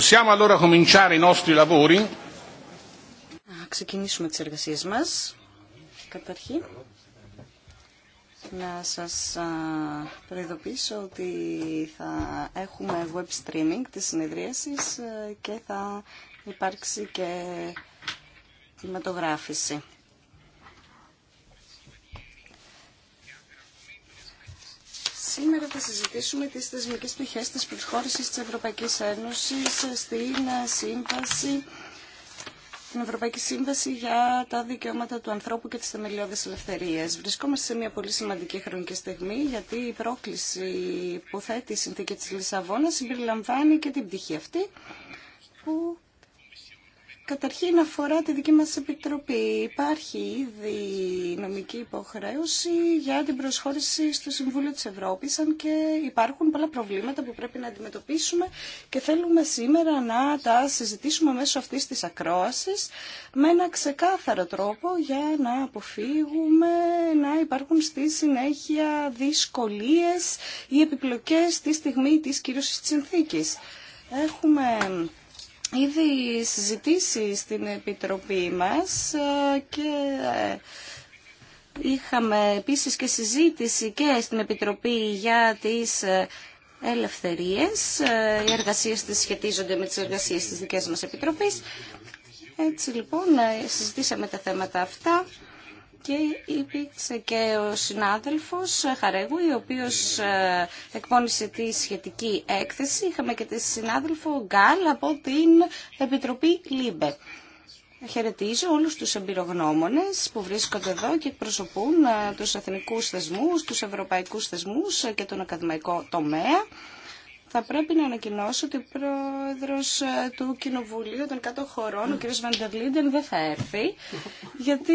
Θα ξεκινήσουμε τις εργασίες μας. Καταρχήν, να σας προειδοποιήσω ότι θα έχουμε web streaming της συνεδρίασης ε, και θα υπάρξει και ματογράφηση. Σήμερα θα συζητήσουμε τις θεσμικέ πτυχές της προσχώρησης της Ευρωπαϊκής Ένωσης στην ε, σύμβαση την Ευρωπαϊκή Σύμβαση για τα Δικαιώματα του Ανθρώπου και τις Θεμελιώδες Ελευθερίες. Βρισκόμαστε σε μια πολύ σημαντική χρονική στιγμή, γιατί η πρόκληση που θέτει η Συνθήκη της Λισαβόνας συμπεριλαμβάνει και την πτυχή αυτή, που Καταρχήν αφορά τη δική μας επιτροπή. Υπάρχει ήδη νομική υποχρέωση για την προσχώρηση στο Συμβούλιο της Ευρώπης, αν και υπάρχουν πολλά προβλήματα που πρέπει να αντιμετωπίσουμε και θέλουμε σήμερα να τα συζητήσουμε μέσω αυτής της ακρόασης με ένα ξεκάθαρο τρόπο για να αποφύγουμε να υπάρχουν στη συνέχεια δυσκολίες ή επιπλοκές στη στιγμή της κύρωσης της συνθήκης. Έχουμε ήδη συζητήσει στην Επιτροπή μας ε, και ε, είχαμε επίσης και συζήτηση και στην Επιτροπή για τις ε, ελευθερίες. Οι εργασίες της σχετίζονται με τις εργασίες της δικές μας Επιτροπής. Έτσι λοιπόν συζητήσαμε τα θέματα αυτά και υπήρξε και ο συνάδελφος Χαρέγου, ο οποίος ε, εκπώνησε τη σχετική έκθεση. Είχαμε και τη συνάδελφο Γκάλ από την Επιτροπή ΛΥΜΠΕ. Χαιρετίζω όλους τους εμπειρογνώμονες που βρίσκονται εδώ και εκπροσωπούν ε, τους εθνικούς θεσμούς, τους ευρωπαϊκούς θεσμούς και τον ακαδημαϊκό τομέα θα πρέπει να ανακοινώσω ότι ο πρόεδρος ε, του Κοινοβουλίου των Κάτω Χωρών, ο κ. Βαντελίντεν, δεν θα έρθει, γιατί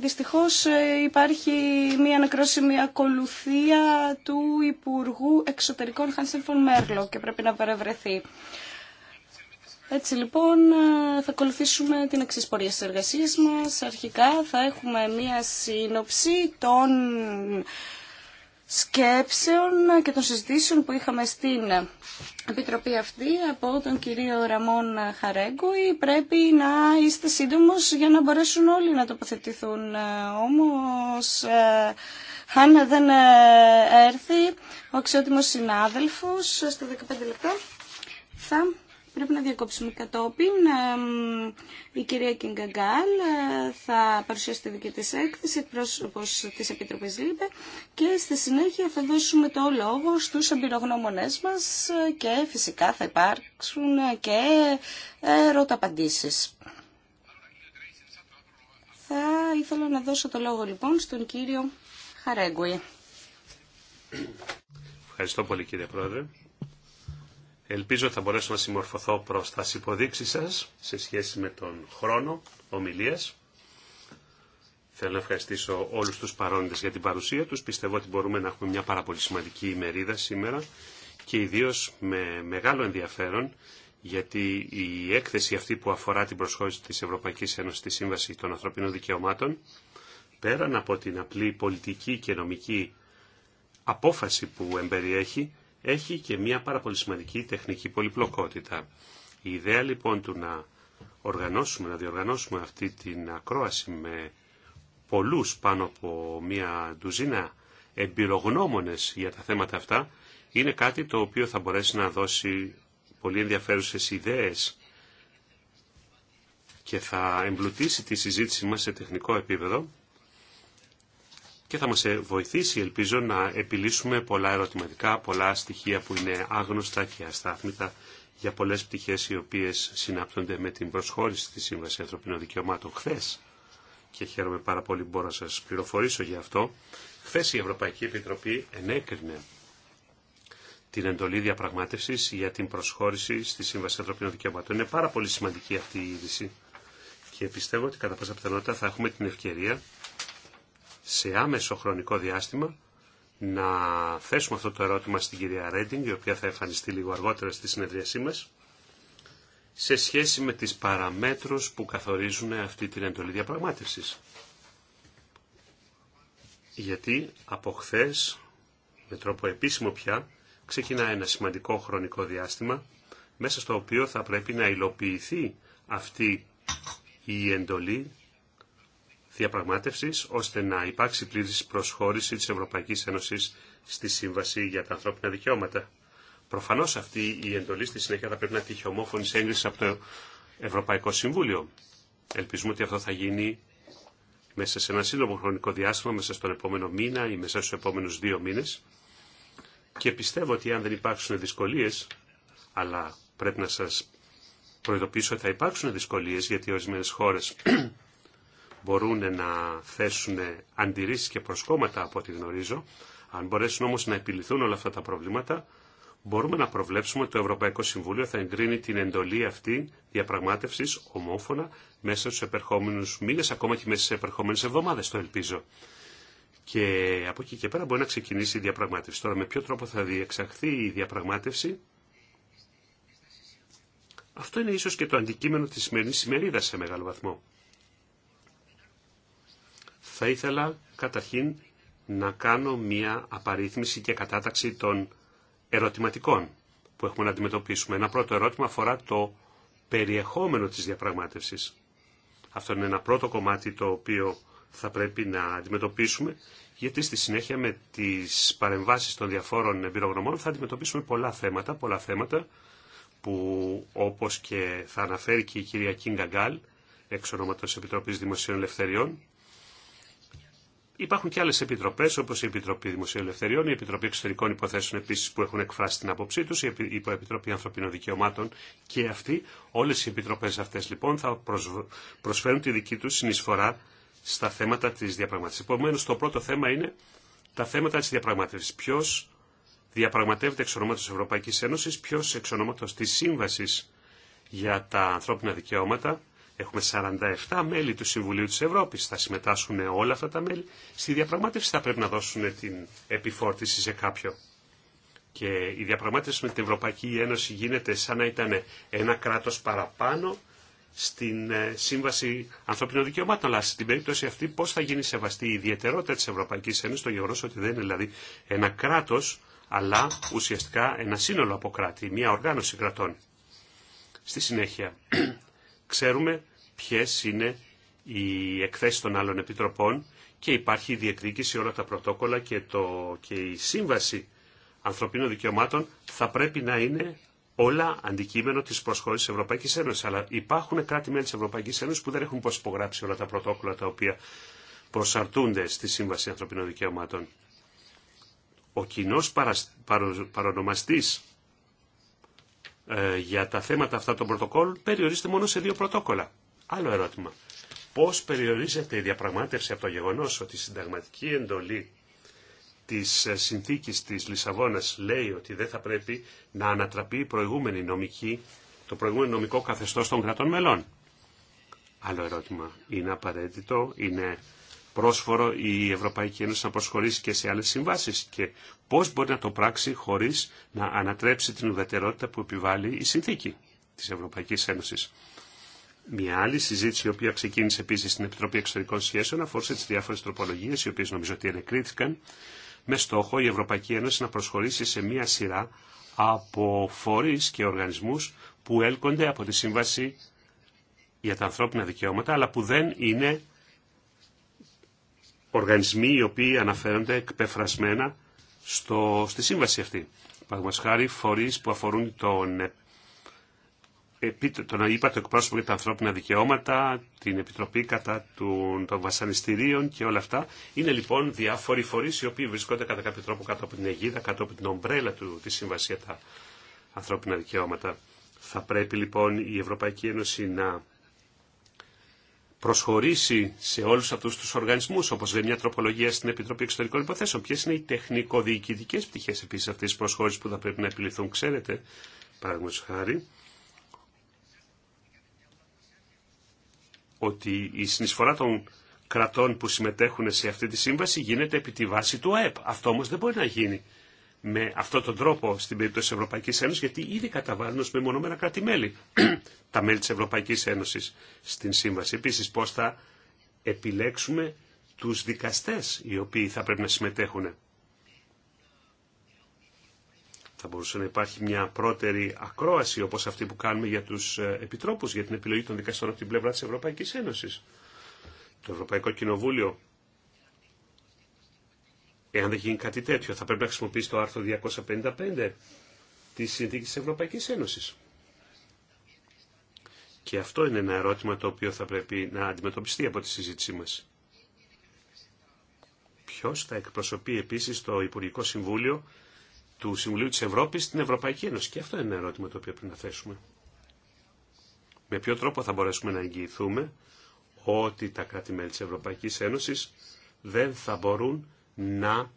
δυστυχώς ε, υπάρχει μια ανακρόσιμη ακολουθία του Υπουργού Εξωτερικών Χάνσεν Μέρλο και πρέπει να παρευρεθεί. Έτσι λοιπόν ε, θα ακολουθήσουμε την εξής πορεία της μας. Αρχικά θα έχουμε μία σύνοψη των σκέψεων και των συζητήσεων που είχαμε στην Επιτροπή αυτή από τον κύριο Ραμόν η Πρέπει να είστε σύντομος για να μπορέσουν όλοι να τοποθετηθούν. Όμως, ε, αν δεν ε, έρθει ο αξιότιμος συνάδελφος στα 15 λεπτά, θα Πρέπει να διακόψουμε κατόπιν. Η κυρία Κιγκαγκάλ ε, θα παρουσιάσει τη δική της έκθεση, εκπρόσωπος της Επιτροπής ΛΥΠΕ και στη συνέχεια θα δώσουμε το λόγο στους εμπειρογνώμονε μας και φυσικά θα υπάρξουν και ρωταπαντήσεις. Θα ήθελα να δώσω το λόγο λοιπόν στον κύριο Χαρέγκουι. Ευχαριστώ πολύ κύριε Πρόεδρε. Ελπίζω θα μπορέσω να συμμορφωθώ προς τα υποδείξει σας σε σχέση με τον χρόνο ομιλίας. Θέλω να ευχαριστήσω όλους τους παρόντες για την παρουσία τους. Πιστεύω ότι μπορούμε να έχουμε μια πάρα πολύ σημαντική ημερίδα σήμερα και ιδίως με μεγάλο ενδιαφέρον γιατί η έκθεση αυτή που αφορά την προσχώρηση της Ευρωπαϊκής Ένωσης στη Σύμβαση των Ανθρωπίνων Δικαιωμάτων πέραν από την απλή πολιτική και νομική απόφαση που εμπεριέχει έχει και μια πάρα πολύ σημαντική τεχνική πολυπλοκότητα. Η ιδέα λοιπόν του να οργανώσουμε, να διοργανώσουμε αυτή την ακρόαση με πολλούς πάνω από μια ντουζίνα εμπειρογνώμονες για τα θέματα αυτά, είναι κάτι το οποίο θα μπορέσει να δώσει πολύ ενδιαφέρουσες ιδέες και θα εμπλουτίσει τη συζήτησή μας σε τεχνικό επίπεδο και θα μας ε, βοηθήσει, ελπίζω, να επιλύσουμε πολλά ερωτηματικά, πολλά στοιχεία που είναι άγνωστα και αστάθμητα για πολλές πτυχές οι οποίες συνάπτονται με την προσχώρηση της σύμβαση Ανθρωπίνων Δικαιωμάτων χθε. Και χαίρομαι πάρα πολύ που μπορώ να σας πληροφορήσω για αυτό. Χθε η Ευρωπαϊκή Επιτροπή ενέκρινε την εντολή διαπραγμάτευση για την προσχώρηση στη Σύμβαση Ανθρωπίνων Δικαιωμάτων. Είναι πάρα πολύ σημαντική αυτή η είδηση και πιστεύω ότι κατά πάσα πιθανότητα θα έχουμε την ευκαιρία σε άμεσο χρονικό διάστημα να θέσουμε αυτό το ερώτημα στην κυρία Ρέντινγκ, η οποία θα εμφανιστεί λίγο αργότερα στη συνεδρίασή μας, σε σχέση με τις παραμέτρους που καθορίζουν αυτή την εντολή διαπραγμάτευσης. Γιατί από χθε, με τρόπο επίσημο πια, ξεκινά ένα σημαντικό χρονικό διάστημα, μέσα στο οποίο θα πρέπει να υλοποιηθεί αυτή η εντολή ώστε να υπάρξει πλήρης προσχώρηση της Ευρωπαϊκής Ένωσης στη Σύμβαση για τα Ανθρώπινα Δικαιώματα. Προφανώς αυτή η εντολή στη συνέχεια θα πρέπει να τύχει ομόφωνη έγκριση από το Ευρωπαϊκό Συμβούλιο. Ελπίζουμε ότι αυτό θα γίνει μέσα σε ένα σύντομο χρονικό διάστημα, μέσα στον επόμενο μήνα ή μέσα στους επόμενους δύο μήνες. Και πιστεύω ότι αν δεν υπάρξουν δυσκολίες, αλλά πρέπει να σας προειδοποιήσω ότι θα υπάρξουν δυσκολίες γιατί ορισμένε χώρες μπορούν να θέσουν αντιρρήσεις και προσκόμματα από ό,τι γνωρίζω. Αν μπορέσουν όμως να επιληθούν όλα αυτά τα προβλήματα, μπορούμε να προβλέψουμε ότι το Ευρωπαϊκό Συμβούλιο θα εγκρίνει την εντολή αυτή διαπραγμάτευσης ομόφωνα μέσα στους επερχόμενους μήνες, ακόμα και μέσα στις επερχόμενες εβδομάδες, το ελπίζω. Και από εκεί και πέρα μπορεί να ξεκινήσει η διαπραγμάτευση. Τώρα με ποιο τρόπο θα διεξαχθεί η διαπραγμάτευση. Αυτό είναι ίσως και το αντικείμενο της σημερινής ημερίδας σε μεγάλο βαθμό. Θα ήθελα καταρχήν να κάνω μία απαρίθμηση και κατάταξη των ερωτηματικών που έχουμε να αντιμετωπίσουμε. Ένα πρώτο ερώτημα αφορά το περιεχόμενο της διαπραγμάτευσης. Αυτό είναι ένα πρώτο κομμάτι το οποίο θα πρέπει να αντιμετωπίσουμε, γιατί στη συνέχεια με τις παρεμβάσεις των διαφόρων εμπειρογνωμών θα αντιμετωπίσουμε πολλά θέματα, πολλά θέματα που όπως και θα αναφέρει και η κυρία Κίνγκα Γκάλ, εξ ονόματος Επιτροπής Δημοσίων Ελευθεριών, Υπάρχουν και άλλε επιτροπέ, όπω η Επιτροπή Δημοσίου Ελευθεριών, η Επιτροπή Εξωτερικών Υποθέσεων επίση που έχουν εκφράσει την άποψή του, η Επιτροπή Ανθρωπίνων Δικαιωμάτων και αυτή. Όλε οι επιτροπέ αυτέ λοιπόν θα προσφέρουν τη δική του συνεισφορά στα θέματα τη διαπραγμάτευση. Επομένω, το πρώτο θέμα είναι τα θέματα τη διαπραγμάτευση. Ποιο διαπραγματεύεται εξ ονόματο Ευρωπαϊκή Ένωση, ποιο εξ ονόματο τη Σύμβαση για τα Ανθρώπινα Δικαιώματα Έχουμε 47 μέλη του Συμβουλίου της Ευρώπης. Θα συμμετάσχουν όλα αυτά τα μέλη. Στη διαπραγμάτευση θα πρέπει να δώσουν την επιφόρτιση σε κάποιο. Και η διαπραγμάτευση με την Ευρωπαϊκή Ένωση γίνεται σαν να ήταν ένα κράτος παραπάνω στην ε, Σύμβαση Ανθρωπίνων Δικαιωμάτων. Αλλά στην περίπτωση αυτή πώς θα γίνει σεβαστή η ιδιαιτερότητα της Ευρωπαϊκής Ένωσης, το γεγονός ότι δεν είναι δηλαδή ένα κράτος, αλλά ουσιαστικά ένα σύνολο από κράτη, μια οργάνωση κρατών. Στη συνέχεια, ξέρουμε ποιες είναι οι εκθέσεις των άλλων επιτροπών και υπάρχει η διεκδίκηση όλα τα πρωτόκολλα και, το, και η σύμβαση ανθρωπίνων δικαιωμάτων θα πρέπει να είναι όλα αντικείμενο τη προσχώρηση τη Ευρωπαϊκή Ένωση. Αλλά υπάρχουν κράτη-μέλη τη Ευρωπαϊκή Ένωση που δεν έχουν πώ υπογράψει όλα τα πρωτόκολλα τα οποία προσαρτούνται στη Σύμβαση Ανθρωπίνων Δικαιωμάτων. Ο κοινό παρονομαστή ε, για τα θέματα αυτά των πρωτοκόλων περιορίζεται μόνο σε δύο πρωτόκολλα. Άλλο ερώτημα. Πώς περιορίζεται η διαπραγμάτευση από το γεγονός ότι η συνταγματική εντολή της ε, συνθήκης της Λισαβόνας λέει ότι δεν θα πρέπει να ανατραπεί προηγούμενη νομική, το προηγούμενο νομικό καθεστώς των κρατών μελών. Άλλο ερώτημα. Είναι απαραίτητο, είναι πρόσφορο η Ευρωπαϊκή Ένωση να προσχωρήσει και σε άλλες συμβάσεις και πώς μπορεί να το πράξει χωρίς να ανατρέψει την ουδετερότητα που επιβάλλει η συνθήκη της Ευρωπαϊκής Ένωσης. Μια άλλη συζήτηση, η οποία ξεκίνησε επίση στην Επιτροπή Εξωτερικών Σχέσεων, αφορούσε τι διάφορε τροπολογίε, οι οποίε νομίζω ότι ενεκρίθηκαν, με στόχο η Ευρωπαϊκή Ένωση να προσχωρήσει σε μια σειρά από φορεί και οργανισμού που έλκονται από τη Σύμβαση για τα ανθρώπινα δικαιώματα, αλλά που δεν είναι οργανισμοί οι οποίοι αναφέρονται εκπεφρασμένα στο, στη σύμβαση αυτή. Παραδείγματο χάρη φορεί που αφορούν τον το να είπα, το εκπρόσωπο για τα ανθρώπινα δικαιώματα, την Επιτροπή κατά των, βασανιστήριων και όλα αυτά. Είναι λοιπόν διάφοροι φορείς οι οποίοι βρισκόνται κατά κάποιο τρόπο κάτω από την αιγίδα, κάτω από την ομπρέλα του, της συμβασία για τα ανθρώπινα δικαιώματα. Θα πρέπει λοιπόν η Ευρωπαϊκή Ένωση να προσχωρήσει σε όλους αυτούς τους οργανισμούς, όπως λέει μια τροπολογία στην Επιτροπή Εξωτερικών Υποθέσεων. Ποιες είναι οι τεχνικο-διοικητικές πτυχές επίσης αυτής της που θα πρέπει να επιληθούν, ξέρετε, παραδείγματος χάρη ότι η συνεισφορά των κρατών που συμμετέχουν σε αυτή τη σύμβαση γίνεται επί τη βάση του ΑΕΠ. Αυτό όμως δεν μπορεί να γίνει με αυτόν τον τρόπο στην περίπτωση της Ευρωπαϊκής Ένωσης, γιατί ήδη καταβάλουν ως μεμονωμένα κράτη-μέλη τα μέλη της Ευρωπαϊκής Ένωσης στην σύμβαση. Επίσης, πώς θα επιλέξουμε τους δικαστές οι οποίοι θα πρέπει να συμμετέχουν. Θα μπορούσε να υπάρχει μια πρώτερη ακρόαση όπως αυτή που κάνουμε για τους ε, επιτρόπους για την επιλογή των δικαστών από την πλευρά της Ευρωπαϊκής Ένωσης. Το Ευρωπαϊκό Κοινοβούλιο, εάν δεν γίνει κάτι τέτοιο, θα πρέπει να χρησιμοποιήσει το άρθρο 255 της Συνθήκης της Ευρωπαϊκής Ένωσης. Και αυτό είναι ένα ερώτημα το οποίο θα πρέπει να αντιμετωπιστεί από τη συζήτησή μας. Ποιος θα εκπροσωπεί επίσης το Υπουργικό Συμβούλιο του Συμβουλίου της Ευρώπης στην Ευρωπαϊκή Ένωση. Και αυτό είναι ένα ερώτημα το οποίο πρέπει να θέσουμε. Με ποιο τρόπο θα μπορέσουμε να εγγυηθούμε ότι τα κράτη-μέλη της Ευρωπαϊκής Ένωσης δεν θα μπορούν να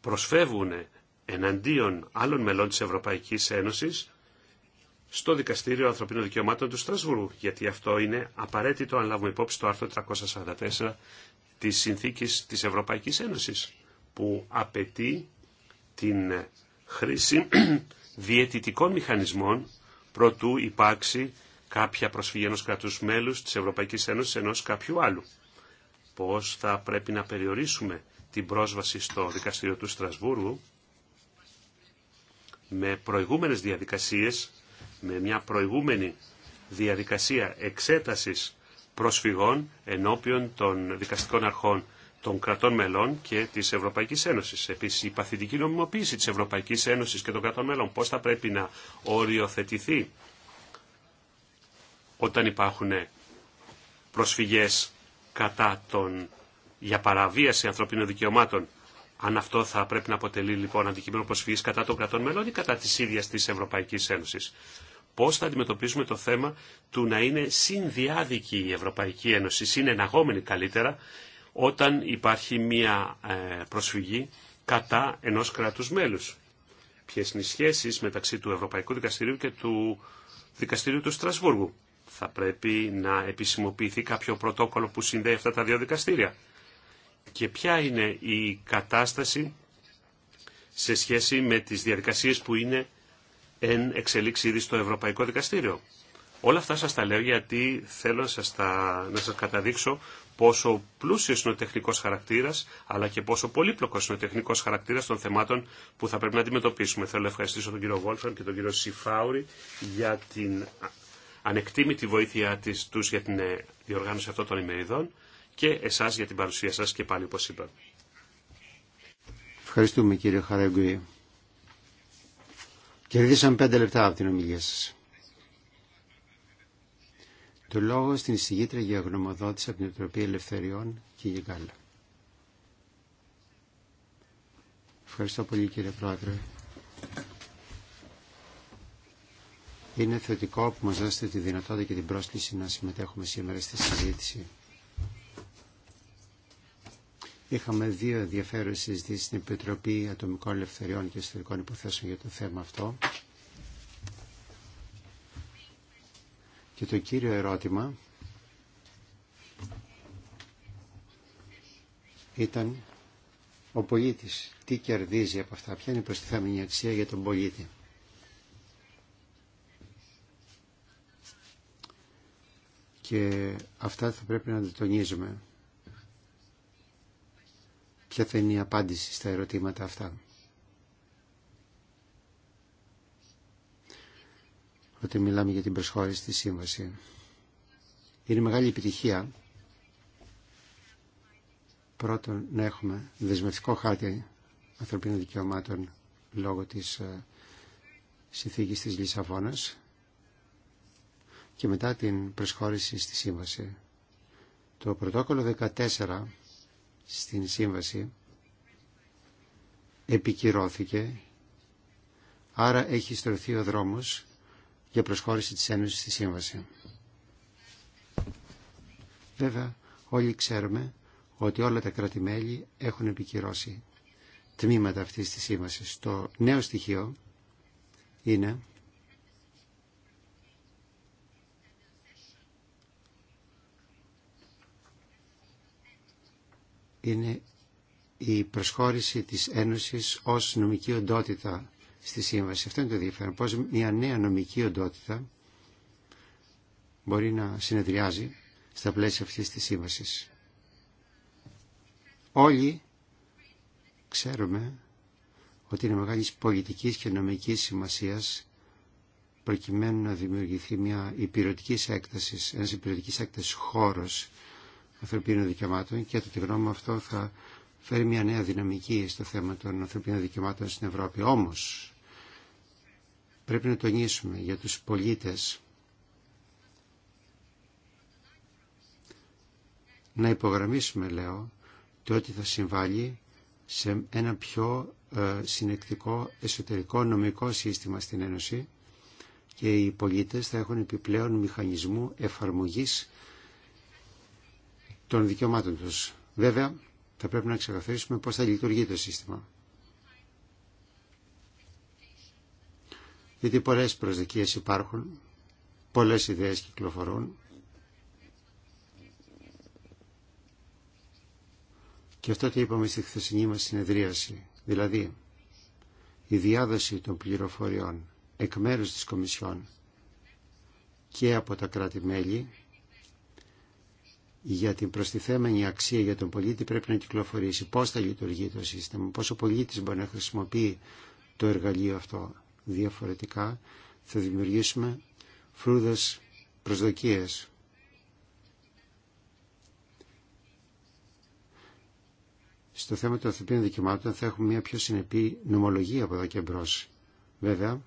προσφεύγουν εναντίον άλλων μελών της Ευρωπαϊκής Ένωσης στο Δικαστήριο Ανθρωπίνων Δικαιωμάτων του Στρασβούργου, γιατί αυτό είναι απαραίτητο αν λάβουμε υπόψη το άρθρο 344 της Συνθήκης της Ευρωπαϊκής Ένωσης, που απαιτεί την χρήση διαιτητικών μηχανισμών προτού υπάρξει κάποια προσφυγή ενός κρατούς μέλους της Ευρωπαϊκής Ένωσης ενός κάποιου άλλου. Πώς θα πρέπει να περιορίσουμε την πρόσβαση στο δικαστήριο του Στρασβούργου με προηγούμενες διαδικασίες, με μια προηγούμενη διαδικασία εξέτασης προσφυγών ενώπιον των δικαστικών αρχών των κρατών μελών και τη Ευρωπαϊκή Ένωση. Επίση, η παθητική νομιμοποίηση τη Ευρωπαϊκή Ένωση και των κρατών μελών, πώ θα πρέπει να οριοθετηθεί όταν υπάρχουν προσφυγέ κατά των για παραβίαση ανθρωπίνων δικαιωμάτων, αν αυτό θα πρέπει να αποτελεί λοιπόν αντικείμενο προσφυγή κατά των κρατών μελών ή κατά τη ίδια τη Ευρωπαϊκή Ένωση. Πώ θα αντιμετωπίσουμε το θέμα του να είναι συνδιάδικη η Ευρωπαϊκή Ένωση, συνεναγόμενη καλύτερα όταν υπάρχει μία ε, προσφυγή κατά ενός κράτους μέλους. Ποιες είναι οι σχέσεις μεταξύ του Ευρωπαϊκού Δικαστηρίου και του Δικαστηρίου του Στρασβούργου. Θα πρέπει να επισημοποιηθεί κάποιο πρωτόκολλο που συνδέει αυτά τα δύο δικαστήρια. Και ποια είναι η κατάσταση σε σχέση με τις διαδικασίες που είναι εν εξελίξει ήδη στο Ευρωπαϊκό Δικαστήριο. Όλα αυτά σας τα λέω γιατί θέλω να σας, να σας καταδείξω πόσο πλούσιος είναι ο τεχνικός χαρακτήρας, αλλά και πόσο πολύπλοκος είναι ο τεχνικός χαρακτήρας των θεμάτων που θα πρέπει να αντιμετωπίσουμε. Θέλω να ευχαριστήσω τον κύριο Βόλφαν και τον κύριο Σιφάουρη για την ανεκτήμητη βοήθεια της, τους για την ε, διοργάνωση αυτών των ημεριδών και εσάς για την παρουσία σας και πάλι όπως είπα. Ευχαριστούμε κύριε Κερδίσαμε πέντε λεπτά από την ομιλία σας το λόγο στην συγκίτρια για γνωμοδότηση από την Επιτροπή Ελευθεριών και για Γκάλα. Ευχαριστώ πολύ κύριε Πρόεδρε. Είναι θετικό που μας δώσετε τη δυνατότητα και την πρόσκληση να συμμετέχουμε σήμερα στη συζήτηση. Είχαμε δύο ενδιαφέρουσες συζητήσεις στην Επιτροπή Ατομικών Ελευθεριών και Ιστορικών Υποθέσεων για το θέμα αυτό. Και το κύριο ερώτημα ήταν ο πολίτης τι κερδίζει από αυτά, ποια είναι η προστιθέμενη αξία για τον πολίτη. Και αυτά θα πρέπει να τα τονίζουμε. Ποια θα είναι η απάντηση στα ερωτήματα αυτά. όταν μιλάμε για την προσχώρηση στη σύμβαση. Είναι μεγάλη επιτυχία πρώτον να έχουμε δεσμευτικό χάρτη ανθρωπίνων δικαιωμάτων λόγω της ε, συνθήκης της Λισαβόνας και μετά την προσχώρηση στη σύμβαση. Το πρωτόκολλο 14 στην σύμβαση επικυρώθηκε, άρα έχει στρωθεί ο δρόμος για προσχώρηση της Ένωσης στη Σύμβαση. Βέβαια, όλοι ξέρουμε ότι όλα τα κράτη-μέλη έχουν επικυρώσει τμήματα αυτής της σύμβασης. Το νέο στοιχείο είναι είναι η προσχώρηση της Ένωσης ως νομική οντότητα στη σύμβαση. Αυτό είναι το ενδιαφέρον. Πώς μια νέα νομική οντότητα μπορεί να συνεδριάζει στα πλαίσια αυτής της σύμβασης. Όλοι ξέρουμε ότι είναι μεγάλης πολιτικής και νομικής σημασίας προκειμένου να δημιουργηθεί μια υπηρετική έκταση, ένας υπηρετική έκταση χώρος ανθρωπίνων δικαιωμάτων και το γνώμη αυτό θα φέρει μια νέα δυναμική στο θέμα των ανθρωπίνων δικαιωμάτων στην Ευρώπη. Όμως, πρέπει να τονίσουμε για τους πολίτες να υπογραμμίσουμε λέω το ότι θα συμβάλλει σε ένα πιο ε, συνεκτικό εσωτερικό νομικό σύστημα στην Ένωση και οι πολίτες θα έχουν επιπλέον μηχανισμού εφαρμογής των δικαιωμάτων τους. Βέβαια, θα πρέπει να ξεκαθαρίσουμε πώς θα λειτουργεί το σύστημα. γιατί πολλές προσδοκίες υπάρχουν, πολλές ιδέες κυκλοφορούν και αυτό το είπαμε στη χθεσινή μας συνεδρίαση, δηλαδή η διάδοση των πληροφοριών εκ μέρους της Κομισιόν και από τα κράτη-μέλη για την προστιθέμενη αξία για τον πολίτη πρέπει να κυκλοφορήσει πώς θα λειτουργεί το σύστημα, πόσο πολίτης μπορεί να χρησιμοποιεί το εργαλείο αυτό Διαφορετικά θα δημιουργήσουμε φρούδες προσδοκίες. Στο θέμα των ανθρωπίνων δικαιωμάτων θα έχουμε μια πιο συνεπή νομολογία από εδώ και μπρος. Βέβαια,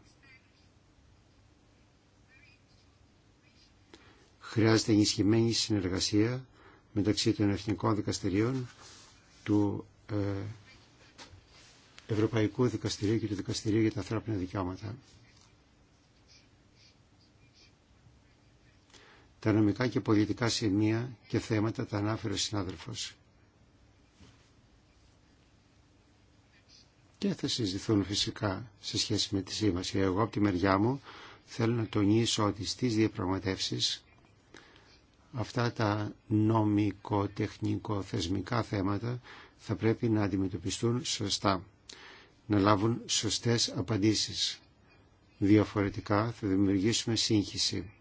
χρειάζεται ενισχυμένη συνεργασία μεταξύ των εθνικών δικαστηρίων του ε, Ευρωπαϊκού Δικαστηρίου και του Δικαστηρίου για τα Ανθρώπινα Δικαιώματα. Τα νομικά και πολιτικά σημεία και θέματα τα ανάφερε ο συνάδελφος. Και θα συζητηθούν φυσικά σε σχέση με τη σύμβαση. Εγώ από τη μεριά μου θέλω να τονίσω ότι στις διαπραγματεύσεις αυτά τα νομικο-τεχνικο-θεσμικά θέματα θα πρέπει να αντιμετωπιστούν σωστά να λάβουν σωστές απαντήσεις. Διαφορετικά θα δημιουργήσουμε σύγχυση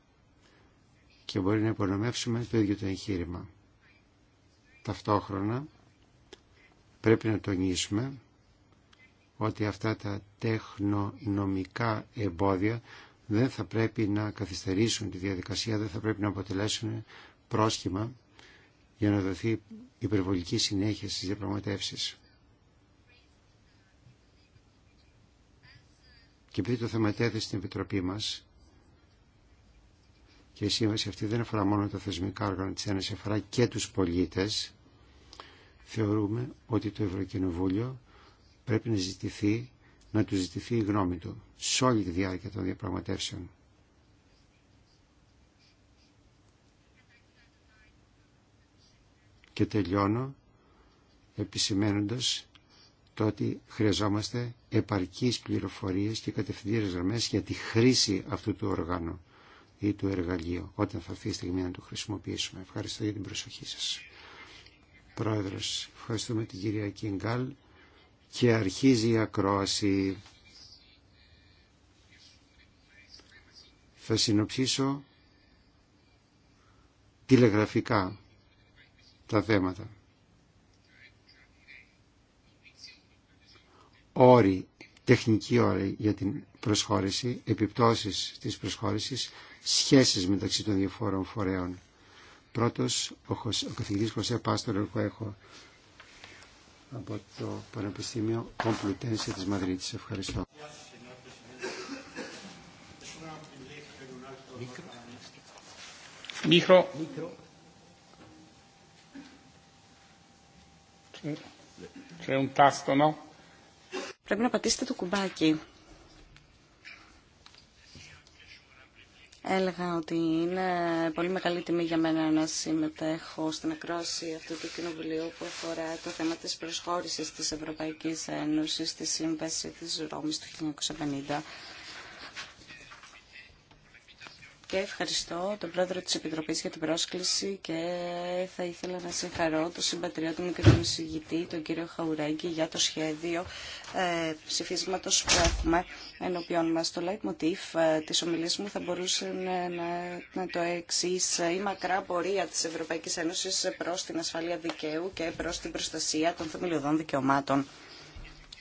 και μπορεί να υπονομεύσουμε το ίδιο το εγχείρημα. Ταυτόχρονα πρέπει να τονίσουμε ότι αυτά τα τεχνονομικά εμπόδια δεν θα πρέπει να καθυστερήσουν τη διαδικασία, δεν θα πρέπει να αποτελέσουν πρόσχημα για να δοθεί υπερβολική συνέχεια στις διαπραγματεύσεις. και επειδή το θέμα τέθη στην Επιτροπή μας και η σύμβαση αυτή δεν αφορά μόνο τα θεσμικά όργανα της Ένωση, αφορά και τους πολίτες, θεωρούμε ότι το Ευρωκοινοβούλιο πρέπει να ζητηθεί, να του ζητηθεί η γνώμη του σε όλη τη διάρκεια των διαπραγματεύσεων. Και τελειώνω επισημένοντας το ότι χρειαζόμαστε επαρκείς πληροφορίες και κατευθυντήρες γραμμές για τη χρήση αυτού του οργάνου ή του εργαλείου όταν θα έρθει η στιγμή να το χρησιμοποιήσουμε. Ευχαριστώ για την προσοχή σας. Πρόεδρος, ευχαριστούμε την κυρία Κιγκάλ και αρχίζει η ακρόαση. Θα συνοψίσω τηλεγραφικά τα θέματα. όροι, τεχνικοί για την προσχώρηση, επιπτώσεις της προσχώρησης, σχέσεις μεταξύ των διαφόρων φορέων. Πρώτος, ο, ο καθηγητής Χωσέ Πάστορ έχω από το Πανεπιστήμιο Κομπλουτένσια της Μαδρίτης. Ευχαριστώ. Μικρό. Μικρό. C'è πρέπει να πατήσετε το κουμπάκι. Έλεγα ότι είναι πολύ μεγάλη τιμή για μένα να συμμετέχω στην ακρόαση αυτού του κοινοβουλίου που αφορά το θέμα της προσχώρησης της Ευρωπαϊκής Ένωσης στη Σύμβαση της Ρώμης του 1950 και ευχαριστώ τον πρόεδρο της Επιτροπής για την πρόσκληση και θα ήθελα να συγχαρώ τον συμπατριώτη μου και τον εισηγητή, τον κύριο Χαουρέγγι, για το σχέδιο ε, ψηφίσματος που έχουμε ενώπιον μας. Το leitmotiv ε, της ομιλίας μου θα μπορούσε να, να, το εξή η μακρά πορεία της Ευρωπαϊκής Ένωσης προς την ασφάλεια δικαίου και προς την προστασία των θεμελιωδών δικαιωμάτων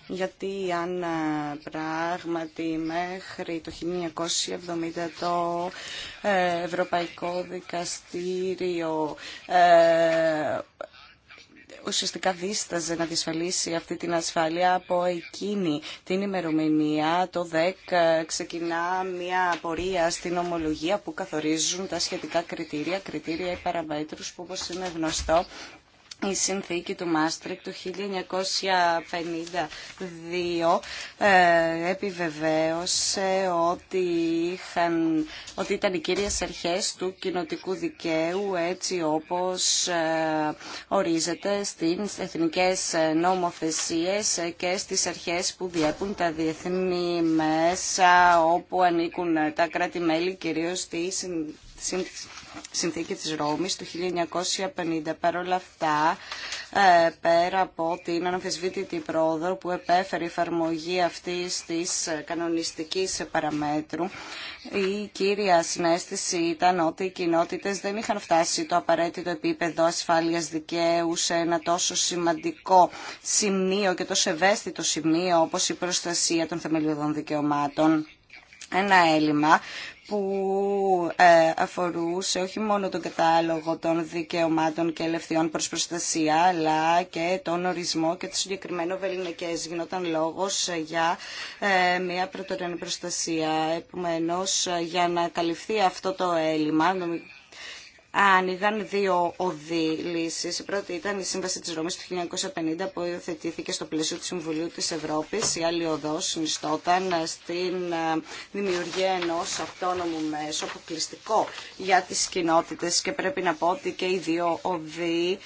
γιατί αν ε, πράγματι μέχρι το 1970 το ε, Ευρωπαϊκό Δικαστήριο ε, ουσιαστικά δίσταζε να δυσφαλίσει αυτή την ασφάλεια από εκείνη την ημερομηνία. Το ΔΕΚ ξεκινά μια πορεία στην ομολογία που καθορίζουν τα σχετικά κριτήρια, κριτήρια ή παραμέτρους που όπως είναι γνωστό η συνθήκη του Μάστρικ του 1952 ε, επιβεβαίωσε ότι, είχαν, ότι ήταν οι κύριες αρχές του κοινοτικού δικαίου έτσι όπως ε, ορίζεται στις εθνικές νομοθεσίες και στις αρχές που διέπουν τα διεθνή μέσα όπου ανήκουν τα κράτη-μέλη κυρίως στη συνθήκη της Ρώμης του 1950. Παρ' όλα αυτά, ε, πέρα από την αναμφισβήτητη πρόοδο που επέφερε η εφαρμογή αυτής της κανονιστικής παραμέτρου, η κύρια συνέστηση ήταν ότι οι κοινότητε δεν είχαν φτάσει το απαραίτητο επίπεδο ασφάλειας δικαίου σε ένα τόσο σημαντικό σημείο και τόσο ευαίσθητο σημείο όπως η προστασία των θεμελιωδών δικαιωμάτων. Ένα έλλειμμα που ε, αφορούσε όχι μόνο τον κατάλογο των δικαιωμάτων και ελευθεριών προς προστασία, αλλά και τον ορισμό και το συγκεκριμένο βεληνικές. Γινόταν λόγος για ε, μια προτεραιότητα προστασία. Επομένως, για να καλυφθεί αυτό το έλλειμμα, άνοιγαν δύο οδοί λύσει. Η πρώτη ήταν η Σύμβαση τη Ρώμη του 1950 που υιοθετήθηκε στο πλαίσιο του Συμβουλίου τη Ευρώπη. Η άλλη οδό συνιστόταν στην ε, δημιουργία ενό αυτόνομου μέσου αποκλειστικό για τι κοινότητε και πρέπει να πω ότι και οι δύο οδοί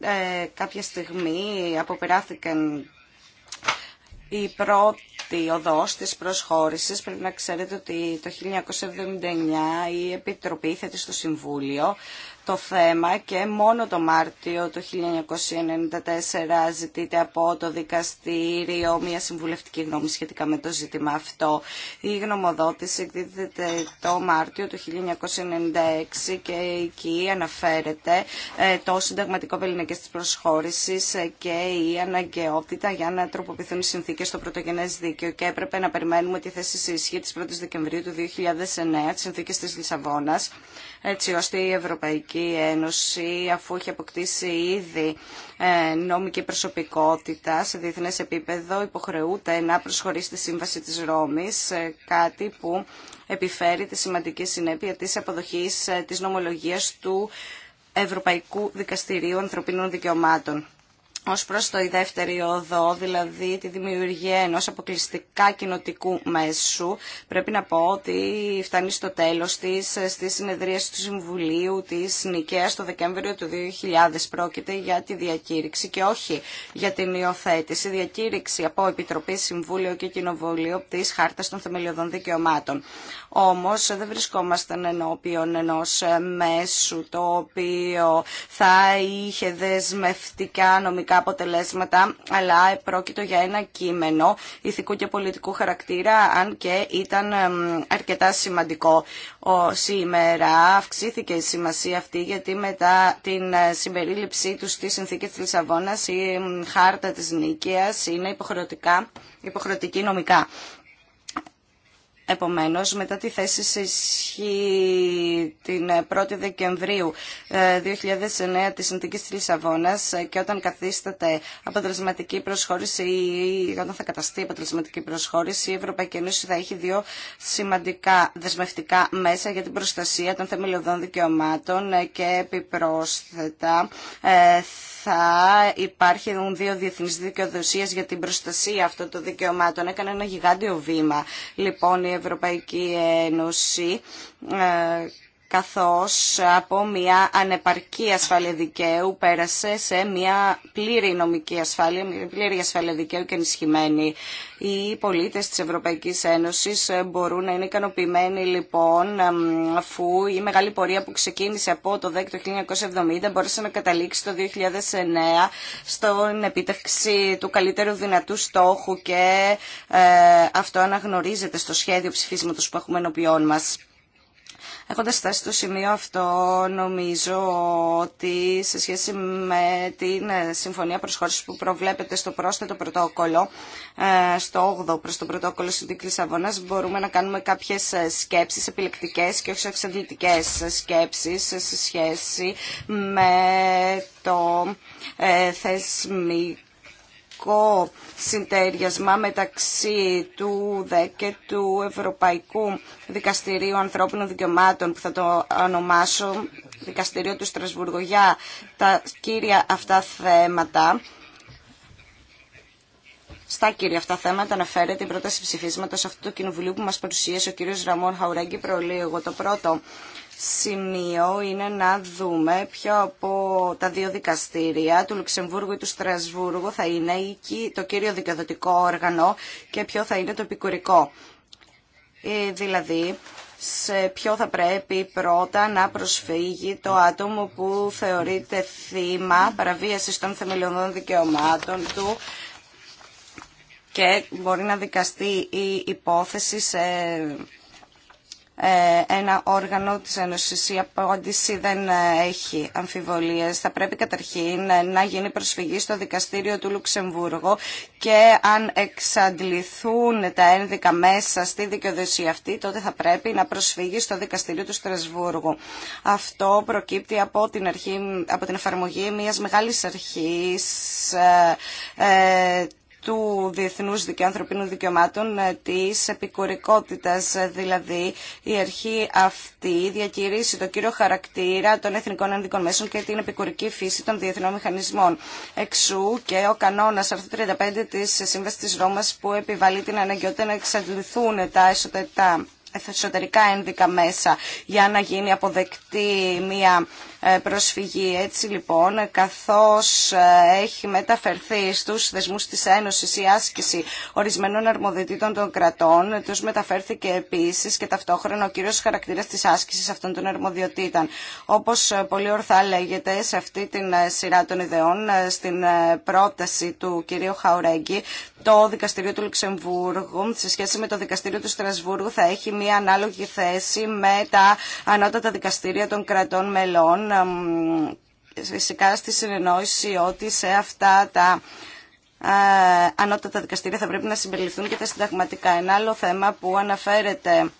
ε, κάποια στιγμή αποπεράθηκαν η πρώτη αυτή η οδός τη προσχώρηση Πρέπει να ξέρετε ότι το 1979 η Επιτροπή θέτει στο Συμβούλιο το θέμα και μόνο το Μάρτιο του 1994 ζητείται από το δικαστήριο μια συμβουλευτική γνώμη σχετικά με το ζήτημα αυτό. Η γνωμοδότηση εκδίδεται το Μάρτιο του 1996 και εκεί αναφέρεται ε, το συνταγματικό πελληνικές της προσχώρησης ε, και η αναγκαιότητα για να τροποποιηθούν οι συνθήκες στο πρωτογενές δίκαιο και έπρεπε να περιμένουμε τη θέση σε ισχύ της 1ης Δεκεμβρίου του 2009 τις συνθήκες της Λισαβόνας έτσι ώστε η Ευρωπαϊκή Ένωση, αφού έχει αποκτήσει ήδη ε, νόμικη προσωπικότητα σε διεθνές επίπεδο, υποχρεούται να προσχωρήσει στη Σύμβαση της Ρώμης, ε, κάτι που επιφέρει τη σημαντική συνέπεια της αποδοχής ε, της νομολογίας του Ευρωπαϊκού Δικαστηρίου Ανθρωπίνων Δικαιωμάτων ως προς το η δεύτερη οδό, δηλαδή τη δημιουργία ενό αποκλειστικά κοινοτικού μέσου, πρέπει να πω ότι φτάνει στο τέλος τη, στις του Συμβουλίου της Νικέα το Δεκέμβριο του 2000. Πρόκειται για τη διακήρυξη και όχι για την υιοθέτηση. Διακήρυξη από Επιτροπή Συμβούλιο και Κοινοβούλιο τη χάρτα των Θεμελιωδών Δικαιωμάτων. Όμως δεν βρισκόμασταν ενώπιον ενός ε, μέσου το οποίο θα είχε δεσμευτικά νομικά αποτελέσματα, αλλά πρόκειτο για ένα κείμενο ηθικού και πολιτικού χαρακτήρα, αν και ήταν ε, αρκετά σημαντικό. Ο, σήμερα αυξήθηκε η σημασία αυτή γιατί μετά την ε, συμπερίληψή του στη συνθήκη της Λισαβόνας η χάρτα της νίκαιας είναι υποχρεωτικά, υποχρεωτική νομικά. Επομένως, μετά τη θέση σε ισχύ την 1η Δεκεμβρίου 2009 ε, της Συνθήκης της Λισαβόνας ε, και όταν καθίσταται αποτελεσματική προσχώρηση ή όταν θα καταστεί αποτελεσματική προσχώρηση, η Ευρωπαϊκή Ένωση θα έχει δύο σημαντικά δεσμευτικά μέσα για την προστασία των θεμελιωδών δικαιωμάτων ε, και επιπρόσθετα θα υπάρχουν δύο διεθνεί δικαιοδοσίε για την προστασία αυτών των δικαιωμάτων. Έκανε ένα γιγάντιο βήμα. Λοιπόν, η Ευρωπαϊκή Ένωση ε, καθώς από μια ανεπαρκή ασφάλεια δικαίου πέρασε σε μια πλήρη νομική ασφάλεια, μια πλήρη ασφάλεια δικαίου και ενισχυμένη. Οι πολίτες της Ευρωπαϊκής Ένωσης μπορούν να είναι ικανοποιημένοι λοιπόν αφού η μεγάλη πορεία που ξεκίνησε από το 10 το 1970 μπόρεσε να καταλήξει το 2009 στον επίτευξη του καλύτερου δυνατού στόχου και ε, αυτό αναγνωρίζεται στο σχέδιο ψηφίσματος που έχουμε ενωπιών μας. Έχοντας φτάσει στο σημείο αυτό, νομίζω ότι σε σχέση με την ε, συμφωνία προσχώρησης που προβλέπεται στο πρόσθετο πρωτόκολλο, ε, στο 8ο προς το πρωτόκολλο Συνδική Σαββόνας, μπορούμε να κάνουμε κάποιες ε, σκέψεις επιλεκτικές και όχι εξαντλητικές σκέψεις σε σχέση με το θεσμικό ευρωπαϊκό συντέριασμα μεταξύ του ΔΕ και του Ευρωπαϊκού Δικαστηρίου Ανθρώπινων Δικαιωμάτων που θα το ονομάσω Δικαστηρίο του Στρασβουργού για τα κύρια αυτά θέματα στα κύρια αυτά θέματα αναφέρεται η πρόταση ψηφίσματο αυτού του κοινοβουλίου που μα παρουσίασε ο κ. Ραμόν Χαουρέγγι προλίγο. Το πρώτο σημείο είναι να δούμε ποιο από τα δύο δικαστήρια του Λουξεμβούργου ή του Στρασβούργου θα είναι το κύριο δικαιοδοτικό όργανο και ποιο θα είναι το επικουρικό. Ε, δηλαδή, σε ποιο θα πρέπει πρώτα να προσφύγει το άτομο που θεωρείται θύμα παραβίασης των θεμελιωδών δικαιωμάτων του και μπορεί να δικαστεί η υπόθεση σε ε, ένα όργανο της Ένωσης. Η απάντηση δεν ε, έχει αμφιβολίες. Θα πρέπει καταρχήν ε, να γίνει προσφυγή στο δικαστήριο του Λουξεμβούργο και αν εξαντληθούν τα ένδικα μέσα στη δικαιοδοσία αυτή, τότε θα πρέπει να προσφύγει στο δικαστήριο του Στρασβούργου. Αυτό προκύπτει από την, αρχή, από την εφαρμογή μιας μεγάλης αρχής του Διεθνούς Δικαίου Δικαιωμάτων ε, της επικουρικότητας, ε, δηλαδή η αρχή αυτή διακηρύσει το κύριο χαρακτήρα των εθνικών ενδικών μέσων και την επικουρική φύση των διεθνών μηχανισμών. Εξού και ο κανόνας αρθρού 35 της Σύμβασης της Ρώμας που επιβάλλει την αναγκαιότητα να εξαντληθούν τα εσωτερικά ενδικά μέσα για να γίνει αποδεκτή μια ε, προσφυγή. Έτσι λοιπόν, καθώς ε, έχει μεταφερθεί στους δεσμούς της Ένωσης η άσκηση ορισμένων αρμοδιοτήτων των κρατών, τους μεταφέρθηκε επίσης και ταυτόχρονα ο κύριος χαρακτήρας της άσκησης αυτών των αρμοδιοτήτων. Όπως ε, πολύ ορθά λέγεται σε αυτή την σειρά των ιδεών, στην πρόταση του κυρίου Χαουρέγγι, το Δικαστήριο του Λουξεμβούργου σε σχέση με το Δικαστήριο του Στρασβούργου θα έχει μια ανάλογη θέση με τα ανώτατα δικαστήρια των κρατών μελών φυσικά στη συνεννόηση ότι σε αυτά τα ανώτατα δικαστήρια θα πρέπει να συμπεριληφθούν και τα συνταγματικά. Ένα άλλο θέμα που αναφέρεται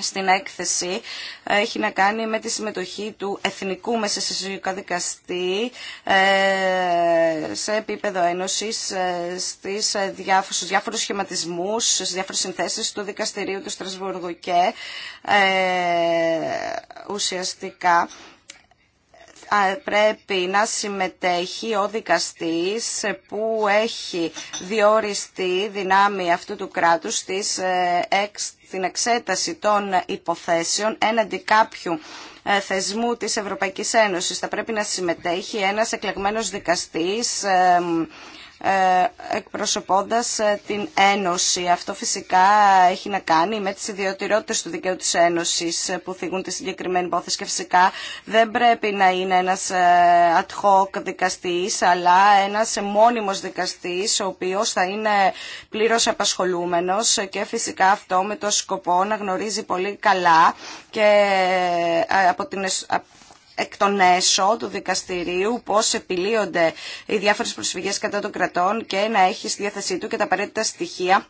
στην έκθεση έχει να κάνει με τη συμμετοχή του Εθνικού Μεσαισιωτικού Δικαστή ε, σε επίπεδο ένωσης ε, στις ε, διάφορους, διάφορους σχηματισμούς, στις διάφορες συνθέσεις του Δικαστηρίου του Στρασβούργου και ουσιαστικά πρέπει να συμμετέχει ο δικαστής που έχει διοριστεί δυνάμει αυτού του κράτους στις, ε, στην εξέταση των υποθέσεων έναντι κάποιου ε, θεσμού της Ευρωπαϊκής Ένωσης. Θα πρέπει να συμμετέχει ένας εκλεγμένος δικαστής ε, ε, εκπροσωπώντας ε, την Ένωση. Αυτό φυσικά έχει να κάνει με τις ιδιωτηρότητες του δικαίου της Ένωσης ε, που θίγουν τη συγκεκριμένη υπόθεση και φυσικά δεν πρέπει να είναι ένας ad hoc δικαστής αλλά ένας μόνιμος δικαστής ο οποίος θα είναι πλήρως απασχολούμενος και φυσικά αυτό με το σκοπό να γνωρίζει πολύ καλά και από την εκ των έσω του δικαστηρίου πώς επιλύονται οι διάφορες προσφυγές κατά των κρατών και να έχει στη διάθεσή του και τα απαραίτητα στοιχεία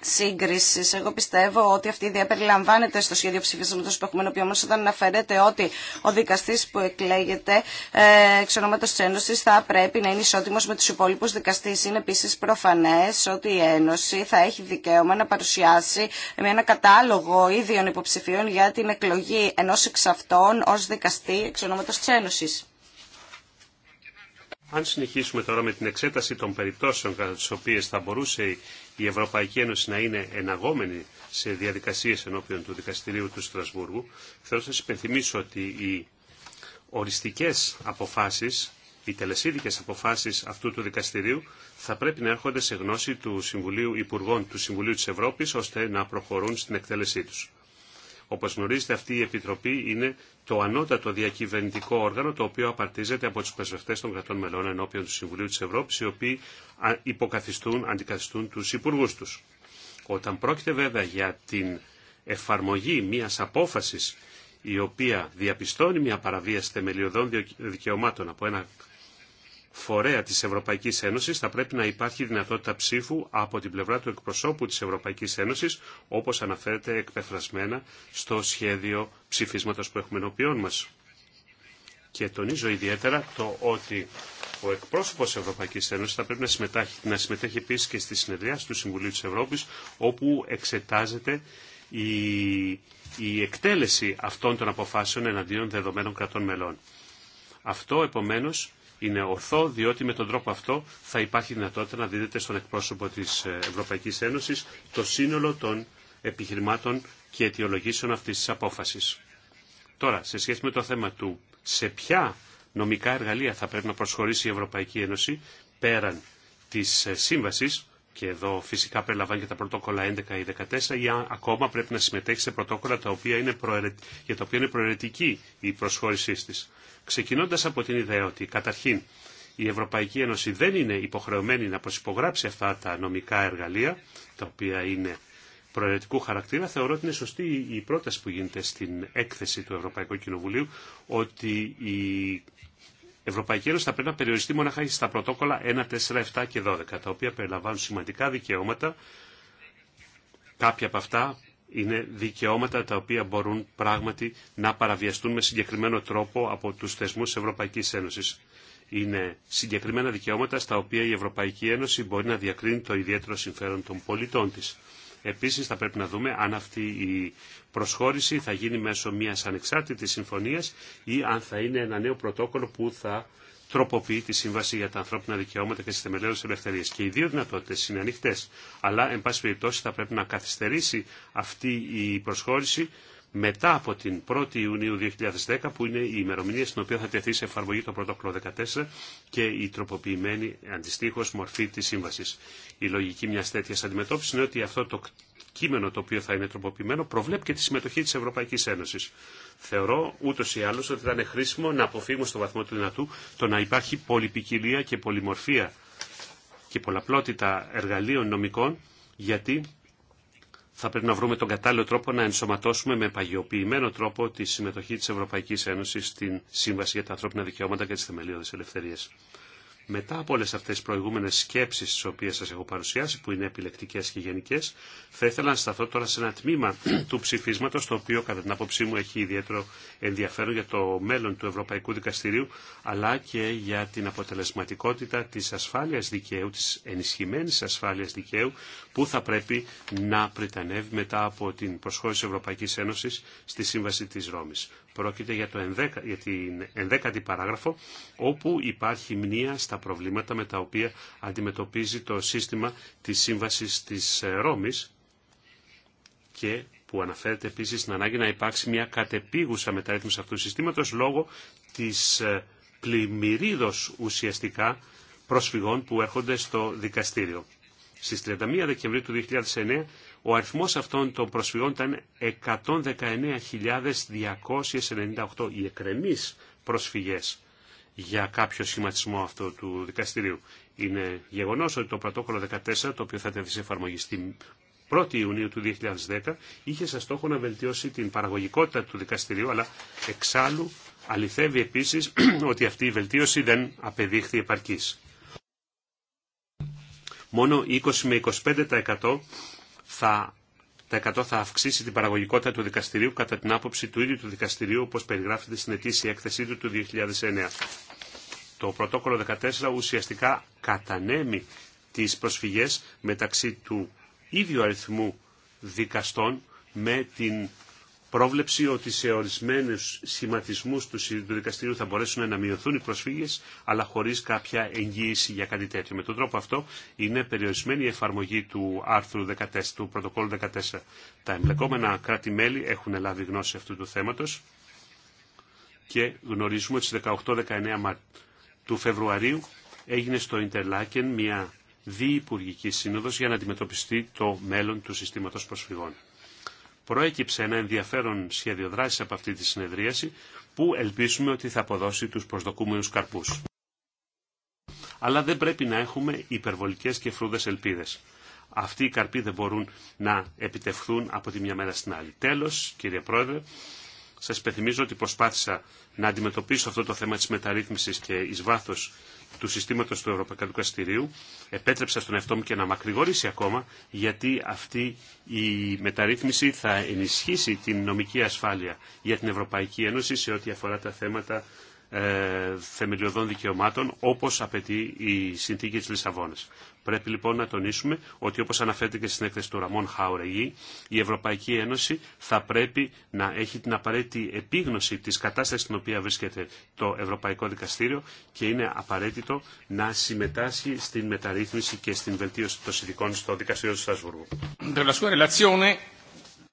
σύγκριση. Εγώ πιστεύω ότι αυτή η ιδέα περιλαμβάνεται στο σχέδιο ψηφίσματο που έχουμε ενωπεί. Όμω, όταν αναφέρεται ότι ο δικαστή που εκλέγεται ε, εξ ονόματο τη Ένωση θα πρέπει να είναι ισότιμο με του υπόλοιπου δικαστέ. Είναι επίση προφανέ ότι η Ένωση θα έχει δικαίωμα να παρουσιάσει με ένα κατάλογο ίδιων υποψηφίων για την εκλογή ενό εξ αυτών ω δικαστή εξ ονόματο τη Ένωση. Αν συνεχίσουμε τώρα με την εξέταση των περιπτώσεων κατά τις οποίες θα μπορούσε η Ευρωπαϊκή Ένωση να είναι εναγόμενη σε διαδικασίες ενώπιον του Δικαστηρίου του Στρασβούργου, θέλω να σας υπενθυμίσω ότι οι οριστικές αποφάσεις, οι τελεσίδικες αποφάσεις αυτού του δικαστηρίου θα πρέπει να έρχονται σε γνώση του Συμβουλίου Υπουργών του Συμβουλίου της Ευρώπης ώστε να προχωρούν στην εκτέλεσή τους. Όπως γνωρίζετε αυτή η Επιτροπή είναι το ανώτατο διακυβερνητικό όργανο το οποίο απαρτίζεται από τους πρεσβευτές των κρατών μελών ενώπιον του Συμβουλίου της Ευρώπης οι οποίοι υποκαθιστούν, αντικαθιστούν τους υπουργούς τους. Όταν πρόκειται βέβαια για την εφαρμογή μιας απόφασης η οποία διαπιστώνει μια παραβίαση θεμελιωδών δικαιωμάτων από ένα φορέα της Ευρωπαϊκής Ένωσης θα πρέπει να υπάρχει δυνατότητα ψήφου από την πλευρά του εκπροσώπου της Ευρωπαϊκής Ένωσης, όπως αναφέρεται εκπεφρασμένα στο σχέδιο ψηφίσματος που έχουμε ενωπιών μας. Και τονίζω ιδιαίτερα το ότι ο εκπρόσωπος της Ευρωπαϊκής Ένωσης θα πρέπει να συμμετέχει, να συμμετέχει επίσης και στη συνεδρία του Συμβουλίου της Ευρώπης, όπου εξετάζεται η, η εκτέλεση αυτών των αποφάσεων εναντίον δεδομένων κρατών μελών. Αυτό, επομένως, είναι ορθό, διότι με τον τρόπο αυτό θα υπάρχει δυνατότητα να δίδεται στον εκπρόσωπο της ε, Ευρωπαϊκής Ένωσης το σύνολο των επιχειρημάτων και αιτιολογήσεων αυτής της απόφασης. Τώρα, σε σχέση με το θέμα του σε ποια νομικά εργαλεία θα πρέπει να προσχωρήσει η Ευρωπαϊκή Ένωση πέραν της ε, σύμβασης, και εδώ φυσικά περιλαμβάνει και τα πρωτόκολλα 11 ή 14 ή ακόμα πρέπει να συμμετέχει σε πρωτόκολλα τα οποία είναι για τα οποία είναι προαιρετική η προσχώρησή της. Ξεκινώντας από την ιδέα ότι καταρχήν η Ευρωπαϊκή Ένωση δεν είναι υποχρεωμένη να προσυπογράψει αυτά τα νομικά εργαλεία, τα οποία είναι προαιρετικού χαρακτήρα, θεωρώ ότι είναι σωστή η πρόταση που γίνεται στην έκθεση του Ευρωπαϊκού Κοινοβουλίου, ότι η Ευρωπαϊκή Ένωση θα πρέπει να περιοριστεί μονάχα στα πρωτόκολλα 1, 4, 7 και 12, τα οποία περιλαμβάνουν σημαντικά δικαιώματα. Κάποια από αυτά είναι δικαιώματα τα οποία μπορούν πράγματι να παραβιαστούν με συγκεκριμένο τρόπο από τους θεσμούς της Ευρωπαϊκής Ένωσης. Είναι συγκεκριμένα δικαιώματα στα οποία η Ευρωπαϊκή Ένωση μπορεί να διακρίνει το ιδιαίτερο συμφέρον των πολιτών της. Επίσης θα πρέπει να δούμε αν αυτή η προσχώρηση θα γίνει μέσω μιας ανεξάρτητης συμφωνίας ή αν θα είναι ένα νέο πρωτόκολλο που θα τροποποιεί τη Σύμβαση για τα Ανθρώπινα Δικαιώματα και τι Θεμελιώδει Ελευθερίε. Και οι δύο δυνατότητε είναι ανοιχτέ. Αλλά, εν πάση περιπτώσει, θα πρέπει να καθυστερήσει αυτή η προσχώρηση μετά από την 1η Ιουνίου 2010 που είναι η ημερομηνία στην οποία θα τεθεί σε εφαρμογή το πρωτόκολλο 14 και η τροποποιημένη αντιστοίχω μορφή τη σύμβαση. Η λογική μια τέτοια αντιμετώπιση είναι ότι αυτό το κείμενο το οποίο θα είναι τροποποιημένο προβλέπει και τη συμμετοχή τη Ευρωπαϊκή Ένωση. Θεωρώ ούτω ή άλλως ότι θα είναι χρήσιμο να αποφύγουμε στο βαθμό του δυνατού το να υπάρχει πολυπικιλία και πολυμορφία και πολλαπλότητα εργαλείων νομικών γιατί θα πρέπει να βρούμε τον κατάλληλο τρόπο να ενσωματώσουμε με παγιοποιημένο τρόπο τη συμμετοχή της Ευρωπαϊκής Ένωσης στην Σύμβαση για τα Ανθρώπινα Δικαιώματα και τις Θεμελιώδεις Ελευθερίες. Μετά από όλες αυτές τις προηγούμενες σκέψεις τις οποίες σας έχω παρουσιάσει, που είναι επιλεκτικές και γενικές, θα ήθελα να σταθώ τώρα σε ένα τμήμα του ψηφίσματος, το οποίο κατά την άποψή μου έχει ιδιαίτερο ενδιαφέρον για το μέλλον του Ευρωπαϊκού Δικαστηρίου, αλλά και για την αποτελεσματικότητα της ασφάλειας δικαίου, της ενισχυμένης ασφάλειας δικαίου, που θα πρέπει να πριτανεύει μετά από την προσχώρηση Ευρωπαϊκής Ένωσης στη Σύμβαση της Ρώμης. Πρόκειται για, το 11, για την ενδέκατη παράγραφο όπου υπάρχει μνήα στα προβλήματα με τα οποία αντιμετωπίζει το σύστημα της σύμβασης της ε, Ρώμης και που αναφέρεται επίσης στην ανάγκη να υπάρξει μια κατεπίγουσα μεταρρύθμιση αυτού του συστήματος λόγω της ε, πλημμυρίδος ουσιαστικά προσφυγών που έρχονται στο δικαστήριο. Στις 31 Δεκεμβρίου του 2009 ο αριθμός αυτών των προσφυγών ήταν 119.298 οι εκρεμείς προσφυγές για κάποιο σχηματισμό αυτού του δικαστηρίου. Είναι γεγονός ότι το πρωτόκολλο 14, το οποίο θα τεθεί σε εφαρμογή στην 1η Ιουνίου του 2010, είχε σαν στόχο να βελτιώσει την παραγωγικότητα του δικαστηρίου, αλλά εξάλλου αληθεύει επίσης ότι αυτή η βελτίωση δεν απεδείχθη επαρκής. Μόνο 20 με 25% θα, τα 100 θα αυξήσει την παραγωγικότητα του δικαστηρίου κατά την άποψη του ίδιου του δικαστηρίου όπως περιγράφεται στην ετήσια έκθεσή του του 2009. Το πρωτόκολλο 14 ουσιαστικά κατανέμει τις προσφυγές μεταξύ του ίδιου αριθμού δικαστών με την πρόβλεψη ότι σε ορισμένου σχηματισμού του δικαστηρίου θα μπορέσουν να μειωθούν οι προσφύγες, αλλά χωρί κάποια εγγύηση για κάτι τέτοιο. Με τον τρόπο αυτό είναι περιορισμένη η εφαρμογή του άρθρου 14, του πρωτοκόλλου 14. Τα εμπλεκόμενα κράτη-μέλη έχουν λάβει γνώση αυτού του θέματο, και γνωρίζουμε ότι στις 18-19 του Φεβρουαρίου έγινε στο Ιντερλάκεν μια διυπουργική σύνοδος για να αντιμετωπιστεί το μέλλον του συστήματος προσφυγών προέκυψε ένα ενδιαφέρον σχέδιο δράσης από αυτή τη συνεδρίαση που ελπίσουμε ότι θα αποδώσει τους προσδοκούμενους καρπούς. Αλλά δεν πρέπει να έχουμε υπερβολικές και φρούδες ελπίδες. Αυτοί οι καρποί δεν μπορούν να επιτευχθούν από τη μια μέρα στην άλλη. Τέλος, κύριε Πρόεδρε, σας υπενθυμίζω ότι προσπάθησα να αντιμετωπίσω αυτό το θέμα της μεταρρύθμισης και εις βάθος του συστήματος του Ευρωπαϊκού Καστηρίου επέτρεψα στον εαυτό μου και να μακρηγορήσει ακόμα γιατί αυτή η μεταρρύθμιση θα ενισχύσει την νομική ασφάλεια για την Ευρωπαϊκή Ένωση σε ό,τι αφορά τα θέματα ε, θεμελιωδών δικαιωμάτων όπως απαιτεί η συνθήκη της Λισαβόνας. Πρέπει λοιπόν να τονίσουμε ότι όπως αναφέρεται και στην έκθεση του Ραμόν Χαουρεγή, η Ευρωπαϊκή Ένωση θα πρέπει να έχει την απαραίτητη επίγνωση της κατάστασης στην οποία βρίσκεται το Ευρωπαϊκό Δικαστήριο και είναι απαραίτητο να συμμετάσχει στην μεταρρύθμιση και στην βελτίωση των συνδικών στο Δικαστήριο του Στασβούργου.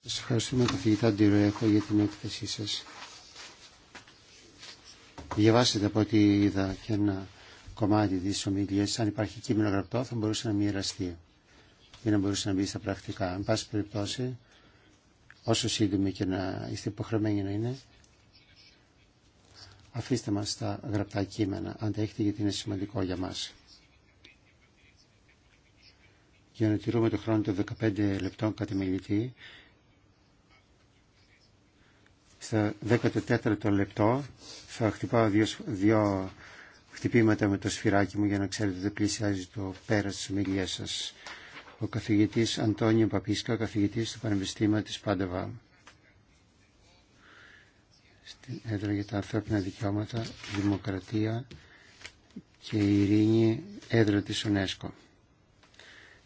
Σας ευχαριστούμε καθηγητά για την έκθεσή διαβάσετε από ό,τι είδα και ένα κομμάτι τη ομιλία. Αν υπάρχει κείμενο γραπτό, θα μπορούσε να μοιραστεί ή να μπορούσε να μπει στα πρακτικά. Εν πάση περιπτώσει, όσο σύντομη και να είστε υποχρεωμένοι να είναι, αφήστε μα τα γραπτά κείμενα, αν τα έχετε, γιατί είναι σημαντικό για μα. Για να τηρούμε το χρόνο των 15 λεπτών μιλητή, στα 14ο λεπτό θα χτυπάω δύο, δύο χτυπήματα με το σφυράκι μου για να ξέρετε ότι πλησιάζει το πέρας της ομιλίας σας. Ο καθηγητής Αντώνιο Παπίσκα, καθηγητής του Πανεπιστήμα της Πάντεβα. Στην έδρα για τα ανθρώπινα δικαιώματα, δημοκρατία και η ειρήνη έδρα της UNESCO.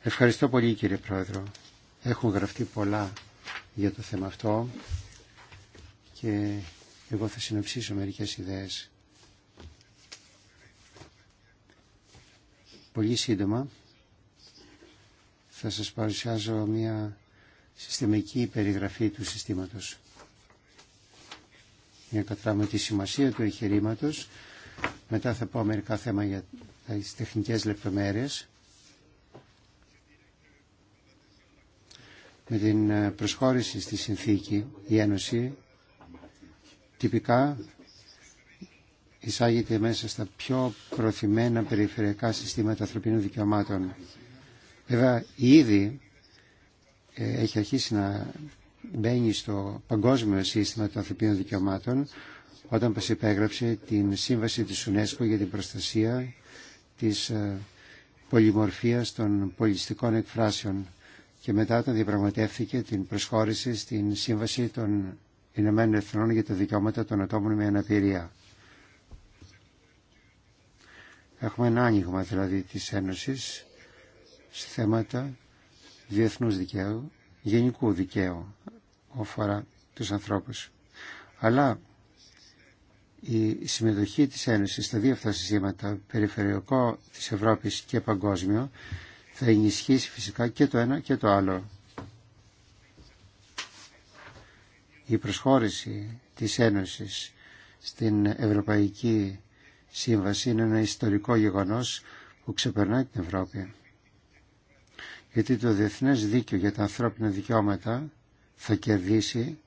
Ευχαριστώ πολύ κύριε Πρόεδρο. Έχουν γραφτεί πολλά για το θέμα αυτό και εγώ θα συνοψίσω μερικές ιδέες. Πολύ σύντομα θα σας παρουσιάζω μια συστημική περιγραφή του συστήματος. Μια κατράμε τη σημασία του εγχειρήματο. Μετά θα πω μερικά θέματα για τις τεχνικές λεπτομέρειες. Με την προσχώρηση στη συνθήκη η Ένωση τυπικά εισάγεται μέσα στα πιο προθυμένα περιφερειακά συστήματα ανθρωπίνων δικαιωμάτων. Βέβαια, ήδη ε, έχει αρχίσει να μπαίνει στο παγκόσμιο σύστημα των ανθρωπίνων δικαιωμάτων όταν υπέγραψε την σύμβαση της UNESCO για την προστασία της ε, πολυμορφίας των πολιτιστικών εκφράσεων και μετά όταν διαπραγματεύθηκε την προσχώρηση στην σύμβαση των Ηνωμένων Εθνών για τα δικαιώματα των ατόμων με αναπηρία. Έχουμε ένα άνοιγμα δηλαδή της Ένωση σε θέματα διεθνούς δικαίου, γενικού δικαίου αφορά τους ανθρώπους. Αλλά η συμμετοχή της Ένωσης στα δύο αυτά συστήματα, περιφερειακό της Ευρώπης και παγκόσμιο, θα ενισχύσει φυσικά και το ένα και το άλλο. η προσχώρηση της Ένωσης στην Ευρωπαϊκή Σύμβαση είναι ένα ιστορικό γεγονός που ξεπερνάει την Ευρώπη. Γιατί το διεθνές δίκαιο για τα ανθρώπινα δικαιώματα θα κερδίσει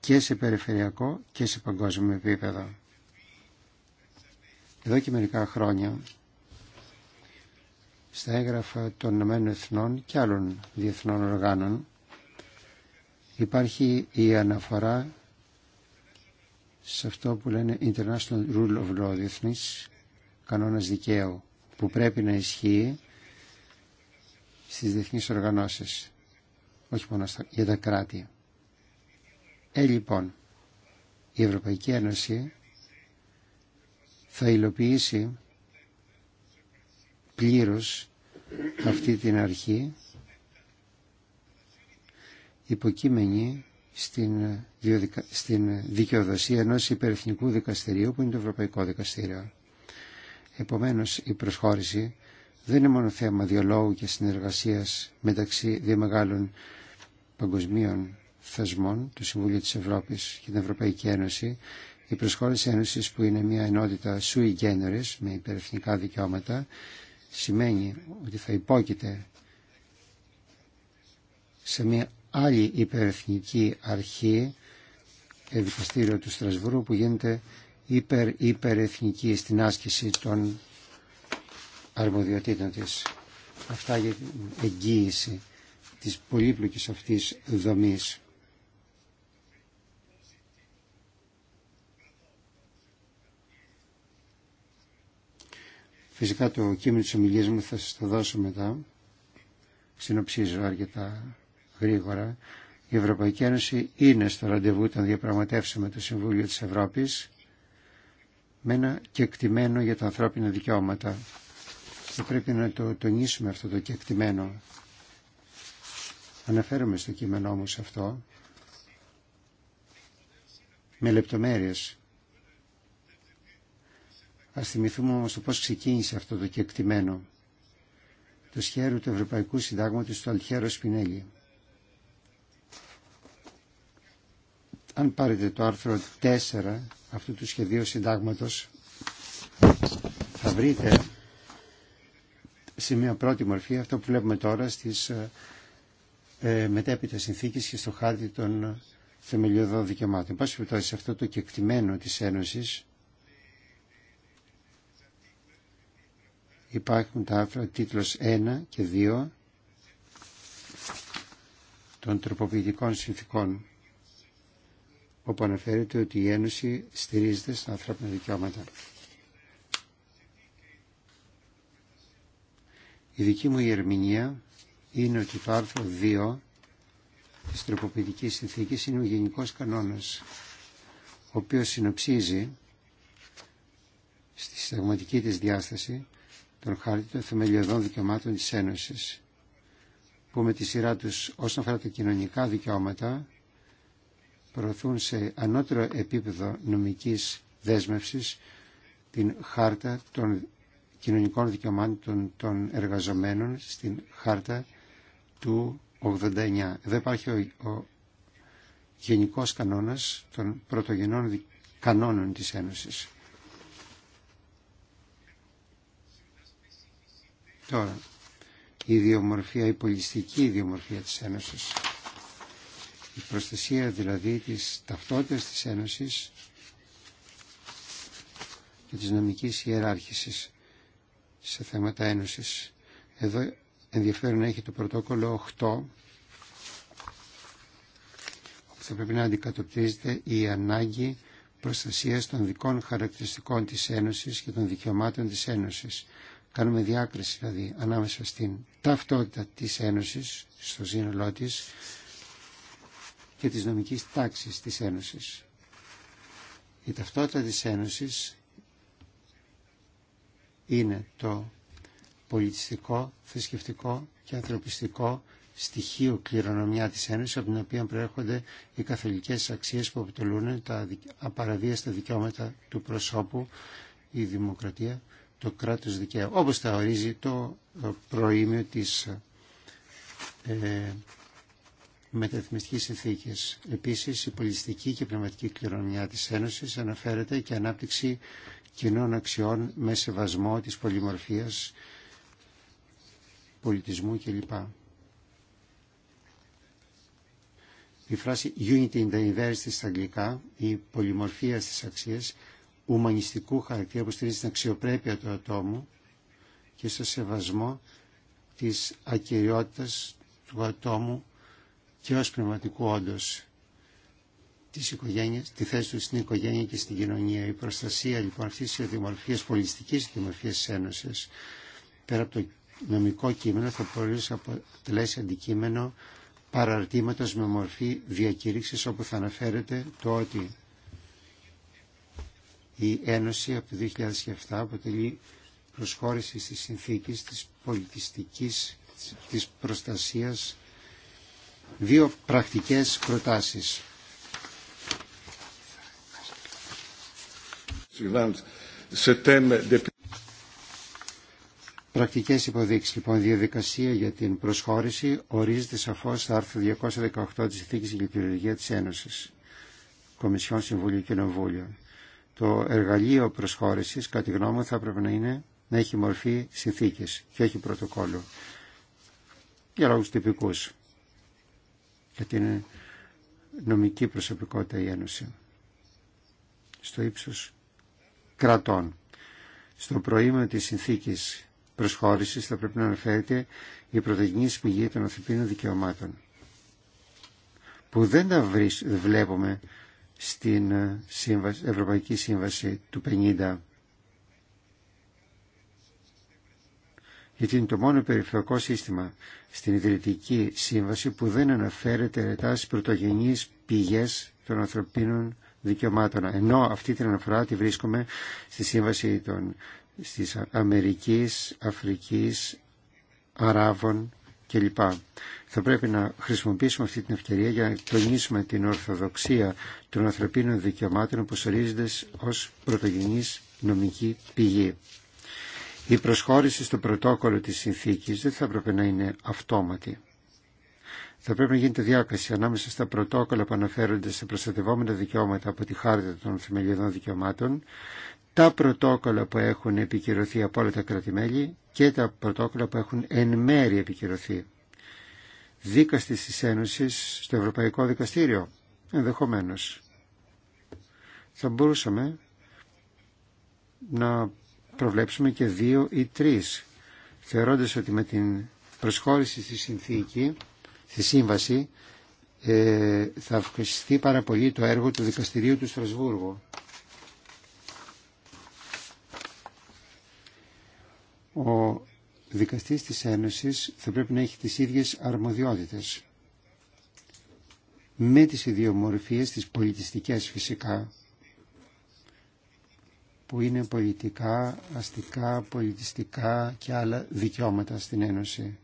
και σε περιφερειακό και σε παγκόσμιο επίπεδο. Εδώ και μερικά χρόνια στα έγγραφα των Ηνωμένων Εθνών και άλλων διεθνών οργάνων Υπάρχει η αναφορά σε αυτό που λένε International Rule of Law, διεθνής κανόνας δικαίου, που πρέπει να ισχύει στις διεθνείς οργανώσεις, όχι μόνο για τα κράτη. Ε, λοιπόν, η Ευρωπαϊκή Ένωση θα υλοποιήσει πλήρως αυτή την αρχή υποκείμενη στην, στην δικαιοδοσία ενός υπερεθνικού δικαστηρίου που είναι το Ευρωπαϊκό Δικαστήριο. Επομένως, η προσχώρηση δεν είναι μόνο θέμα διαλόγου και συνεργασίας μεταξύ δύο μεγάλων παγκοσμίων θεσμών, του Συμβουλίου της Ευρώπης και την Ευρωπαϊκή Ένωση, η προσχώρηση Ένωσης που είναι μια ενότητα sui generis με υπερεθνικά δικαιώματα σημαίνει ότι θα υπόκειται σε μια άλλη υπερεθνική αρχή, δικαστήριο του Στρασβούρου, που γίνεται υπερ-υπερεθνική στην άσκηση των αρμοδιοτήτων της. Αυτά για την εγγύηση της πολύπλοκης αυτής δομής. Φυσικά το κείμενο της ομιλίας μου θα σας το δώσω μετά. Συνοψίζω αρκετά γρήγορα. Η Ευρωπαϊκή Ένωση είναι στο ραντεβού των διαπραγματεύσεων με το Συμβούλιο της Ευρώπης με ένα κεκτημένο για τα ανθρώπινα δικαιώματα. Και πρέπει να το τονίσουμε αυτό το κεκτημένο. Αναφέρομαι στο κείμενό όμως αυτό με λεπτομέρειες. Ας θυμηθούμε όμως το πώς ξεκίνησε αυτό το κεκτημένο. Το σχέδιο του Ευρωπαϊκού Συντάγματος του Αλτιέρο Σπινέλη. αν πάρετε το άρθρο 4 αυτού του σχεδίου συντάγματος θα βρείτε σε μια πρώτη μορφή αυτό που βλέπουμε τώρα στις ε, ε, μετέπειτα συνθήκες και στο χάρτη των θεμελιωδών δικαιωμάτων. Εν πάση σε αυτό το κεκτημένο της Ένωσης υπάρχουν τα άρθρα τίτλος 1 και 2 των τροποποιητικών συνθήκων όπου αναφέρεται ότι η Ένωση στηρίζεται στα ανθρώπινα δικαιώματα. Η δική μου η ερμηνεία είναι ότι το άρθρο 2 της τροποποιητικής συνθήκης είναι ο γενικός κανόνας, ο οποίος συνοψίζει στη συνταγματική της διάσταση τον χάρτη των θεμελιωδών δικαιωμάτων της Ένωσης, που με τη σειρά τους όσον αφορά τα κοινωνικά δικαιώματα προωθούν σε ανώτερο επίπεδο νομικής δέσμευσης την χάρτα των κοινωνικών δικαιωμάτων των εργαζομένων στην χάρτα του 89. Εδώ υπάρχει ο, ο γενικός κανόνας των πρωτογενών κανόνων της Ένωσης. Τώρα, η διομορφία η πολιτιστική ιδιομορφία της Ένωσης η προστασία δηλαδή της ταυτότητας της Ένωσης και της νομικής ιεράρχησης σε θέματα Ένωσης. Εδώ ενδιαφέρον έχει το πρωτόκολλο 8 όπου θα πρέπει να αντικατοπτρίζεται η ανάγκη προστασίας των δικών χαρακτηριστικών της Ένωσης και των δικαιωμάτων της Ένωσης. Κάνουμε διάκριση δηλαδή ανάμεσα στην ταυτότητα της Ένωσης στο σύνολό της και της νομικής τάξης της Ένωσης. Η ταυτότητα της Ένωσης είναι το πολιτιστικό, θρησκευτικό και ανθρωπιστικό στοιχείο κληρονομιά της Ένωσης από την οποία προέρχονται οι καθολικές αξίες που αποτελούν τα απαραβίαστα δικαιώματα του προσώπου, η δημοκρατία, το κράτος δικαίου, όπως τα ορίζει το προήμιο της ε, μεταρρυθμιστικής συνθήκε. Επίσης, η πολιτιστική και πνευματική κληρονομιά της Ένωσης αναφέρεται και ανάπτυξη κοινών αξιών με σεβασμό της πολυμορφίας, πολιτισμού κλπ. Η φράση «unity in the diversity» στα αγγλικά, η πολυμορφία στις αξίες, ουμανιστικού χαρακτήρα που στηρίζει την αξιοπρέπεια του ατόμου και στο σεβασμό της ακυριότητας του ατόμου και ως πνευματικού όντως της οικογένειας, τη θέση του στην οικογένεια και στην κοινωνία. Η προστασία λοιπόν αυτής της δημορφίας, πολιτιστικής δημορφίας της Ένωσης πέρα από το νομικό κείμενο θα μπορούσε να αποτελέσει αντικείμενο παραρτήματος με μορφή διακήρυξης όπου θα αναφέρεται το ότι η Ένωση από το 2007 αποτελεί προσχώρηση στις συνθήκες της πολιτιστικής της προστασίας δύο πρακτικές προτάσεις. Πρακτικές υποδείξεις, λοιπόν, διαδικασία για την προσχώρηση ορίζεται σαφώς στο άρθρο 218 της Συνθήκης για τη Λειτουργία της Ένωσης, Κομισιόν Συμβούλιο και Κοινοβούλιο. Το εργαλείο προσχώρησης, κατά τη γνώμη μου, θα έπρεπε να, είναι, να έχει μορφή συνθήκες και όχι πρωτοκόλλου, για λόγους τυπικούς γιατί είναι νομική προσωπικότητα η Ένωση στο ύψος κρατών. Στο προήμιο της συνθήκης προσχώρησης θα πρέπει να αναφέρεται η πρωτογενή σπηγή των ανθρωπίνων δικαιωμάτων που δεν τα βλέπουμε στην ε, Ευρωπαϊκή Σύμβαση του 50 γιατί είναι το μόνο περιφερειακό σύστημα στην Ιδρυτική Σύμβαση που δεν αναφέρεται ρετά στις πρωτογενείς πηγές των ανθρωπίνων δικαιωμάτων. Ενώ αυτή την αναφορά τη βρίσκουμε στη Σύμβαση των, στις Αμερικής, Αφρικής, Αράβων κλπ. Θα πρέπει να χρησιμοποιήσουμε αυτή την ευκαιρία για να τονίσουμε την ορθοδοξία των ανθρωπίνων δικαιωμάτων που σωρίζονται ως πρωτογενής νομική πηγή. Η προσχώρηση στο πρωτόκολλο της συνθήκης δεν θα έπρεπε να είναι αυτόματη. Θα πρέπει να γίνεται διάκριση ανάμεσα στα πρωτόκολλα που αναφέρονται σε προστατευόμενα δικαιώματα από τη Χάρτα των Θεμελιωδών Δικαιωμάτων, τα πρωτόκολλα που έχουν επικυρωθεί από όλα τα κρατημέλη και τα πρωτόκολλα που έχουν εν μέρη επικυρωθεί. Δίκαστης της Ένωσης στο Ευρωπαϊκό Δικαστήριο, ενδεχομένως. Θα μπορούσαμε να προβλέψουμε και δύο ή τρεις, θεωρώντας ότι με την προσχώρηση στη συνθήκη, στη σύμβαση, ε, θα αυξηθεί πάρα πολύ το έργο του Δικαστηρίου του Στρασβούργου. Ο δικαστής της Ένωσης θα πρέπει να έχει τις ίδιες αρμοδιότητες με τις ιδιομορφίες, τις πολιτιστικές φυσικά, που είναι πολιτικά, αστικά, πολιτιστικά και άλλα δικαιώματα στην Ένωση.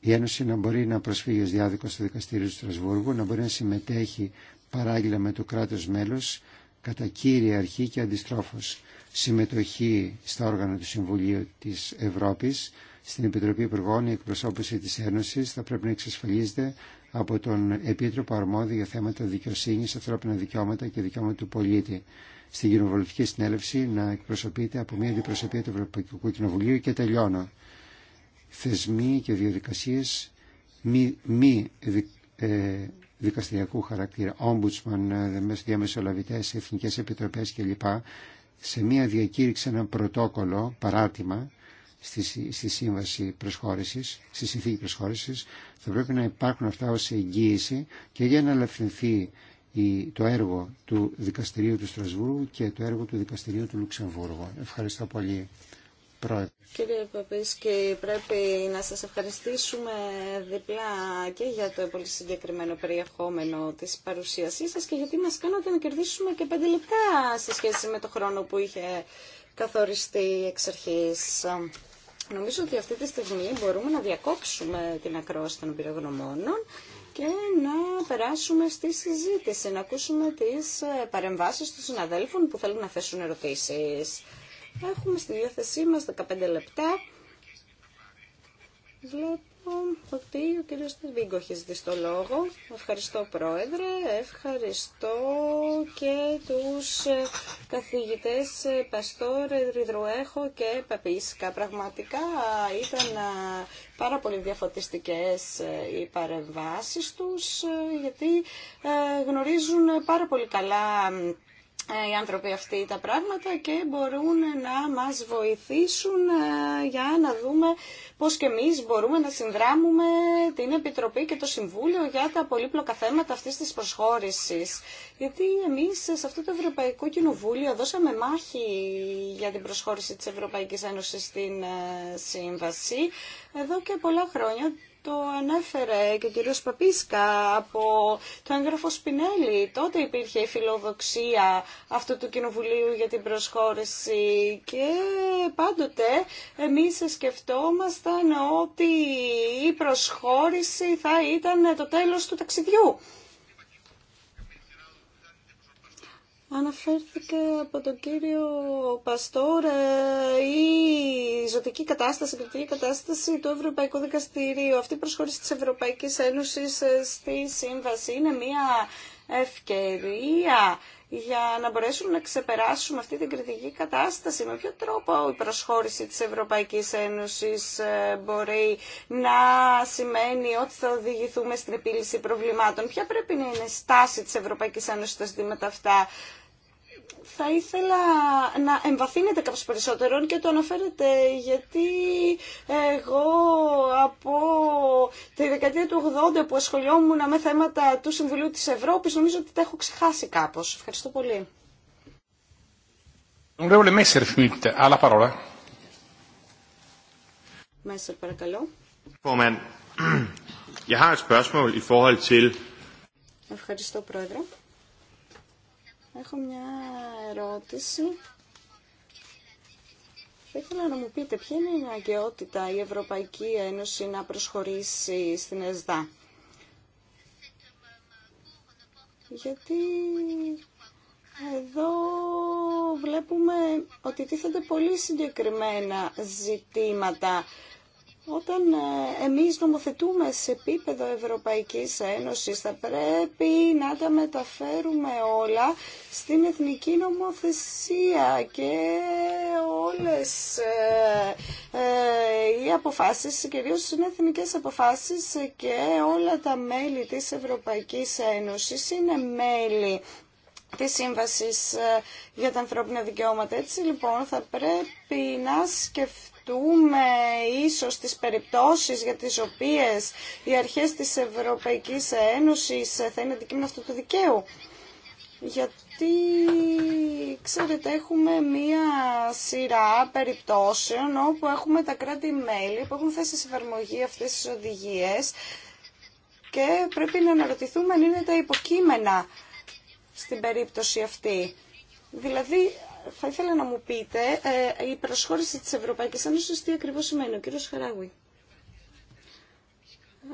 Η Ένωση να μπορεί να προσφύγει ως διάδικο στο δικαστήριο του Στρασβούργου, να μπορεί να συμμετέχει παράγγελα με το κράτος μέλος, κατά κύρια αρχή και αντιστρόφως συμμετοχή στα όργανα του Συμβουλίου της Ευρώπης, στην Επιτροπή Υπουργών η εκπροσώπηση της Ένωσης θα πρέπει να εξασφαλίζεται από τον Επίτροπο Αρμόδιο για θέματα δικαιοσύνη, ανθρώπινα δικαιώματα και δικαιώματα του πολίτη στην κοινοβουλευτική συνέλευση να εκπροσωπείται από μια αντιπροσωπεία του Ευρωπαϊκού Κοινοβουλίου και τελειώνω. Θεσμοί και διαδικασίε μη, μη ε, δικαστηριακού χαρακτήρα, ombudsman, ε, διαμεσολαβητέ, εθνικέ επιτροπέ κλπ. σε μια διακήρυξη, ένα πρωτόκολλο, παράτημα, στη, στη σύμβαση προσχώρηση, στη συνθήκη προσχώρηση, θα πρέπει να υπάρχουν αυτά ω εγγύηση και για να ελευθερωθεί το έργο του Δικαστηρίου του Στρασβούργου και το έργο του Δικαστηρίου του Λουξεμβούργου. Ευχαριστώ πολύ. Κύριε Παπίσκη, πρέπει να σας ευχαριστήσουμε διπλά και για το πολύ συγκεκριμένο περιεχόμενο της παρουσίασής σας και γιατί μας κάνατε να κερδίσουμε και πέντε λεπτά σε σχέση με το χρόνο που είχε καθοριστεί εξ αρχής. Νομίζω ότι αυτή τη στιγμή μπορούμε να διακόψουμε την ακρόαση των πυρογνωμόνων και να περάσουμε στη συζήτηση, να ακούσουμε τις ε, παρεμβάσεις των συναδέλφων που θέλουν να θέσουν ερωτήσεις. Έχουμε στη διάθεσή μας 15 λεπτά. Βλέπω ότι ο κύριος Τερβίγκο έχει ζητήσει το λόγο. Ευχαριστώ πρόεδρε, ευχαριστώ και τους ε, καθηγητές ε, Παστόρ, Ριδρουέχο και Παπίσκα. Πραγματικά ε, ήταν πάρα πολύ διαφωτιστικές οι παρεμβάσεις τους γιατί γνωρίζουν πάρα πολύ καλά οι άνθρωποι αυτοί τα πράγματα και μπορούν να μας βοηθήσουν για να δούμε πως και εμείς μπορούμε να συνδράμουμε την Επιτροπή και το Συμβούλιο για τα πολύπλοκα θέματα αυτής της προσχώρησης. Γιατί εμείς σε αυτό το Ευρωπαϊκό Κοινοβούλιο δώσαμε μάχη για την προσχώρηση της Ευρωπαϊκής Ένωσης στην ε, Σύμβαση εδώ και πολλά χρόνια το ανέφερε και ο κύριος Παπίσκα από το έγγραφο Σπινέλη. Τότε υπήρχε η φιλοδοξία αυτού του Κοινοβουλίου για την προσχώρηση και πάντοτε εμείς σκεφτόμασταν ότι η προσχώρηση θα ήταν το τέλος του ταξιδιού. Αναφέρθηκε από τον κύριο Παστόρ ε, η ζωτική κατάσταση, η κριτική κατάσταση του Ευρωπαϊκού Δικαστηρίου. Αυτή η προσχώρηση της Ευρωπαϊκής Ένωσης ε, στη Σύμβαση είναι μια ευκαιρία για να μπορέσουμε να ξεπεράσουμε αυτή την κριτική κατάσταση. Με ποιο τρόπο η προσχώρηση της Ευρωπαϊκής Ένωσης ε, μπορεί να σημαίνει ότι θα οδηγηθούμε στην επίλυση προβλημάτων. Ποια πρέπει να είναι η στάση της Ευρωπαϊκής Ένωσης στα ζητήματα αυτά θα ήθελα να εμβαθύνετε κάπως περισσότερο και το αναφέρετε γιατί εγώ από τη δεκαετία του 80 που ασχολιόμουν με θέματα του Συμβουλίου της Ευρώπης νομίζω ότι τα έχω ξεχάσει κάπως. Ευχαριστώ πολύ. Ευχαριστώ, Πρόεδρε. Έχω μια ερώτηση. Θα ήθελα να μου πείτε ποια είναι η αγκαιότητα η Ευρωπαϊκή Ένωση να προσχωρήσει στην ΕΣΔΑ. Γιατί εδώ βλέπουμε ότι τίθενται πολύ συγκεκριμένα ζητήματα όταν ε, εμείς νομοθετούμε σε επίπεδο Ευρωπαϊκής Ένωσης θα πρέπει να τα μεταφέρουμε όλα στην εθνική νομοθεσία και όλες ε, ε, οι αποφάσεις, κυρίως οι εθνικές αποφάσεις και όλα τα μέλη της Ευρωπαϊκής Ένωσης είναι μέλη τη σύμβαση για τα ανθρώπινα δικαιώματα. Έτσι λοιπόν θα πρέπει να σκεφτούμε σκεφτούμε ίσως τις περιπτώσεις για τις οποίες οι αρχές της Ευρωπαϊκής Ένωσης θα είναι αντικείμενο αυτού του δικαίου. Γιατί, ξέρετε, έχουμε μία σειρά περιπτώσεων όπου έχουμε τα κράτη-μέλη που έχουν θέσει σε εφαρμογή αυτές τις οδηγίες και πρέπει να αναρωτηθούμε αν είναι τα υποκείμενα στην περίπτωση αυτή. Δηλαδή, θα ήθελα να μου πείτε ε, η προσχώρηση της Ευρωπαϊκής Ένωσης τι ακριβώς σημαίνει. Ο κύριος Χαράγουι.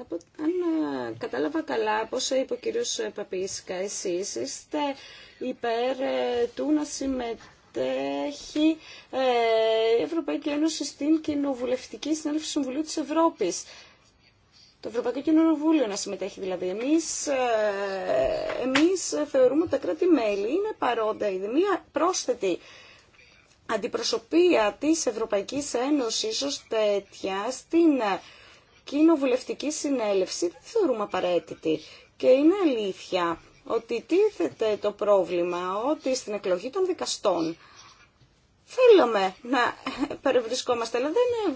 Από, αν ε, κατάλαβα καλά, πώς είπε ο κύριος ε, Παπίσκα, εσείς είστε υπέρ του να συμμετέχει η Ευρωπαϊκή Ένωση στην Κοινοβουλευτική Συνέλευση Συμβουλίου της Ευρώπης. Το Ευρωπαϊκό Κοινοβούλιο να συμμετέχει δηλαδή. Εμείς, ε, εμείς θεωρούμε ότι τα κράτη-μέλη είναι παρόντα Η Μία πρόσθετη αντιπροσωπεία της Ευρωπαϊκής Ένωσης ως τέτοια στην κοινοβουλευτική συνέλευση δεν θεωρούμε απαραίτητη. Και είναι αλήθεια ότι τίθεται το πρόβλημα ότι στην εκλογή των δικαστών θέλουμε να παρευρισκόμαστε, αλλά δεν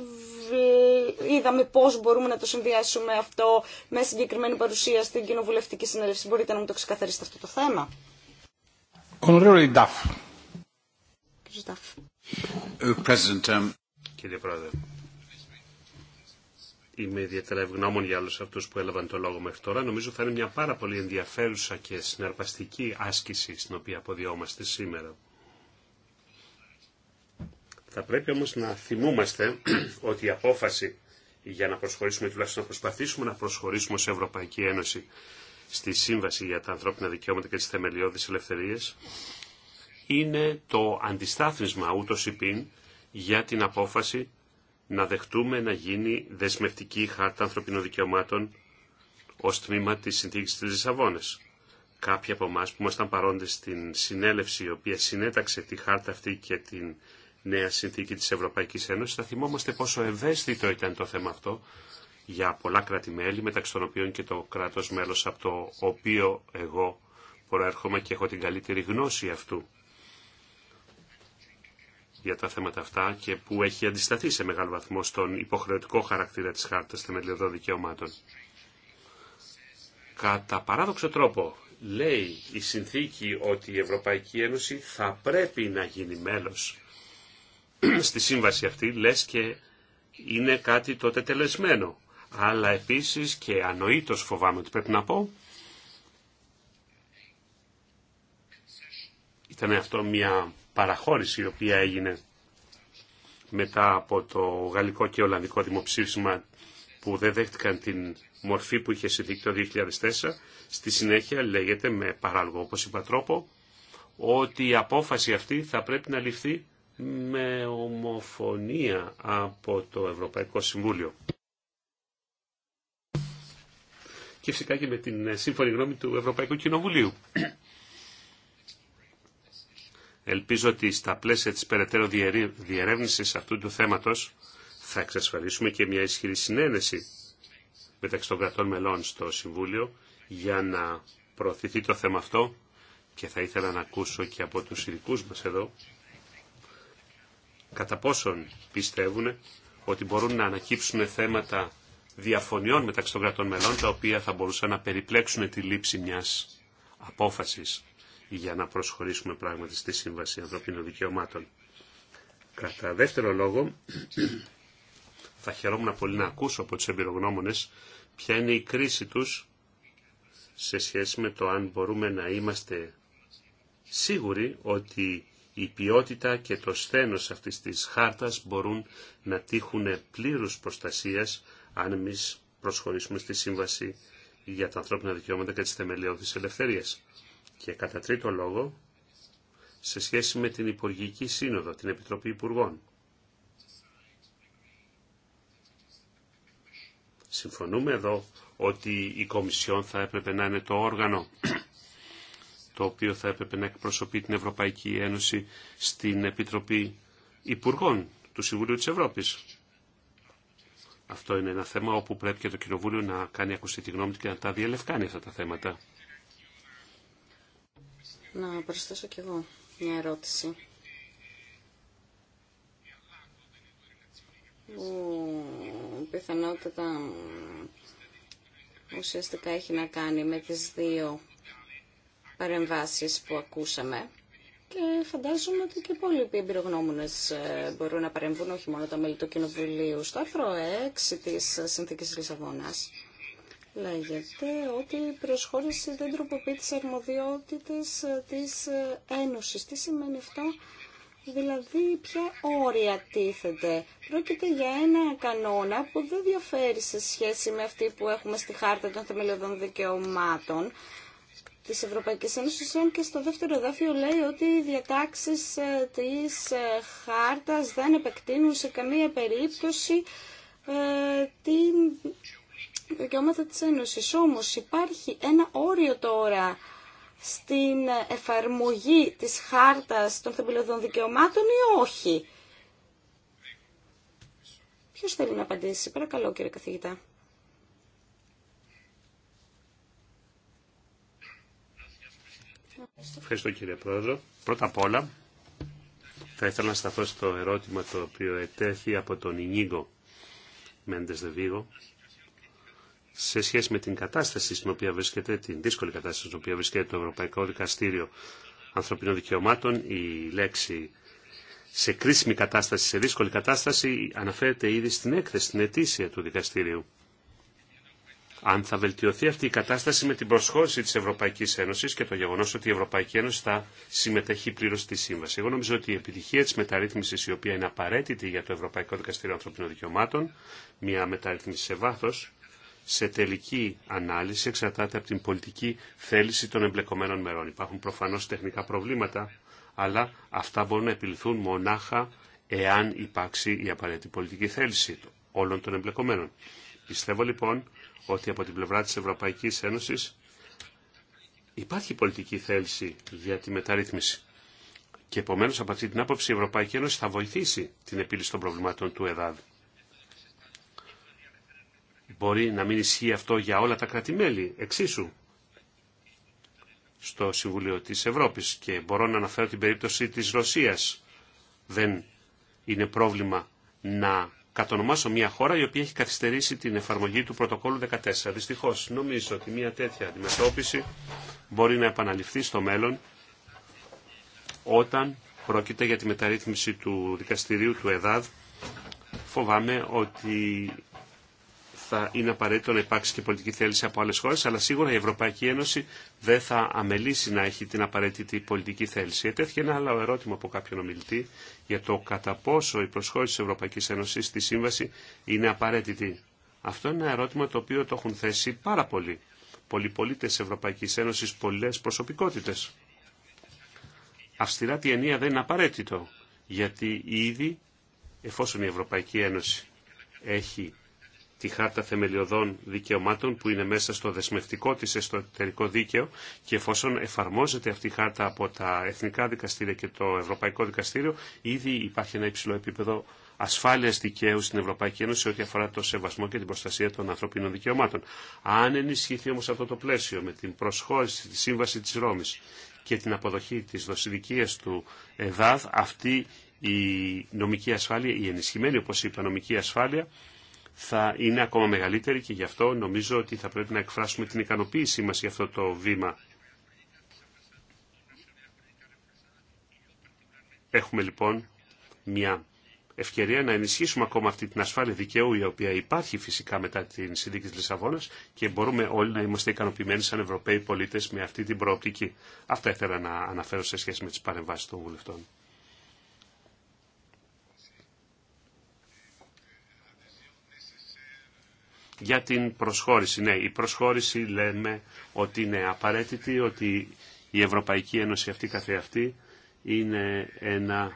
είδαμε πώ μπορούμε να το συνδυάσουμε αυτό με συγκεκριμένη παρουσία στην κοινοβουλευτική συνέλευση. Μπορείτε να μου το ξεκαθαρίσετε αυτό το θέμα. Ε, ε, Κύριε Πρόεδρε, είμαι ιδιαίτερα ευγνώμων για όλους αυτούς που έλαβαν το λόγο μέχρι τώρα. Νομίζω θα είναι μια πάρα πολύ ενδιαφέρουσα και συναρπαστική άσκηση στην οποία αποδιόμαστε σήμερα. Θα πρέπει όμως να θυμούμαστε ότι η απόφαση για να προσχωρήσουμε, τουλάχιστον να προσπαθήσουμε να προσχωρήσουμε ως Ευρωπαϊκή Ένωση στη Σύμβαση για τα Ανθρώπινα Δικαιώματα και τις Θεμελιώδεις Ελευθερίες, είναι το αντιστάθμισμα ή πίν για την απόφαση να δεχτούμε να γίνει δεσμευτική χάρτα ανθρωπινών δικαιωμάτων ω τμήμα τη συνθήκη τη Λισαβόνα. Κάποιοι από εμά που ήμασταν παρόντες στην συνέλευση η οποία συνέταξε τη χάρτα αυτή και την νέα συνθήκη της Ευρωπαϊκής Ένωσης, θα θυμόμαστε πόσο ευαίσθητο ήταν το θέμα αυτό για πολλά κράτη-μέλη, μεταξύ των οποίων και το κράτος μέλος από το οποίο εγώ προέρχομαι και έχω την καλύτερη γνώση αυτού για τα θέματα αυτά και που έχει αντισταθεί σε μεγάλο βαθμό στον υποχρεωτικό χαρακτήρα της χάρτας θεμελιωδών δικαιωμάτων. Κατά παράδοξο τρόπο, λέει η συνθήκη ότι η Ευρωπαϊκή Ένωση θα πρέπει να γίνει μέλος στη σύμβαση αυτή, λες και είναι κάτι τότε τελεσμένο. Αλλά επίσης και ανοήτως φοβάμαι ότι πρέπει να πω, ήταν αυτό μια παραχώρηση η οποία έγινε μετά από το γαλλικό και ολλανδικό δημοψήφισμα που δεν δέχτηκαν την μορφή που είχε συνθήκη το 2004. Στη συνέχεια λέγεται με παράλογο όπως είπα τρόπο ότι η απόφαση αυτή θα πρέπει να ληφθεί με ομοφωνία από το Ευρωπαϊκό Συμβούλιο. Και φυσικά και με την ε, σύμφωνη γνώμη του Ευρωπαϊκού Κοινοβουλίου. Ελπίζω ότι στα πλαίσια της περαιτέρω διερεύνησης αυτού του θέματος θα εξασφαλίσουμε και μια ισχυρή συνένεση μεταξύ των κρατών μελών στο Συμβούλιο για να προωθηθεί το θέμα αυτό και θα ήθελα να ακούσω και από τους ειδικού μας εδώ κατά πόσον πιστεύουν ότι μπορούν να ανακύψουν θέματα διαφωνιών μεταξύ των κρατών μελών, τα οποία θα μπορούσαν να περιπλέξουν τη λήψη μιας απόφασης για να προσχωρήσουμε πράγματι στη Σύμβαση Ανθρωπίνων Δικαιωμάτων. Κατά δεύτερο λόγο, θα χαιρόμουν πολύ να ακούσω από τους εμπειρογνώμονες ποια είναι η κρίση τους σε σχέση με το αν μπορούμε να είμαστε σίγουροι ότι η ποιότητα και το σθένος αυτής της χάρτας μπορούν να τύχουν πλήρους προστασίας αν εμεί προσχωρήσουμε στη Σύμβαση για τα ανθρώπινα δικαιώματα και τις θεμελιώδεις ελευθερίες. Και κατά τρίτο λόγο, σε σχέση με την Υπουργική Σύνοδο, την Επιτροπή Υπουργών. Συμφωνούμε εδώ ότι η Κομισιόν θα έπρεπε να είναι το όργανο το οποίο θα έπρεπε να εκπροσωπεί την Ευρωπαϊκή Ένωση στην Επιτροπή Υπουργών του Συμβουλίου της Ευρώπης. Αυτό είναι ένα θέμα όπου πρέπει και το Κοινοβούλιο να κάνει ακουστή τη γνώμη του και να τα διελευκάνει αυτά τα θέματα. Να προσθέσω κι εγώ μια ερώτηση. Ο, ουσιαστικά έχει να κάνει με τις δύο παρεμβάσεις που ακούσαμε και φαντάζομαι ότι και πολλοί εμπειρογνώμονε ε, μπορούν να παρεμβούν, όχι μόνο τα μέλη του Κοινοβουλίου. Στο άρθρο 6 της Συνθήκης Λισαβόνας λέγεται ότι η προσχώρηση δεν τροποποιεί τις αρμοδιότητες ε, της ε, Ένωσης. Τι σημαίνει αυτό, δηλαδή ποια όρια τίθεται. Πρόκειται για ένα κανόνα που δεν διαφέρει σε σχέση με αυτή που έχουμε στη Χάρτα των Θεμελιωδών Δικαιωμάτων της Ευρωπαϊκής Ένωσης, και στο δεύτερο εδάφιο λέει ότι οι διατάξεις ε, της ε, χάρτας δεν επεκτείνουν σε καμία περίπτωση ε, την δικαιώματα της Ένωσης. Όμως υπάρχει ένα όριο τώρα στην εφαρμογή της χάρτας των θεμελιωδών δικαιωμάτων ή όχι. Ποιος θέλει να απαντήσει. Παρακαλώ κύριε καθηγητά. Ευχαριστώ κύριε Πρόεδρο. Πρώτα απ' όλα θα ήθελα να σταθώ στο ερώτημα το οποίο ετέθη από τον Ινίγκο Μέντες Δεβίγο σε σχέση με την κατάσταση στην οποία βρίσκεται, την δύσκολη κατάσταση στην οποία βρίσκεται το Ευρωπαϊκό Δικαστήριο Ανθρωπινών Δικαιωμάτων, η λέξη σε κρίσιμη κατάσταση, σε δύσκολη κατάσταση αναφέρεται ήδη στην έκθεση, στην αιτήσια του δικαστήριου αν θα βελτιωθεί αυτή η κατάσταση με την προσχώρηση της Ευρωπαϊκής Ένωσης και το γεγονός ότι η Ευρωπαϊκή Ένωση θα συμμετέχει πλήρως στη σύμβαση. Εγώ νομίζω ότι η επιτυχία της μεταρρύθμισης η οποία είναι απαραίτητη για το Ευρωπαϊκό Δικαστήριο Ανθρωπίνων Δικαιωμάτων, μια μεταρρύθμιση σε βάθος, σε τελική ανάλυση εξαρτάται από την πολιτική θέληση των εμπλεκομένων μερών. Υπάρχουν προφανώς τεχνικά προβλήματα, αλλά αυτά μπορούν να επιληθούν μονάχα εάν υπάρξει η απαραίτητη πολιτική θέληση όλων των εμπλεκομένων. Πιστεύω λοιπόν ότι από την πλευρά της Ευρωπαϊκής Ένωσης υπάρχει πολιτική θέληση για τη μεταρρύθμιση. Και επομένως από αυτή την άποψη η Ευρωπαϊκή Ένωση θα βοηθήσει την επίλυση των προβλημάτων του ΕΔΑΔ. Μπορεί να μην ισχύει αυτό για όλα τα κρατημέλη εξίσου στο Συμβουλίο της Ευρώπης και μπορώ να αναφέρω την περίπτωση της Ρωσίας. Δεν είναι πρόβλημα να κατονομάσω μια χώρα η οποία έχει καθυστερήσει την εφαρμογή του πρωτοκόλου 14. Δυστυχώς νομίζω ότι μια τέτοια αντιμετώπιση μπορεί να επαναληφθεί στο μέλλον όταν πρόκειται για τη μεταρρύθμιση του δικαστηρίου του ΕΔΑΔ. Φοβάμαι ότι θα είναι απαραίτητο να υπάρξει και πολιτική θέληση από άλλες χώρες, αλλά σίγουρα η Ευρωπαϊκή Ένωση δεν θα αμελήσει να έχει την απαραίτητη πολιτική θέληση. Ετέθηκε ένα άλλο ερώτημα από κάποιον ομιλητή για το κατά πόσο η προσχώρηση της Ευρωπαϊκής Ένωσης στη Σύμβαση είναι απαραίτητη. Αυτό είναι ένα ερώτημα το οποίο το έχουν θέσει πάρα πολλοί. Πολλοί πολίτες της Ευρωπαϊκής Ένωσης, πολλές προσωπικότητες. Αυστηρά ενία δεν είναι απαραίτητο, γιατί ήδη εφόσον η Ευρωπαϊκή Ένωση έχει τη Χάρτα Θεμελιωδών Δικαιωμάτων που είναι μέσα στο δεσμευτικό της εσωτερικό δίκαιο και εφόσον εφαρμόζεται αυτή η χάρτα από τα Εθνικά Δικαστήρια και το Ευρωπαϊκό Δικαστήριο ήδη υπάρχει ένα υψηλό επίπεδο ασφάλειας δικαίου στην Ευρωπαϊκή Ένωση ό,τι αφορά το σεβασμό και την προστασία των ανθρωπίνων δικαιωμάτων. Αν ενισχυθεί όμως αυτό το πλαίσιο με την προσχώρηση τη Σύμβαση της Ρώμη και την αποδοχή της δοσιδικίας του ΕΔΑΔ, αυτή η νομική ασφάλεια, η ενισχυμένη όπω είπα νομική ασφάλεια, θα είναι ακόμα μεγαλύτερη και γι' αυτό νομίζω ότι θα πρέπει να εκφράσουμε την ικανοποίησή μας για αυτό το βήμα. Έχουμε λοιπόν μια ευκαιρία να ενισχύσουμε ακόμα αυτή την ασφάλεια δικαίου η οποία υπάρχει φυσικά μετά την συνδίκη της Λισαβόνας και μπορούμε όλοι να είμαστε ικανοποιημένοι σαν Ευρωπαίοι πολίτες με αυτή την προοπτική. Αυτά ήθελα να αναφέρω σε σχέση με τις παρεμβάσεις των βουλευτών. Για την προσχώρηση, ναι, η προσχώρηση λέμε ότι είναι απαραίτητη, ότι η Ευρωπαϊκή Ένωση αυτή καθεαυτή είναι ένα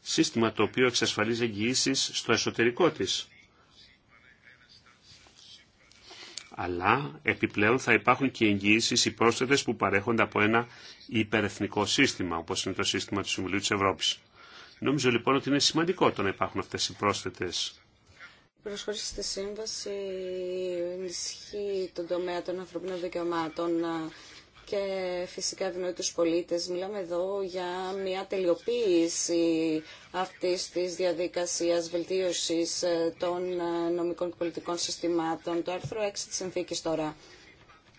σύστημα το οποίο εξασφαλίζει εγγυήσει στο εσωτερικό της. Αλλά επιπλέον θα υπάρχουν και εγγυήσει οι πρόσθετες που παρέχονται από ένα υπερεθνικό σύστημα, όπως είναι το σύστημα του Συμβουλίου της Ευρώπης. Νομίζω λοιπόν ότι είναι σημαντικό το να υπάρχουν αυτές οι πρόσθετες προσχώρηση στη σύμβαση ενισχύει τον τομέα των ανθρωπίνων δικαιωμάτων ε, και φυσικά δημιουργεί τους πολίτες. Μιλάμε εδώ για μια τελειοποίηση αυτής της διαδικασίας βελτίωσης ε, των ε, νομικών και πολιτικών συστημάτων. Το άρθρο 6 της συνθήκης τώρα.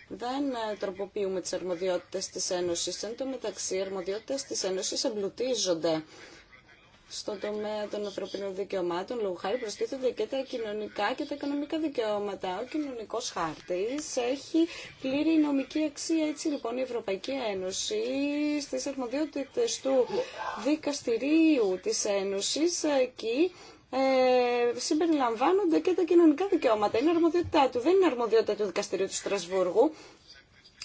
Δεν τροποποιούμε τις αρμοδιότητες της Ένωση, Εν τω μεταξύ, οι αρμοδιότητες της Ένωση εμπλουτίζονται στο τομέα των ανθρωπίνων δικαιωμάτων, λόγω χάρη προστίθενται και τα κοινωνικά και τα οικονομικά δικαιώματα. Ο κοινωνικό χάρτη έχει πλήρη νομική αξία. Έτσι λοιπόν η Ευρωπαϊκή Ένωση στι αρμοδιότητε του Δικαστηρίου τη Ένωση εκεί ε, συμπεριλαμβάνονται και τα κοινωνικά δικαιώματα. Είναι αρμοδιότητά του, δεν είναι αρμοδιότητα του Δικαστηρίου του Στρασβούργου.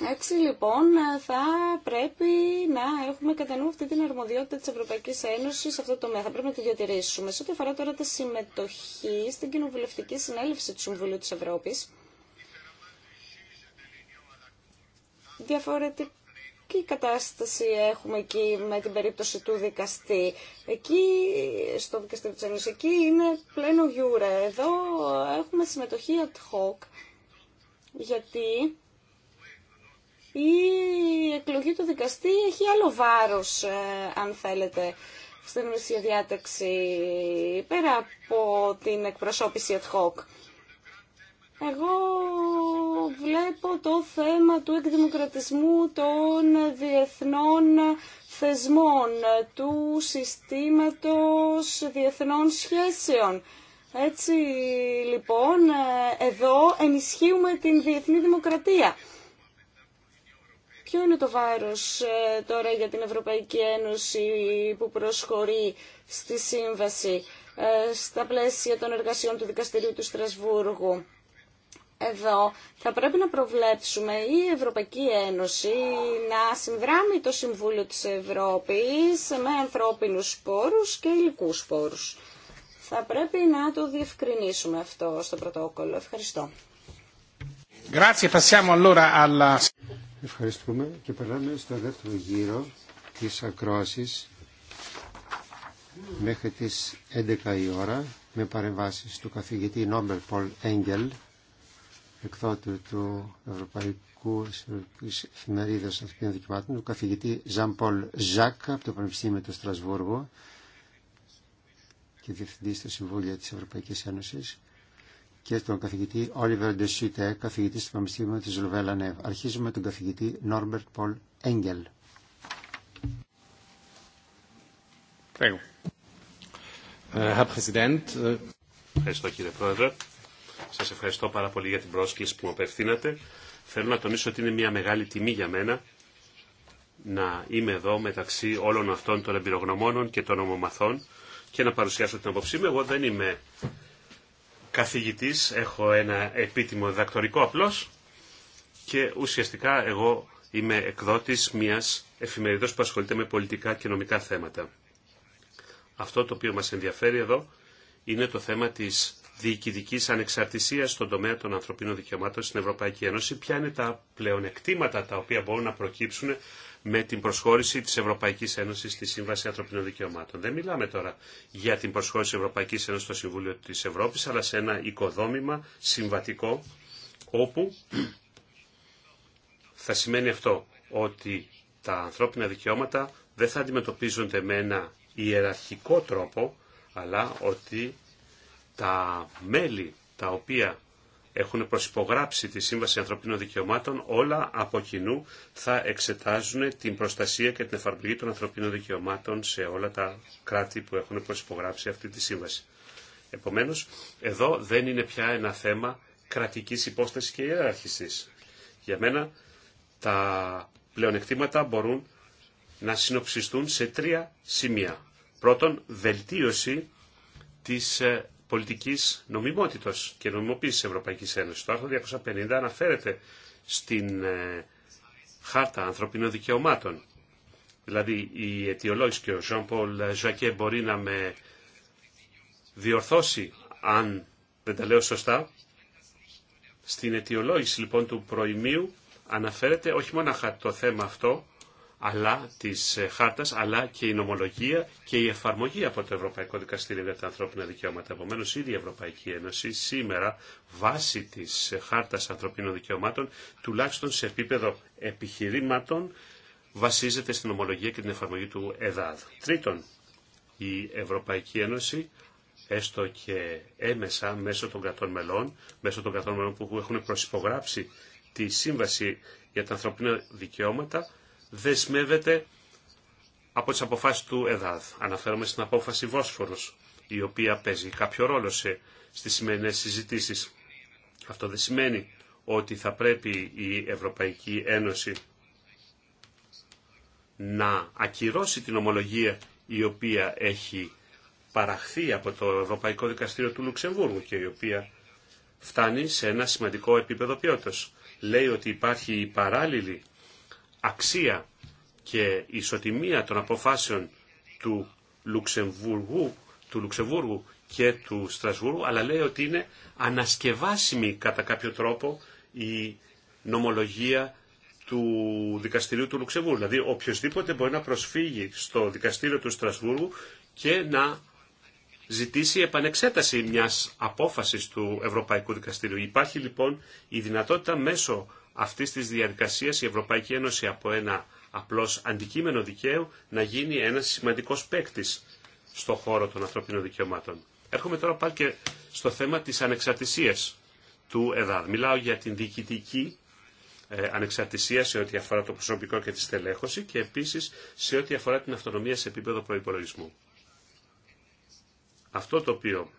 Έτσι λοιπόν θα πρέπει να έχουμε κατά νου αυτή την αρμοδιότητα της Ευρωπαϊκής Ένωσης σε αυτό το τομέα. Θα πρέπει να τη διατηρήσουμε. Σε ό,τι αφορά τώρα τη συμμετοχή στην κοινοβουλευτική συνέλευση του Συμβουλίου της Ευρώπης, διαφορετική κατάσταση έχουμε εκεί με την περίπτωση του δικαστή. Εκεί, στο δικαστήριο της Ένωσης, εκεί είναι πλένο γιούρα. Εδώ έχουμε συμμετοχή ad hoc, γιατί η εκλογή του δικαστή έχει άλλο βάρος, ε, αν θέλετε, στην ουσία πέρα από την εκπροσώπηση ad hoc. Εγώ βλέπω το θέμα του εκδημοκρατισμού των διεθνών θεσμών, του συστήματος διεθνών σχέσεων. Έτσι λοιπόν ε, εδώ ενισχύουμε την διεθνή δημοκρατία. Ποιο είναι το βάρος ε, τώρα για την Ευρωπαϊκή Ένωση που προσχωρεί στη σύμβαση ε, στα πλαίσια των εργασιών του Δικαστηρίου του Στρασβούργου. Εδώ θα πρέπει να προβλέψουμε η Ευρωπαϊκή Ένωση να συνδράμει το Συμβούλιο της Ευρώπης με ανθρώπινους πόρους και υλικούς πόρους. Θα πρέπει να το διευκρινίσουμε αυτό στο πρωτόκολλο. Ευχαριστώ. Ευχαριστούμε και περνάμε στο δεύτερο γύρο της ακρόασης μέχρι τις 11 η ώρα με παρεμβάσεις του καθηγητή Νόμπελ Πολ Έγγελ εκδότη του Ευρωπαϊκού Εφημερίδα Ανθρωπίνων Δικαιωμάτων, του καθηγητή Ζαν Πολ Ζακ από το Πανεπιστήμιο του Στρασβούργου και διευθυντή στο Συμβούλιο τη Ευρωπαϊκή Ένωση, και τον καθηγητή Όλιβερ Ντεσίτε, καθηγητή του Πανεπιστήμιου της Νεύ. Αρχίζουμε με τον καθηγητή Νόρμπερτ Πολ Έγγελ. Ε, ε, ευχαριστώ κύριε Πρόεδρε. Σα ευχαριστώ πάρα πολύ για την πρόσκληση που μου απευθύνατε. Θέλω να τονίσω ότι είναι μια μεγάλη τιμή για μένα να είμαι εδώ μεταξύ όλων αυτών των εμπειρογνωμόνων και των ομομαθών και να παρουσιάσω την απόψή μου. Εγώ δεν είμαι καθηγητής, έχω ένα επίτιμο διδακτορικό απλώς και ουσιαστικά εγώ είμαι εκδότης μιας εφημερίδος που ασχολείται με πολιτικά και νομικά θέματα. Αυτό το οποίο μας ενδιαφέρει εδώ είναι το θέμα της διοικητικής ανεξαρτησίας στον τομέα των ανθρωπίνων δικαιωμάτων στην Ευρωπαϊκή Ένωση. Ποια είναι τα πλεονεκτήματα τα οποία μπορούν να προκύψουν με την προσχώρηση της Ευρωπαϊκής Ένωσης στη Σύμβαση Ανθρωπίνων Δικαιωμάτων. Δεν μιλάμε τώρα για την προσχώρηση της Ευρωπαϊκής Ένωσης στο Συμβούλιο της Ευρώπης, αλλά σε ένα οικοδόμημα συμβατικό, όπου θα σημαίνει αυτό ότι τα ανθρώπινα δικαιώματα δεν θα αντιμετωπίζονται με ένα ιεραρχικό τρόπο, αλλά ότι τα μέλη τα οποία έχουν προσυπογράψει τη Σύμβαση Ανθρωπίνων Δικαιωμάτων, όλα από κοινού θα εξετάζουν την προστασία και την εφαρμογή των ανθρωπίνων δικαιωμάτων σε όλα τα κράτη που έχουν προσυπογράψει αυτή τη σύμβαση. Επομένως, εδώ δεν είναι πια ένα θέμα κρατικής υπόστασης και ιεράρχησης. Για μένα, τα πλεονεκτήματα μπορούν να συνοψιστούν σε τρία σημεία. Πρώτον, βελτίωση της ε, πολιτικής νομιμότητας και νομιμοποίησης της Ευρωπαϊκής Ένωσης. Το άρθρο 250 αναφέρεται στην ε, χάρτα ανθρωπινών δικαιωμάτων. Δηλαδή η αιτιολόγηση και ο Ζαν Πολ Ζακέ μπορεί να με διορθώσει αν δεν τα λέω σωστά. Στην αιτιολόγηση λοιπόν του προημίου αναφέρεται όχι μόνο το θέμα αυτό, αλλά, της ε, χάρτας, αλλά και η νομολογία και η εφαρμογή από το Ευρωπαϊκό Δικαστήριο για τα Ανθρώπινα Δικαιώματα. Επομένω, η η Ευρωπαϊκή Ένωση σήμερα, βάσει της ε, χάρτας ανθρωπίνων δικαιωμάτων, τουλάχιστον σε επίπεδο επιχειρήματων, βασίζεται στην ομολογία και την εφαρμογή του ΕΔΑΔ. Τρίτον, η Ευρωπαϊκή Ένωση έστω και έμεσα μέσω των κρατών μελών, μέσω των κρατών μελών που έχουν προσυπογράψει τη Σύμβαση για τα Ανθρωπίνα Δικαιώματα, δεσμεύεται από τις αποφάσεις του ΕΔΑΔ. Αναφέρομαι στην απόφαση Βόσφορος, η οποία παίζει κάποιο ρόλο σε, στις σημερινές συζητήσεις. Αυτό δεν σημαίνει ότι θα πρέπει η Ευρωπαϊκή Ένωση να ακυρώσει την ομολογία η οποία έχει παραχθεί από το Ευρωπαϊκό Δικαστήριο του Λουξεμβούργου και η οποία φτάνει σε ένα σημαντικό επίπεδο ποιότητας. Λέει ότι υπάρχει η παράλληλη αξία και ισοτιμία των αποφάσεων του Λουξεμβούργου, του Λουξεμβούργου και του Στρασβούργου, αλλά λέει ότι είναι ανασκευάσιμη κατά κάποιο τρόπο η νομολογία του δικαστηρίου του Λουξεμβούργου. Δηλαδή, οποιοδήποτε μπορεί να προσφύγει στο δικαστήριο του Στρασβούργου και να ζητήσει επανεξέταση μιας απόφασης του Ευρωπαϊκού Δικαστηρίου. Υπάρχει λοιπόν η δυνατότητα μέσω αυτή τη διαδικασία η Ευρωπαϊκή Ένωση από ένα απλώ αντικείμενο δικαίου να γίνει ένας σημαντικός παίκτη στον χώρο των ανθρωπίνων δικαιωμάτων. Έρχομαι τώρα πάλι και στο θέμα τη ανεξαρτησίας του ΕΔΑΔ. Μιλάω για την διοικητική ε, ανεξαρτησία σε ό,τι αφορά το προσωπικό και τη στελέχωση και επίσης σε ό,τι αφορά την αυτονομία σε επίπεδο προπολογισμού. Αυτό το οποίο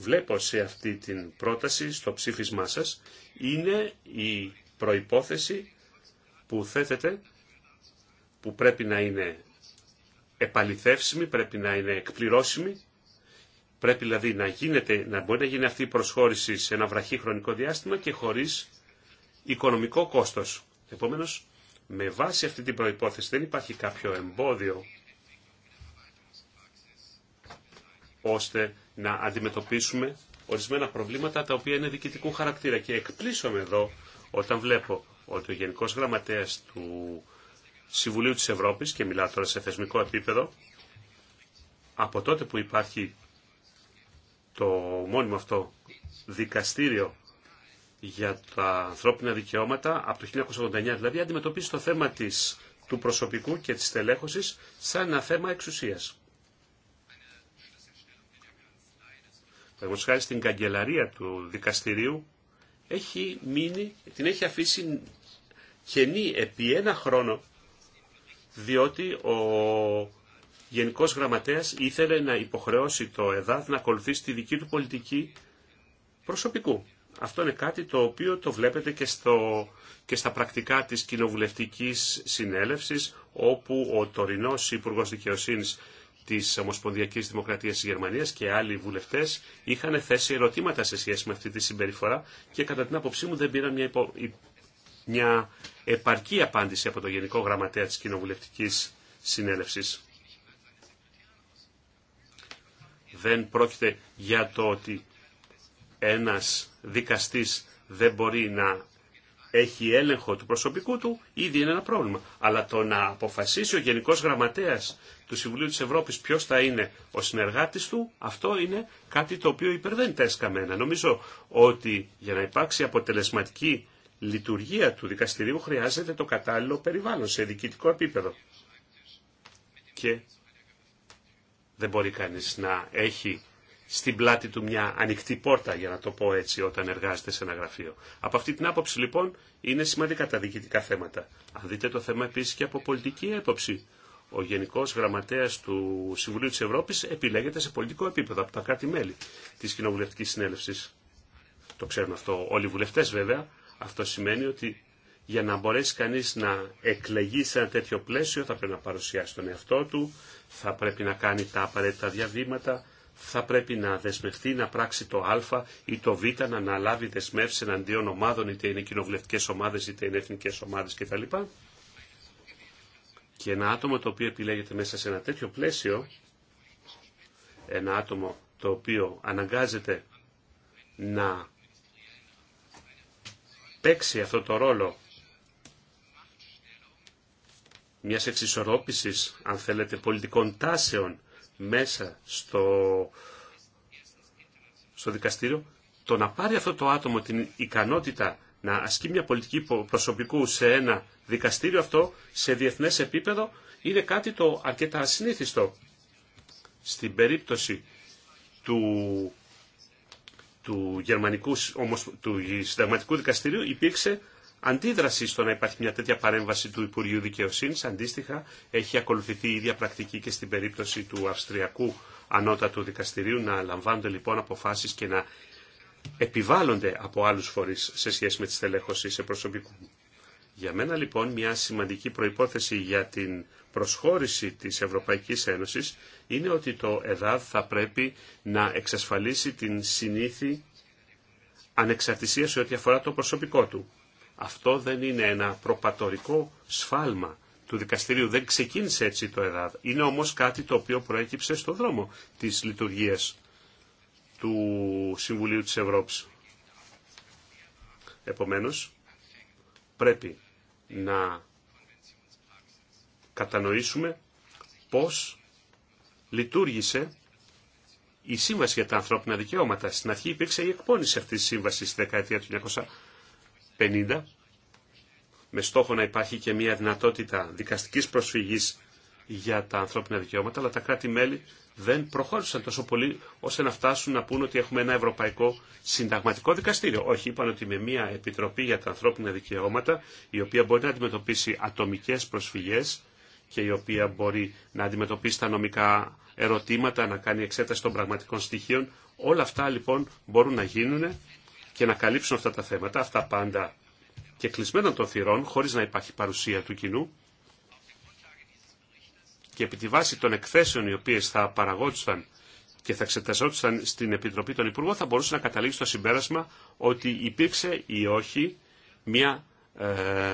βλέπω σε αυτή την πρόταση, στο ψήφισμά σας, είναι η προϋπόθεση που θέτεται, που πρέπει να είναι επαληθεύσιμη, πρέπει να είναι εκπληρώσιμη, πρέπει δηλαδή να, γίνεται, να μπορεί να γίνει αυτή η προσχώρηση σε ένα βραχή χρονικό διάστημα και χωρίς οικονομικό κόστος. Επομένως, με βάση αυτή την προϋπόθεση δεν υπάρχει κάποιο εμπόδιο ώστε να αντιμετωπίσουμε ορισμένα προβλήματα τα οποία είναι διοικητικού χαρακτήρα. Και εκπλήσωμαι εδώ όταν βλέπω ότι ο Γενικό Γραμματέα του Συμβουλίου της Ευρώπης, και μιλάω τώρα σε θεσμικό επίπεδο, από τότε που υπάρχει το μόνιμο αυτό δικαστήριο για τα ανθρώπινα δικαιώματα, από το 1989 δηλαδή, αντιμετωπίζει το θέμα της, του προσωπικού και της τελέχωσης σαν ένα θέμα εξουσίας. εγώ χάρη στην καγκελαρία του δικαστηρίου, έχει μείνει, την έχει αφήσει κενή επί ένα χρόνο, διότι ο Γενικός Γραμματέας ήθελε να υποχρεώσει το ΕΔΑΔ να ακολουθήσει τη δική του πολιτική προσωπικού. Αυτό είναι κάτι το οποίο το βλέπετε και, στο, και στα πρακτικά της κοινοβουλευτικής συνέλευσης, όπου ο τωρινός Υπουργός Δικαιοσύνης τη Ομοσπονδιακή Δημοκρατία τη Γερμανίας και άλλοι βουλευτές είχαν θέσει ερωτήματα σε σχέση με αυτή τη συμπεριφορά και κατά την άποψή μου δεν πήραν μια, μια επαρκή απάντηση από το Γενικό Γραμματέα της κοινοβουλευτική Συνέλευσης. Δεν πρόκειται για το ότι ένας δικαστής δεν μπορεί να έχει έλεγχο του προσωπικού του, ήδη είναι ένα πρόβλημα. Αλλά το να αποφασίσει ο Γενικός Γραμματέας του Συμβουλίου της Ευρώπης ποιος θα είναι ο συνεργάτης του, αυτό είναι κάτι το οποίο υπερβαίνει τα εσκαμένα. Νομίζω ότι για να υπάρξει αποτελεσματική λειτουργία του δικαστηρίου χρειάζεται το κατάλληλο περιβάλλον σε διοικητικό επίπεδο. Και δεν μπορεί κανείς να έχει στην πλάτη του μια ανοιχτή πόρτα, για να το πω έτσι, όταν εργάζεται σε ένα γραφείο. Από αυτή την άποψη λοιπόν είναι σημαντικά τα διοικητικά θέματα. Αν δείτε το θέμα επίσης και από πολιτική έποψη ο Γενικό Γραμματέα του Συμβουλίου τη Ευρώπη επιλέγεται σε πολιτικό επίπεδο από τα κράτη-μέλη τη Κοινοβουλευτική Συνέλευση. Το ξέρουν αυτό όλοι οι βουλευτέ βέβαια. Αυτό σημαίνει ότι για να μπορέσει κανεί να εκλεγεί σε ένα τέτοιο πλαίσιο θα πρέπει να παρουσιάσει τον εαυτό του, θα πρέπει να κάνει τα απαραίτητα διαβήματα, θα πρέπει να δεσμευτεί να πράξει το Α ή το Β, να αναλάβει δεσμεύσει εναντίον ομάδων, είτε είναι κοινοβουλευτικέ ομάδε είτε είναι εθνικέ ομάδε κτλ. Και ένα άτομο το οποίο επιλέγεται μέσα σε ένα τέτοιο πλαίσιο, ένα άτομο το οποίο αναγκάζεται να παίξει αυτό το ρόλο μιας εξισορρόπησης, αν θέλετε, πολιτικών τάσεων μέσα στο, στο δικαστήριο, το να πάρει αυτό το άτομο την ικανότητα να ασκεί μια πολιτική προσωπικού σε ένα δικαστήριο αυτό σε διεθνές επίπεδο είναι κάτι το αρκετά ασυνήθιστο. Στην περίπτωση του, του, γερμανικού, όμως, του συνταγματικού δικαστηρίου υπήρξε αντίδραση στο να υπάρχει μια τέτοια παρέμβαση του Υπουργείου Δικαιοσύνης. Αντίστοιχα έχει ακολουθηθεί η ίδια πρακτική και στην περίπτωση του Αυστριακού Ανώτατου Δικαστηρίου να λαμβάνονται λοιπόν αποφάσεις και να επιβάλλονται από άλλους φορείς σε σχέση με τη στελέχωση σε προσωπικό. Για μένα λοιπόν μια σημαντική προϋπόθεση για την προσχώρηση της Ευρωπαϊκής Ένωσης είναι ότι το ΕΔΑΔ θα πρέπει να εξασφαλίσει την συνήθη ανεξαρτησία σε ό,τι αφορά το προσωπικό του. Αυτό δεν είναι ένα προπατορικό σφάλμα του δικαστηρίου. Δεν ξεκίνησε έτσι το ΕΔΑΔ. Είναι όμως κάτι το οποίο προέκυψε στο δρόμο της λειτουργίας του Συμβουλίου της Ευρώπης. Επομένως, πρέπει να κατανοήσουμε πώς λειτουργήσε η Σύμβαση για τα Ανθρώπινα Δικαιώματα. Στην αρχή υπήρξε η εκπόνηση αυτής της σύμβασης στη δεκαετία του 1950, με στόχο να υπάρχει και μια δυνατότητα δικαστικής προσφυγής για τα ανθρώπινα δικαιώματα, αλλά τα κράτη-μέλη δεν προχώρησαν τόσο πολύ ώστε να φτάσουν να πούν ότι έχουμε ένα Ευρωπαϊκό Συνταγματικό Δικαστήριο. Όχι, είπαν ότι με μια Επιτροπή για τα Ανθρώπινα Δικαιώματα, η οποία μπορεί να αντιμετωπίσει ατομικέ προσφυγέ και η οποία μπορεί να αντιμετωπίσει τα νομικά ερωτήματα, να κάνει εξέταση των πραγματικών στοιχείων. Όλα αυτά λοιπόν μπορούν να γίνουν και να καλύψουν αυτά τα θέματα, αυτά πάντα και κλεισμένα των θυρών, χωρίς να υπάρχει παρουσία του κοινού και επί τη βάση των εκθέσεων οι οποίες θα παραγόντουσαν και θα εξεταζόντουσαν στην Επιτροπή των Υπουργών θα μπορούσε να καταλήξει στο συμπέρασμα ότι υπήρξε ή όχι μια ε,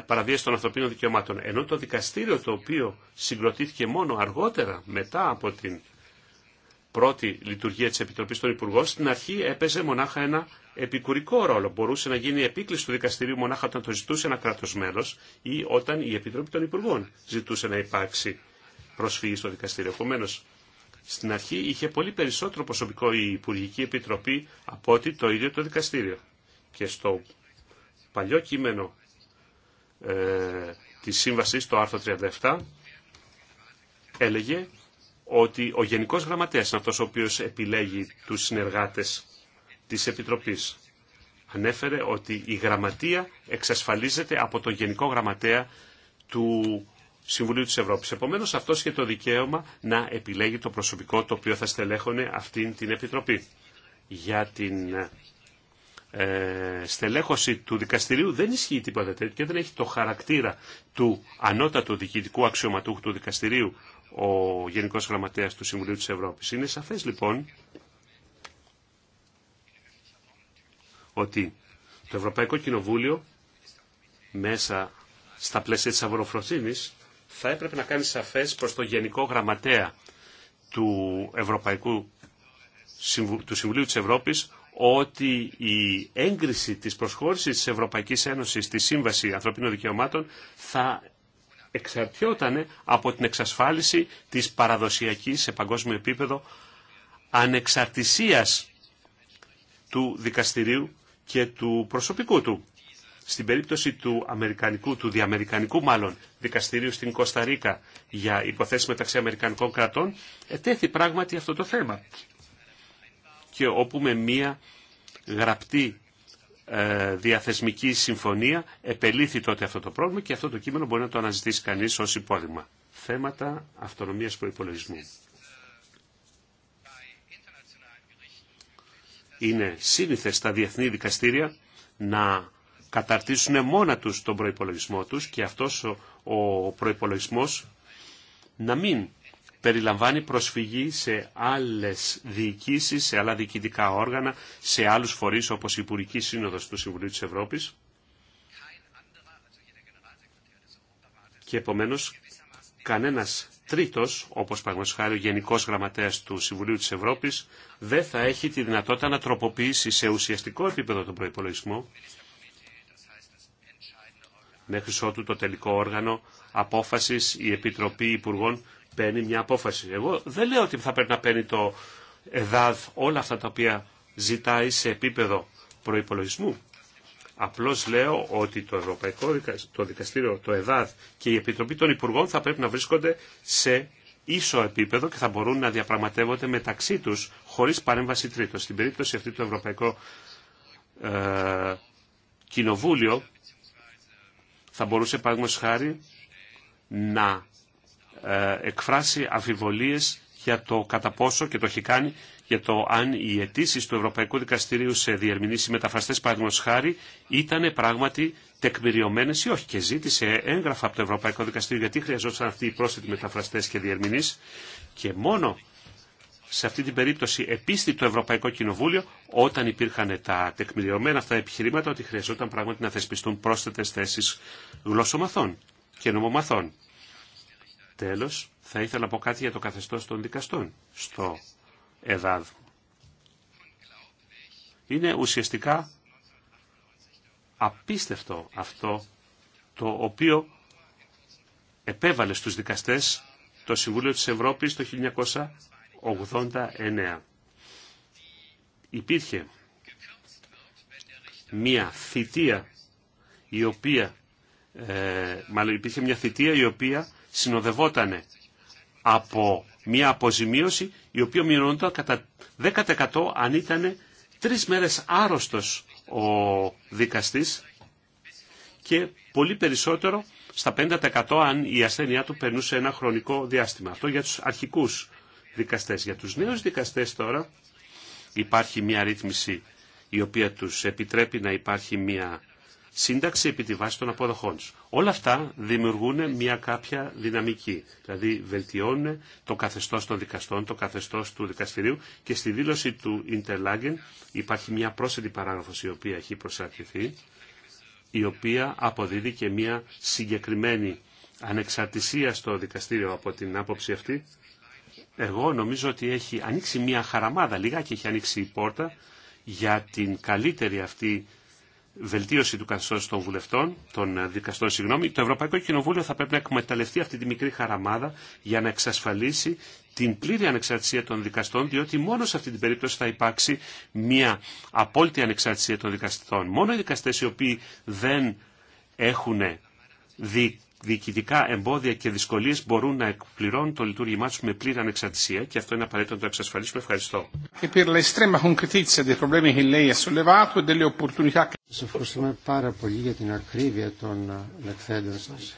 παραβίαση των ανθρωπίνων δικαιωμάτων. Ενώ το δικαστήριο το οποίο συγκροτήθηκε μόνο αργότερα μετά από την πρώτη λειτουργία της Επιτροπής των Υπουργών στην αρχή έπαιζε μονάχα ένα επικουρικό ρόλο. Μπορούσε να γίνει η επίκληση του δικαστηρίου μονάχα όταν το ζητούσε ένα κράτος μέλος ή όταν η Επιτροπή των Υπουργών ζητούσε να υπάρξει προσφύγει στο δικαστήριο. Επομένω, στην αρχή είχε πολύ περισσότερο προσωπικό η Υπουργική Επιτροπή από ότι το ίδιο το δικαστήριο. Και στο παλιό κείμενο ε, της σύμβασης, το άρθρο 37, έλεγε ότι ο Γενικός Γραμματέας είναι αυτός ο οποίος επιλέγει τους συνεργάτες της Επιτροπής. Ανέφερε ότι η γραμματεία εξασφαλίζεται από τον Γενικό Γραμματέα του Συμβουλίου της Ευρώπης. Επομένως αυτός είχε το δικαίωμα να επιλέγει το προσωπικό το οποίο θα στελέχωνε αυτήν την Επιτροπή. Για την ε, στελέχωση του δικαστηρίου δεν ισχύει τίποτα τέτοιο και δεν έχει το χαρακτήρα του ανώτατου διοικητικού αξιωματούχου του δικαστηρίου ο Γενικός Γραμματέας του Συμβουλίου της Ευρώπης. Είναι σαφές λοιπόν ότι το Ευρωπαϊκό Κοινοβούλιο μέσα στα πλαίσια της αυροφροσύνης θα έπρεπε να κάνει σαφές προς το Γενικό Γραμματέα του Ευρωπαϊκού του Συμβουλίου της Ευρώπης ότι η έγκριση της προσχώρησης της Ευρωπαϊκής Ένωσης στη Σύμβαση Ανθρωπίνων Δικαιωμάτων θα εξαρτιόταν από την εξασφάλιση της παραδοσιακής σε παγκόσμιο επίπεδο ανεξαρτησίας του δικαστηρίου και του προσωπικού του. Στην περίπτωση του, αμερικανικού, του διαμερικανικού μάλλον δικαστηρίου στην Κωνσταντίνα για υποθέσεις μεταξύ Αμερικανικών κρατών, ετέθη πράγματι αυτό το θέμα. Και όπου με μία γραπτή ε, διαθεσμική συμφωνία επελήθη τότε αυτό το πρόβλημα και αυτό το κείμενο μπορεί να το αναζητήσει κανείς ως υπόδειγμα. Θέματα αυτονομία προπολογισμού. Είναι σύνηθε στα διεθνή δικαστήρια να Καταρτίσουν μόνα τους τον προϋπολογισμό τους και αυτός ο προϋπολογισμός να μην περιλαμβάνει προσφυγή σε άλλες διοικήσεις, σε άλλα διοικητικά όργανα, σε άλλους φορείς όπως η Υπουργική Σύνοδος του Συμβουλίου της Ευρώπης. Και επομένως κανένας τρίτος, όπως παραγματικά ο Γενικός Γραμματέας του Συμβουλίου της Ευρώπης, δεν θα έχει τη δυνατότητα να τροποποιήσει σε ουσιαστικό επίπεδο τον προϋπολογισμό μέχρι ότου το τελικό όργανο απόφασης, η Επιτροπή Υπουργών παίρνει μια απόφαση. Εγώ δεν λέω ότι θα πρέπει να παίρνει το ΕΔΑΔ όλα αυτά τα οποία ζητάει σε επίπεδο προϋπολογισμού. Απλώς λέω ότι το Ευρωπαϊκό το Δικαστήριο, το ΕΔΑΔ και η Επιτροπή των Υπουργών θα πρέπει να βρίσκονται σε ίσο επίπεδο και θα μπορούν να διαπραγματεύονται μεταξύ τους χωρίς παρέμβαση τρίτων. Στην περίπτωση αυτή το Ευρωπαϊκό ε, Κοινοβούλιο θα μπορούσε παραδείγματος χάρη να ε, εκφράσει αμφιβολίες για το κατά πόσο και το έχει κάνει για το αν οι αιτήσει του Ευρωπαϊκού Δικαστηρίου σε διερμηνήσει μεταφραστέ, παραδείγματο χάρη, ήταν πράγματι τεκμηριωμένε ή όχι. Και ζήτησε έγγραφα από το Ευρωπαϊκό Δικαστήριο γιατί χρειαζόταν αυτοί οι πρόσθετοι μεταφραστέ και διερμηνεί. Και μόνο σε αυτή την περίπτωση επίστη το Ευρωπαϊκό Κοινοβούλιο όταν υπήρχαν τα τεκμηριωμένα αυτά επιχειρήματα ότι χρειαζόταν πράγματι να θεσπιστούν πρόσθετες θέσεις γλωσσομαθών και νομομαθών. Τέλος, θα ήθελα να πω κάτι για το καθεστώς των δικαστών στο ΕΔΑΔ. Είναι ουσιαστικά απίστευτο αυτό το οποίο επέβαλε στους δικαστές το Συμβούλιο της Ευρώπης το 89. Υπήρχε μία θητεία η οποία, ε, μάλλον υπήρχε μια θητεία η οποια συνοδευόταν από μια αποζημίωση η οποία μειωνόταν κατά 10% αν ήταν τρεις μέρες άρρωστος ο δικαστής και πολύ περισσότερο στα 50% αν η ασθένειά του περνούσε ένα χρονικό διάστημα. Αυτό για τους αρχικούς δικαστές. Για τους νέους δικαστές τώρα υπάρχει μια ρύθμιση η οποία τους επιτρέπει να υπάρχει μια σύνταξη επί τη βάση των αποδοχών τους. Όλα αυτά δημιουργούν μια κάποια δυναμική, δηλαδή βελτιώνουν το καθεστώς των δικαστών, το καθεστώς του δικαστηρίου και στη δήλωση του Interlagen υπάρχει μια πρόσθετη παράγραφος η οποία έχει προσαρτηθεί, η οποία αποδίδει και μια συγκεκριμένη ανεξαρτησία στο δικαστήριο από την άποψη αυτή εγώ νομίζω ότι έχει ανοίξει μια χαραμάδα, λιγάκι έχει ανοίξει η πόρτα για την καλύτερη αυτή βελτίωση του καθεστώ των βουλευτών, των ε, δικαστών, συγγνώμη. Το Ευρωπαϊκό Κοινοβούλιο θα πρέπει να εκμεταλλευτεί αυτή τη μικρή χαραμάδα για να εξασφαλίσει την πλήρη ανεξαρτησία των δικαστών, διότι μόνο σε αυτή την περίπτωση θα υπάρξει μια απόλυτη ανεξαρτησία των δικαστών. Μόνο οι δικαστέ οι οποίοι δεν έχουν δει διοικητικά εμπόδια και δυσκολίες μπορούν να εκπληρώνουν το λειτουργήμά τους με πλήρη ανεξαρτησία και αυτό είναι απαραίτητο να το εξασφαλίσουμε. Ευχαριστώ. E σας ευχαριστούμε πάρα πολύ για την ακρίβεια των ε, λεκθέντων σας.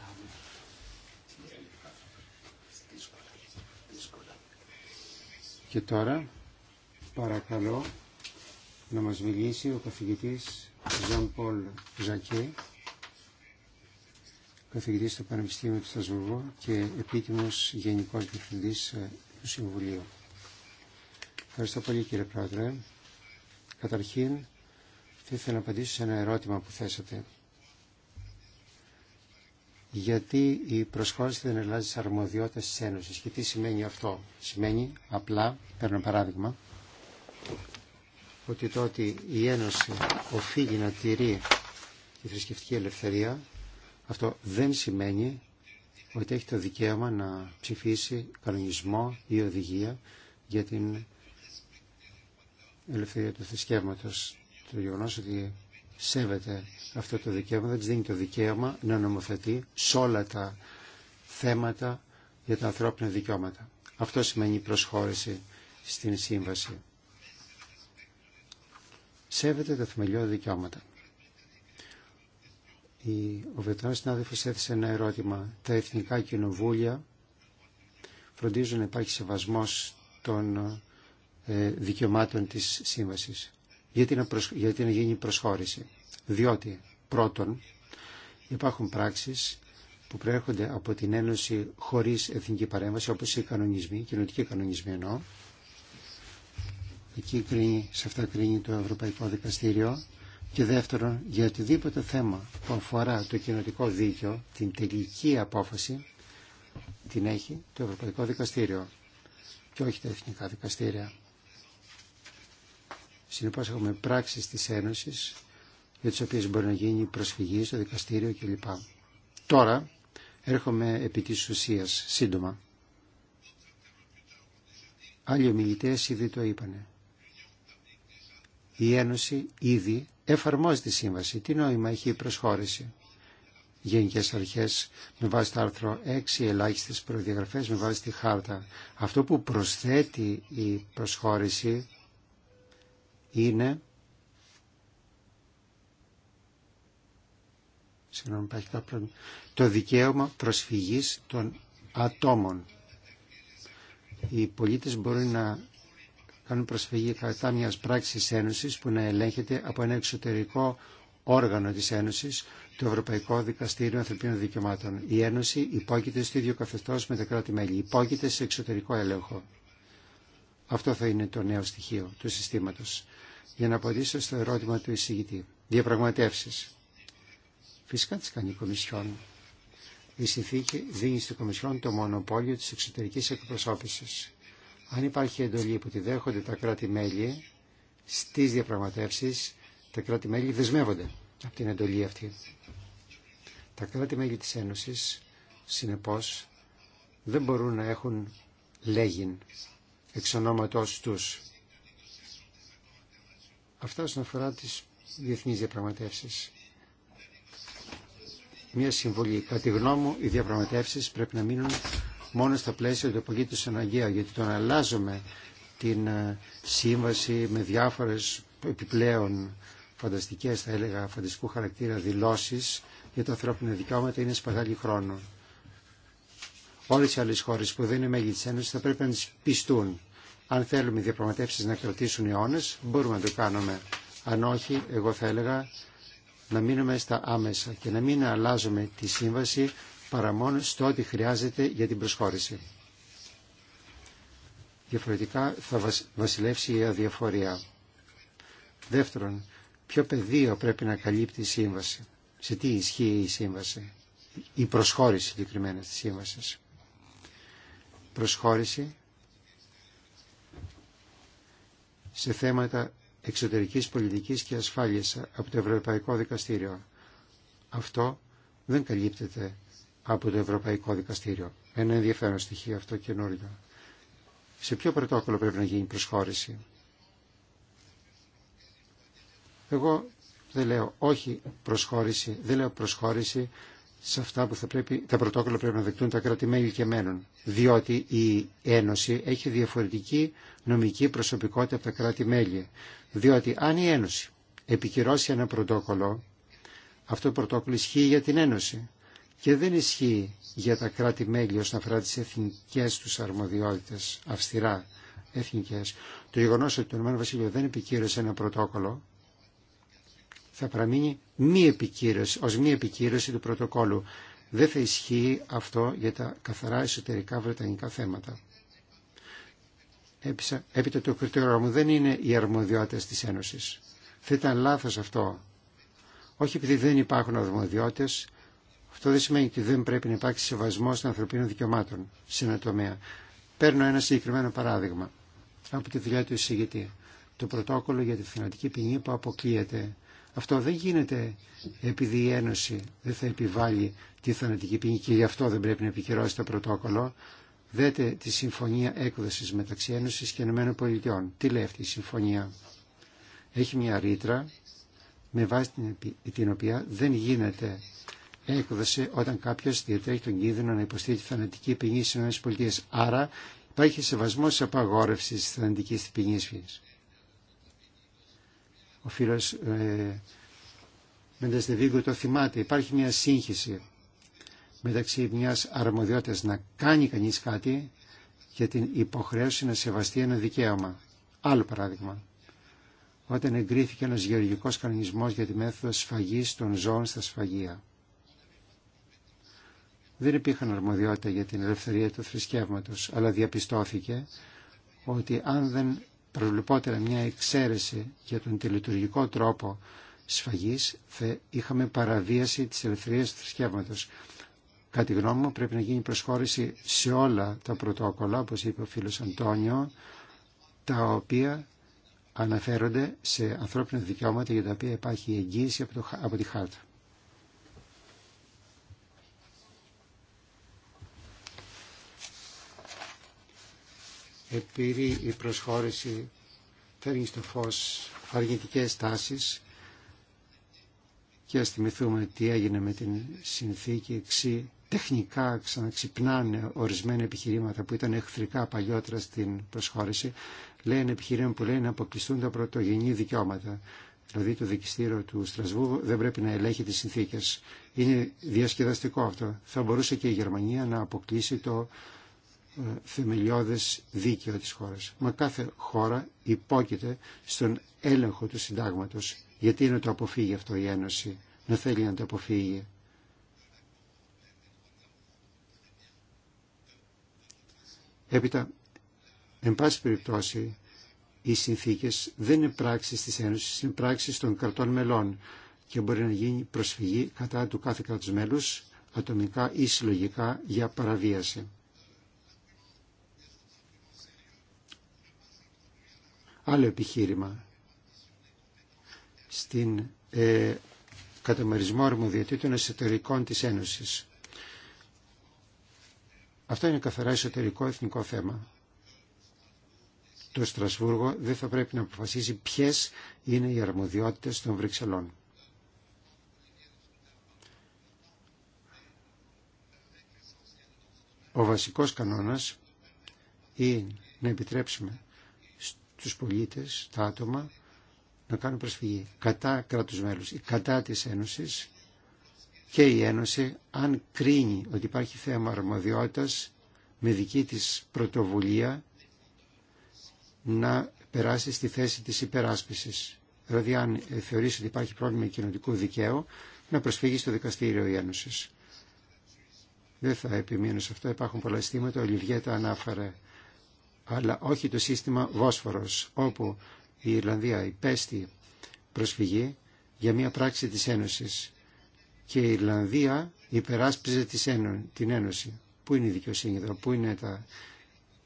Και τώρα παρακαλώ να μας μιλήσει ο καθηγητής Ζαν Πολ Ζακέ καθηγητής στο Πανεπιστήμιο του Στασβουργού και επίτιμος Γενικός Διευθυντής ε, του Συμβουλίου. Ευχαριστώ πολύ κύριε Πρόεδρε. Καταρχήν, θα ήθελα να απαντήσω σε ένα ερώτημα που θέσατε. Γιατί η προσχώρηση δεν αλλάζει τι αρμοδιότητε τη Ένωση και τι σημαίνει αυτό. Σημαίνει απλά, παίρνω παράδειγμα, ότι τότε η Ένωση οφείλει να τηρεί τη θρησκευτική ελευθερία αυτό δεν σημαίνει ότι έχει το δικαίωμα να ψηφίσει κανονισμό ή οδηγία για την ελευθερία του θρησκεύματος. Το γεγονός ότι σέβεται αυτό το δικαίωμα δεν της δίνει το δικαίωμα να νομοθετεί σε όλα τα θέματα για τα ανθρώπινα δικαιώματα. Αυτό σημαίνει προσχώρηση στην σύμβαση. Σέβεται τα θεμελιώδη δικαιώματα. Ο Βετρανός συνάδελφο έθεσε ένα ερώτημα. Τα εθνικά κοινοβούλια φροντίζουν να υπάρχει σεβασμός των ε, δικαιωμάτων της σύμβασης. Γιατί να, Γιατί γίνει προσχώρηση. Διότι, πρώτον, υπάρχουν πράξεις που προέρχονται από την Ένωση χωρίς εθνική παρέμβαση, όπως οι κανονισμοί, κοινωτικοί κανονισμοί εννοώ. Εκεί σε αυτά κρίνει το Ευρωπαϊκό Δικαστήριο και δεύτερον, για οτιδήποτε θέμα που αφορά το κοινοτικό δίκαιο, την τελική απόφαση την έχει το Ευρωπαϊκό Δικαστήριο και όχι τα εθνικά δικαστήρια. Συνεπώ έχουμε πράξεις της Ένωσης για τις οποίες μπορεί να γίνει προσφυγή στο δικαστήριο κλπ. Τώρα έρχομαι επί τη ουσία σύντομα. Άλλοι ομιλητέ ήδη το είπανε. Η Ένωση ήδη εφαρμόζεται τη σύμβαση. Τι νόημα έχει η προσχώρηση. Γενικέ αρχέ με βάση το άρθρο 6, ελάχιστε προδιαγραφέ με βάση τη χάρτα. Αυτό που προσθέτει η προσχώρηση είναι. Το δικαίωμα προσφυγής των ατόμων. Οι πολίτες μπορούν να κάνουν προσφυγή κατά μια πράξη Ένωση που να ελέγχεται από ένα εξωτερικό όργανο τη Ένωση, το Ευρωπαϊκό Δικαστήριο Ανθρωπίνων Δικαιωμάτων. Η Ένωση υπόκειται στο ίδιο καθεστώ με τα κράτη-μέλη, υπόκειται σε εξωτερικό έλεγχο. Αυτό θα είναι το νέο στοιχείο του συστήματο. Για να απαντήσω στο ερώτημα του εισηγητή. Διαπραγματεύσει. Φυσικά τι κάνει η Κομισιόν. Η συνθήκη δίνει στην Κομισιόν το μονοπόλιο τη εξωτερική εκπροσώπηση. Αν υπάρχει εντολή που τη δέχονται τα κράτη-μέλη στις διαπραγματεύσεις, τα κράτη-μέλη δεσμεύονται από την εντολή αυτή. Τα κράτη-μέλη της Ένωσης, συνεπώς, δεν μπορούν να έχουν λέγην εξ ονόματός τους. Αυτά όσον αφορά τις διεθνείς διαπραγματεύσεις. Μία συμβολή. Κατά τη γνώμη μου, οι διαπραγματεύσεις πρέπει να μείνουν μόνο στα πλαίσια του του αναγκαία, γιατί το να αλλάζουμε την ε, σύμβαση με διάφορες επιπλέον φανταστικές, θα έλεγα, φανταστικού χαρακτήρα δηλώσεις για τα ανθρώπινα δικαιώματα είναι σπατάλι χρόνο. Όλες οι άλλες χώρες που δεν είναι μέλη της Ένωσης θα πρέπει να τις πιστούν. Αν θέλουμε οι διαπραγματεύσεις να κρατήσουν αιώνε, μπορούμε να το κάνουμε. Αν όχι, εγώ θα έλεγα να μείνουμε στα άμεσα και να μην αλλάζουμε τη σύμβαση παρά μόνο στο ότι χρειάζεται για την προσχώρηση. Διαφορετικά θα βασιλεύσει η αδιαφορία. Δεύτερον, ποιο πεδίο πρέπει να καλύπτει η σύμβαση. Σε τι ισχύει η σύμβαση. Η προσχώρηση συγκεκριμένα της σύμβασης. Προσχώρηση σε θέματα εξωτερικής πολιτικής και ασφάλειας από το Ευρωπαϊκό Δικαστήριο. Αυτό δεν καλύπτεται από το Ευρωπαϊκό Δικαστήριο. Ένα ενδιαφέρον στοιχείο αυτό καινούριο. Σε ποιο πρωτόκολλο πρέπει να γίνει προσχώρηση. Εγώ δεν λέω όχι προσχώρηση, δεν λέω προσχώρηση σε αυτά που θα πρέπει, τα πρωτόκολλα πρέπει να δεκτούν τα κράτη-μέλη και μένουν. Διότι η Ένωση έχει διαφορετική νομική προσωπικότητα από τα κράτη-μέλη. Διότι αν η Ένωση επικυρώσει ένα πρωτόκολλο, αυτό το πρωτόκολλο ισχύει για την Ένωση και δεν ισχύει για τα κράτη-μέλη όσον αφορά τις εθνικές τους αρμοδιότητες, αυστηρά εθνικές. Το γεγονός ότι το ΕΒ δεν επικύρωσε ένα πρωτόκολλο θα παραμείνει μη επικύρωση, ως μη επικύρωση του πρωτοκόλλου. Δεν θα ισχύει αυτό για τα καθαρά εσωτερικά βρετανικά θέματα. Έπειτα, το κριτήριο μου δεν είναι οι αρμοδιότητες της Ένωσης. Θα ήταν λάθος αυτό. Όχι επειδή δεν υπάρχουν αρμοδιότητες, αυτό δεν σημαίνει ότι δεν πρέπει να υπάρξει σεβασμό των ανθρωπίνων δικαιωμάτων σε ένα τομέα. Παίρνω ένα συγκεκριμένο παράδειγμα από τη δουλειά του εισηγητή. Το πρωτόκολλο για τη θυματική ποινή που αποκλείεται. Αυτό δεν γίνεται επειδή η Ένωση δεν θα επιβάλλει τη θανατική ποινή και γι' αυτό δεν πρέπει να επικυρώσει το πρωτόκολλο. Δέτε τη συμφωνία έκδοση μεταξύ Ένωση και ΗΠΑ. Τι λέει αυτή η συμφωνία. Έχει μια ρήτρα με βάση την οποία δεν γίνεται Έκδοση όταν κάποιο διατρέχει τον κίνδυνο να υποστεί τη θανατική ποινή στι ΗΠΑ. Άρα υπάρχει σεβασμό τη απαγόρευση τη θανατική ποινή. Ο φίλο ε, Μεντεστεβίγκου το θυμάται. Υπάρχει μια σύγχυση μεταξύ μια αρμοδιότητα να κάνει κανεί κάτι και την υποχρέωση να σεβαστεί ένα δικαίωμα. Άλλο παράδειγμα. Όταν εγκρίθηκε ένας γεωργικός κανονισμός για τη μέθοδο σφαγής των ζώων στα σφαγεία δεν υπήρχαν αρμοδιότητα για την ελευθερία του θρησκεύματος, αλλά διαπιστώθηκε ότι αν δεν προβλεπότερα μια εξαίρεση για τον τελειτουργικό τρόπο σφαγής, θα είχαμε παραβίαση της ελευθερίας του θρησκεύματος. Κατά τη γνώμη μου πρέπει να γίνει προσχώρηση σε όλα τα πρωτόκολλα, όπως είπε ο φίλος Αντώνιο, τα οποία αναφέρονται σε ανθρώπινα δικαιώματα για τα οποία υπάρχει εγγύηση από, το, από τη χάρτα. επειδή η προσχώρηση φέρνει στο φως αρνητικές τάσεις και ας θυμηθούμε τι έγινε με την συνθήκη ξύ, τεχνικά ξαναξυπνάνε ορισμένα επιχειρήματα που ήταν εχθρικά παλιότερα στην προσχώρηση λένε επιχειρήμα που λένε να αποκλειστούν τα πρωτογενή δικαιώματα δηλαδή το δικηστήριο του Στρασβούργου δεν πρέπει να ελέγχει τις συνθήκες είναι διασκεδαστικό αυτό θα μπορούσε και η Γερμανία να αποκλείσει το θεμελιώδες δίκαιο της χώρας. Μα κάθε χώρα υπόκειται στον έλεγχο του συντάγματος. Γιατί να το αποφύγει αυτό η Ένωση, να θέλει να το αποφύγει. Έπειτα, εν πάση περιπτώσει, οι συνθήκες δεν είναι πράξεις της Ένωσης, είναι πράξεις των κρατών μελών και μπορεί να γίνει προσφυγή κατά του κάθε κράτους μέλους ατομικά ή συλλογικά για παραβίαση. Άλλο επιχείρημα. Στην ε, καταμερισμό αρμοδιοτήτων εσωτερικών της Ένωσης. Αυτό είναι καθαρά εσωτερικό εθνικό θέμα. Το Στρασβούργο δεν θα πρέπει να αποφασίσει ποιες είναι οι αρμοδιότητες των Βρυξελών. Ο βασικός κανόνας είναι να επιτρέψουμε τους πολίτες, τα άτομα, να κάνουν προσφυγή κατά κράτους μέλους ή κατά της Ένωσης και η Ένωση αν κρίνει ότι υπάρχει θέμα αρμοδιότητας με δική της πρωτοβουλία να περάσει στη θέση της υπεράσπισης. Δηλαδή αν ε, θεωρήσει ότι υπάρχει πρόβλημα κοινωτικού δικαίου να προσφύγει στο δικαστήριο η Ένωση. Δεν θα επιμείνω σε αυτό, υπάρχουν πολλά αισθήματα, ο Λιβιέτα ανάφερε αλλά όχι το σύστημα Βόσφορος, όπου η Ιρλανδία υπέστη προσφυγή για μια πράξη της Ένωσης και η Ιρλανδία υπεράσπιζε την Ένωση. Πού είναι η δικαιοσύνη εδώ, πού είναι τα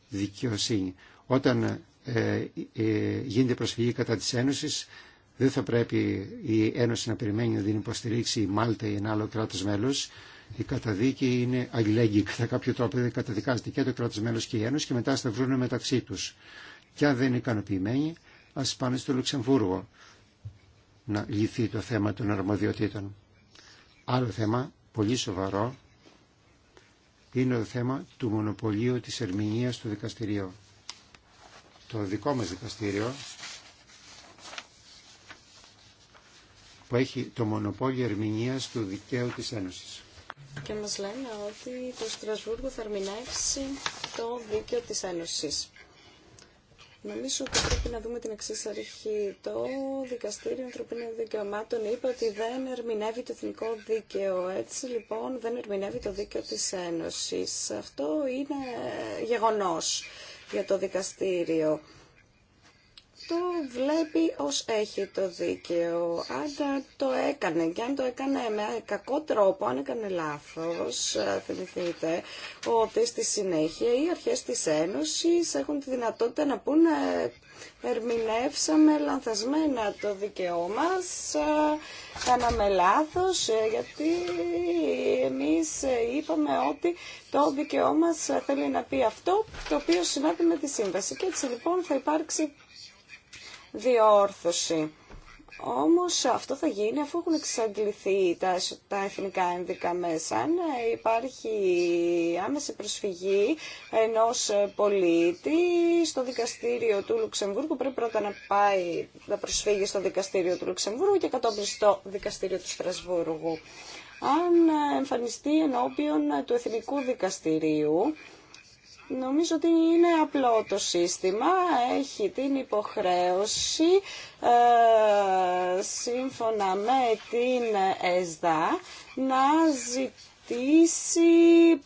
δικαιοσύνη. Όταν ε, ε, γίνεται προσφυγή κατά της Ένωσης, δεν θα πρέπει η Ένωση να περιμένει να την υποστηρίξει η Μάλτα ή ένα άλλο κράτος μέλος η καταδίκη είναι αλληλέγγυη. Κατά κάποιο τρόπο καταδικάζεται και το κράτο μέλο και η Ένωση και μετά στα μεταξύ του. Και αν δεν είναι ικανοποιημένοι, α πάνε στο Λουξεμβούργο να λυθεί το θέμα των αρμοδιοτήτων. Άλλο θέμα, πολύ σοβαρό, είναι το θέμα του μονοπωλίου της ερμηνείας του δικαστηρίου. Το δικό μας δικαστήριο που έχει το μονοπόλιο ερμηνείας του δικαίου της Ένωσης και μας λένε ότι το Στρασβούργο θα ερμηνεύσει το δίκαιο της Ένωσης. Νομίζω ότι πρέπει να δούμε την εξή αρχή. Το Δικαστήριο Ανθρωπίνων Δικαιωμάτων είπε ότι δεν ερμηνεύει το εθνικό δίκαιο. Έτσι λοιπόν δεν ερμηνεύει το δίκαιο της Ένωσης. Αυτό είναι γεγονός για το δικαστήριο το βλέπει ως έχει το δίκαιο. Αν το έκανε και αν το έκανε με κακό τρόπο, αν έκανε λάθος, ε, θυμηθείτε ότι στη συνέχεια οι αρχές της Ένωσης έχουν τη δυνατότητα να πούνε ερμηνεύσαμε λανθασμένα το δικαιό μας, ε, κάναμε λάθος, ε, γιατί εμείς είπαμε ότι το δικαιό μας θέλει να πει αυτό το οποίο συνάδει με τη σύμβαση. Και έτσι λοιπόν θα υπάρξει διόρθωση. Όμως αυτό θα γίνει αφού έχουν εξαντληθεί τα, εθνικά ένδικα μέσα. Αν ε, υπάρχει άμεση προσφυγή ενός ε, πολίτη στο δικαστήριο του Λουξεμβούργου, πρέπει πρώτα να πάει να προσφύγει στο δικαστήριο του Λουξεμβούργου και κατόπιν στο δικαστήριο του Στρασβούργου. Αν ε, εμφανιστεί ενώπιον του Εθνικού Δικαστηρίου, Νομίζω ότι είναι απλό το σύστημα, έχει την υποχρέωση ε, σύμφωνα με την ΕΣΔΑ να ζητήσει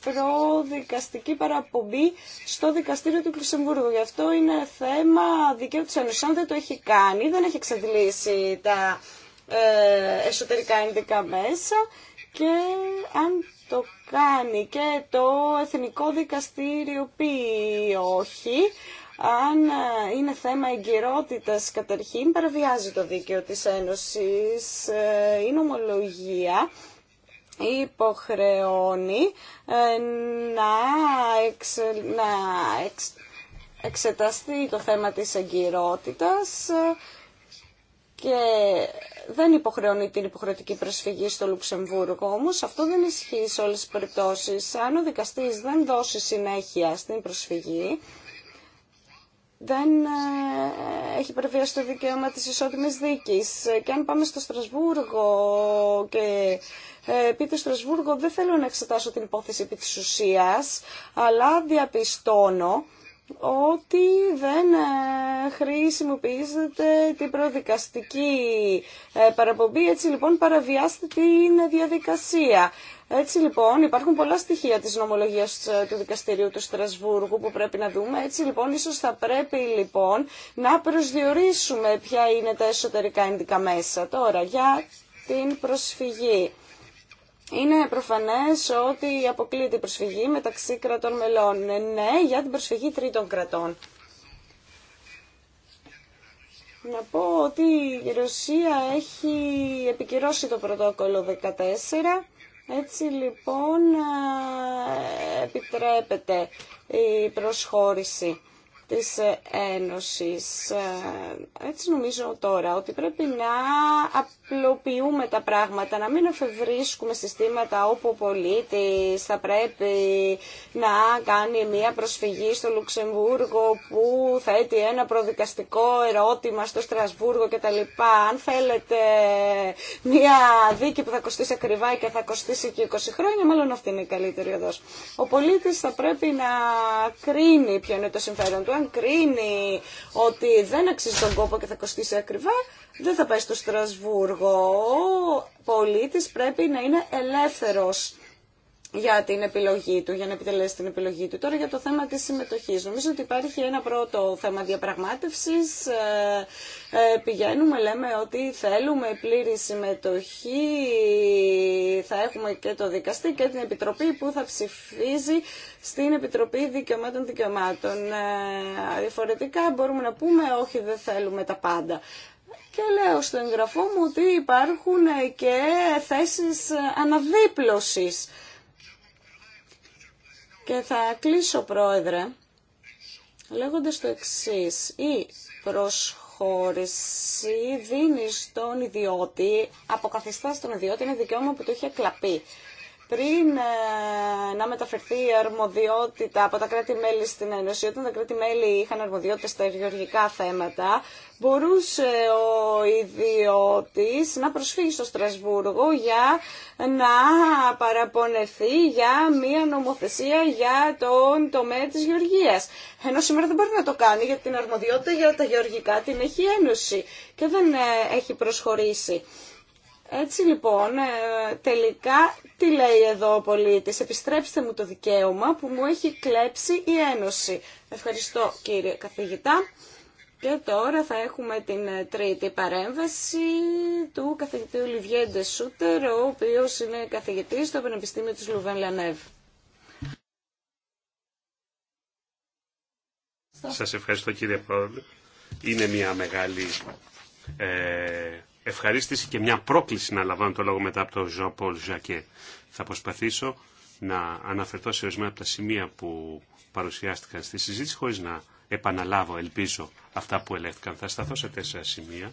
προδικαστική παραπομπή στο δικαστήριο του Λουξεμβούργου. Γι' αυτό είναι θέμα δικαίου της Ένωσης. Αν δεν το έχει κάνει, δεν έχει εξαντλήσει τα ε, εσωτερικά ενδικά μέσα και αν το κάνει και το Εθνικό Δικαστήριο πει όχι. Αν ε, είναι θέμα εγκυρότητας καταρχήν παραβιάζει το δίκαιο της Ένωσης η ε, νομολογία υποχρεώνει ε, να, να εξεταστεί το θέμα της εγκυρότητας και δεν υποχρεώνει την υποχρεωτική προσφυγή στο Λουξεμβούργο. Όμω αυτό δεν ισχύει σε όλε τι περιπτώσει. Αν ο δικαστή δεν δώσει συνέχεια στην προσφυγή, δεν ε, έχει παραβιάσει στο δικαίωμα της ισότιμης δίκης. Και αν πάμε στο Στρασβούργο και ε, πείτε Στρασβούργο δεν θέλω να εξετάσω την υπόθεση επί αλλά διαπιστώνω ότι δεν ε, χρησιμοποιήσετε την προδικαστική ε, παραπομπή, έτσι λοιπόν παραβιάστε την διαδικασία. Έτσι λοιπόν υπάρχουν πολλά στοιχεία της νομολογίας ε, του Δικαστηρίου του Στρασβούργου που πρέπει να δούμε. Έτσι λοιπόν ίσως θα πρέπει λοιπόν να προσδιορίσουμε ποια είναι τα εσωτερικά ενδικά μέσα. Τώρα για την προσφυγή. Είναι προφανέ ότι αποκλείεται η προσφυγή μεταξύ κρατών μελών. Ε, ναι, για την προσφυγή τρίτων κρατών. Να πω ότι η Ρωσία έχει επικυρώσει το πρωτόκολλο 14. Έτσι λοιπόν ε, επιτρέπεται η προσχώρηση της ε, Ένωσης. Ε, έτσι νομίζω τώρα ότι πρέπει να απλοποιούμε τα πράγματα, να μην αφευρίσκουμε συστήματα όπου ο πολίτης θα πρέπει να κάνει μια προσφυγή στο Λουξεμβούργο που θέτει ένα προδικαστικό ερώτημα στο Στρασβούργο κτλ. Αν θέλετε μια δίκη που θα κοστίσει ακριβά και θα κοστίσει και 20 χρόνια, μάλλον αυτή είναι η καλύτερη οδός. Ο πολίτης θα πρέπει να κρίνει ποιο είναι το συμφέρον του αν κρίνει ότι δεν αξίζει τον κόπο και θα κοστίσει ακριβά, δεν θα πάει στο Στρασβούργο. Ο πολίτης πρέπει να είναι ελεύθερος για την επιλογή του, για να επιτελέσει την επιλογή του. Τώρα για το θέμα της συμμετοχής. Νομίζω ότι υπάρχει ένα πρώτο θέμα διαπραγμάτευσης. Ε, ε, πηγαίνουμε, λέμε ότι θέλουμε πλήρη συμμετοχή. Θα έχουμε και το δικαστή και την Επιτροπή που θα ψηφίζει στην Επιτροπή Δικαιωμάτων Δικαιωμάτων. Ε, διαφορετικά μπορούμε να πούμε όχι δεν θέλουμε τα πάντα. Και λέω στο εγγραφό μου ότι υπάρχουν και θέσεις αναδίπλωσης και θα κλείσω, Πρόεδρε, λέγοντας το εξής. Η προσχώρηση δίνει στον ιδιώτη, αποκαθιστά στον ιδιώτη, είναι δικαίωμα που το είχε κλαπεί. Πριν ε, να μεταφερθεί η αρμοδιότητα από τα κράτη-μέλη στην Ένωση, όταν τα κράτη-μέλη είχαν αρμοδιότητα στα γεωργικά θέματα, μπορούσε ο ιδιώτης να προσφύγει στο Στρασβούργο για να παραπονεθεί για μία νομοθεσία για τον τομέα της γεωργίας. Ενώ σήμερα δεν μπορεί να το κάνει γιατί την αρμοδιότητα για τα γεωργικά την έχει Ένωση και δεν ε, έχει προσχωρήσει. Έτσι λοιπόν, ε, τελικά τι λέει εδώ ο πολίτης, επιστρέψτε μου το δικαίωμα που μου έχει κλέψει η Ένωση. Ευχαριστώ κύριε καθηγητά. Και τώρα θα έχουμε την ε, τρίτη παρέμβαση του καθηγητή Ολιβιέντε Σούτερ, ο οποίος είναι καθηγητής στο Πανεπιστήμιο της Λουβέν Λανέβ. Σας ευχαριστώ κύριε Πρόεδρε. Είναι μια μεγάλη ε, ευχαρίστηση και μια πρόκληση να λαμβάνω το λόγο μετά από τον Ζω Πολ Ζακέ. Θα προσπαθήσω να αναφερθώ σε ορισμένα από τα σημεία που παρουσιάστηκαν στη συζήτηση χωρίς να επαναλάβω, ελπίζω, αυτά που ελέγχθηκαν. Θα σταθώ σε τέσσερα σημεία,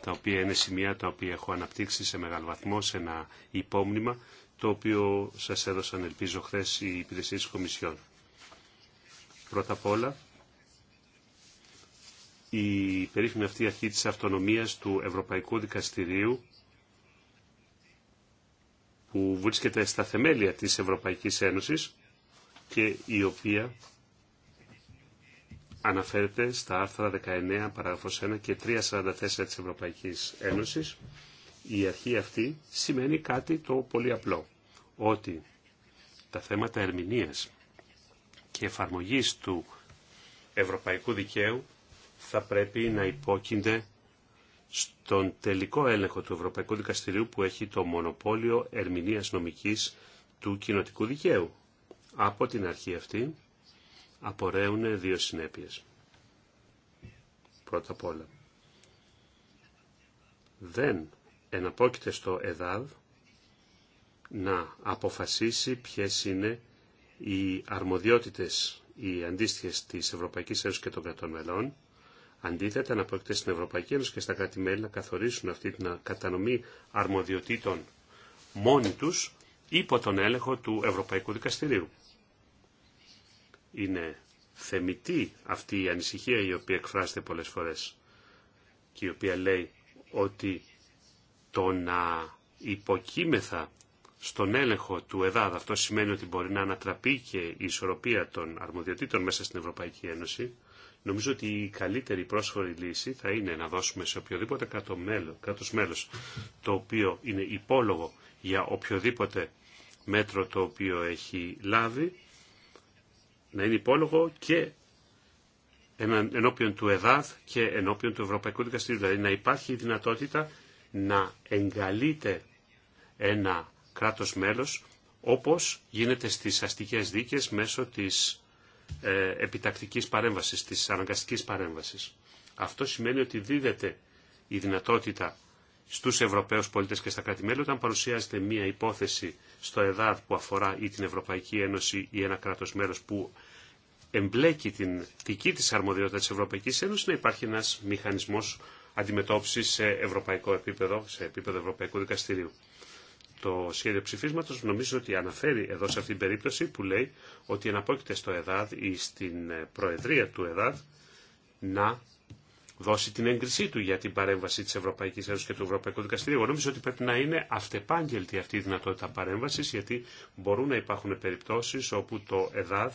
τα οποία είναι σημεία τα οποία έχω αναπτύξει σε μεγάλο βαθμό, σε ένα υπόμνημα, το οποίο σας έδωσαν, ελπίζω, χθε οι υπηρεσίες της Κομισιόν. Πρώτα απ' όλα, η περίφημη αυτή αρχή της αυτονομίας του Ευρωπαϊκού Δικαστηρίου που βρίσκεται στα θεμέλια της Ευρωπαϊκής Ένωσης και η οποία αναφέρεται στα άρθρα 19 παράγραφος 1 και 344 της Ευρωπαϊκής Ένωσης. Η αρχή αυτή σημαίνει κάτι το πολύ απλό, ότι τα θέματα ερμηνείας και εφαρμογής του ευρωπαϊκού δικαίου θα πρέπει να υπόκεινται στον τελικό έλεγχο του Ευρωπαϊκού Δικαστηρίου που έχει το μονοπόλιο ερμηνείας νομικής του κοινοτικού δικαίου. Από την αρχή αυτή απορρέουν δύο συνέπειες. Πρώτα απ' όλα, δεν εναπόκειται στο ΕΔΑΔ να αποφασίσει ποιες είναι οι αρμοδιότητες, οι αντίστοιχες της Ευρωπαϊκής Ένωσης και των κρατών μελών, Αντίθετα, να στην Ευρωπαϊκή Ένωση και στα κράτη-μέλη να καθορίσουν αυτή την κατανομή αρμοδιοτήτων μόνοι τους υπό τον έλεγχο του Ευρωπαϊκού Δικαστηρίου είναι θεμητή αυτή η ανησυχία η οποία εκφράζεται πολλές φορές και η οποία λέει ότι το να υποκείμεθα στον έλεγχο του ΕΔΑΔ, αυτό σημαίνει ότι μπορεί να ανατραπεί και η ισορροπία των αρμοδιοτήτων μέσα στην Ευρωπαϊκή Ένωση, νομίζω ότι η καλύτερη πρόσφορη λύση θα είναι να δώσουμε σε οποιοδήποτε κράτο μέλος, το οποίο είναι υπόλογο για οποιοδήποτε μέτρο το οποίο έχει λάβει, να είναι υπόλογο και ενώπιον του ΕΔΑΔ και ενώπιον του Ευρωπαϊκού Δικαστηρίου. Δηλαδή να υπάρχει η δυνατότητα να εγκαλείται ένα κράτος μέλος όπως γίνεται στις αστικές δίκες μέσω της ε, επιτακτικής παρέμβασης, της αναγκαστικής παρέμβασης. Αυτό σημαίνει ότι δίδεται η δυνατότητα στους Ευρωπαίους πολιτέ και στα κράτη-μέλη όταν παρουσιάζεται μία υπόθεση στο ΕΔΑΔ που αφορά ή την Ευρωπαϊκή Ένωση ή ένα κράτος μέλος που εμπλέκει την δική της αρμοδιότητα τη Ευρωπαϊκής Ένωσης να υπάρχει ένας μηχανισμός αντιμετώπιση σε ευρωπαϊκό επίπεδο, σε επίπεδο Ευρωπαϊκού Δικαστηρίου. Το σχέδιο ψηφίσματο νομίζω ότι αναφέρει εδώ σε αυτήν την περίπτωση που λέει ότι εναπόκειται στο ΕΔΑΔ ή στην Προεδρία του ΕΔΑΔ να δώσει την έγκρισή του για την παρέμβαση της Ευρωπαϊκής Ένωσης και του Ευρωπαϊκού Δικαστηρίου. Εγώ νομίζω ότι πρέπει να είναι αυτεπάγγελτη αυτή η δυνατότητα παρέμβασης, γιατί μπορούν να υπάρχουν περιπτώσεις όπου το ΕΔΑΔ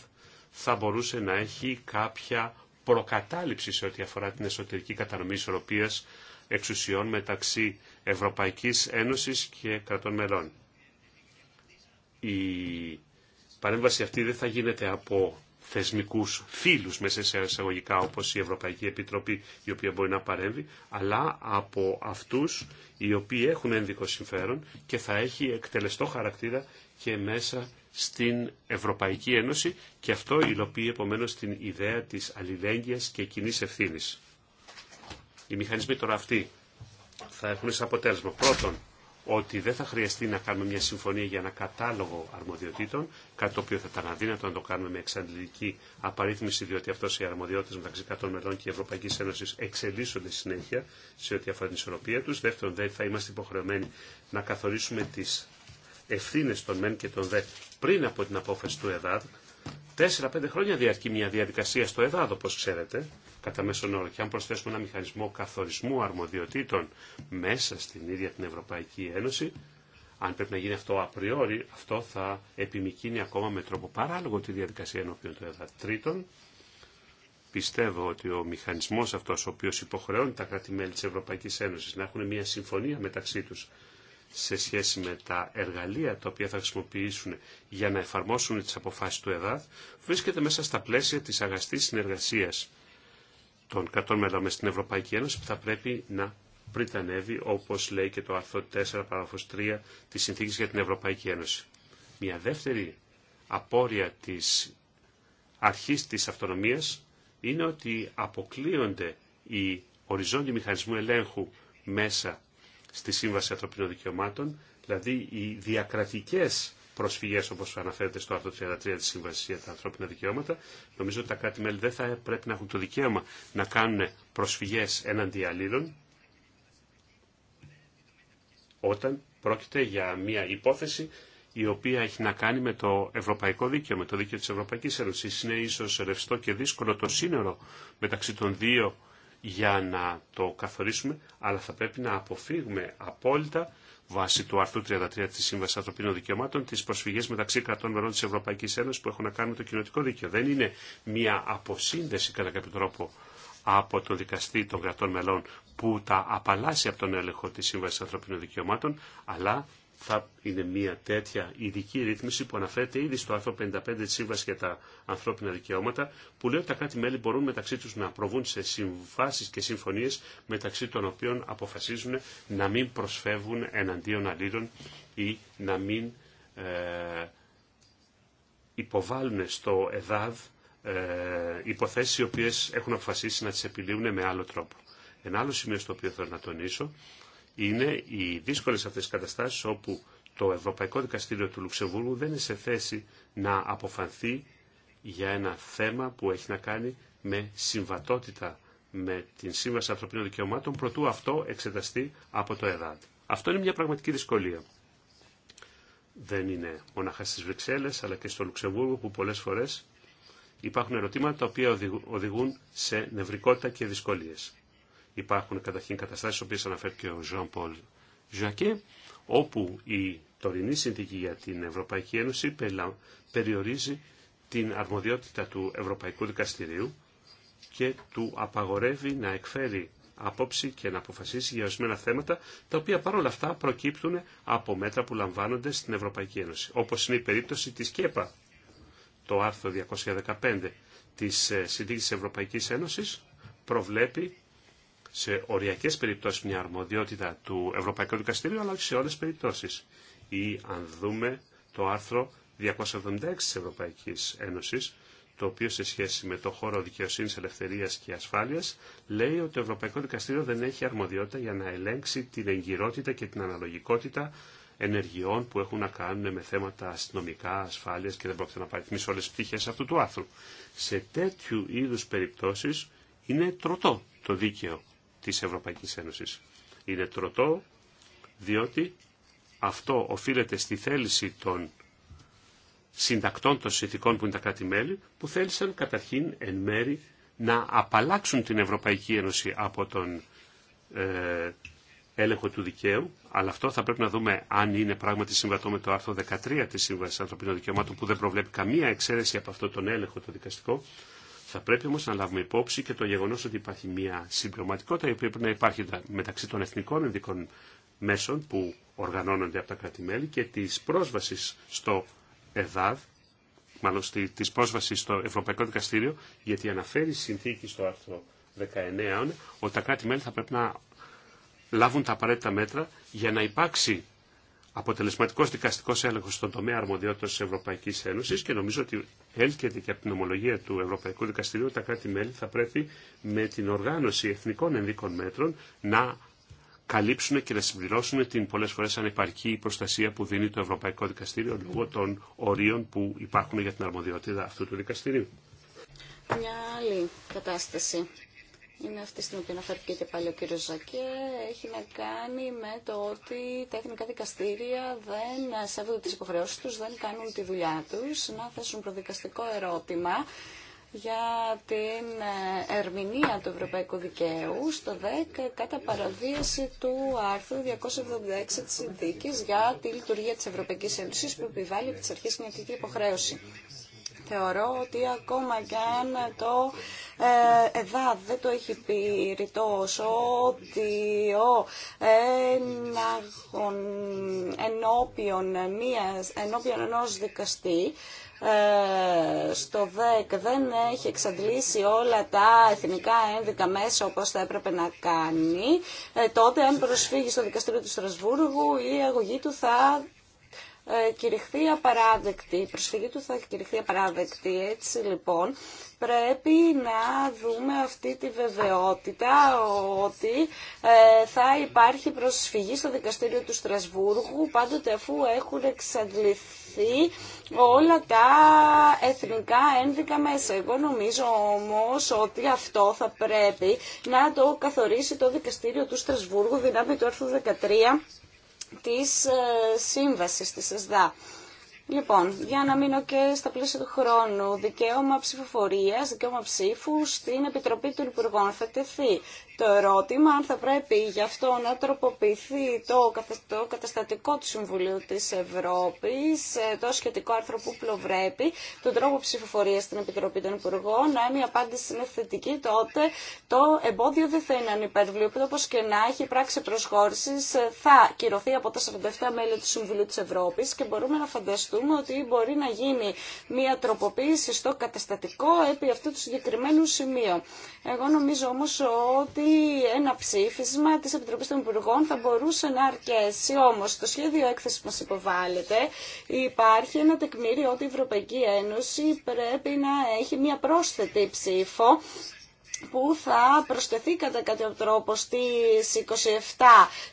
θα μπορούσε να έχει κάποια προκατάληψη σε ό,τι αφορά την εσωτερική κατανομή ισορροπίας εξουσιών μεταξύ Ευρωπαϊκής Ένωσης και κρατών μελών. Η παρέμβαση αυτή δεν θα γίνεται από θεσμικούς φίλους μέσα σε εισαγωγικά όπως η Ευρωπαϊκή Επιτροπή η οποία μπορεί να παρέμβει, αλλά από αυτούς οι οποίοι έχουν ένδικο συμφέρον και θα έχει εκτελεστό χαρακτήρα και μέσα στην Ευρωπαϊκή Ένωση και αυτό υλοποιεί επομένως την ιδέα της αλληλέγγυας και κοινή ευθύνη. Οι μηχανισμοί τώρα αυτοί θα έχουν σαν αποτέλεσμα πρώτον ότι δεν θα χρειαστεί να κάνουμε μια συμφωνία για ένα κατάλογο αρμοδιοτήτων, κάτι το οποίο θα ήταν αδύνατο να το κάνουμε με εξαντλητική απαρίθμηση, διότι αυτό οι αρμοδιότητε μεταξύ των μελών και Ευρωπαϊκή Ένωση εξελίσσονται συνέχεια σε ό,τι αφορά την ισορροπία του. Δεύτερον, δεν θα είμαστε υποχρεωμένοι να καθορίσουμε τι ευθύνε των μεν και των δε πριν από την απόφαση του ΕΔΑΔ. Τέσσερα-πέντε χρόνια διαρκεί μια διαδικασία στο ΕΔΑΔ, όπω ξέρετε, κατά μέσον όρο. Και αν προσθέσουμε ένα μηχανισμό καθορισμού αρμοδιοτήτων μέσα στην ίδια την Ευρωπαϊκή Ένωση, αν πρέπει να γίνει αυτό απριόρι, αυτό θα επιμηκύνει ακόμα με τρόπο παράλογο τη διαδικασία ενώπιον του ΕΔΑ. Τρίτον, πιστεύω ότι ο μηχανισμός αυτός, ο οποίος υποχρεώνει τα κράτη-μέλη της Ευρωπαϊκής Ένωσης να έχουν μια συμφωνία μεταξύ τους σε σχέση με τα εργαλεία τα οποία θα χρησιμοποιήσουν για να εφαρμόσουν τις αποφάσεις του ΕΔΑΤ, βρίσκεται μέσα στα πλαίσια της αγαστής συνεργασίας των κρατών μελών στην Ευρωπαϊκή Ένωση που θα πρέπει να πριτανεύει όπως λέει και το άρθρο 4 παραγωγός 3 της Συνθήκης για την Ευρωπαϊκή Ένωση. Μια δεύτερη απόρρια της αρχής της αυτονομίας είναι ότι αποκλείονται οι οριζόντιοι μηχανισμού ελέγχου μέσα στη Σύμβαση Ανθρωπίνων Δικαιωμάτων, δηλαδή οι διακρατικές προσφυγέ όπω αναφέρεται στο άρθρο 33 τη Σύμβαση για τα ανθρώπινα δικαιώματα. Νομίζω ότι τα κράτη-μέλη δεν θα πρέπει να έχουν το δικαίωμα να κάνουν προσφυγέ έναντι αλλήλων όταν πρόκειται για μια υπόθεση η οποία έχει να κάνει με το ευρωπαϊκό δίκαιο, με το δίκαιο της Ευρωπαϊκής Ένωσης. Είναι ίσως ρευστό και δύσκολο το σύνορο μεταξύ των δύο για να το καθορίσουμε, αλλά θα πρέπει να αποφύγουμε απόλυτα βάσει του άρθρου 33 τη Σύμβαση Ανθρωπίνων Δικαιωμάτων τι προσφυγέ μεταξύ κρατών μελών τη Ευρωπαϊκή Ένωση που έχουν να κάνουν το κοινοτικό δίκαιο. Δεν είναι μια αποσύνδεση κατά κάποιο τρόπο από το δικαστή των κρατών μελών που τα απαλλάσσει από τον έλεγχο τη Σύμβαση Ανθρωπίνων Δικαιωμάτων, αλλά θα είναι μια τέτοια ειδική ρύθμιση που αναφέρεται ήδη στο άρθρο 55 της Σύμβασης για τα ανθρώπινα δικαιώματα που λέει ότι τα κράτη-μέλη μπορούν μεταξύ τους να προβούν σε συμβάσεις και συμφωνίες μεταξύ των οποίων αποφασίζουν να μην προσφεύγουν εναντίον αλλήλων ή να μην ε, υποβάλλουν στο ΕΔΑΔ ε, υποθέσεις οι οποίες έχουν αποφασίσει να τις επιλύουν με άλλο τρόπο. Ένα άλλο σημείο στο οποίο θέλω να τονίσω είναι οι δύσκολες αυτές καταστάσεις όπου το Ευρωπαϊκό Δικαστήριο του Λουξεμβούργου δεν είναι σε θέση να αποφανθεί για ένα θέμα που έχει να κάνει με συμβατότητα με την Σύμβαση Ανθρωπίνων Δικαιωμάτων, προτού αυτό εξεταστεί από το ΕΔΑΤ. Αυτό είναι μια πραγματική δυσκολία. Δεν είναι μονάχα στι Βρυξέλλε αλλά και στο Λουξεμβούργο, που πολλέ φορέ υπάρχουν ερωτήματα τα οποία οδηγούν σε νευρικότητα και δυσκολίε. Υπάρχουν καταρχήν καταστάσεις, οποίες αναφέρει και ο Ζωάν Πολ Ζακέ, όπου η τωρινή συνθήκη για την Ευρωπαϊκή Ένωση περιορίζει την αρμοδιότητα του Ευρωπαϊκού Δικαστηρίου και του απαγορεύει να εκφέρει απόψη και να αποφασίσει για ορισμένα θέματα, τα οποία παρόλα αυτά προκύπτουν από μέτρα που λαμβάνονται στην Ευρωπαϊκή Ένωση. Όπως είναι η περίπτωση της ΚΕΠΑ, το άρθρο 215 της ε, Συνθήκης Ευρωπαϊκής Ένωσης προβλέπει σε οριακέ περιπτώσει μια αρμοδιότητα του Ευρωπαϊκού Δικαστηρίου, αλλά όχι σε όλε τι περιπτώσει. Ή αν δούμε το άρθρο 276 τη Ευρωπαϊκή Ένωση, το οποίο σε σχέση με το χώρο δικαιοσύνη, ελευθερία και ασφάλεια, λέει ότι το Ευρωπαϊκό Δικαστήριο δεν έχει αρμοδιότητα για να ελέγξει την εγκυρότητα και την αναλογικότητα ενεργειών που έχουν να κάνουν με θέματα αστυνομικά, ασφάλεια και δεν πρόκειται να παριθμίσει όλε τι πτυχέ αυτού του άρθρου. Σε τέτοιου είδου περιπτώσει είναι τροτό το δίκαιο της Ευρωπαϊκής Ένωσης. Είναι τροτό διότι αυτό οφείλεται στη θέληση των συντακτών των συνθηκών που είναι τα κράτη-μέλη, που θέλησαν καταρχήν εν μέρη να απαλλάξουν την Ευρωπαϊκή Ένωση από τον ε, έλεγχο του δικαίου, αλλά αυτό θα πρέπει να δούμε αν είναι πράγματι συμβατό με το άρθρο 13 της Σύμβασης Ανθρωπίνων Δικαιωμάτων, που δεν προβλέπει καμία εξαίρεση από αυτό τον έλεγχο το δικαστικό. Θα πρέπει όμως να λάβουμε υπόψη και το γεγονός ότι υπάρχει μια συμπληρωματικότητα η οποία πρέπει να υπάρχει μεταξύ των εθνικών ειδικών μέσων που οργανώνονται από τα κράτη-μέλη και της πρόσβασης στο ΕΔΑΔ, μάλλον της πρόσβασης στο Ευρωπαϊκό Δικαστήριο, γιατί αναφέρει συνθήκη στο άρθρο 19 ότι τα κράτη-μέλη θα πρέπει να λάβουν τα απαραίτητα μέτρα για να υπάρξει αποτελεσματικός δικαστικός έλεγχος στον τομέα αρμοδιότητας της Ευρωπαϊκής Ένωσης και νομίζω ότι έλκεται και από την ομολογία του Ευρωπαϊκού Δικαστηρίου τα κράτη-μέλη θα πρέπει με την οργάνωση εθνικών ενδίκων μέτρων να καλύψουν και να συμπληρώσουν την πολλές φορές ανεπαρκή προστασία που δίνει το Ευρωπαϊκό Δικαστήριο λόγω των ορίων που υπάρχουν για την αρμοδιότητα αυτού του δικαστηρίου. Μια άλλη κατάσταση είναι αυτή στην οποία αναφέρθηκε και πάλι ο κύριος Ζακέ, έχει να κάνει με το ότι τα εθνικά δικαστήρια δεν σέβονται τις υποχρεώσεις τους, δεν κάνουν τη δουλειά τους, να θέσουν προδικαστικό ερώτημα για την ε, ερμηνεία του Ευρωπαϊκού Δικαίου στο 10 κατά παραβίαση του άρθρου 276 της συνθήκη για τη λειτουργία της Ευρωπαϊκής Ένωσης που επιβάλλει από τις αρχές μια υποχρέωση. Θεωρώ ότι ακόμα και αν το ε, ΕΔΑ δεν το έχει πει ρητός ότι ο εναγων, ενώπιον, μίας, ενώπιον ενός δικαστή ε, στο ΔΕΚ δεν έχει εξαντλήσει όλα τα εθνικά ένδικα μέσα όπως θα έπρεπε να κάνει, ε, τότε αν προσφύγει στο δικαστήριο του Στρασβούργου η αγωγή του θα ε, κηρυχθεί απαράδεκτη. Η προσφυγή του θα κηρυχθεί απαράδεκτη. Έτσι λοιπόν πρέπει να δούμε αυτή τη βεβαιότητα ότι ε, θα υπάρχει προσφυγή στο δικαστήριο του Στρασβούργου πάντοτε αφού έχουν εξαντληθεί όλα τα εθνικά ένδικα μέσα. Εγώ νομίζω όμως ότι αυτό θα πρέπει να το καθορίσει το δικαστήριο του Στρασβούργου δυνάμει του άρθρου 13 της ε, σύμβασης της ΕΣΔΑ. Λοιπόν, για να μείνω και στα πλαίσια του χρόνου, δικαίωμα ψηφοφορία, δικαίωμα ψήφου στην Επιτροπή των Υπουργών θα τεθεί το ερώτημα αν θα πρέπει γι' αυτό να τροποποιηθεί το καταστατικό του Συμβουλίου της Ευρώπης, ε, το σχετικό άρθρο που προβλέπει, τον τρόπο ψηφοφορία στην Επιτροπή των Υπουργών. να είναι η απάντηση είναι θετική, τότε το εμπόδιο δεν θα είναι οπότε όπως και να έχει πράξη προσχώρησης, ε, θα κυρωθεί από τα 47 μέλη του Συμβουλίου της Ευρώπης και μπορούμε να φανταστούμε ότι μπορεί να γίνει μια τροποποίηση στο καταστατικό επί αυτού του συγκεκριμένου σημείου. Εγώ νομίζω όμως ότι ότι ένα ψήφισμα τη Επιτροπή των Υπουργών θα μπορούσε να αρκέσει. όμω το σχέδιο έκθεση που μα υποβάλλεται υπάρχει ένα τεκμήριο ότι η Ευρωπαϊκή Ένωση πρέπει να έχει μια πρόσθετη ψήφο που θα προσθεθεί κατά κάποιο τρόπο στις 27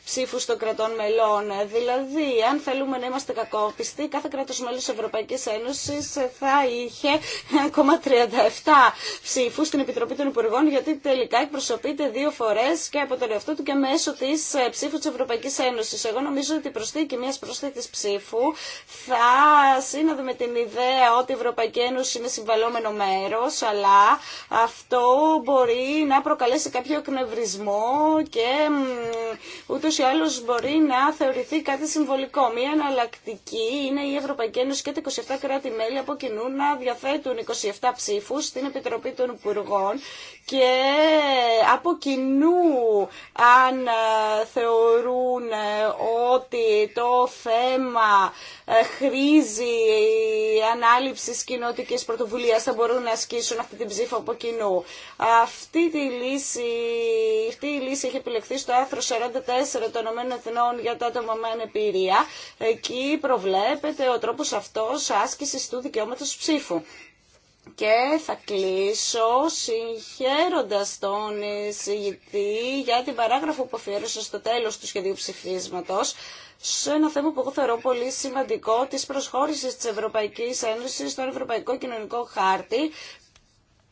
ψήφους των κρατών μελών. Δηλαδή, αν θέλουμε να είμαστε κακόπιστοι, κάθε κράτος μέλος τη Ευρωπαϊκής Ένωσης θα είχε 1,37 ψήφους στην Επιτροπή των Υπουργών, γιατί τελικά εκπροσωπείται δύο φορές και από τον εαυτό του και μέσω της ε, ψήφου της Ευρωπαϊκής Ένωσης. Εγώ νομίζω ότι η προσθήκη μιας προσθέτης ψήφου θα σύναδε με την ιδέα ότι η Ευρωπαϊκή Ένωση είναι συμβαλόμενο μέρος, αλλά αυτό μπορεί μπορεί να προκαλέσει κάποιο εκνευρισμό και ούτω ή άλλω μπορεί να θεωρηθεί κάτι συμβολικό. Μία εναλλακτική είναι η αλλω μπορει να θεωρηθει κατι συμβολικο Ένωση και τα 27 κράτη-μέλη από κοινού να διαθέτουν 27 ψήφου στην Επιτροπή των Υπουργών και από κοινού αν ε, θεωρούν ε, ότι το θέμα ε, χρήζει ανάληψη κοινωτικής πρωτοβουλία, θα μπορούν να ασκήσουν αυτή την ψήφο από κοινού. Αυτή τη η λύση έχει επιλεχθεί στο άρθρο 44 των ΗΠΑ για τα άτομα με ανεπηρία. Εκεί προβλέπεται ο τρόπος αυτός άσκησης του δικαιώματος ψήφου. Και θα κλείσω συγχαίροντας τον συγητή για την παράγραφο που αφιέρωσε στο τέλος του σχεδίου ψηφίσματος σε ένα θέμα που εγώ θεωρώ πολύ σημαντικό της προσχώρησης της Ευρωπαϊκής Ένωσης στον Ευρωπαϊκό Κοινωνικό Χάρτη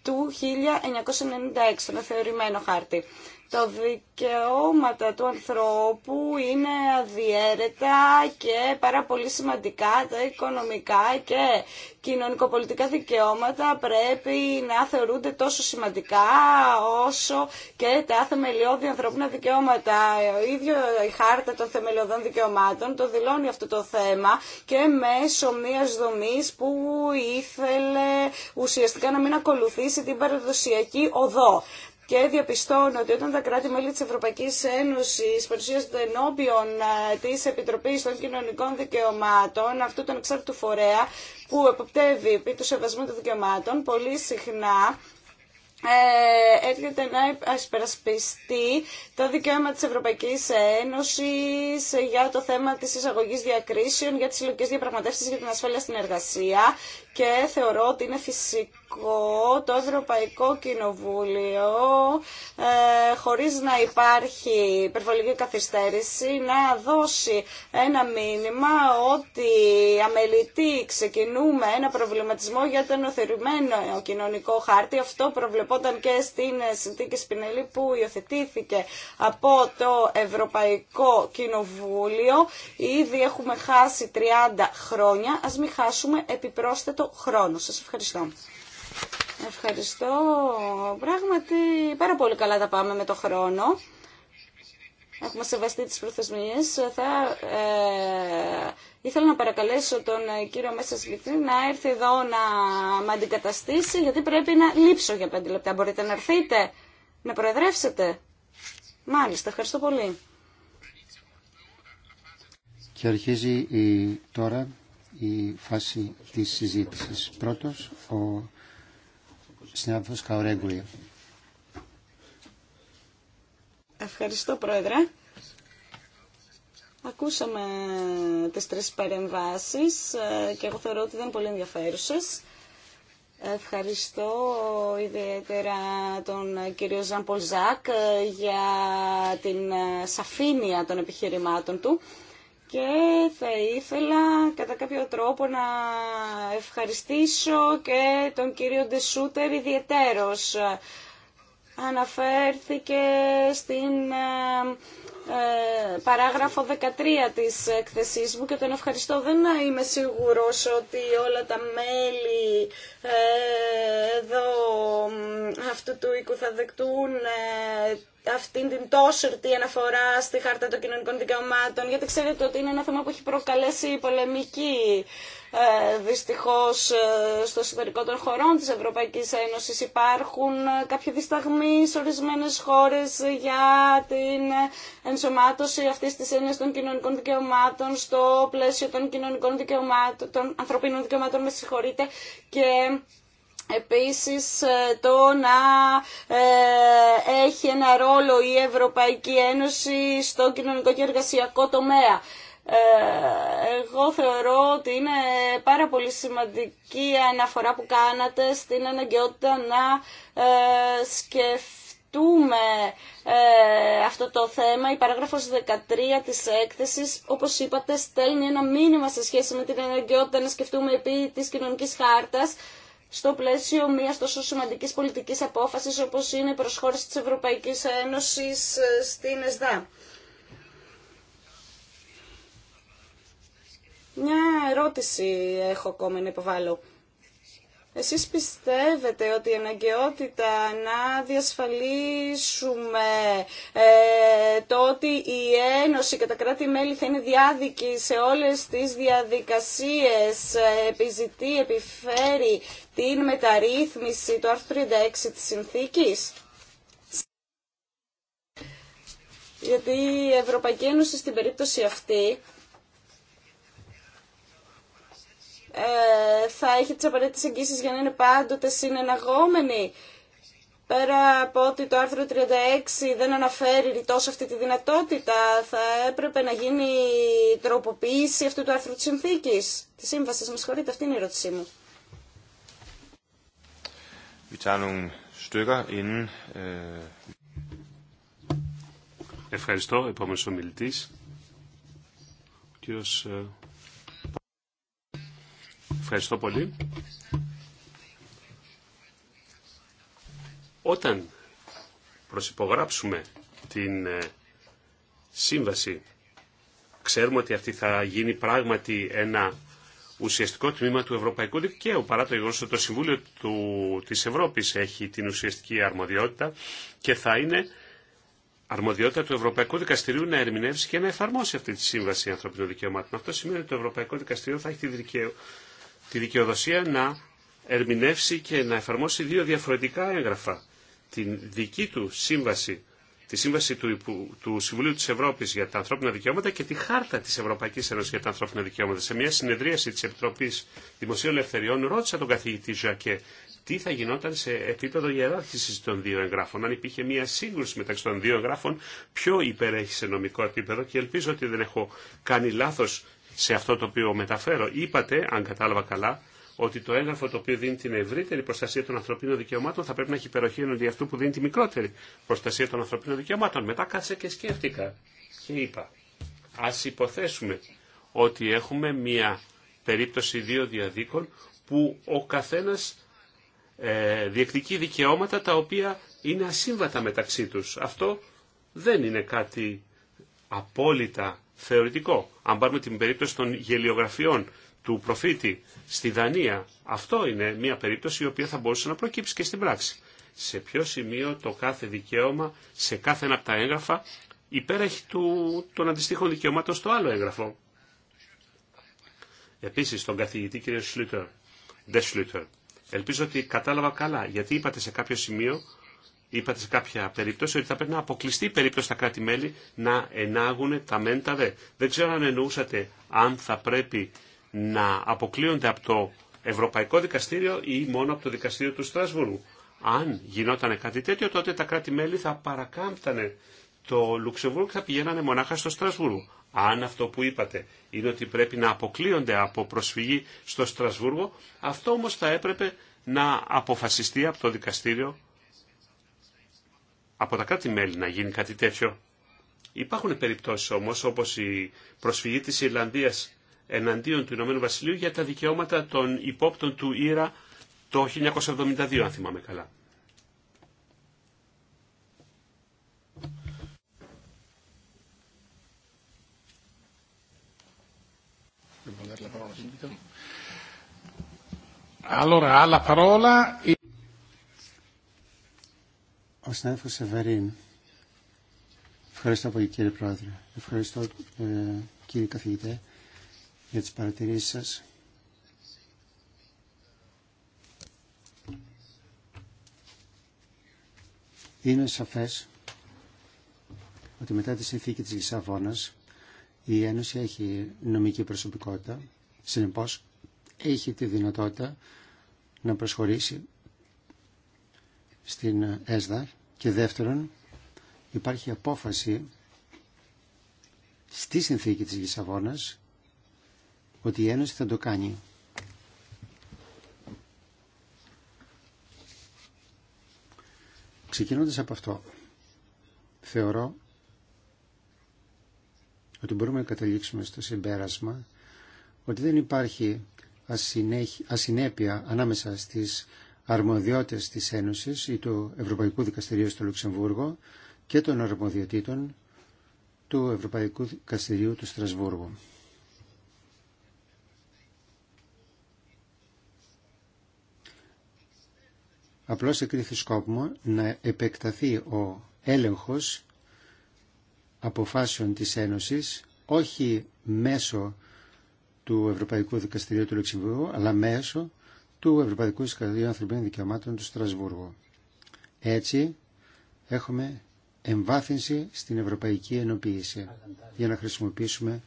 του 1996, τον θεωρημένο χάρτη τα δικαιώματα του ανθρώπου είναι αδιέρετα και πάρα πολύ σημαντικά τα οικονομικά και κοινωνικοπολιτικά δικαιώματα πρέπει να θεωρούνται τόσο σημαντικά όσο και τα θεμελιώδη ανθρώπινα δικαιώματα. Ο ίδιο η χάρτα των θεμελιωδών δικαιωμάτων το δηλώνει αυτό το θέμα και μέσω μία δομής που ήθελε ουσιαστικά να μην ακολουθήσει την παραδοσιακή οδό και διαπιστώνω ότι όταν τα κράτη-μέλη της Ευρωπαϊκής Ένωσης παρουσιάζονται ενώπιον ε, της Επιτροπής των Κοινωνικών Δικαιωμάτων, αυτού τον εξάρτητου φορέα που εποπτεύει επί του σεβασμού των δικαιωμάτων, πολύ συχνά ε, έρχεται να υπερασπιστεί το δικαίωμα της Ευρωπαϊκής Ένωσης για το θέμα της εισαγωγής διακρίσεων, για τις συλλογικές διαπραγματεύσεις για την ασφάλεια στην εργασία και θεωρώ ότι είναι φυσικό το Ευρωπαϊκό Κοινοβούλιο ε, χωρίς να υπάρχει υπερβολική καθυστέρηση να δώσει ένα μήνυμα ότι αμελητή ξεκινούμε ένα προβληματισμό για το ο κοινωνικό χάρτη. Αυτό προβλεπόταν και στην συνθήκη Σπινελή που υιοθετήθηκε από το Ευρωπαϊκό Κοινοβούλιο. Ήδη έχουμε χάσει 30 χρόνια. Ας μην χάσουμε επιπρόσθετο το χρόνο. Σας ευχαριστώ. Ευχαριστώ. Πράγματι, πάρα πολύ καλά τα πάμε με το χρόνο. Έχουμε σεβαστεί τις προθεσμίες. Θα, ε, ήθελα να παρακαλέσω τον κύριο Μέσα Συγκλητή να έρθει εδώ να με αντικαταστήσει, γιατί πρέπει να λείψω για πέντε λεπτά. Μπορείτε να έρθετε, να προεδρεύσετε. Μάλιστα, ευχαριστώ πολύ. Και αρχίζει η, τώρα η φάση της συζήτησης. Πρώτος, ο συνάδελφος Καορέγκουλη. Ευχαριστώ, Πρόεδρε. Ακούσαμε τις τρεις παρεμβάσεις ε, και εγώ θεωρώ ότι ήταν πολύ ενδιαφέρουσες. Ευχαριστώ ιδιαίτερα τον κύριο Ζαν Πολζάκ ε, για την ε, σαφήνεια των επιχειρημάτων του και θα ήθελα κατά κάποιο τρόπο να ευχαριστήσω και τον κύριο Ντεσούτερ ιδιαιτέρως. Αναφέρθηκε στην ε, ε, παράγραφο 13 της εκθεσής μου και τον ευχαριστώ. Δεν είμαι σίγουρος ότι όλα τα μέλη ε, εδώ αυτού του οίκου θα δεκτούν αυτήν την τόσορτη αναφορά στη Χάρτα των Κοινωνικών Δικαιωμάτων, γιατί ξέρετε ότι είναι ένα θέμα που έχει προκαλέσει πολεμική ε, δυστυχώς ε, στο εσωτερικό των χωρών της Ευρωπαϊκής Ένωσης υπάρχουν ε, κάποιοι δισταγμοί σε ορισμένες χώρες για την ενσωμάτωση αυτής της έννοιας των κοινωνικών δικαιωμάτων στο πλαίσιο των κοινωνικών δικαιωμάτων, των ανθρωπίνων δικαιωμάτων, με συγχωρείτε, και Επίσης ε, το να ε, έχει ένα ρόλο η Ευρωπαϊκή Ένωση στο κοινωνικό και εργασιακό τομέα. Ε, εγώ θεωρώ ότι είναι πάρα πολύ σημαντική αναφορά που κάνατε στην αναγκαιότητα να σκεφτούμε αυτό το θέμα. Η παράγραφος 13 της έκθεσης, όπως είπατε, στέλνει ένα μήνυμα σε σχέση με την αναγκαιότητα να σκεφτούμε επί της κοινωνικής χάρτας στο πλαίσιο μιας τόσο σημαντικής πολιτικής απόφασης όπως είναι η προσχώρηση της Ευρωπαϊκής Ένωσης ε, στην ΕΣΔΑ. Μια ερώτηση έχω ακόμα να υποβάλω. Εσείς πιστεύετε ότι η αναγκαιότητα να διασφαλίσουμε ε, το ότι η Ένωση και τα κράτη-μέλη θα είναι διάδικη σε όλες τις διαδικασίες, ε, επιζητεί, επιφέρει την μεταρρύθμιση του άρθρου 36 της συνθήκης. Γιατί η Ευρωπαϊκή Ένωση στην περίπτωση αυτή Ε, θα έχει τις απαραίτητες εγγύσεις για να είναι πάντοτε συνεναγόμενοι. Πέρα από ότι το άρθρο 36 δεν αναφέρει τόσο αυτή τη δυνατότητα, θα έπρεπε να γίνει τροποποίηση αυτού του άρθρου της συνθήκης, της σύμβαση Με συγχωρείτε, αυτή είναι η ερώτησή μου. Äh, Ευχαριστώ. Επόμενος ομιλητής, ο κύριος ε, Ευχαριστώ πολύ. Όταν προσυπογράψουμε την ε, σύμβαση, ξέρουμε ότι αυτή θα γίνει πράγματι ένα ουσιαστικό τμήμα του ευρωπαϊκού δικαίου, παρά το γεγονός ότι το Συμβούλιο του, της Ευρώπης έχει την ουσιαστική αρμοδιότητα και θα είναι αρμοδιότητα του Ευρωπαϊκού Δικαστηρίου να ερμηνεύσει και να εφαρμόσει αυτή τη σύμβαση ανθρωπίνων δικαιωμάτων. Αυτό σημαίνει ότι το Ευρωπαϊκό Δικαστήριο θα έχει τη δικαίωση τη δικαιοδοσία να ερμηνεύσει και να εφαρμόσει δύο διαφορετικά έγγραφα. Την δική του σύμβαση, τη σύμβαση του, του Συμβουλίου της Ευρώπης για τα ανθρώπινα δικαιώματα και τη χάρτα της Ευρωπαϊκής Ένωσης για τα ανθρώπινα δικαιώματα. Σε μια συνεδρίαση της Επιτροπής Δημοσίων Ελευθεριών ρώτησα τον καθηγητή Ζακέ τι θα γινόταν σε επίπεδο ιεράρχηση των δύο εγγράφων. Αν υπήρχε μία σύγκρουση μεταξύ των δύο εγγράφων, ποιο υπερέχει σε νομικό επίπεδο και ελπίζω ότι δεν έχω κάνει λάθο σε αυτό το οποίο μεταφέρω. Είπατε, αν κατάλαβα καλά, ότι το έγγραφο το οποίο δίνει την ευρύτερη προστασία των ανθρωπίνων δικαιωμάτων θα πρέπει να έχει υπεροχή ενώ αυτού που δίνει τη μικρότερη προστασία των ανθρωπίνων δικαιωμάτων. Μετά κάθισα και σκέφτηκα και είπα, α υποθέσουμε ότι έχουμε μια περίπτωση δύο διαδίκων που ο καθένα ε, διεκδικεί δικαιώματα τα οποία είναι ασύμβατα μεταξύ τους. Αυτό δεν είναι κάτι απόλυτα θεωρητικό. Αν πάρουμε την περίπτωση των γελιογραφιών του προφήτη στη Δανία, αυτό είναι μια περίπτωση η οποία θα μπορούσε να προκύψει και στην πράξη. Σε ποιο σημείο το κάθε δικαίωμα, σε κάθε ένα από τα έγγραφα, υπέρεχει του, των αντιστοίχων δικαιωμάτων στο άλλο έγγραφο. Επίσης, τον καθηγητή κ. Σλούτερ, ελπίζω ότι κατάλαβα καλά, γιατί είπατε σε κάποιο σημείο είπατε σε κάποια περίπτωση ότι θα πρέπει να αποκλειστεί η περίπτωση στα κράτη-μέλη να ενάγουν τα μεν τα δε. Δεν ξέρω αν εννοούσατε αν θα πρέπει να αποκλείονται από το Ευρωπαϊκό Δικαστήριο ή μόνο από το Δικαστήριο του Στρασβούργου. Αν γινόταν κάτι τέτοιο, τότε τα κράτη-μέλη θα παρακάμπτανε το Λουξεμβούργο και θα πηγαίνανε μονάχα στο Στρασβούργο. Αν αυτό που είπατε είναι ότι πρέπει να αποκλείονται από προσφυγή στο Στρασβούργο, αυτό όμως θα έπρεπε να αποφασιστεί από το Δικαστήριο από τα κράτη-μέλη να γίνει κάτι τέτοιο. Υπάρχουν περιπτώσεις όμως όπως η προσφυγή της Ιρλανδίας εναντίον του Ηνωμένου Βασιλείου για τα δικαιώματα των υπόπτων του Ήρα το 1972 αν θυμάμαι καλά. Allora, alla parola... Ο Σεβερίν. Ευχαριστώ πολύ κύριε Πρόεδρε. Ευχαριστώ ε, κύριε καθηγητέ για τις παρατηρήσεις σας. Είναι σαφές ότι μετά τη συνθήκη της Λισαβόνας η Ένωση έχει νομική προσωπικότητα, συνεπώς έχει τη δυνατότητα να προσχωρήσει στην ΕΣΔΑΡ. Και δεύτερον, υπάρχει απόφαση στη συνθήκη της Λισαβόνας ότι η Ένωση θα το κάνει. Ξεκινώντας από αυτό, θεωρώ ότι μπορούμε να καταλήξουμε στο συμπέρασμα ότι δεν υπάρχει ασυνέπεια ανάμεσα στις αρμοδιότητες της Ένωσης ή του Ευρωπαϊκού Δικαστηρίου στο Λουξεμβούργο και των αρμοδιοτήτων του Ευρωπαϊκού Δικαστηρίου του Στρασβούργου. Απλώς εκρίθη σκόπιμο να επεκταθεί ο έλεγχος αποφάσεων της Ένωσης όχι μέσω του Ευρωπαϊκού Δικαστηρίου του Λουξεμβούργου αλλά μέσω του Ευρωπαϊκού Συγκρατήριου Ανθρωπίνων Δικαιωμάτων του Στρασβούργου. Έτσι, έχουμε εμβάθυνση στην ευρωπαϊκή ενοποίηση για να χρησιμοποιήσουμε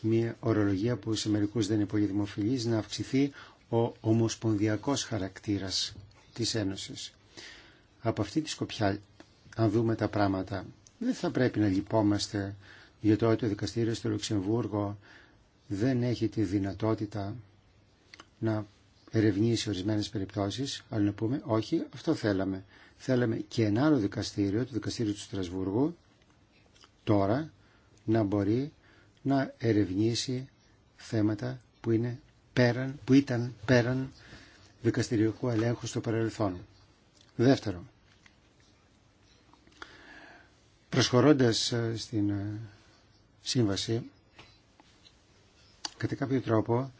μια ορολογία που σε μερικού δεν είναι πολύ δημοφιλής να αυξηθεί ο ομοσπονδιακός χαρακτήρας της Ένωσης. Από αυτή τη σκοπιά, αν δούμε τα πράγματα, δεν θα πρέπει να λυπόμαστε για το ότι το δικαστήριο στο Λουξεμβούργο δεν έχει τη δυνατότητα να ερευνήσει ορισμένε περιπτώσει, αλλά να πούμε όχι, αυτό θέλαμε. Θέλαμε και ένα άλλο δικαστήριο, το δικαστήριο του Στρασβούργου, τώρα να μπορεί να ερευνήσει θέματα που, είναι πέραν, που ήταν πέραν δικαστηριακού ελέγχου στο παρελθόν. Δεύτερο, προσχωρώντας ε, στην ε, σύμβαση, κατά κάποιο τρόπο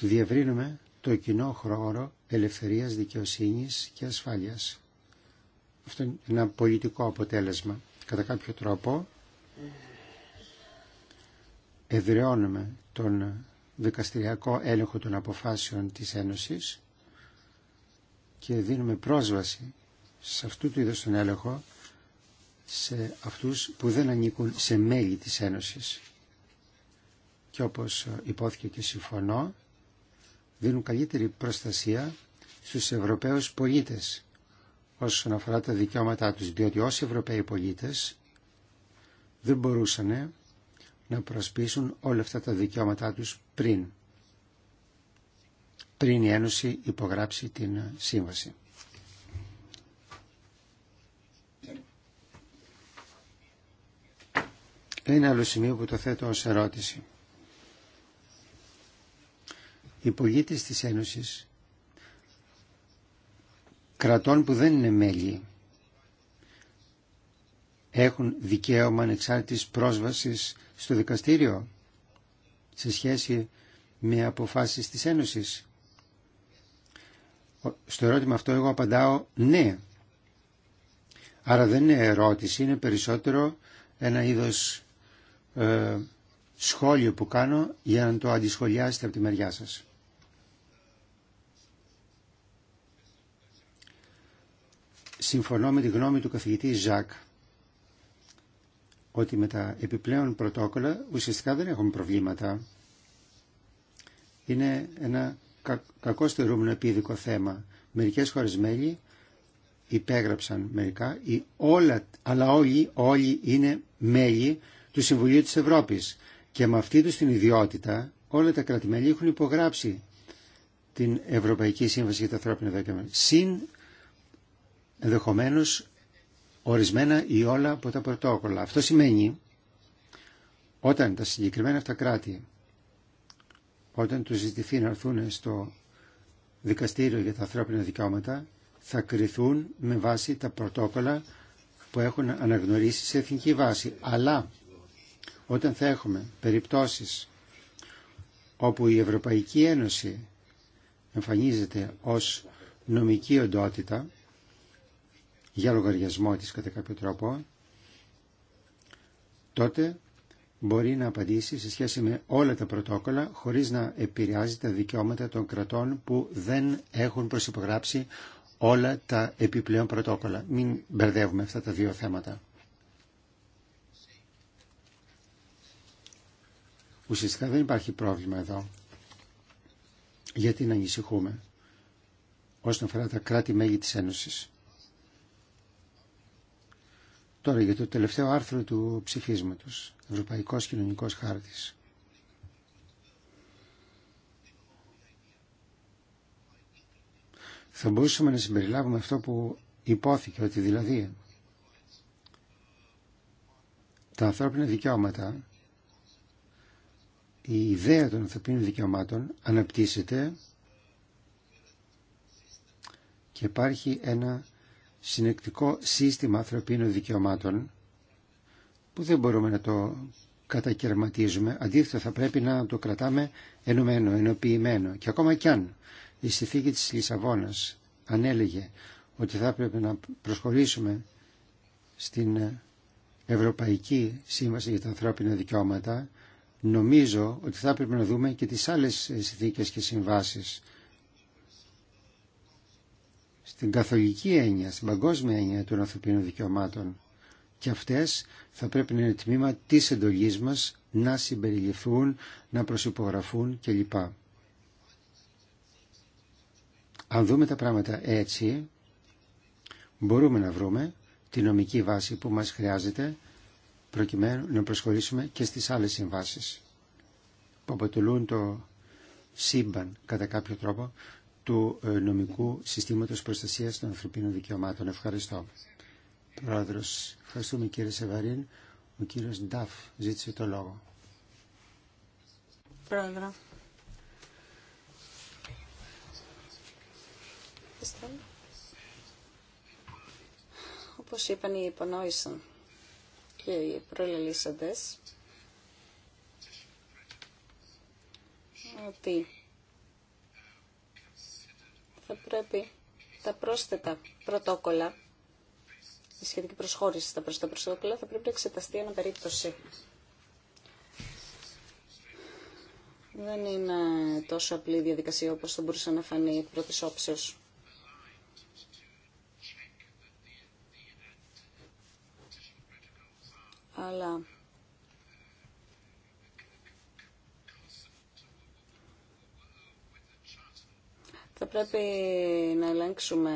διευρύνουμε το κοινό χώρο ελευθερίας, δικαιοσύνης και ασφάλειας. Αυτό είναι ένα πολιτικό αποτέλεσμα. Κατά κάποιο τρόπο ευρεώνουμε τον δικαστηριακό έλεγχο των αποφάσεων της Ένωσης και δίνουμε πρόσβαση σε αυτού του είδους τον έλεγχο σε αυτούς που δεν ανήκουν σε μέλη της Ένωσης. Και όπως υπόθηκε και συμφωνώ, δίνουν καλύτερη προστασία στους Ευρωπαίους πολίτες όσον αφορά τα δικαιώματά τους, διότι όσοι Ευρωπαίοι πολίτες δεν μπορούσαν να προσπίσουν όλα αυτά τα δικαιώματά τους πριν, πριν η Ένωση υπογράψει την σύμβαση. Ένα άλλο σημείο που το θέτω ως ερώτηση οι πολίτες της Ένωσης κρατών που δεν είναι μέλη έχουν δικαίωμα ανεξάρτητης πρόσβασης στο δικαστήριο σε σχέση με αποφάσεις της Ένωσης. Στο ερώτημα αυτό εγώ απαντάω ναι. Άρα δεν είναι ερώτηση, είναι περισσότερο ένα είδος ε, σχόλιο που κάνω για να το αντισχολιάσετε από τη μεριά σας. συμφωνώ με τη γνώμη του καθηγητή Ζακ ότι με τα επιπλέον πρωτόκολλα ουσιαστικά δεν έχουμε προβλήματα. Είναι ένα κακό στερούμενο επίδικο θέμα. Μερικές χώρες μέλη υπέγραψαν μερικά, ή όλα, αλλά όλοι, όλοι είναι μέλη του Συμβουλίου της Ευρώπης. Και με αυτή τους την ιδιότητα όλα τα κράτη-μέλη έχουν υπογράψει την Ευρωπαϊκή Σύμβαση για τα Ανθρώπινα Δικαιώματα. Συν Ενδεχομένω ορισμένα ή όλα από τα πρωτόκολλα. Αυτό σημαίνει όταν τα συγκεκριμένα αυτά κράτη όταν τους ζητηθεί να έρθουν στο δικαστήριο για τα ανθρώπινα δικαιώματα θα κριθούν με βάση τα πρωτόκολλα που έχουν αναγνωρίσει σε εθνική βάση. Αλλά όταν θα έχουμε περιπτώσεις όπου η Ευρωπαϊκή Ένωση εμφανίζεται ως νομική οντότητα για λογαριασμό της κατά κάποιο τρόπο, τότε μπορεί να απαντήσει σε σχέση με όλα τα πρωτόκολλα χωρίς να επηρεάζει τα δικαιώματα των κρατών που δεν έχουν προσυπογράψει όλα τα επιπλέον πρωτόκολλα. Μην μπερδεύουμε αυτά τα δύο θέματα. Ουσιαστικά δεν υπάρχει πρόβλημα εδώ. Γιατί να ανησυχούμε όσον αφορά τα κράτη-μέλη της Ένωσης. Τώρα για το τελευταίο άρθρο του ψηφίσματος, Ευρωπαϊκός Κοινωνικός Χάρτης. Θα μπορούσαμε να συμπεριλάβουμε αυτό που υπόθηκε, ότι δηλαδή τα ανθρώπινα δικαιώματα, η ιδέα των ανθρωπίνων δικαιωμάτων αναπτύσσεται και υπάρχει ένα συνεκτικό σύστημα ανθρωπίνων δικαιωμάτων που δεν μπορούμε να το κατακαιρματίζουμε. Αντίθετα θα πρέπει να το κρατάμε ενωμένο, ενωποιημένο. Και ακόμα κι αν η συνθήκη της Λισαβόνας ανέλεγε ότι θα πρέπει να προσχωρήσουμε στην Ευρωπαϊκή Σύμβαση για τα Ανθρώπινα Δικαιώματα, νομίζω ότι θα πρέπει να δούμε και τις άλλες συνθήκες και συμβάσεις στην καθολική έννοια, στην παγκόσμια έννοια των ανθρωπίνων δικαιωμάτων. Και αυτές θα πρέπει να είναι τμήμα της εντολής μας να συμπεριληφθούν, να προσυπογραφούν κλπ. Αν δούμε τα πράγματα έτσι, μπορούμε να βρούμε τη νομική βάση που μας χρειάζεται προκειμένου να προσχωρήσουμε και στις άλλες συμβάσεις που αποτελούν το σύμπαν κατά κάποιο τρόπο του ε, νομικού συστήματος προστασίας των ανθρωπίνων δικαιωμάτων. Ευχαριστώ. Πρόεδρος, ευχαριστούμε κύριε Σεβαρίν. Ο κύριος Νταφ ζήτησε το λόγο. Πρόεδρο. Όπως είπαν οι υπονόησαν και οι προελελήσαντες ότι θα πρέπει τα πρόσθετα πρωτόκολλα, η σχετική προσχώρηση στα πρόσθετα πρωτόκολλα, θα πρέπει να εξεταστεί ένα περίπτωση. Δεν είναι τόσο απλή η διαδικασία όπως θα μπορούσε να φανεί εκ πρώτης όψεως. Αλλά θα πρέπει να ελέγξουμε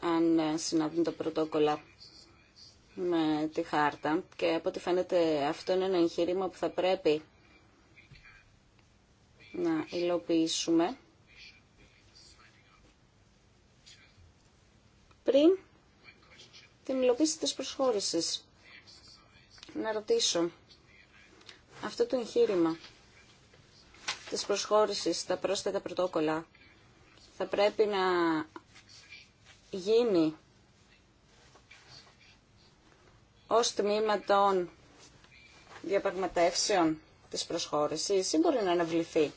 αν συναντούν τα πρωτόκολλα με τη χάρτα και από ό,τι φαίνεται αυτό είναι ένα εγχείρημα που θα πρέπει να υλοποιήσουμε πριν την υλοποίηση της προσχώρησης. Να ρωτήσω, αυτό το εγχείρημα της προσχώρησης τα πρόσθετα πρωτόκολλα θα πρέπει να γίνει ως τμήμα των διαπραγματεύσεων της προσχώρησης ή μπορεί να αναβληθεί.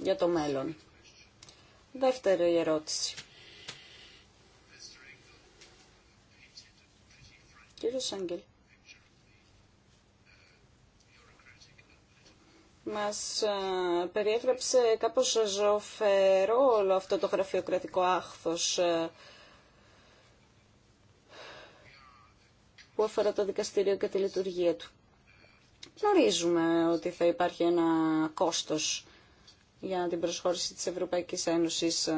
για το μέλλον. Δεύτερη ερώτηση. Κύριο Σάγγελ, μας ε, περιέγραψε κάπως ζωφερό όλο αυτό το γραφειοκρατικό άχθος ε, που αφορά το δικαστήριο και τη λειτουργία του. Γνωρίζουμε ότι θα υπάρχει ένα κόστος για την προσχώρηση της Ευρωπαϊκής Ένωσης ε,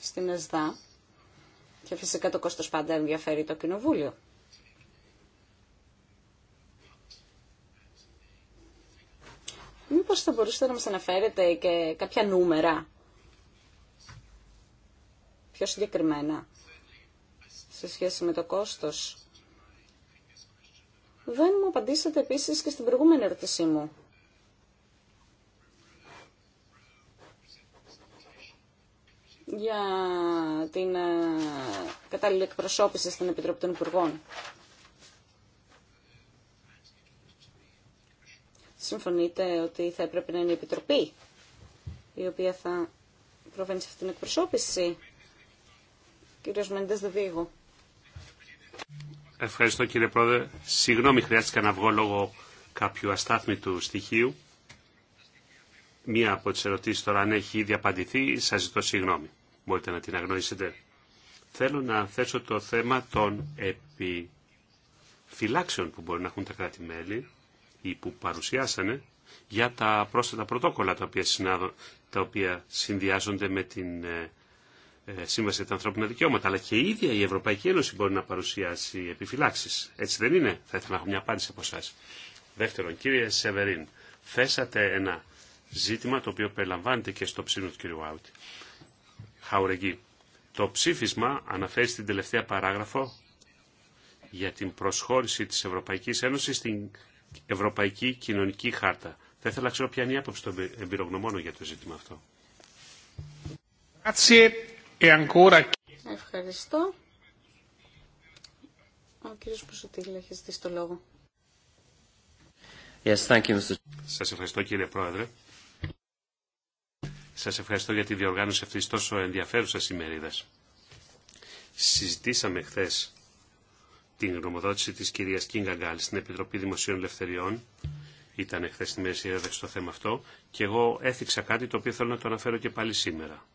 στην ΕΣΔΑ και φυσικά το κόστος πάντα ενδιαφέρει το Κοινοβούλιο. Μήπως θα μπορούσατε να μας αναφέρετε και κάποια νούμερα, πιο συγκεκριμένα, σε σχέση με το κόστος. Δεν μου απαντήσατε επίσης και στην προηγούμενη ερώτησή μου. για την ε, κατάλληλη εκπροσώπηση στην Επιτροπή των Υπουργών. συμφωνείτε ότι θα έπρεπε να είναι η Επιτροπή η οποία θα προβαίνει σε αυτήν την εκπροσώπηση. Μέντε, δεν Δεβίγου. Ευχαριστώ κύριε Πρόεδρε. Συγγνώμη χρειάστηκα να βγω λόγω κάποιου αστάθμητου στοιχείου. Μία από τι ερωτήσει τώρα αν έχει ήδη απαντηθεί, σας ζητώ συγγνώμη. Μπορείτε να την αγνοήσετε. Θέλω να θέσω το θέμα των επιφυλάξεων που μπορεί να έχουν τα κράτη-μέλη ή που παρουσιάσανε για τα πρόσθετα πρωτόκολλα τα οποία, τα οποία συνδυάζονται με την ε, ε, Σύμβαση για τα Ανθρώπινα Δικαιώματα. Αλλά και η ίδια η Ευρωπαϊκή Ένωση μπορεί να παρουσιάσει επιφυλάξει. Έτσι δεν είναι. Θα ήθελα να έχω μια απάντηση από εσά. Δεύτερον, κύριε Σεβερίν, θέσατε ένα ζήτημα το οποίο περιλαμβάνεται και στο ψήφισμα του κύριου Άουτ. Χαουρεγγί. Το ψήφισμα αναφέρει στην τελευταία παράγραφο για την προσχώρηση της Ευρωπαϊκής Ένωσης στην Ευρωπαϊκή Κοινωνική Χάρτα. Θα ήθελα να ξέρω ποια είναι η άποψη των εμπειρογνωμόνων για το ζήτημα αυτό. E ευχαριστώ. Ο κύριος Πουσουτήλ έχει ζητήσει το λόγο. Yes, thank you, Mr. Σας ευχαριστώ κύριε Πρόεδρε. Σας ευχαριστώ για τη διοργάνωση αυτής τόσο ενδιαφέρουσας ημερίδας. Συζητήσαμε χθες την γνωμοδότηση της κυρίας Κίνγκα Γκάλ στην Επιτροπή Δημοσίων Ελευθεριών. Ήταν χθε τη μέση έδεξη το θέμα αυτό και εγώ έθιξα κάτι το οποίο θέλω να το αναφέρω και πάλι σήμερα.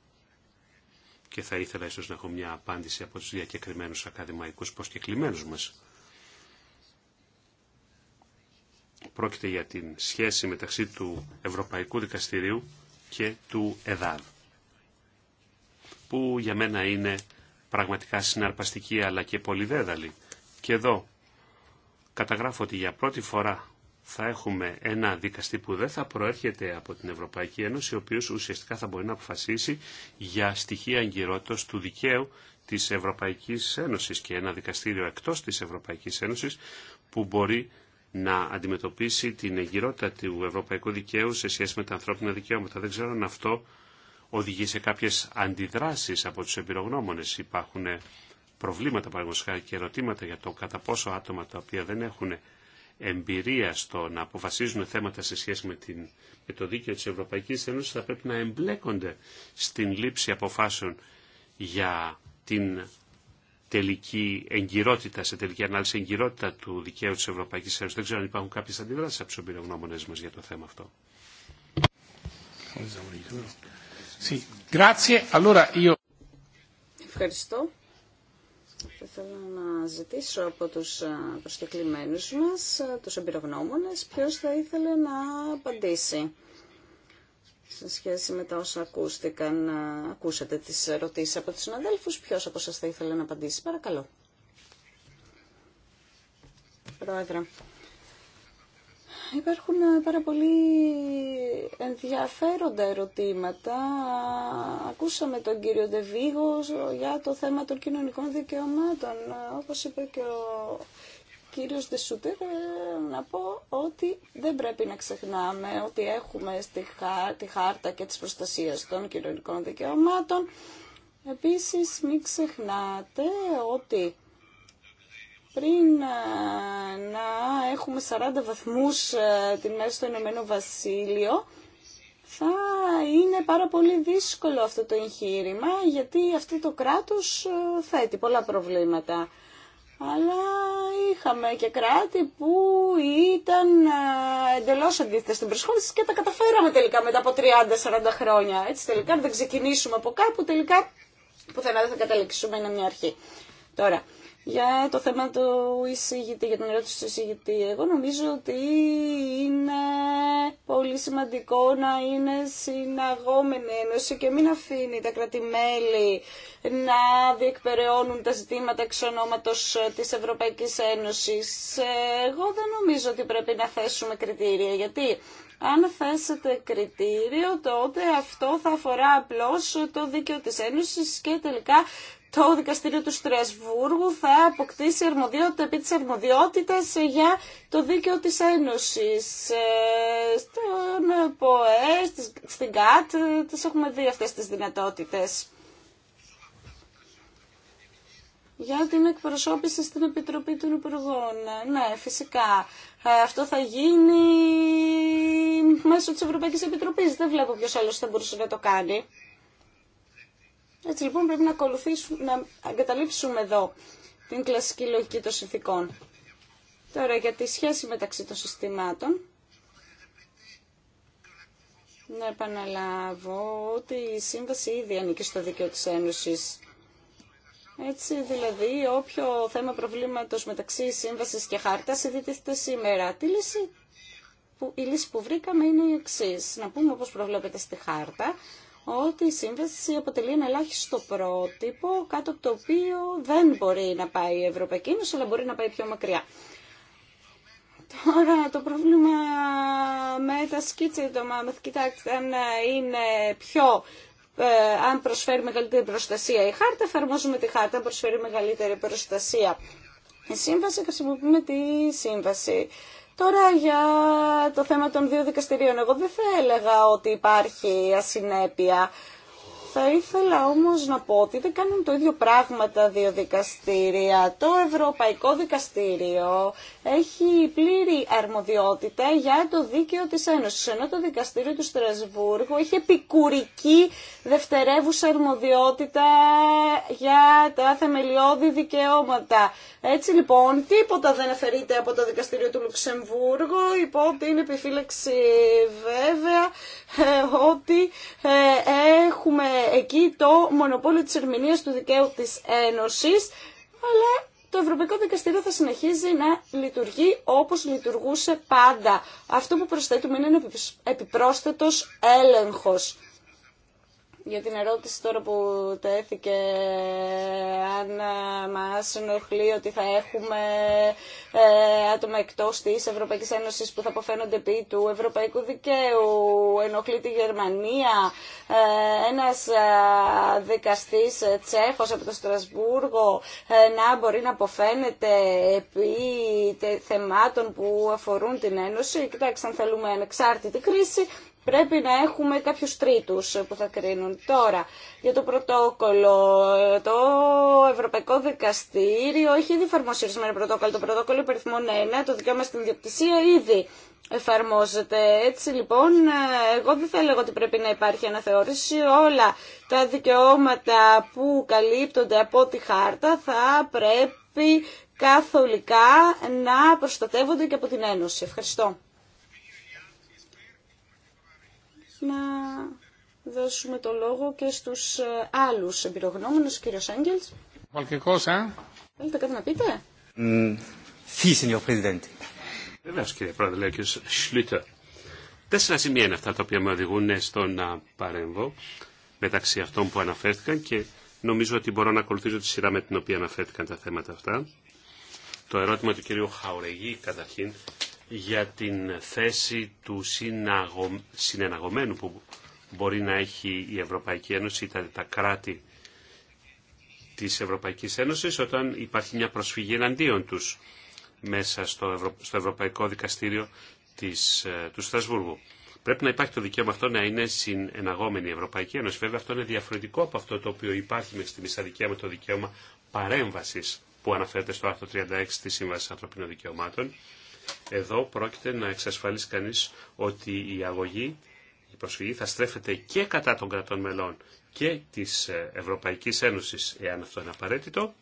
Και θα ήθελα ίσως να έχω μια απάντηση από τους διακεκριμένους ακαδημαϊκούς προσκεκλημένους μας. Πρόκειται για την σχέση μεταξύ του Ευρωπαϊκού Δικαστηρίου και του ΕΔΑΔ, που για μένα είναι πραγματικά συναρπαστική αλλά και πολυδέδαλη. Και εδώ καταγράφω ότι για πρώτη φορά θα έχουμε ένα δικαστή που δεν θα προέρχεται από την Ευρωπαϊκή Ένωση, ο οποίος ουσιαστικά θα μπορεί να αποφασίσει για στοιχεία αγκυρότητας του δικαίου της Ευρωπαϊκής Ένωσης και ένα δικαστήριο εκτός της Ευρωπαϊκής Ένωσης που μπορεί να αντιμετωπίσει την εγκυρότητα του ευρωπαϊκού δικαίου σε σχέση με τα ανθρώπινα δικαιώματα. Δεν ξέρω αν αυτό οδηγεί σε κάποιες αντιδράσεις από τους εμπειρογνώμονες. Υπάρχουν προβλήματα παραγωγικά και ερωτήματα για το κατά πόσο άτομα τα οποία δεν έχουν εμπειρία στο να αποφασίζουν θέματα σε σχέση με, την, με το δίκαιο της Ευρωπαϊκής Ένωσης θα πρέπει να εμπλέκονται στην λήψη αποφάσεων για την τελική εγκυρότητα, σε τελική ανάλυση εγκυρότητα του δικαίου της Ευρωπαϊκής Ένωσης. Δεν ξέρω αν υπάρχουν κάποιες αντιδράσεις από τους εμπειρογνώμονες μας για το θέμα αυτό. Ευχαριστώ. Θα ήθελα να ζητήσω από τους ε, προσκεκλημένους μας, ε, τους εμπειρογνώμονες, ποιος θα ήθελε να απαντήσει σε σχέση με τα όσα ακούστηκαν, ε, ακούσατε τις ερωτήσεις από τους συναδέλφους, ποιος από σας θα ήθελε να απαντήσει. Παρακαλώ. Πρόεδρε, Υπάρχουν ε, πάρα πολύ ενδιαφέροντα ερωτήματα. Ακούσαμε τον κύριο Ντεβίγο ε, για το θέμα των κοινωνικών δικαιωμάτων. Ε, όπως είπε και ο κύριος Ντεσούτερ, να πω ότι δεν πρέπει να ξεχνάμε ότι έχουμε στη τη χάρτα και της προστασίας των κοινωνικών δικαιωμάτων. Επίσης, μην ξεχνάτε ότι πριν ε, να έχουμε 40 βαθμούς ε, τη μέση στο Ηνωμένο Βασίλειο, θα είναι πάρα πολύ δύσκολο αυτό το εγχείρημα, γιατί αυτό το κράτος ε, θέτει πολλά προβλήματα. Αλλά είχαμε και κράτη που ήταν εντελώ αντίθετα στην προσχώρηση και τα καταφέραμε τελικά μετά από 30-40 χρόνια. Έτσι τελικά δεν ξεκινήσουμε από κάπου, τελικά πουθενά δεν θα καταλήξουμε, είναι μια αρχή. Τώρα, για το θέμα του εισηγητή, για την ερώτηση του εισηγητή. Εγώ νομίζω ότι είναι πολύ σημαντικό να είναι συναγόμενη ένωση και μην αφήνει τα κρατημέλη να διεκπεραιώνουν τα ζητήματα εξ ονόματος της Ευρωπαϊκής Ένωσης. Εγώ δεν νομίζω ότι πρέπει να θέσουμε κριτήρια, γιατί αν θέσετε κριτήριο, τότε αυτό θα αφορά απλώς το δίκαιο της Ένωσης και τελικά το δικαστήριο του Στρασβούργου θα αποκτήσει αρμοδιότητα επί της αρμοδιότητας ε, για το δίκαιο της Ένωσης. Ε, στον ε, ΠΟΕ, στην ΚΑΤ, τις έχουμε δει αυτές τις δυνατότητες. Για την εκπροσώπηση στην Επιτροπή των Υπουργών. Ναι, φυσικά. Αυτό θα γίνει μέσω της Ευρωπαϊκής Επιτροπής. Δεν βλέπω ποιος άλλος θα μπορούσε να το κάνει. Έτσι λοιπόν πρέπει να ακολουθήσουμε, να εγκαταλείψουμε εδώ την κλασική λογική των συνθήκων. Τώρα για τη σχέση μεταξύ των συστημάτων. Να επαναλάβω ότι η σύμβαση ήδη ανήκει στο δίκαιο της Ένωσης. Έτσι δηλαδή όποιο θέμα προβλήματος μεταξύ σύμβασης και χάρτας ειδητήθηκε σήμερα. Τη λύση που, η λύση που βρήκαμε είναι η εξή. Να πούμε όπως προβλέπετε στη χάρτα ότι η σύμβαση αποτελεί ένα ελάχιστο πρότυπο, κάτω από το οποίο δεν μπορεί να πάει η Ευρωπαϊκή Ένωση, αλλά μπορεί να πάει πιο μακριά. Τώρα το πρόβλημα με τα σκίτσια, κοιτάξτε, αν είναι πιο ε, αν προσφέρει μεγαλύτερη προστασία η χάρτα, εφαρμόζουμε τη χάρτα, αν προσφέρει μεγαλύτερη προστασία η σύμβαση, χρησιμοποιούμε τη σύμβαση. Τώρα για το θέμα των δύο δικαστηρίων. Εγώ δεν θα έλεγα ότι υπάρχει ασυνέπεια. Θα ήθελα όμως να πω ότι δεν κάνουν το ίδιο πράγμα τα δύο δικαστήρια. Το Ευρωπαϊκό Δικαστήριο έχει πλήρη αρμοδιότητα για το δίκαιο της Ένωσης, ενώ το δικαστήριο του Στρασβούργου έχει επικουρική δευτερεύουσα αρμοδιότητα για τα θεμελιώδη δικαιώματα. Έτσι λοιπόν, τίποτα δεν αφαιρείται από το δικαστήριο του Λουξεμβούργου, υπό την επιφύλαξη βέβαια ε, ότι ε, έχουμε εκεί το μονοπόλιο της ερμηνείας του δικαίου της Ένωσης, αλλά το Ευρωπαϊκό Δικαστήριο θα συνεχίζει να λειτουργεί όπως λειτουργούσε πάντα. Αυτό που προσθέτουμε είναι ένα επιπρόσθετος έλεγχος για την ερώτηση τώρα που τέθηκε αν ε, μας ενοχλεί ότι θα έχουμε ε, άτομα εκτός της Ευρωπαϊκής Ένωσης που θα αποφαίνονται επί του Ευρωπαϊκού Δικαίου, ενοχλεί τη Γερμανία, ε, ένας δικαστής Τσέχος από το Στρασβούργο να μπορεί να αποφαίνεται επί θεμάτων που αφορούν την Ένωση. Κοιτάξτε, αν θέλουμε ανεξάρτητη κρίση, πρέπει να έχουμε κάποιους τρίτους που θα κρίνουν. Τώρα, για το πρωτόκολλο, το Ευρωπαϊκό Δικαστήριο έχει ήδη εφαρμόσει ορισμένα πρωτόκολλα. Το πρωτόκολλο υπεριθμών 1, το δικαίωμα στην ιδιοκτησία ήδη εφαρμόζεται. Έτσι λοιπόν, εγώ δεν θα έλεγα ότι πρέπει να υπάρχει αναθεώρηση. Όλα τα δικαιώματα που καλύπτονται από τη χάρτα θα πρέπει καθολικά να προστατεύονται και από την Ένωση. Ευχαριστώ. να δώσουμε το λόγο και στους ε, άλλους εμπειρογνώμενους, κύριο ε. Θέλετε κάτι να πείτε. Βεβαίως κύριε Πρόεδρε, λέει ο Τέσσερα σημεία είναι αυτά τα οποία με οδηγούν στο να παρέμβω μεταξύ αυτών που αναφέρθηκαν και νομίζω ότι μπορώ να ακολουθήσω τη σειρά με την οποία αναφέρθηκαν τα θέματα αυτά. Το ερώτημα του κυρίου Χαουρεγή καταρχήν για την θέση του συναγω... συνεναγωμένου που μπορεί να έχει η Ευρωπαϊκή Ένωση ή τα, τα κράτη της Ευρωπαϊκής Ένωσης όταν υπάρχει μια προσφυγή εναντίον τους μέσα στο, στο Ευρωπαϊκό Δικαστήριο της... Ε, του Στρασβούργου. Πρέπει να υπάρχει το δικαίωμα αυτό να είναι συνεναγόμενη η Ευρωπαϊκή Ένωση. Βέβαια αυτό είναι διαφορετικό από αυτό το οποίο υπάρχει με στιγμή στα δικαιωμα το δικαίωμα παρέμβασης που αναφέρεται στο άρθρο 36 της Σύμβασης Ανθρωπίνων Δικαιωμάτων εδώ πρόκειται να εξασφαλίσει κανείς ότι η αγωγή, η προσφυγή θα στρέφεται και κατά των κρατών μελών και της ε, Ευρωπαϊκής Ένωσης, εάν αυτό είναι απαραίτητο.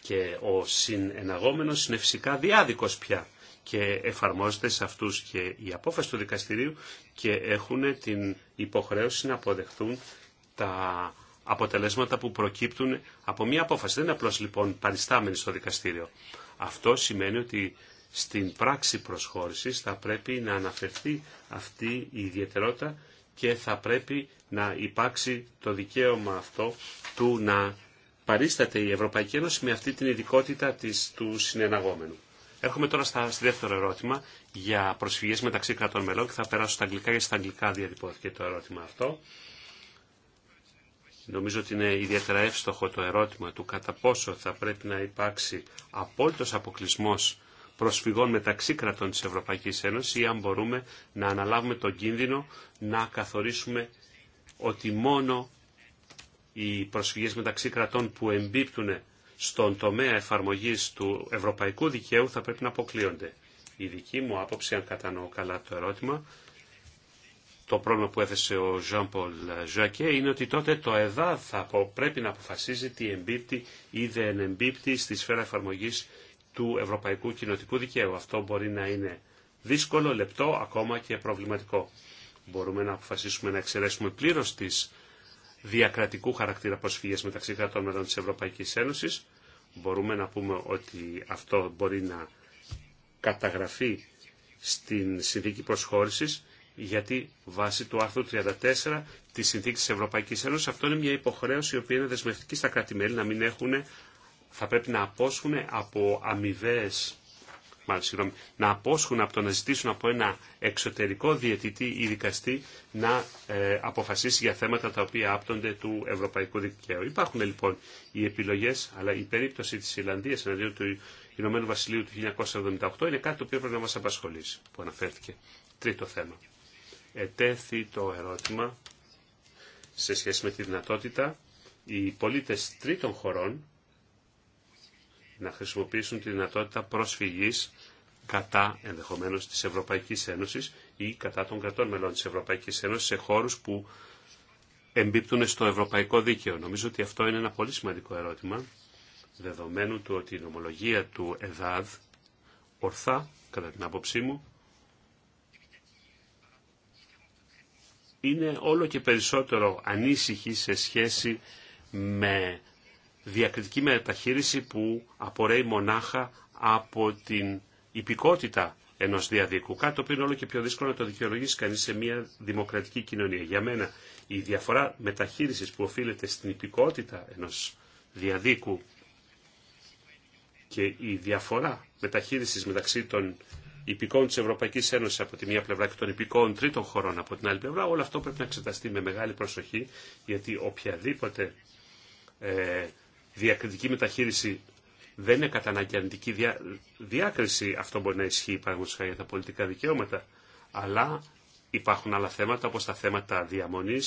Και ο συνεναγόμενος είναι φυσικά διάδικος πια και εφαρμόζεται σε αυτούς και η απόφαση του δικαστηρίου και έχουν την υποχρέωση να αποδεχθούν τα αποτελέσματα που προκύπτουν από μία απόφαση. Δεν είναι απλώς λοιπόν παριστάμενοι στο δικαστήριο. Αυτό σημαίνει ότι στην πράξη προσχώρησης θα πρέπει να αναφερθεί αυτή η ιδιαιτερότητα και θα πρέπει να υπάρξει το δικαίωμα αυτό του να παρίσταται η Ευρωπαϊκή Ένωση με αυτή την ειδικότητα της, του συνεναγόμενου. Έρχομαι τώρα στα, στη δεύτερο ερώτημα για προσφυγές μεταξύ κρατών μελών και θα περάσω στα αγγλικά γιατί στα αγγλικά διατυπώθηκε το ερώτημα αυτό. Νομίζω ότι είναι ιδιαίτερα εύστοχο το ερώτημα του κατά πόσο θα πρέπει να υπάρξει απόλυτος αποκλεισμό προσφυγών μεταξύ κρατών της Ευρωπαϊκής Ένωσης ή αν μπορούμε να αναλάβουμε τον κίνδυνο να καθορίσουμε ότι μόνο οι προσφυγές μεταξύ κρατών που εμπίπτουν στον τομέα εφαρμογής του ευρωπαϊκού δικαίου θα πρέπει να αποκλείονται. Η δική μου άποψη, αν κατανοώ καλά το ερώτημα, το πρόβλημα που έθεσε ο Ζαν Πολ Ζακέ είναι ότι τότε το ΕΔΑ θα πρέπει να αποφασίζει τι εμπίπτει ή δεν εμπίπτει στη σφαίρα εφαρμογή του Ευρωπαϊκού Κοινοτικού Δικαίου. Αυτό μπορεί να είναι δύσκολο, λεπτό, ακόμα και προβληματικό. Μπορούμε να αποφασίσουμε να εξαιρέσουμε πλήρω τι διακρατικού χαρακτήρα προσφυγέ μεταξύ κρατών μελών τη Ευρωπαϊκή Ένωση. Μπορούμε να πούμε ότι αυτό μπορεί να καταγραφεί στην συνθήκη προσχώρησης γιατί βάσει του άρθρου 34 της Συνθήκης της Ευρωπαϊκής Ένωσης αυτό είναι μια υποχρέωση η οποία είναι δεσμευτική στα κράτη-μέλη να μην έχουν, θα πρέπει να απόσχουν από μάλλον, Συγγνώμη, να απόσχουν από το να ζητήσουν από ένα εξωτερικό διαιτητή ή δικαστή να ε, αποφασίσει για θέματα τα οποία άπτονται του ευρωπαϊκού δικαίου. Υπάρχουν λοιπόν οι επιλογες αλλά η περίπτωση τη ιλλανδιας εναντίον του Ηνωμένου Βασιλείου του 1978 είναι κάτι το οποίο πρέπει να μα απασχολήσει, που αναφέρθηκε. Τρίτο θέμα ετέθη το ερώτημα σε σχέση με τη δυνατότητα οι πολίτες τρίτων χωρών να χρησιμοποιήσουν τη δυνατότητα προσφυγής κατά ενδεχομένως της Ευρωπαϊκής Ένωσης ή κατά των κρατών μελών της Ευρωπαϊκής Ένωσης σε χώρους που εμπίπτουν στο ευρωπαϊκό δίκαιο. Νομίζω ότι αυτό είναι ένα πολύ σημαντικό ερώτημα, δεδομένου του ότι η νομολογία του ΕΔΑΔ ορθά, κατά την άποψή μου, είναι όλο και περισσότερο ανήσυχη σε σχέση με διακριτική μεταχείριση που απορρέει μονάχα από την υπηκότητα ενός διαδίκου, κάτι το οποίο είναι όλο και πιο δύσκολο να το δικαιολογήσει κανείς σε μια δημοκρατική κοινωνία. Για μένα η διαφορά μεταχείρισης που οφείλεται στην υπηκότητα ενός διαδίκου και η διαφορά μεταχείρισης μεταξύ των υπηκών τη Ευρωπαϊκή Ένωση από τη μία πλευρά και των υπηκών τρίτων χωρών από την άλλη πλευρά, όλο αυτό πρέπει να εξεταστεί με μεγάλη προσοχή, γιατί οποιαδήποτε ε, διακριτική μεταχείριση δεν είναι κατά διά, διάκριση. Αυτό μπορεί να ισχύει, παραδείγματος για τα πολιτικά δικαιώματα, αλλά υπάρχουν άλλα θέματα, όπω τα θέματα διαμονή.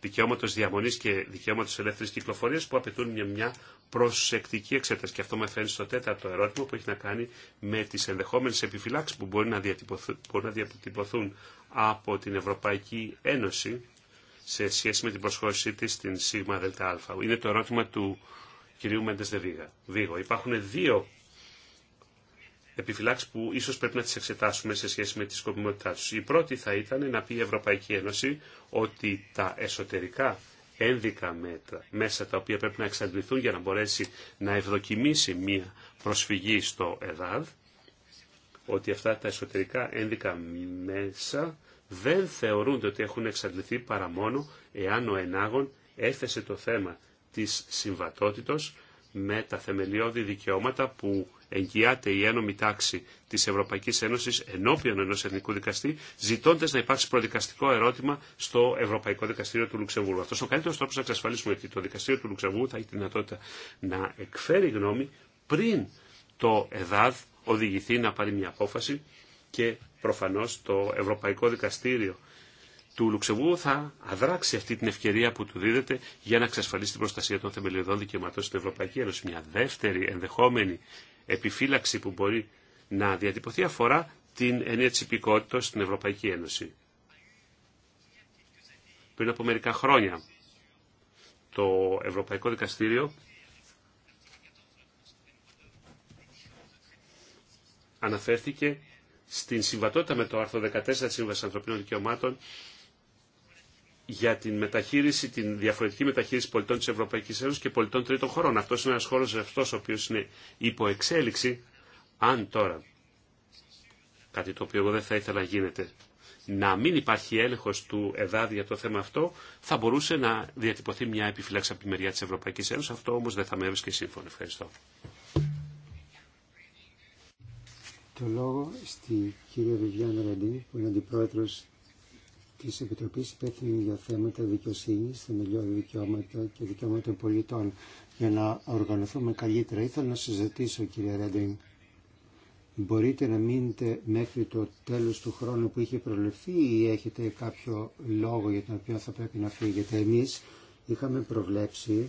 Δικαιώματο διαμονής και δικαιώματο Ελεύθερη κυκλοφορίας που απαιτούν μια, μια προσεκτική εξέταση. Και αυτό με φέρνει στο τέταρτο ερώτημα που έχει να κάνει με τις ενδεχόμενες επιφυλάξεις που μπορεί να διατυπωθούν, να διατυπωθούν από την Ευρωπαϊκή Ένωση σε σχέση με την προσχώρησή της στην ΣΥΓΜΑ Είναι το ερώτημα του κυρίου Μέντες Δεβίγα. Υπάρχουν δύο επιφυλάξει που ίσω πρέπει να τι εξετάσουμε σε σχέση με τη σκοπιμότητά του. Η πρώτη θα ήταν να πει η Ευρωπαϊκή Ένωση ότι τα εσωτερικά ένδικα μέτρα, μέσα τα οποία πρέπει να εξαντληθούν για να μπορέσει να ευδοκιμήσει μία προσφυγή στο ΕΔΑΔ, ότι αυτά τα εσωτερικά ένδικα μέσα δεν θεωρούνται ότι έχουν εξαντληθεί παρά μόνο εάν ο ενάγων έθεσε το θέμα της συμβατότητος με τα θεμελιώδη δικαιώματα που εγγυάται η ένωμη τάξη της Ευρωπαϊκής Ένωσης ενώπιον ενός εθνικού δικαστή, ζητώντας να υπάρξει προδικαστικό ερώτημα στο Ευρωπαϊκό Δικαστήριο του Λουξεμβούργου. Αυτός ο καλύτερο τρόπο να εξασφαλίσουμε ότι το Δικαστήριο του Λουξεμβούργου θα έχει τη δυνατότητα να εκφέρει γνώμη πριν το ΕΔΑΔ οδηγηθεί να πάρει μια απόφαση και προφανώς το Ευρωπαϊκό Δικαστήριο του Λουξεμβούργου θα αδράξει αυτή την ευκαιρία που του δίδεται για να εξασφαλίσει την προστασία των θεμελιωδών δικαιωμάτων στην Ευρωπαϊκή Ένωση. Μια δεύτερη ενδεχόμενη επιφύλαξη που μπορεί να διατυπωθεί αφορά την έννοια της στην Ευρωπαϊκή Ένωση. Πριν από μερικά χρόνια το Ευρωπαϊκό Δικαστήριο αναφέρθηκε στην συμβατότητα με το άρθρο 14 της Σύμβασης Ανθρωπίνων Δικαιωμάτων για την μεταχείριση, την διαφορετική μεταχείριση πολιτών της Ευρωπαϊκής Ένωσης και πολιτών τρίτων χωρών. Αυτός είναι ένας χώρος αυτός ο οποίος είναι υπό εξέλιξη, αν τώρα, κάτι το οποίο εγώ δεν θα ήθελα γίνεται, να μην υπάρχει έλεγχος του ΕΔΑΔ για το θέμα αυτό, θα μπορούσε να διατυπωθεί μια επιφυλάξη από τη μεριά της Ευρωπαϊκής Ένωσης. Αυτό όμως δεν θα με έβρισκε σύμφωνο. Ευχαριστώ. Το λόγο στην κυρία τη Επιτροπή υπεύθυνη για θέματα Δικαιοσύνη, θεμελιώδη δικαιώματα και δικαιώματα των πολιτών για να οργανωθούμε καλύτερα. Ήθελα να συζητήσω, κύριε Ρέντινγκ, μπορείτε να μείνετε μέχρι το τέλο του χρόνου που είχε προληφθεί ή έχετε κάποιο λόγο για τον οποίο θα πρέπει να φύγετε. Εμεί είχαμε προβλέψει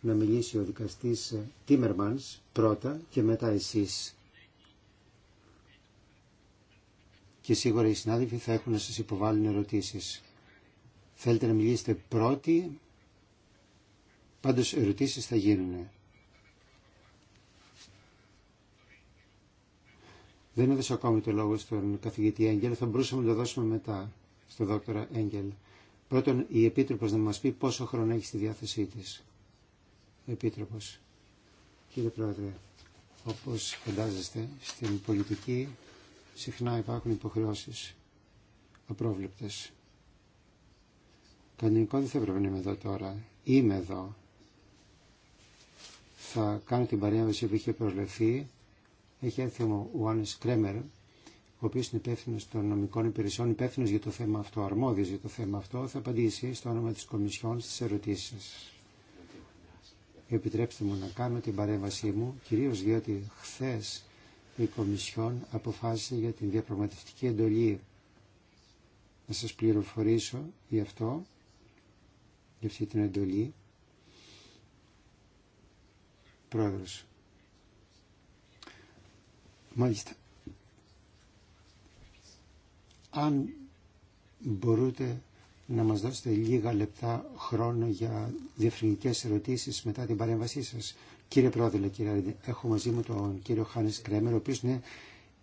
να μιλήσει ο δικαστής Τίμερμανς πρώτα και μετά εσείς. και σίγουρα οι συνάδελφοι θα έχουν να σας υποβάλουν ερωτήσεις. Θέλετε να μιλήσετε πρώτοι, πάντως ερωτήσεις θα γίνουν. Δεν έδωσα ακόμη το λόγο στον καθηγητή Έγγελ, θα μπορούσαμε να το δώσουμε μετά στον δόκτωρα Έγγελ. Πρώτον, η Επίτροπος να μας πει πόσο χρόνο έχει στη διάθεσή της. Επίτροπος. Κύριε Πρόεδρε, όπως φαντάζεστε, στην πολιτική συχνά υπάρχουν υποχρεώσεις απρόβλεπτες. Κανονικό δεν θα έπρεπε να είμαι εδώ τώρα. Είμαι εδώ. Θα κάνω την παρέμβαση που είχε προβλεφθεί. Έχει έρθει ο Ιωάννης Κρέμερ, ο οποίος είναι υπεύθυνο των νομικών υπηρεσιών, υπεύθυνο για το θέμα αυτό, αρμόδιος για το θέμα αυτό, θα απαντήσει στο όνομα της Κομισιόν στις ερωτήσεις σας. Επιτρέψτε μου να κάνω την παρέμβασή μου, κυρίως διότι χθες η Κομισιόν αποφάσισε για την διαπραγματευτική εντολή. Να σας πληροφορήσω γι' αυτό, γι' αυτή την εντολή. Πρόεδρος. Μάλιστα. Αν μπορούτε να μας δώσετε λίγα λεπτά χρόνο για διευθυντικές ερωτήσεις μετά την παρέμβασή σας. Κύριε Πρόεδρε, κύριε, έχω μαζί μου τον κύριο Χάνε Κρέμερ, ο οποίο είναι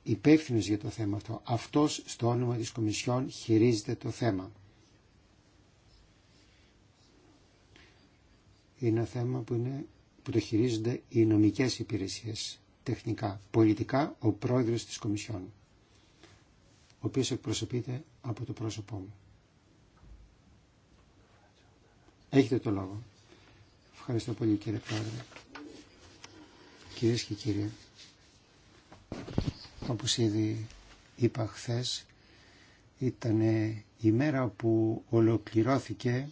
υπεύθυνο για το θέμα αυτό. Αυτό στο όνομα τη Κομισιόν χειρίζεται το θέμα. Είναι ένα θέμα που, είναι, που το χειρίζονται οι νομικές υπηρεσίες τεχνικά. Πολιτικά ο πρόεδρος της Κομισιόν, ο οποίο εκπροσωπείται από το πρόσωπό μου. Έχετε το λόγο. Ευχαριστώ πολύ κύριε Πρόεδρε. Κυρίε και κύριοι, όπως ήδη είπα χθε, ήταν η μέρα που ολοκληρώθηκε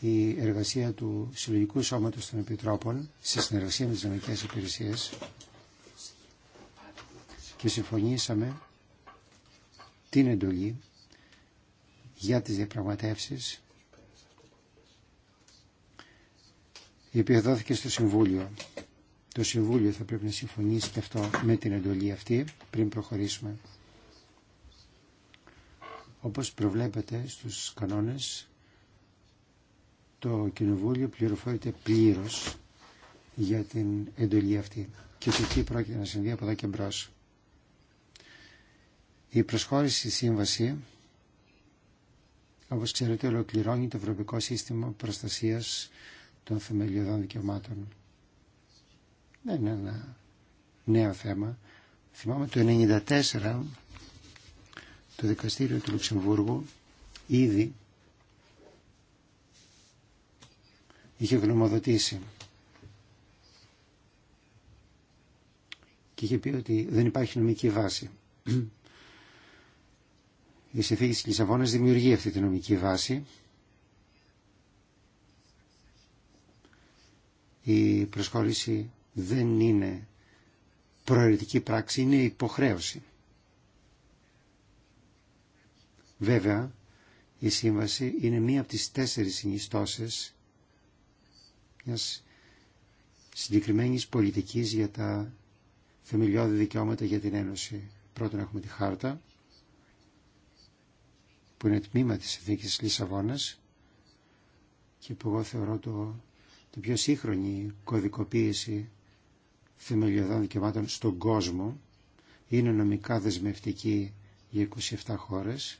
η εργασία του Συλλογικού Σώματος των Επιτρόπων σε συνεργασία με τις νομικές υπηρεσίες και συμφωνήσαμε την εντολή για τις διαπραγματεύσεις η οποία δόθηκε στο Συμβούλιο το Συμβούλιο θα πρέπει να συμφωνήσει και αυτό με την εντολή αυτή πριν προχωρήσουμε. Όπως προβλέπετε στους κανόνες, το Κοινοβούλιο πληροφορείται πλήρως για την εντολή αυτή και το τι πρόκειται να συμβεί από εδώ και μπρος. Η προσχώρηση σύμβαση, όπως ξέρετε, ολοκληρώνει το Ευρωπαϊκό Σύστημα Προστασίας των Θεμελιωδών Δικαιωμάτων. Δεν είναι ένα ναι. νέο θέμα. Θυμάμαι το 1994 το δικαστήριο του Λουξεμβούργου ήδη είχε γνωμοδοτήσει και είχε πει ότι δεν υπάρχει νομική βάση. Η συνθήκη της Λισαβόνας δημιουργεί αυτή τη νομική βάση. Η προσχώρηση δεν είναι προαιρετική πράξη, είναι υποχρέωση. Βέβαια, η σύμβαση είναι μία από τις τέσσερις συνιστώσεις μιας συγκεκριμένης πολιτικής για τα θεμελιώδη δικαιώματα για την Ένωση. Πρώτον έχουμε τη χάρτα, που είναι τμήμα της Εθνικής Λισαβόνας και που εγώ θεωρώ το, το πιο σύγχρονη κωδικοποίηση θεμελιωδών δικαιωμάτων στον κόσμο. Είναι νομικά δεσμευτική για 27 χώρες.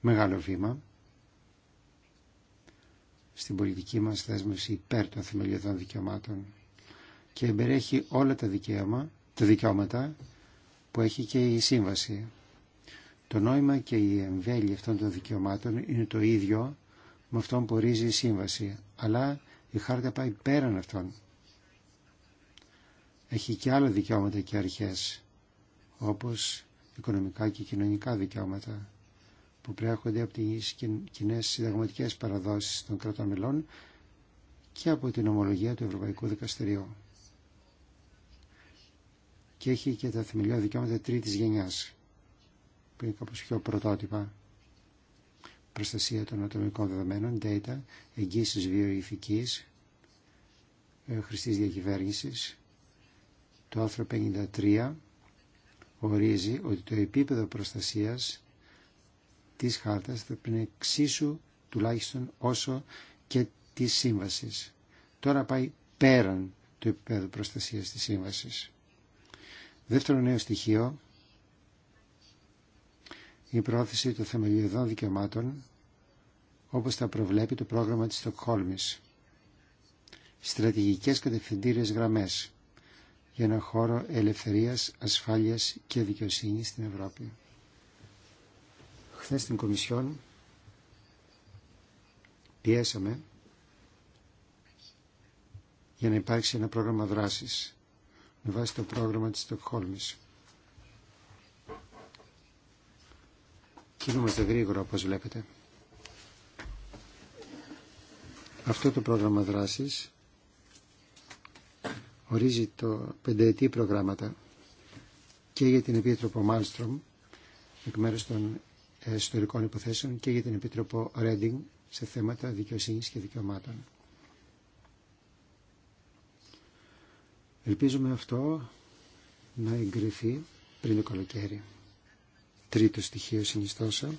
Μεγάλο βήμα στην πολιτική μας δέσμευση υπέρ των θεμελιωδών δικαιωμάτων και εμπερέχει όλα τα, δικαίωμα, τα δικαιώματα που έχει και η Σύμβαση. Το νόημα και η εμβέλεια αυτών των δικαιωμάτων είναι το ίδιο με αυτόν που ορίζει η Σύμβαση, αλλά η χάρτα πάει πέραν αυτών. Έχει και άλλα δικαιώματα και αρχές, όπως οικονομικά και κοινωνικά δικαιώματα, που προέρχονται από τις κοινέ συνταγματικέ παραδόσεις των κρατών μελών και από την ομολογία του Ευρωπαϊκού Δικαστηρίου. Και έχει και τα θεμελιώδη δικαιώματα τρίτης γενιάς, που είναι κάπως πιο πρωτότυπα προστασία των ατομικών δεδομένων, data, εγγύησης βιοειφικής, ε, χρηστής διακυβέρνησης. Το άρθρο 53 ορίζει ότι το επίπεδο προστασίας της χάρτας θα πρέπει να είναι εξίσου τουλάχιστον όσο και της σύμβασης. Τώρα πάει πέραν του επίπεδου προστασίας της σύμβασης. Δεύτερο νέο στοιχείο η πρόθεση των θεμελιωδών δικαιωμάτων όπως τα προβλέπει το πρόγραμμα της Στοκχόλμης. Στρατηγικές κατευθυντήριες γραμμές για ένα χώρο ελευθερίας, ασφάλειας και δικαιοσύνης στην Ευρώπη. Χθες στην Κομισιόν πιέσαμε για να υπάρξει ένα πρόγραμμα δράσης με βάση το πρόγραμμα της Στοκχόλμης. Κινούμαστε γρήγορα όπως βλέπετε. Αυτό το πρόγραμμα δράσης ορίζει το πενταετή προγράμματα και για την Επίτροπο Μάλστρομ εκ μέρους των ιστορικών υποθέσεων και για την Επίτροπο Ρέντινγκ σε θέματα δικαιοσύνης και δικαιωμάτων. Ελπίζουμε αυτό να εγκριθεί πριν το καλοκαίρι τρίτο στοιχείο συνιστόσα.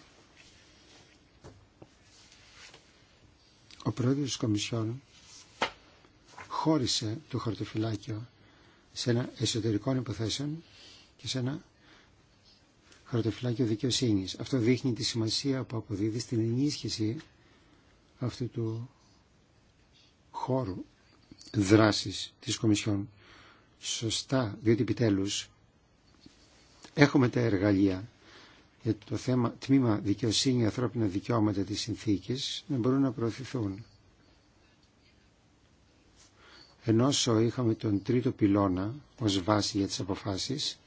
Ο πρόεδρος της Κομισιόν χώρισε το χαρτοφυλάκιο σε ένα εσωτερικό υποθέσεων και σε ένα χαρτοφυλάκιο δικαιοσύνη. Αυτό δείχνει τη σημασία που αποδίδει στην ενίσχυση αυτού του χώρου δράσης της Κομισιόν. Σωστά, διότι επιτέλου έχουμε τα εργαλεία για το θέμα τμήμα δικαιοσύνη και ανθρώπινα δικαιώματα της συνθήκης να μπορούν να προωθηθούν. Ενώ όσο είχαμε τον τρίτο πυλώνα ως βάση για τις αποφάσεις,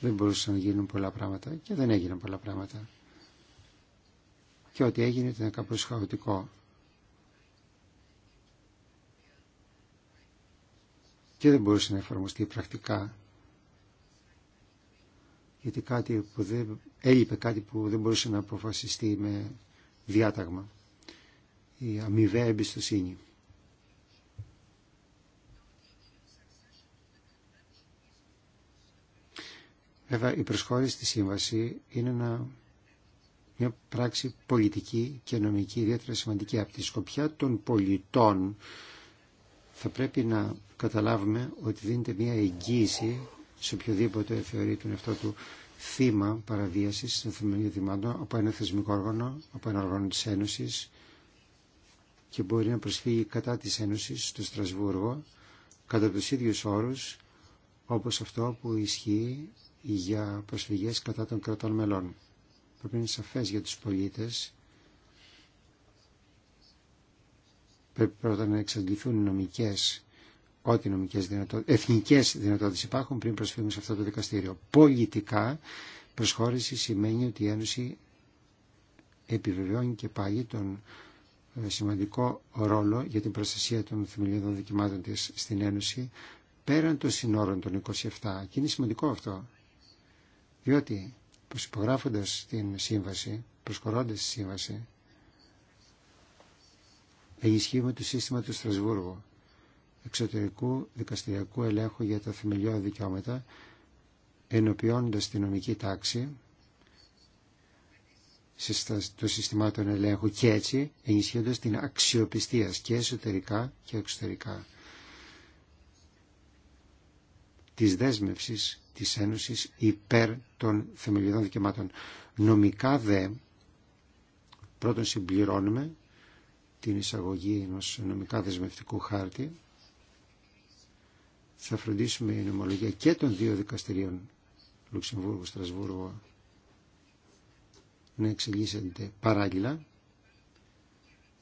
δεν μπορούσαν να γίνουν πολλά πράγματα και δεν έγιναν πολλά πράγματα. Και ό,τι έγινε ήταν κάπως χαοτικό. Και δεν μπορούσε να εφαρμοστεί πρακτικά γιατί κάτι που δεν, έλειπε κάτι που δεν μπορούσε να αποφασιστεί με διάταγμα. Η αμοιβαία εμπιστοσύνη. Βέβαια, η προσχώρηση στη σύμβαση είναι μια πράξη πολιτική και νομική ιδιαίτερα σημαντική. Από τη σκοπιά των πολιτών θα πρέπει να καταλάβουμε ότι δίνεται μια εγγύηση σε οποιοδήποτε θεωρεί τον εαυτό του θύμα παραβίαση των θεμελιών δημάτων από ένα θεσμικό όργανο, από ένα όργανο τη Ένωση. και μπορεί να προσφύγει κατά της Ένωσης στο Στρασβούργο κατά του ίδιου όρου, όπως αυτό που ισχύει για προσφυγές κατά των κρατών μελών. Πρέπει να είναι σαφές για τους πολίτες. Πρέπει πρώτα να εξαντληθούν νομικές ό,τι νομικές δυνατότητες, εθνικές δυνατότητες υπάρχουν πριν προσφύγουν σε αυτό το δικαστήριο. Πολιτικά προσχώρηση σημαίνει ότι η Ένωση επιβεβαιώνει και πάλι τον ε, σημαντικό ρόλο για την προστασία των θεμελιωδών δικαιωμάτων της στην Ένωση πέραν των συνόρων των 27. Και είναι σημαντικό αυτό. Διότι προσυπογράφοντας την σύμβαση, προσχωρώντας τη σύμβαση, ενισχύουμε το σύστημα του Στρασβούργου εξωτερικού δικαστηριακού ελέγχου για τα θεμελιώδη δικαιώματα, ενοποιώντας τη νομική τάξη των συστημάτων ελέγχου και έτσι ενισχύοντας την αξιοπιστία και εσωτερικά και εξωτερικά της δέσμευσης της Ένωσης υπέρ των θεμελιωδών δικαιωμάτων. Νομικά δε πρώτον συμπληρώνουμε την εισαγωγή ενός νομικά δεσμευτικού χάρτη θα φροντίσουμε η νομολογία και των δύο δικαστηρίων Λουξεμβούργου, Στρασβούργο να εξελίσσεται παράλληλα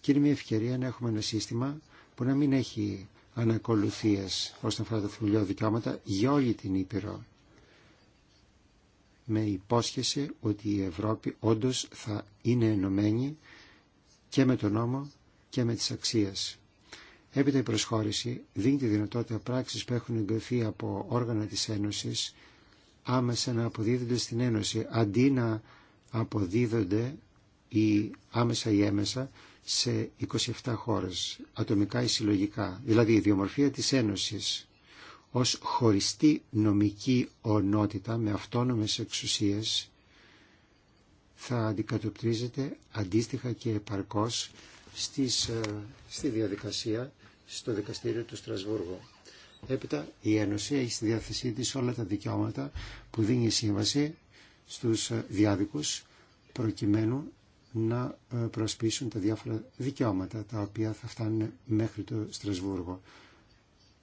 και είναι μια ευκαιρία να έχουμε ένα σύστημα που να μην έχει ανακολουθίες όσον αφορά τα θεμελιώδη δικαιώματα για όλη την Ήπειρο με υπόσχεση ότι η Ευρώπη όντως θα είναι ενωμένη και με τον νόμο και με τις αξίες. Έπειτα η προσχώρηση δίνει τη δυνατότητα πράξεις που έχουν εγκριθεί από όργανα της Ένωσης άμεσα να αποδίδονται στην Ένωση αντί να αποδίδονται ή άμεσα ή έμεσα σε 27 χώρες, ατομικά ή συλλογικά. Δηλαδή η διομορφία της Ένωσης ως χωριστή νομική ονότητα με αυτόνομες εξουσίες θα αντικατοπτρίζεται αντίστοιχα και επαρκώς στις, ε, στη διαδικασία στο δικαστήριο του Στρασβούργου. Έπειτα η Ένωση έχει στη διάθεσή της όλα τα δικαιώματα που δίνει η Σύμβαση στους ε, διάδικους προκειμένου να ε, προσπίσουν τα διάφορα δικαιώματα τα οποία θα φτάνουν μέχρι το Στρασβούργο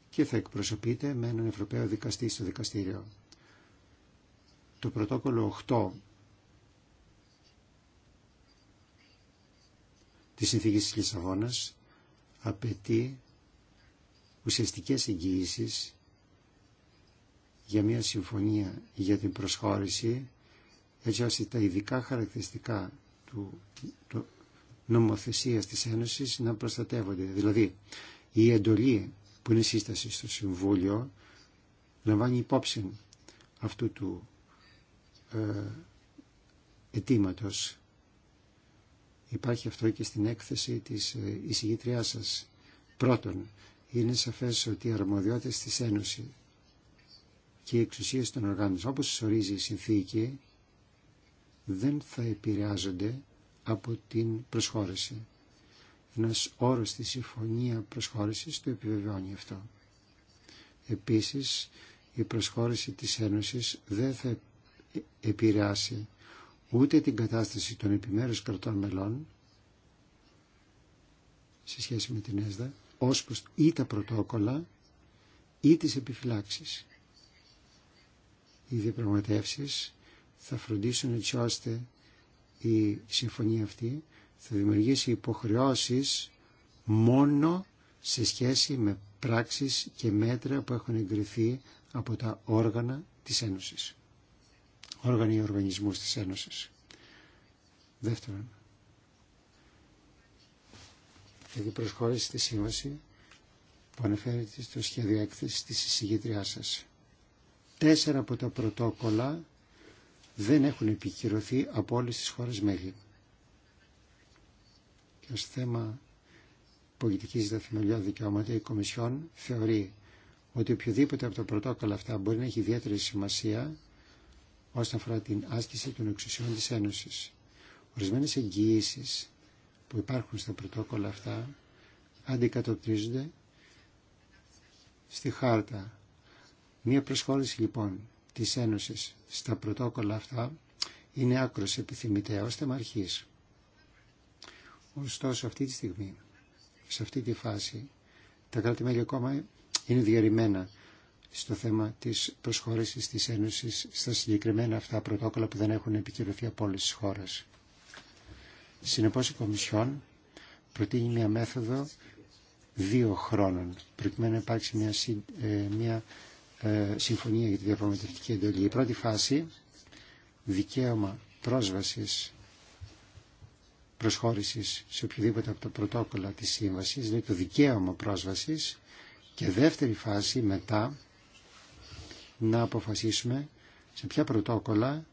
και θα εκπροσωπείται με έναν Ευρωπαίο δικαστή στο δικαστήριο. Το πρωτόκολλο Τη συνθήκη της Λισαβόνας απαιτεί ουσιαστικές εγγυήσεις για μια συμφωνία για την προσχώρηση έτσι ώστε τα ειδικά χαρακτηριστικά του, του νομοθεσίας της Ένωσης να προστατεύονται. Δηλαδή, η εντολή που είναι σύσταση στο Συμβούλιο λαμβάνει υπόψη αυτού του ε, Υπάρχει αυτό και στην έκθεση της ε, εισηγήτριάς σας. Πρώτον, είναι σαφές ότι οι αρμοδιότητες της Ένωση και οι εξουσίες των οργάνων, όπως ορίζει η συνθήκη, δεν θα επηρεάζονται από την προσχώρηση. Ένας όρος στη συμφωνία προσχώρησης το επιβεβαιώνει αυτό. Επίσης, η προσχώρηση της Ένωσης δεν θα επηρεάσει ούτε την κατάσταση των επιμέρους κρατών μελών σε σχέση με την ΕΣΔΑ ως προς ή τα πρωτόκολλα ή τις επιφυλάξεις. Οι διαπραγματεύσει θα φροντίσουν έτσι ώστε η συμφωνία αυτή θα δημιουργήσει υποχρεώσεις μόνο σε σχέση με πράξεις και μέτρα που έχουν εγκριθεί από τα πρωτοκολλα η τις επιφυλαξεις οι διαπραγματευσεις θα φροντισουν ετσι ωστε η συμφωνια αυτη θα δημιουργησει υποχρεωσεις μονο σε σχεση με πραξεις και μετρα που εχουν εγκριθει απο τα οργανα της Ένωσης όργανοι ή της Ένωσης. Δεύτερον, γιατί προσχώρησε στη σύμβαση που αναφέρεται στο σχέδιο έκθεση της εισηγήτριά σας. Τέσσερα από τα πρωτόκολλα δεν έχουν επικυρωθεί από όλες τις χώρες μέλη. Και ως θέμα πολιτική δαθμιολιά δικαιώματα η Κομισιόν θεωρεί ότι οποιοδήποτε από τα πρωτόκολλα αυτά μπορεί να έχει ιδιαίτερη σημασία όσον αφορά την άσκηση των εξουσιών της Ένωσης. Ορισμένες εγγυήσεις που υπάρχουν στα πρωτόκολλα αυτά αντικατοπτρίζονται στη χάρτα. Μία προσχώρηση λοιπόν της Ένωσης στα πρωτόκολλα αυτά είναι άκρος επιθυμητέα ως θεμαρχής. Ωστόσο αυτή τη στιγμή, σε αυτή τη φάση, τα κράτη-μέλη ακόμα είναι διαρρημένα στο θέμα της προσχώρησης της Ένωσης στα συγκεκριμένα αυτά πρωτόκολλα που δεν έχουν επικυρωθεί από όλες τις χώρες. Συνεπώς η Κομισιόν προτείνει μια μέθοδο δύο χρόνων προκειμένου να υπάρξει μια, ε, μια ε, συμφωνία για τη διαπραγματευτική εντολή. Η πρώτη φάση, δικαίωμα πρόσβασης προσχώρησης σε οποιοδήποτε από τα πρωτόκολλα της σύμβασης, δηλαδή το δικαίωμα πρόσβασης και δεύτερη φάση μετά να αποφασίσουμε σε ποια πρωτόκολλα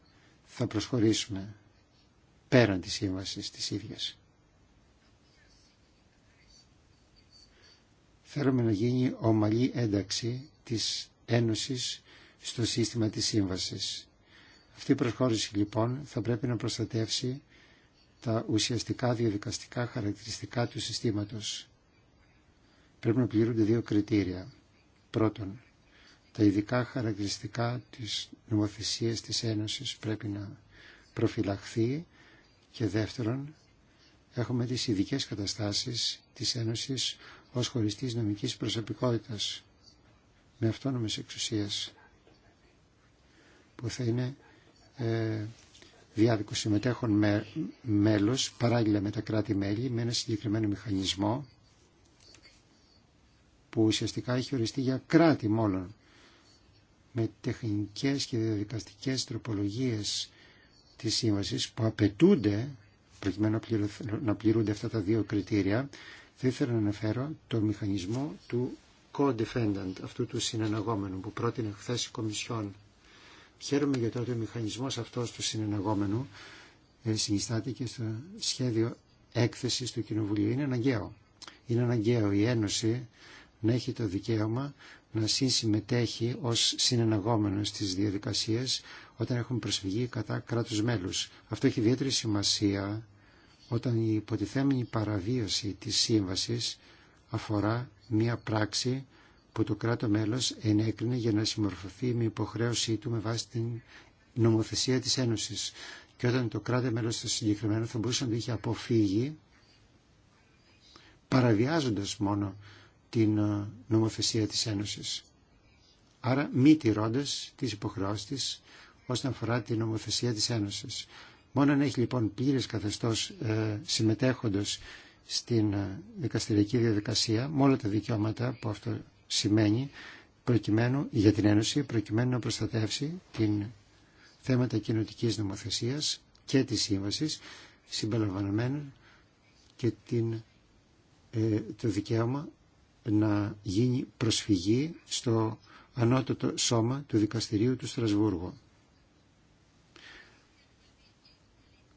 θα προσχωρήσουμε πέραν της σύμβασης της ίδιας. Θέλουμε να γίνει ομαλή ένταξη της Ένωσης στο σύστημα της σύμβασης. Αυτή η προσχώρηση λοιπόν θα πρέπει να προστατεύσει τα ουσιαστικά διαδικαστικά χαρακτηριστικά του συστήματος. Πρέπει να πληρούνται δύο κριτήρια. Πρώτον, τα ειδικά χαρακτηριστικά της νομοθεσίας της Ένωσης πρέπει να προφυλαχθεί και δεύτερον έχουμε τις ειδικέ καταστάσεις της Ένωσης ως χωριστής νομικής προσωπικότητας με αυτόνομες εξουσίες που θα είναι ε, διάδικο με, μέλος παράλληλα με τα κράτη-μέλη με ένα συγκεκριμένο μηχανισμό που ουσιαστικά έχει οριστεί για κράτη μόνον με τεχνικές και διαδικαστικές τροπολογίες της σύμβασης που απαιτούνται προκειμένου να πληρούνται αυτά τα δύο κριτήρια, θα ήθελα να αναφέρω το μηχανισμό του co-defendant, αυτού του συνεναγόμενου που πρότεινε χθε η Κομισιόν. Χαίρομαι για το ότι ο μηχανισμός αυτός του συνεναγόμενου ε, συνιστάται και στο σχέδιο έκθεσης του Κοινοβουλίου. Είναι αναγκαίο. Είναι αναγκαίο η Ένωση να έχει το δικαίωμα να συμμετέχει ως συνεναγόμενος στις διαδικασίες όταν έχουν προσφυγεί κατά κράτους μέλους. Αυτό έχει ιδιαίτερη σημασία όταν η υποτιθέμενη παραβίωση της σύμβασης αφορά μία πράξη που το κράτο μέλος ενέκρινε για να συμμορφωθεί με υποχρέωσή του με βάση την νομοθεσία της Ένωσης. Και όταν το κράτο μέλος το συγκεκριμένο θα μπορούσε να το είχε αποφύγει παραβιάζοντας μόνο την ε, νομοθεσία της Ένωσης. Άρα μη τηρώντας τις υποχρεώσεις της όσον αφορά την νομοθεσία της Ένωσης. Μόνο αν έχει λοιπόν πλήρες καθεστώς ε, συμμετέχοντος στην ε, δικαστηριακή διαδικασία με όλα τα δικαιώματα που αυτό σημαίνει προκειμένου, για την Ένωση προκειμένου να προστατεύσει την θέματα κοινωτική νομοθεσίας και της σύμβασης συμπεριλαμβανομένων και την, ε, το δικαίωμα να γίνει προσφυγή στο ανώτατο σώμα του δικαστηρίου του Στρασβούργου.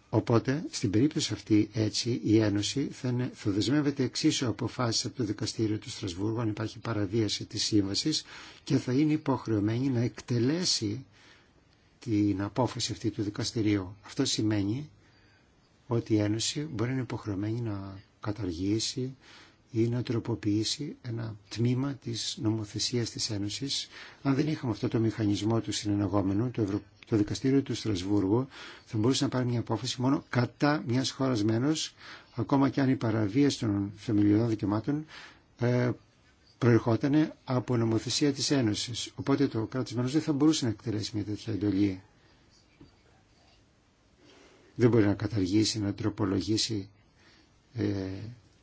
Οπότε, στην περίπτωση αυτή, έτσι, η Ένωση θα, είναι, θα δεσμεύεται εξίσου αποφάσεις από το Δικαστήριο του Στρασβούργου αν υπάρχει παραβίαση της σύμβασης και θα είναι υποχρεωμένη να εκτελέσει την απόφαση αυτή του Δικαστηρίου. Αυτό σημαίνει ότι η Ένωση μπορεί να είναι υποχρεωμένη να καταργήσει, ή να τροποποιήσει ένα τμήμα της νομοθεσίας της Ένωσης. Αν δεν είχαμε αυτό το μηχανισμό του συνεναγόμενου, το, το δικαστήριο του Στρασβούργου θα μπορούσε να πάρει μια απόφαση μόνο κατά μιας χώρας μένος, ακόμα και αν η παραβίαση των θεμελιωδών δικαιωμάτων ε, προερχόταν από νομοθεσία της Ένωσης. Οπότε το κράτος μένος δεν θα μπορούσε να εκτελέσει μια τέτοια εντολή. Δεν μπορεί να καταργήσει, να τροπολογήσει ε,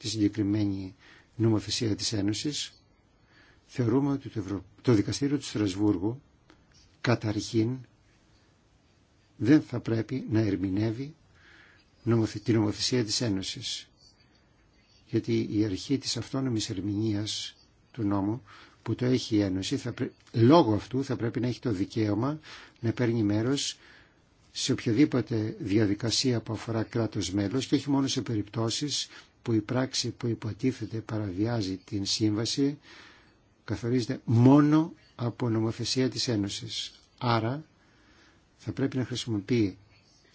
τη συγκεκριμένη νομοθεσία της Ένωσης, θεωρούμε ότι το, Δικαστήριο του Στρασβούργου καταρχήν δεν θα πρέπει να ερμηνεύει νομοθε... την νομοθεσία της Ένωσης. Γιατί η αρχή της αυτόνομης ερμηνείας του νόμου που το έχει η Ένωση, θα λόγω αυτού θα πρέπει να έχει το δικαίωμα να παίρνει μέρος σε οποιαδήποτε διαδικασία που αφορά κράτος μέλος και όχι μόνο σε περιπτώσεις που η πράξη που υποτίθεται παραβιάζει την σύμβαση καθορίζεται μόνο από νομοθεσία της Ένωσης. Άρα θα πρέπει να χρησιμοποιεί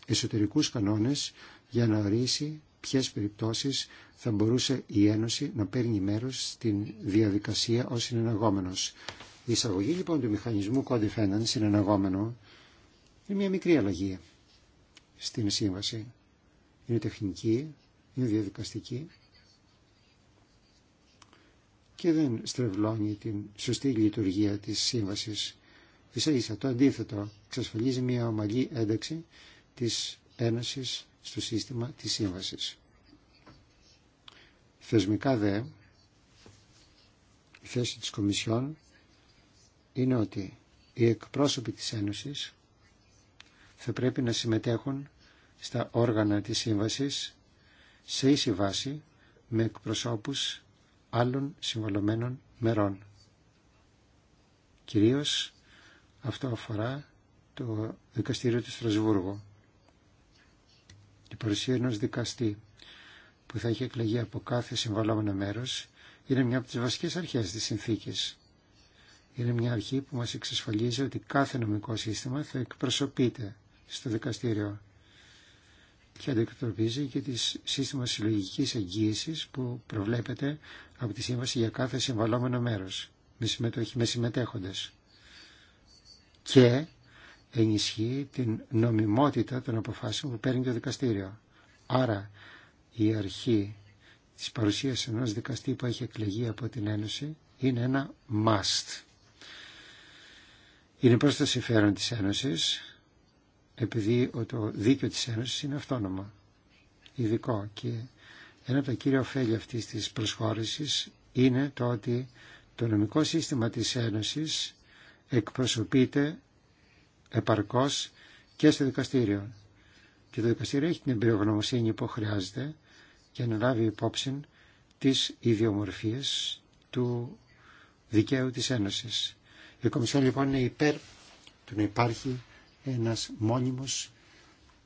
εσωτερικούς κανόνες για να ορίσει ποιες περιπτώσεις θα μπορούσε η Ένωση να παίρνει μέρος στην διαδικασία ως συνεναγόμενος. Η εισαγωγή λοιπόν του μηχανισμού κόντι φέναν συνεναγόμενο είναι μια μικρή αλλαγή στην σύμβαση. Είναι τεχνική, είναι διαδικαστική και δεν στρεβλώνει την σωστή λειτουργία της σύμβασης της Το αντίθετο εξασφαλίζει μια ομαλή ένταξη της Ένωσης στο σύστημα της σύμβασης. Θεσμικά δε, η θέση της Κομισιόν είναι ότι οι εκπρόσωποι της Ένωσης θα πρέπει να συμμετέχουν στα όργανα της Σύμβασης σε ίση βάση με εκπροσώπους άλλων συμβολωμένων μερών. Κυρίως αυτό αφορά το δικαστήριο του Στρασβούργου. Η παρουσία ενός δικαστή που θα έχει εκλεγεί από κάθε συμβολώμενο μέρος είναι μια από τις βασικές αρχές της συνθήκης. Είναι μια αρχή που μας εξασφαλίζει ότι κάθε νομικό σύστημα θα εκπροσωπείται στο δικαστήριο και αντικατοπίζει και τη σύστημα συλλογική εγγύησης που προβλέπεται από τη Σύμβαση για κάθε συμβαλόμενο μέρος με, συμμετοχή, με συμμετέχοντες και ενισχύει την νομιμότητα των αποφάσεων που παίρνει το δικαστήριο. Άρα η αρχή της παρουσίας ενός δικαστή που έχει εκλεγεί από την Ένωση είναι ένα must. Είναι προς το συμφέρον της Ένωσης επειδή το δίκαιο της Ένωσης είναι αυτόνομο, ειδικό και ένα από τα κύρια ωφέλη αυτής της προσχώρησης είναι το ότι το νομικό σύστημα της Ένωσης εκπροσωπείται επαρκώς και στο δικαστήριο. Και το δικαστήριο έχει την εμπειρογνωμοσύνη που χρειάζεται και να λάβει υπόψη τις ιδιομορφίες του δικαίου της Ένωσης. Η Κομισιόν λοιπόν είναι υπέρ του να υπάρχει ένας μόνιμος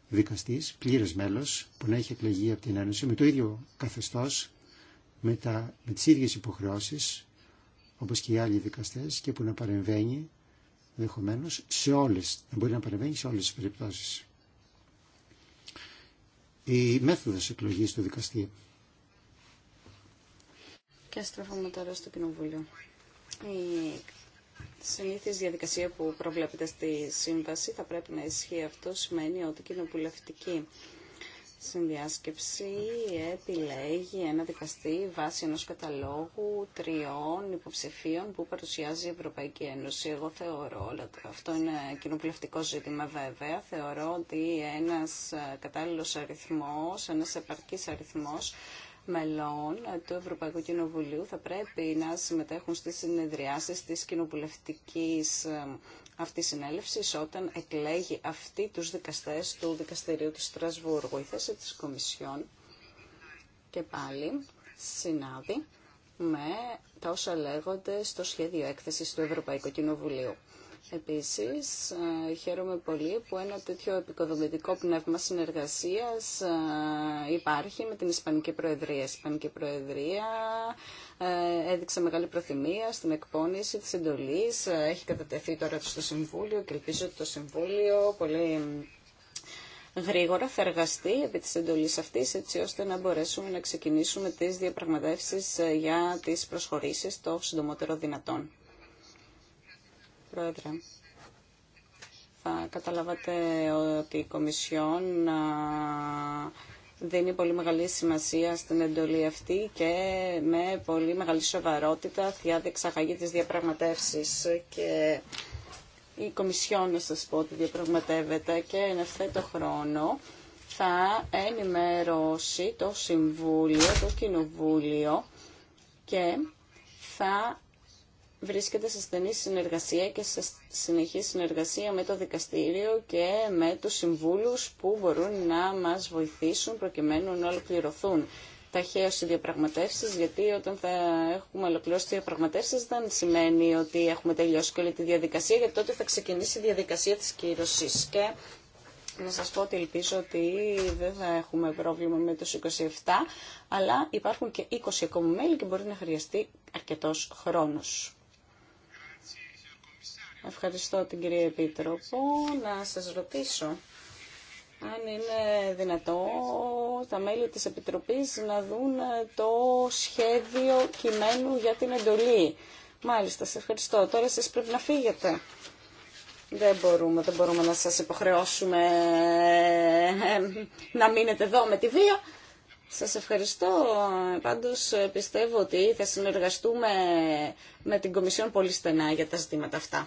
δικαστής, πλήρες μέλος, που να έχει εκλεγεί από την Ένωση με το ίδιο καθεστώς, με, τα, με τις ίδιες υποχρεώσεις, όπως και οι άλλοι δικαστές, και που να παρεμβαίνει ενδεχομένω σε όλες, να μπορεί να παρεμβαίνει σε όλες τις περιπτώσεις. Η μέθοδος εκλογής του δικαστή. Και στρέφομαι τώρα στο Κοινοβούλιο συνήθις διαδικασία που προβλέπεται στη σύμβαση θα πρέπει να ισχύει αυτό σημαίνει ότι η κοινοβουλευτική συνδιάσκεψη επιλέγει ένα δικαστή βάσει ενός καταλόγου τριών υποψηφίων που παρουσιάζει η Ευρωπαϊκή Ένωση. Εγώ θεωρώ, αυτό είναι κοινοβουλευτικό ζήτημα βέβαια, θεωρώ ότι ένας ε, κατάλληλος αριθμός, ένας επαρκής αριθμός μελών του Ευρωπαϊκού Κοινοβουλίου θα πρέπει να συμμετέχουν στις συνεδριάσεις της κοινοβουλευτικής ε, αυτή συνέλευση όταν εκλέγει αυτή τους δικαστές του Δικαστηρίου του Στρασβούργου. Η θέση της Κομισιόν και πάλι συνάδει με τα όσα λέγονται στο σχέδιο έκθεσης του Ευρωπαϊκού Κοινοβουλίου. Επίσης, χαίρομαι πολύ που ένα τέτοιο επικοδομητικό πνεύμα συνεργασίας υπάρχει με την Ισπανική Προεδρία. Η Ισπανική Προεδρία έδειξε μεγάλη προθυμία στην εκπόνηση της εντολής. Έχει κατατεθεί τώρα στο Συμβούλιο και ελπίζω ότι το Συμβούλιο πολύ γρήγορα θα εργαστεί επί της εντολής αυτής έτσι ώστε να μπορέσουμε να ξεκινήσουμε τις διαπραγματεύσεις για τις προσχωρήσεις το συντομότερο δυνατόν. Πρόεδρε. Θα καταλάβατε ότι η Κομισιόν δίνει πολύ μεγάλη σημασία στην εντολή αυτή και με πολύ μεγάλη σοβαρότητα θα διαπραγματεύσεις και η Κομισιόν να σας πω ότι διαπραγματεύεται και εν το χρόνο θα ενημερώσει το Συμβούλιο, το Κοινοβούλιο και θα βρίσκεται σε στενή συνεργασία και σε συνεχή συνεργασία με το δικαστήριο και με τους συμβούλους που μπορούν να μας βοηθήσουν προκειμένου να ολοκληρωθούν ταχαίως οι διαπραγματεύσεις, γιατί όταν θα έχουμε ολοκληρώσει τις διαπραγματεύσεις δεν σημαίνει ότι έχουμε τελειώσει και όλη τη διαδικασία, γιατί τότε θα ξεκινήσει η διαδικασία της κύρωσης. Και να σας πω ότι ελπίζω ότι δεν θα έχουμε πρόβλημα με τους 27, αλλά υπάρχουν και 20 ακόμα μέλη και μπορεί να χρειαστεί αρκετός χρόνος. Ευχαριστώ την κυρία Επίτροπο. Να σας ρωτήσω αν είναι δυνατό τα μέλη της Επιτροπής να δουν το σχέδιο κειμένου για την εντολή. Μάλιστα, σε ευχαριστώ. Τώρα εσείς πρέπει να φύγετε. Δεν μπορούμε, δεν μπορούμε να σας υποχρεώσουμε να μείνετε εδώ με τη βία. Σας ευχαριστώ. Πάντως πιστεύω ότι θα συνεργαστούμε με την Κομισιόν πολύ στενά για τα ζητήματα αυτά.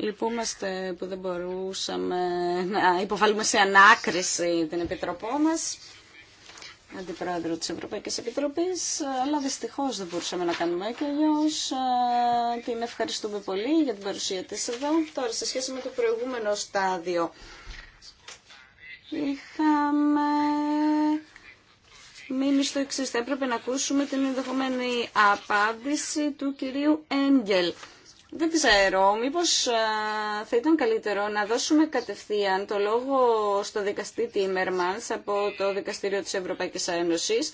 Λυπούμαστε που δεν μπορούσαμε να υποβάλουμε σε ανάκριση την Επιτροπό μας, Αντιπρόεδρο της Ευρωπαϊκής Επιτροπής, αλλά δυστυχώς δεν μπορούσαμε να κάνουμε και αλλιώς ε, την ευχαριστούμε πολύ για την παρουσία της εδώ. Τώρα, σε σχέση με το προηγούμενο στάδιο, είχαμε μείνει στο εξή. Θα έπρεπε να ακούσουμε την ενδεχομένη απάντηση του κυρίου Έγγελ. Δεν ξέρω, μήπως ε, θα ήταν καλύτερο να δώσουμε κατευθείαν το λόγο στο δικαστή Τίμερμανς από το Δικαστήριο της Ευρωπαϊκής Ένωσης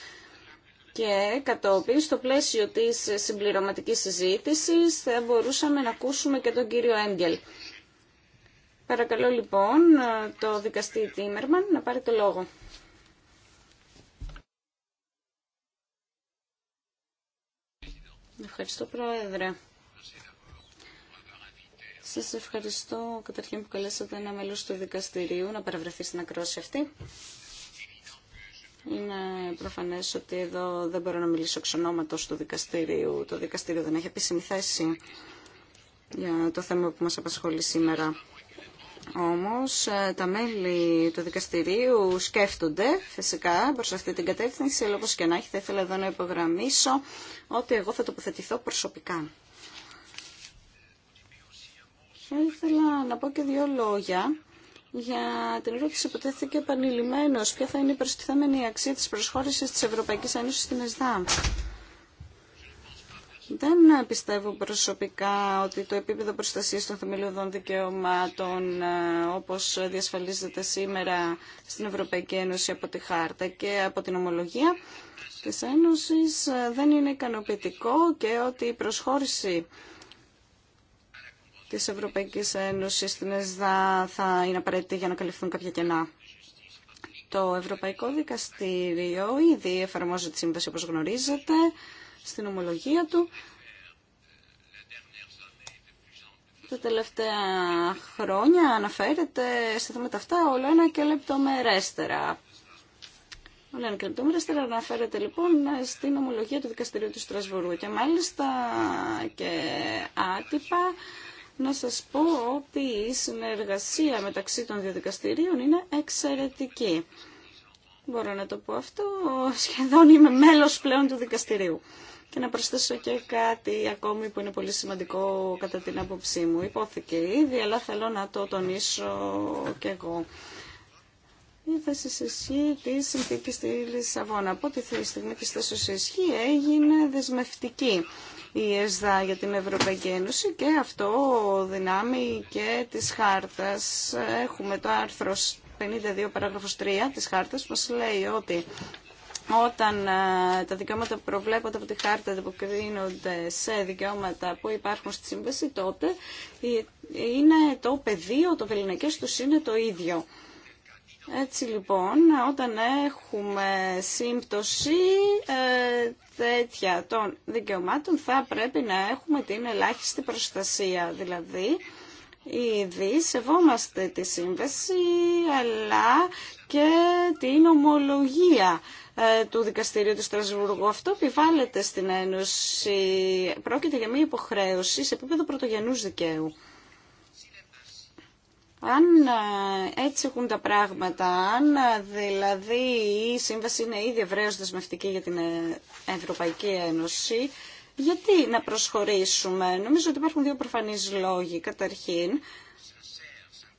και κατόπιν στο πλαίσιο της συμπληρωματικής συζήτησης θα μπορούσαμε να ακούσουμε και τον κύριο Έγγελ. Παρακαλώ λοιπόν ε, το δικαστή Τίμερμαν να πάρει το λόγο. Ευχαριστώ Πρόεδρε. Σας ευχαριστώ καταρχήν που καλέσατε ένα μέλος του δικαστηρίου να παραβρεθεί στην ακρόαση αυτή. Είναι προφανές ότι εδώ δεν μπορώ να μιλήσω εξ ονόματος του δικαστηρίου. Το δικαστήριο δεν έχει επίσημη θέση για το θέμα που μας απασχολεί σήμερα. Όμως ε, τα μέλη του δικαστηρίου σκέφτονται φυσικά προς αυτή την κατεύθυνση, αλλά όπως και να έχει θα ήθελα εδώ να υπογραμμίσω ότι εγώ θα τοποθετηθώ προσωπικά. Θα ήθελα να πω και δύο λόγια για την ερώτηση που τέθηκε επανειλημμένω. Ποια θα είναι η προστιθέμενη αξία τη προσχώρηση τη Ευρωπαϊκή Ένωση στην ΕΣΔΑ. Δεν πιστεύω προσωπικά ότι το επίπεδο προστασία των θεμελιωδών δικαιωμάτων ε, όπως διασφαλίζεται σήμερα στην Ευρωπαϊκή Ένωση από τη Χάρτα και από την ομολογία τη Ένωση, ε, δεν είναι ικανοποιητικό και ότι η προσχώρηση της Ευρωπαϊκής Ένωσης στην ΕΣΔΑ θα είναι απαραίτητη για να καλυφθούν κάποια κενά. Το Ευρωπαϊκό Δικαστήριο ήδη εφαρμόζει τη σύμβαση όπως γνωρίζετε στην ομολογία του. Τα τελευταία χρόνια αναφέρεται σε θέματα αυτά όλα ένα και λεπτομερέστερα. Όλο ένα και λεπτομερέστερα αναφέρεται λοιπόν στην ομολογία του Δικαστηρίου του Στρασβούργου και μάλιστα και άτυπα να σας πω ότι η συνεργασία μεταξύ των δύο δικαστηρίων είναι εξαιρετική. Μπορώ να το πω αυτό, σχεδόν είμαι μέλος πλέον του δικαστηρίου. Και να προσθέσω και κάτι ακόμη που είναι πολύ σημαντικό κατά την άποψή μου. Υπόθηκε ήδη, αλλά θέλω να το τονίσω κι εγώ. Η θέση σε ισχύ τη συνθήκη στη Λισαβόνα. Από τη στιγμή τη θέση σε ισχύ έγινε δεσμευτική η ΕΣΔΑ για την Ευρωπαϊκή Ένωση και αυτό δυνάμει και της χάρτας. Έχουμε το άρθρο 52 παράγραφος 3 της χάρτας που μας λέει ότι όταν ε, τα δικαιώματα που προβλέπονται από τη χάρτα αποκρίνονται σε δικαιώματα που υπάρχουν στη σύμβαση, τότε είναι το πεδίο, το βεληνικές τους είναι το ίδιο. Έτσι λοιπόν, όταν έχουμε σύμπτωση ε, τέτοια των δικαιωμάτων, θα πρέπει να έχουμε την ελάχιστη προστασία. Δηλαδή, ήδη σεβόμαστε τη σύμβαση, αλλά και την ομολογία ε, του Δικαστηρίου του Στρασβουργού. Αυτό επιβάλλεται στην Ένωση. Πρόκειται για μια υποχρέωση σε επίπεδο πρωτογενούς δικαίου. Αν ε, έτσι έχουν τα πράγματα, ε, δηλαδή η σύμβαση είναι ήδη ευρέως δεσμευτική για την ε, Ευρωπαϊκή Ένωση, γιατί να προσχωρήσουμε. Νομίζω ότι υπάρχουν δύο προφανείς λόγοι. Καταρχήν,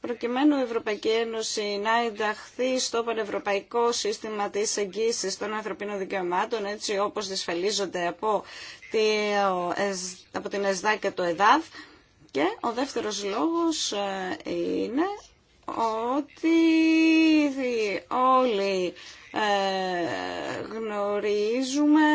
προκειμένου η Ευρωπαϊκή Ένωση να ενταχθεί στο πανευρωπαϊκό σύστημα της εγγύησης των ανθρωπίνων δικαιωμάτων, έτσι όπως δυσφαλίζονται από, από την ΕΣΔΑ και το ΕΔΑΔ, και ο δεύτερος λόγος ε, είναι ότι όλοι ε, γνωρίζουμε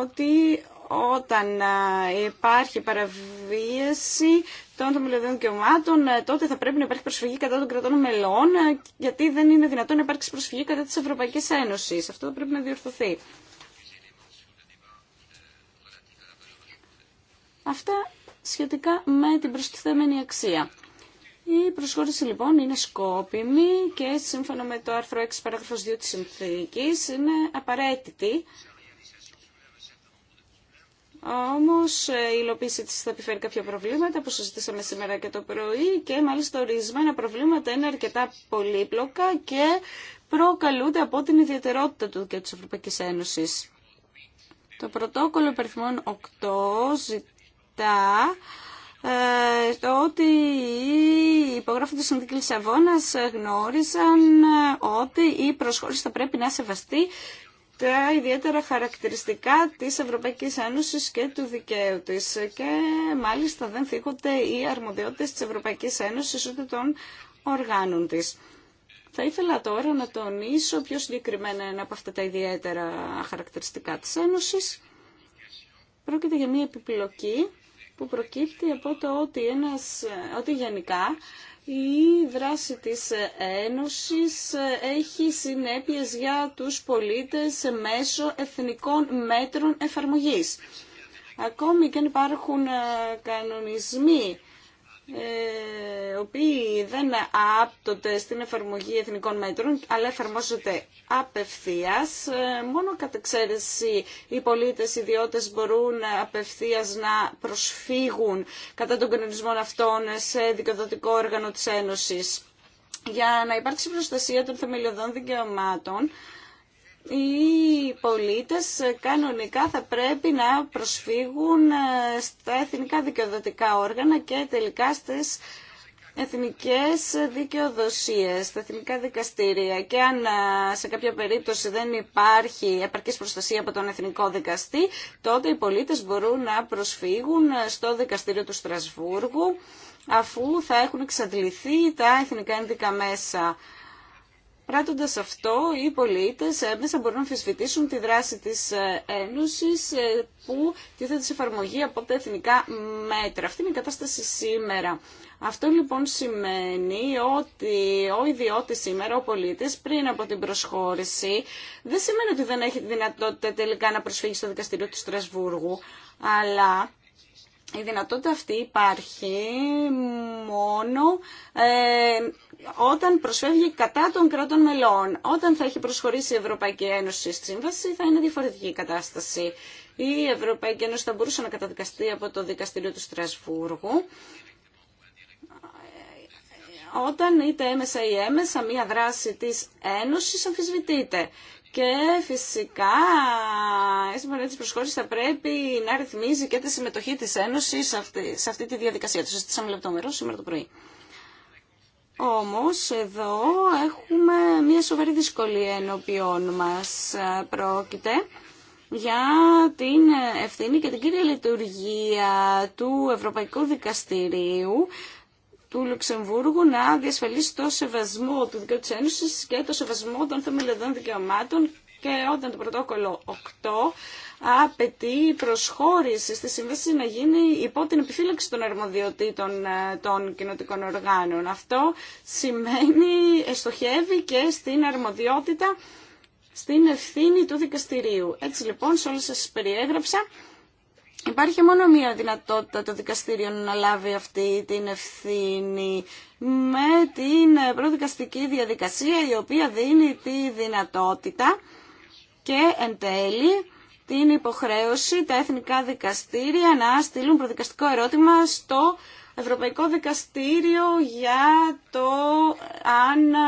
ότι όταν ε, υπάρχει παραβίαση των θεμελιωδών δικαιωμάτων, τότε θα πρέπει να υπάρχει προσφυγή κατά των κρατών μελών, γιατί δεν είναι δυνατόν να υπάρξει προσφυγή κατά της Ευρωπαϊκής Ένωσης. Αυτό πρέπει να διορθωθεί. Αυτά σχετικά με την προστιθέμενη αξία. Η προσχώρηση λοιπόν είναι σκόπιμη και σύμφωνα με το άρθρο 6 παράγραφος 2 της συνθήκης είναι απαραίτητη. Όμως ε, η υλοποίηση της θα επιφέρει κάποια προβλήματα που συζητήσαμε σήμερα και το πρωί και μάλιστα ορισμένα προβλήματα είναι αρκετά πολύπλοκα και προκαλούνται από την ιδιαιτερότητα του και της Ευρωπαϊκής Ένωσης. Το πρωτόκολλο υπερθυμών 8 ε, ότι οι υπογράφοι Συνδίκη Λισαβόνας γνώριζαν ε, ότι η προσχώρηση θα πρέπει να σεβαστεί τα ιδιαίτερα χαρακτηριστικά της Ευρωπαϊκής Ένωσης και του δικαίου της. Και μάλιστα δεν θίγονται οι αρμοδιότητες της Ευρωπαϊκής Ένωσης ούτε των οργάνων της. Θα ήθελα τώρα να τονίσω πιο συγκεκριμένα ένα από αυτά τα ιδιαίτερα χαρακτηριστικά της Ένωσης. Πρόκειται για μια επιπλοκή που προκύπτει από το ότι, ένας, ότι γενικά η δράση της Ένωσης έχει συνέπειες για τους πολίτες μέσω εθνικών μέτρων εφαρμογής. Ακόμη και αν υπάρχουν ε, κανονισμοί οι ε, οποίοι δεν άπτονται στην εφαρμογή εθνικών μέτρων, αλλά εφαρμόζονται απευθείας. Ε, μόνο κατά εξαίρεση οι πολίτες, οι ιδιώτες μπορούν απευθείας να προσφύγουν κατά τον κανονισμών αυτών σε δικαιοδοτικό όργανο της Ένωσης. Για να υπάρξει προστασία των θεμελιωδών δικαιωμάτων, οι πολίτες κανονικά θα πρέπει να προσφύγουν ε, στα εθνικά δικαιοδοτικά όργανα και τελικά στις εθνικές δικαιοδοσίες, στα εθνικά δικαστήρια και αν ε, σε κάποια περίπτωση δεν υπάρχει επαρκής προστασία από τον εθνικό δικαστή, τότε οι πολίτες μπορούν να προσφύγουν ε, στο δικαστήριο του Στρασβούργου αφού θα έχουν εξαντληθεί τα εθνικά ενδικά μέσα. Πράττοντας αυτό, οι πολίτες μέσα μπορούν να αμφισβητήσουν τη δράση της ε, Ένωση ε, που τίθεται σε εφαρμογή από τα εθνικά μέτρα. Αυτή είναι η κατάσταση σήμερα. Αυτό λοιπόν σημαίνει ότι ο ιδιώτη σήμερα, ο πολίτη, πριν από την προσχώρηση, δεν σημαίνει ότι δεν έχει τη δυνατότητα τελικά να προσφύγει στο δικαστήριο του Στρασβούργου, αλλά η δυνατότητα αυτή υπάρχει μόνο... Ε, όταν προσφεύγει κατά των κρατών μελών. Όταν θα έχει προσχωρήσει η Ευρωπαϊκή Ένωση στη Σύμβαση θα είναι διαφορετική η κατάσταση. Η Ευρωπαϊκή Ένωση θα μπορούσε να καταδικαστεί από το Δικαστήριο του Στρασβούργου όταν είτε έμεσα ή έμεσα μία δράση της Ένωσης αμφισβητείται. Και φυσικά η συμφωνία της ενωσης αμφισβητειται και φυσικα η συμφωνια τη προσχώρηση θα πρέπει να ρυθμίζει και τη συμμετοχή τη Ένωση σε αυτή, τη διαδικασία. Το συζητήσαμε λεπτομερό σήμερα το πρωί. Όμως εδώ έχουμε μια σοβαρή δυσκολία ενώπιόν μας πρόκειται για την ευθύνη και την κύρια λειτουργία του Ευρωπαϊκού Δικαστηρίου του Λουξεμβούργου να διασφαλίσει το σεβασμό του δικαίου της Ένωσης και το σεβασμό των θεμελιωδών δικαιωμάτων και όταν το πρωτόκολλο 8 απαιτεί προσχώρηση στη σύμβαση να γίνει υπό την επιφύλαξη των αρμοδιοτήτων ε, των κοινοτικών οργάνων. Αυτό σημαίνει, στοχεύει και στην αρμοδιότητα στην ευθύνη του δικαστηρίου. Έτσι λοιπόν, σε όλες σας περιέγραψα, Υπάρχει μόνο μία δυνατότητα το δικαστήριο να λάβει αυτή την ευθύνη με την προδικαστική διαδικασία η οποία δίνει τη δυνατότητα και εν τέλει την υποχρέωση τα εθνικά δικαστήρια να στείλουν προδικαστικό ερώτημα στο Ευρωπαϊκό Δικαστήριο για το αν ε,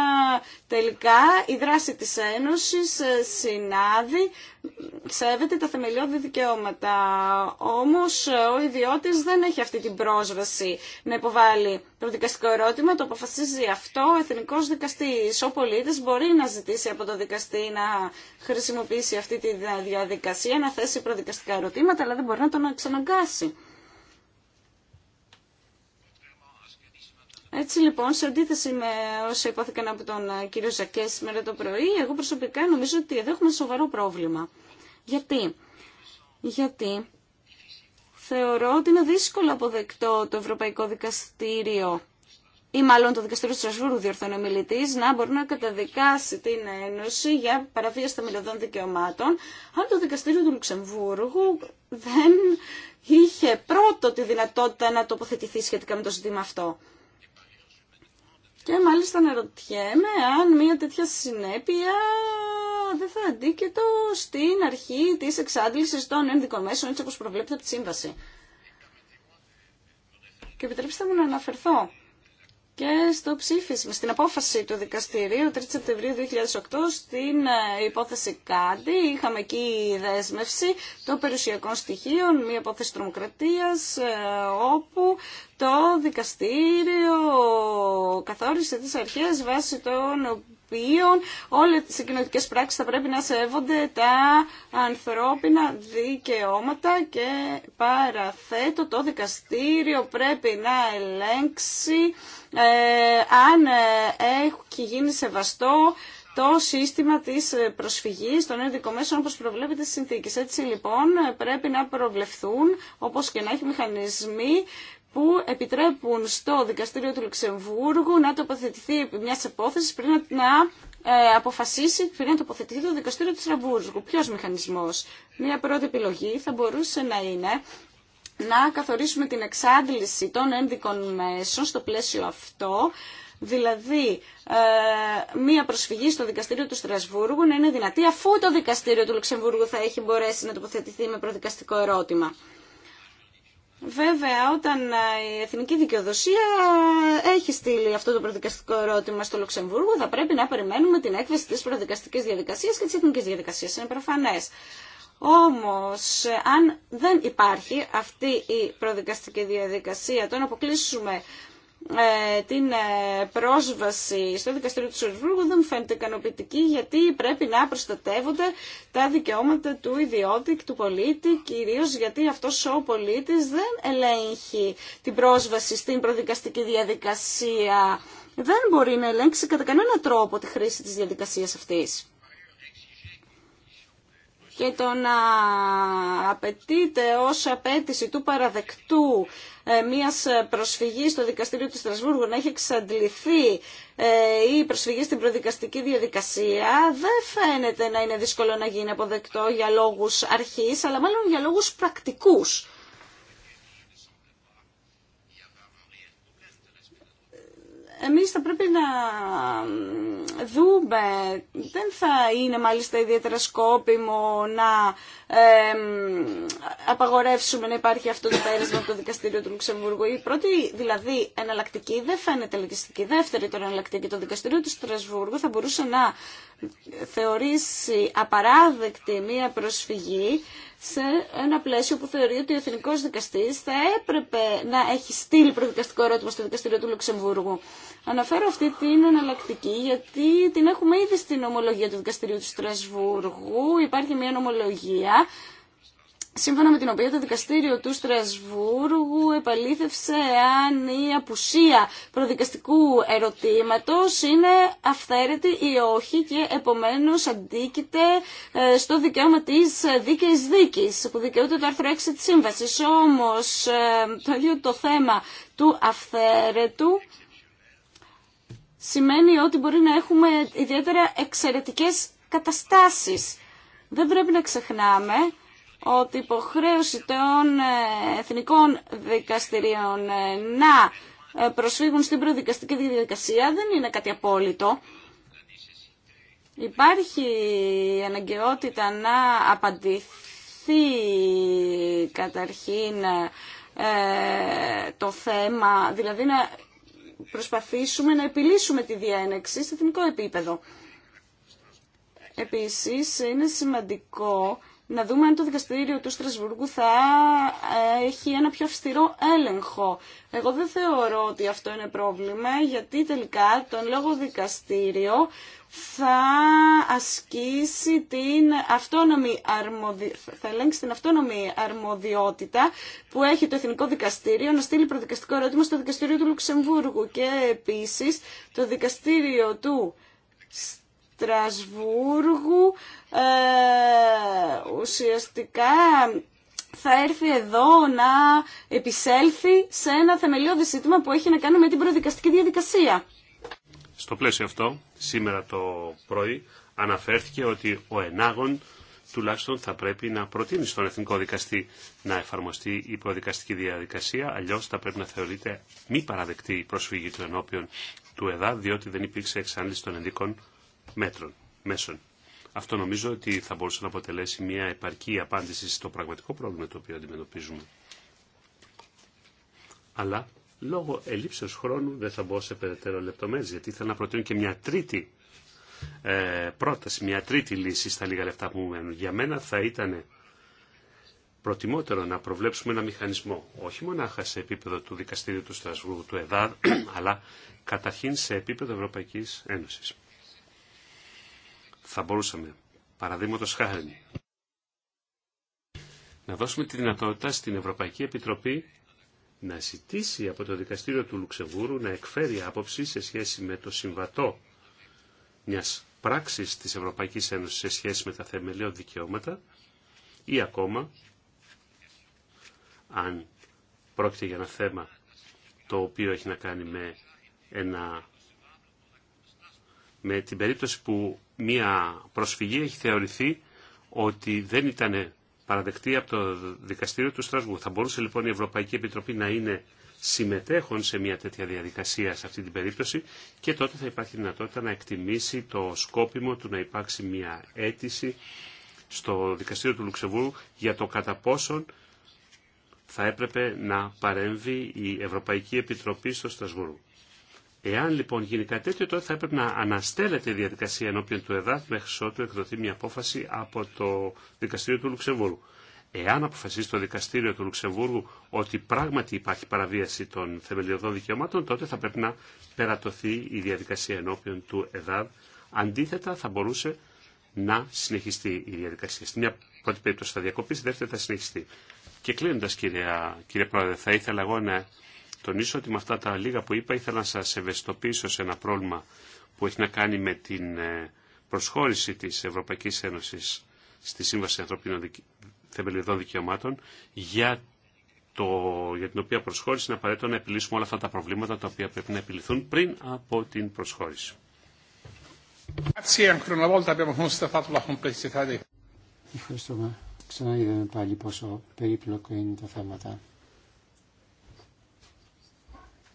τελικά η δράση της Ένωσης ε, συνάδει, σέβεται τα θεμελιώδη δικαιώματα. Όμως ε, ο ιδιώτης δεν έχει αυτή την πρόσβαση να υποβάλει το δικαστικό ερώτημα, το αποφασίζει αυτό ο Εθνικός Δικαστής. Ο πολίτης μπορεί να ζητήσει από το δικαστή να χρησιμοποιήσει αυτή τη διαδικασία, να θέσει προδικαστικά ερωτήματα, αλλά δεν μπορεί να τον εξαναγκάσει. Έτσι λοιπόν, σε αντίθεση με όσα υπόθηκαν από τον ε, κύριο Ζακέ σήμερα το πρωί, εγώ προσωπικά νομίζω ότι εδώ έχουμε σοβαρό πρόβλημα. Γιατί, Γιατί θεωρώ ότι είναι δύσκολο αποδεκτό το Ευρωπαϊκό Δικαστήριο ή μάλλον το Δικαστήριο του Στρασβούρου διορθώνει ο μιλητή, να μπορεί να καταδικάσει την Ένωση για παραβίαση θεμελιωδών δικαιωμάτων, αν το Δικαστήριο του Λουξεμβούργου δεν είχε πρώτο τη δυνατότητα να τοποθετηθεί σχετικά με το ζήτημα αυτό. Και μάλιστα αναρωτιέμαι αν μια τέτοια συνέπεια δεν θα αντίκειτο στην αρχή της εξάντλησης των ένδικων μέσων, έτσι όπως προβλέπεται από τη Σύμβαση. Και επιτρέψτε μου να αναφερθώ και στο ψήφισμα, στην απόφαση του δικαστηρίου 3 Σεπτεμβρίου 2008 στην ε, υπόθεση Κάντι. Είχαμε εκεί δέσμευση των περιουσιακών στοιχείων, μια υπόθεση τρομοκρατίας, ε, όπου το δικαστήριο καθόρισε τις αρχές βάσει των οποίων όλες τις κοινωνικές πράξεις θα πρέπει να σέβονται τα ανθρώπινα δικαιώματα και παραθέτω το δικαστήριο πρέπει να ελέγξει ε, αν ε, έχει γίνει σεβαστό το σύστημα της ε, προσφυγής των ένδικων μέσων όπως προβλέπεται στις συνθήκες. Έτσι λοιπόν πρέπει να προβλεφθούν όπως και να έχει μηχανισμοί που επιτρέπουν στο δικαστήριο του Λουξεμβούργου να τοποθετηθεί μια υπόθεση πριν να αποφασίσει, πριν να τοποθετηθεί το δικαστήριο του Στραμβούργου. Ποιο μηχανισμό. Μια πρώτη επιλογή θα μπορούσε να είναι να καθορίσουμε την εξάντληση των ένδικων μέσων στο πλαίσιο αυτό, δηλαδή ε, μία προσφυγή στο δικαστήριο του Στρασβούργου να είναι δυνατή αφού το δικαστήριο του Λουξεμβούργου θα έχει μπορέσει να τοποθετηθεί με προδικαστικό ερώτημα. Βέβαια, όταν ε, η Εθνική Δικαιοδοσία έχει στείλει αυτό το προδικαστικό ερώτημα στο Λουξεμβούργο, θα πρέπει να περιμένουμε την έκθεση της προδικαστικής διαδικασίας και της εθνικής διαδικασίας, Είναι προφανέ. Όμως, αν δεν υπάρχει αυτή η προδικαστική διαδικασία, το να αποκλείσουμε ε, την ε, πρόσβαση στο δικαστήριο του Σουρβούργου δεν φαίνεται ικανοποιητική γιατί πρέπει να προστατεύονται τα δικαιώματα του ιδιώτη και του πολίτη κυρίως γιατί αυτός ο πολίτης δεν ελέγχει την πρόσβαση στην προδικαστική διαδικασία δεν μπορεί να ελέγξει κατά κανένα τρόπο τη χρήση της διαδικασίας αυτής και το να απαιτείται ως απέτηση του παραδεκτού ε, μιας προσφυγής στο δικαστήριο του Στρασβούργου να έχει εξαντληθεί ε, η προσφυγή στην προδικαστική διαδικασία δεν φαίνεται να είναι δύσκολο να γίνει αποδεκτό για λόγους αρχής αλλά μάλλον για λόγους πρακτικούς. εμείς θα πρέπει να δούμε, δεν θα είναι μάλιστα ιδιαίτερα σκόπιμο να ε, απαγορεύσουμε να υπάρχει αυτό το πέρασμα από το δικαστήριο του Λουξεμβούργου. Η πρώτη δηλαδή εναλλακτική δεν φαίνεται λογιστική. Δεύτερη τώρα εναλλακτική το δικαστήριο του Στρασβούργου θα μπορούσε να θεωρήσει απαράδεκτη μία προσφυγή σε ένα πλαίσιο που θεωρεί ότι ο εθνικός δικαστής θα έπρεπε να έχει στείλει προδικαστικό ερώτημα στο Δικαστήριο του Λουξεμβούργου. Αναφέρω αυτή την εναλλακτική γιατί την έχουμε ήδη στην ομολογία του Δικαστηρίου του Στρασβούργου. Υπάρχει μια ομολογία σύμφωνα με την οποία το δικαστήριο του Στρασβούργου επαλήθευσε αν η απουσία προδικαστικού ερωτήματος είναι αυθαίρετη ή όχι και επομένως αντίκειται ε, στο δικαίωμα της δίκαιης δίκης που δικαιούται το άρθρο 6 της Σύμβασης. Όμως ε, το ίδιο το θέμα του αυθαίρετου σημαίνει ότι μπορεί να έχουμε ιδιαίτερα εξαιρετικές καταστάσεις. Δεν πρέπει να ξεχνάμε ότι η υποχρέωση των ε, εθνικών δικαστηρίων ε, να ε, προσφύγουν στην προδικαστική διαδικασία δεν είναι κάτι απόλυτο. Υπάρχει αναγκαιότητα να απαντηθεί καταρχήν το θέμα, δηλαδή να προσπαθήσουμε να επιλύσουμε τη διένεξη σε εθνικό επίπεδο. Επίσης, είναι σημαντικό να δούμε αν το δικαστήριο του Στρασβουργού θα ε, έχει ένα πιο αυστηρό έλεγχο. Εγώ δεν θεωρώ ότι αυτό είναι πρόβλημα, γιατί τελικά το λόγο δικαστήριο θα ασκήσει την αυτόνομη θα την αυτόνομη αρμοδιότητα που έχει το Εθνικό Δικαστήριο να στείλει προδικαστικό ερώτημα στο Δικαστήριο του Λουξεμβούργου και επίσης το Δικαστήριο του Στρασβούργου ε, ουσιαστικά θα έρθει εδώ να επισέλθει σε ένα θεμελιώδη ζήτημα που έχει να κάνει με την προδικαστική διαδικασία. Στο πλαίσιο αυτό, σήμερα το πρωί αναφέρθηκε ότι ο ενάγων τουλάχιστον θα πρέπει να προτείνει στον εθνικό δικαστή να εφαρμοστεί η προδικαστική διαδικασία, αλλιώς θα πρέπει να θεωρείται μη παραδεκτή η προσφυγή του ενώπιον του ΕΔΑ, διότι δεν υπήρξε εξάντληση των ενδικών μέτρων, μέσων. Αυτό νομίζω ότι θα μπορούσε να αποτελέσει μια επαρκή απάντηση στο πραγματικό πρόβλημα το οποίο αντιμετωπίζουμε. Αλλά λόγω ελλείψεως χρόνου δεν θα μπω σε περαιτέρω λεπτομέρειε, γιατί ήθελα να προτείνω και μια τρίτη ε, πρόταση, μια τρίτη λύση στα λίγα λεφτά που μου μένουν. Για μένα θα ήταν προτιμότερο να προβλέψουμε ένα μηχανισμό, όχι μονάχα σε επίπεδο του Δικαστήριου του Στρασβούργου, του ΕΔΑΔ, αλλά καταρχήν σε επίπεδο Ευρωπαϊκής Ένωσης θα μπορούσαμε, παραδείγματο χάρη, να δώσουμε τη δυνατότητα στην Ευρωπαϊκή Επιτροπή να ζητήσει από το Δικαστήριο του Λουξεμβούρου να εκφέρει άποψη σε σχέση με το συμβατό μιας πράξης της Ευρωπαϊκής Ένωσης σε σχέση με τα θεμελιώδη δικαιώματα ή ακόμα αν πρόκειται για ένα θέμα το οποίο έχει να κάνει με, ένα, με την περίπτωση που μία προσφυγή έχει θεωρηθεί ότι δεν ήταν παραδεκτή από το δικαστήριο του Στρασβού. Θα μπορούσε λοιπόν η Ευρωπαϊκή Επιτροπή να είναι συμμετέχον σε μια τέτοια διαδικασία σε αυτή την περίπτωση και τότε θα υπάρχει δυνατότητα να εκτιμήσει το σκόπιμο του να υπάρξει μια αίτηση στο δικαστήριο του Λουξεμβούργου για το κατά πόσον θα έπρεπε να παρέμβει η Ευρωπαϊκή Επιτροπή στο Στρασβούργο. Εάν λοιπόν γίνει κάτι τέτοιο, τότε θα έπρεπε να αναστέλλεται η διαδικασία ενώπιον του ΕΔΑΤ μέχρι ότου εκδοθεί μια απόφαση από το Δικαστήριο του Λουξεμβούργου. Εάν αποφασίσει το Δικαστήριο του Λουξεμβούργου ότι πράγματι υπάρχει παραβίαση των θεμελιωδών δικαιωμάτων, τότε θα πρέπει να περατωθεί η διαδικασία ενώπιον του ΕΔΑΔ. Αντίθετα, θα μπορούσε να συνεχιστεί η διαδικασία. Στην μια πρώτη περίπτωση θα διακοπεί, στη δεύτερη θα συνεχιστεί. Και κλείνοντα, κύριε, κύριε Πρόεδρε, θα ήθελα εγώ να τονίσω ότι με αυτά τα λίγα που είπα ήθελα να σας ευαισθητοποιήσω σε ένα πρόβλημα που έχει να κάνει με την ε, προσχώρηση της Ευρωπαϊκής Ένωσης στη Σύμβαση Ανθρωπίνων Θεμελιωδών Δικαιωμάτων για, το, για την οποία προσχώρηση είναι απαραίτητο να επιλύσουμε όλα αυτά τα προβλήματα τα οποία πρέπει να επιληθούν πριν από την προσχώρηση. Ευχαριστούμε. Ξαναείδαμε πάλι πόσο περίπλοκο είναι τα θέματα.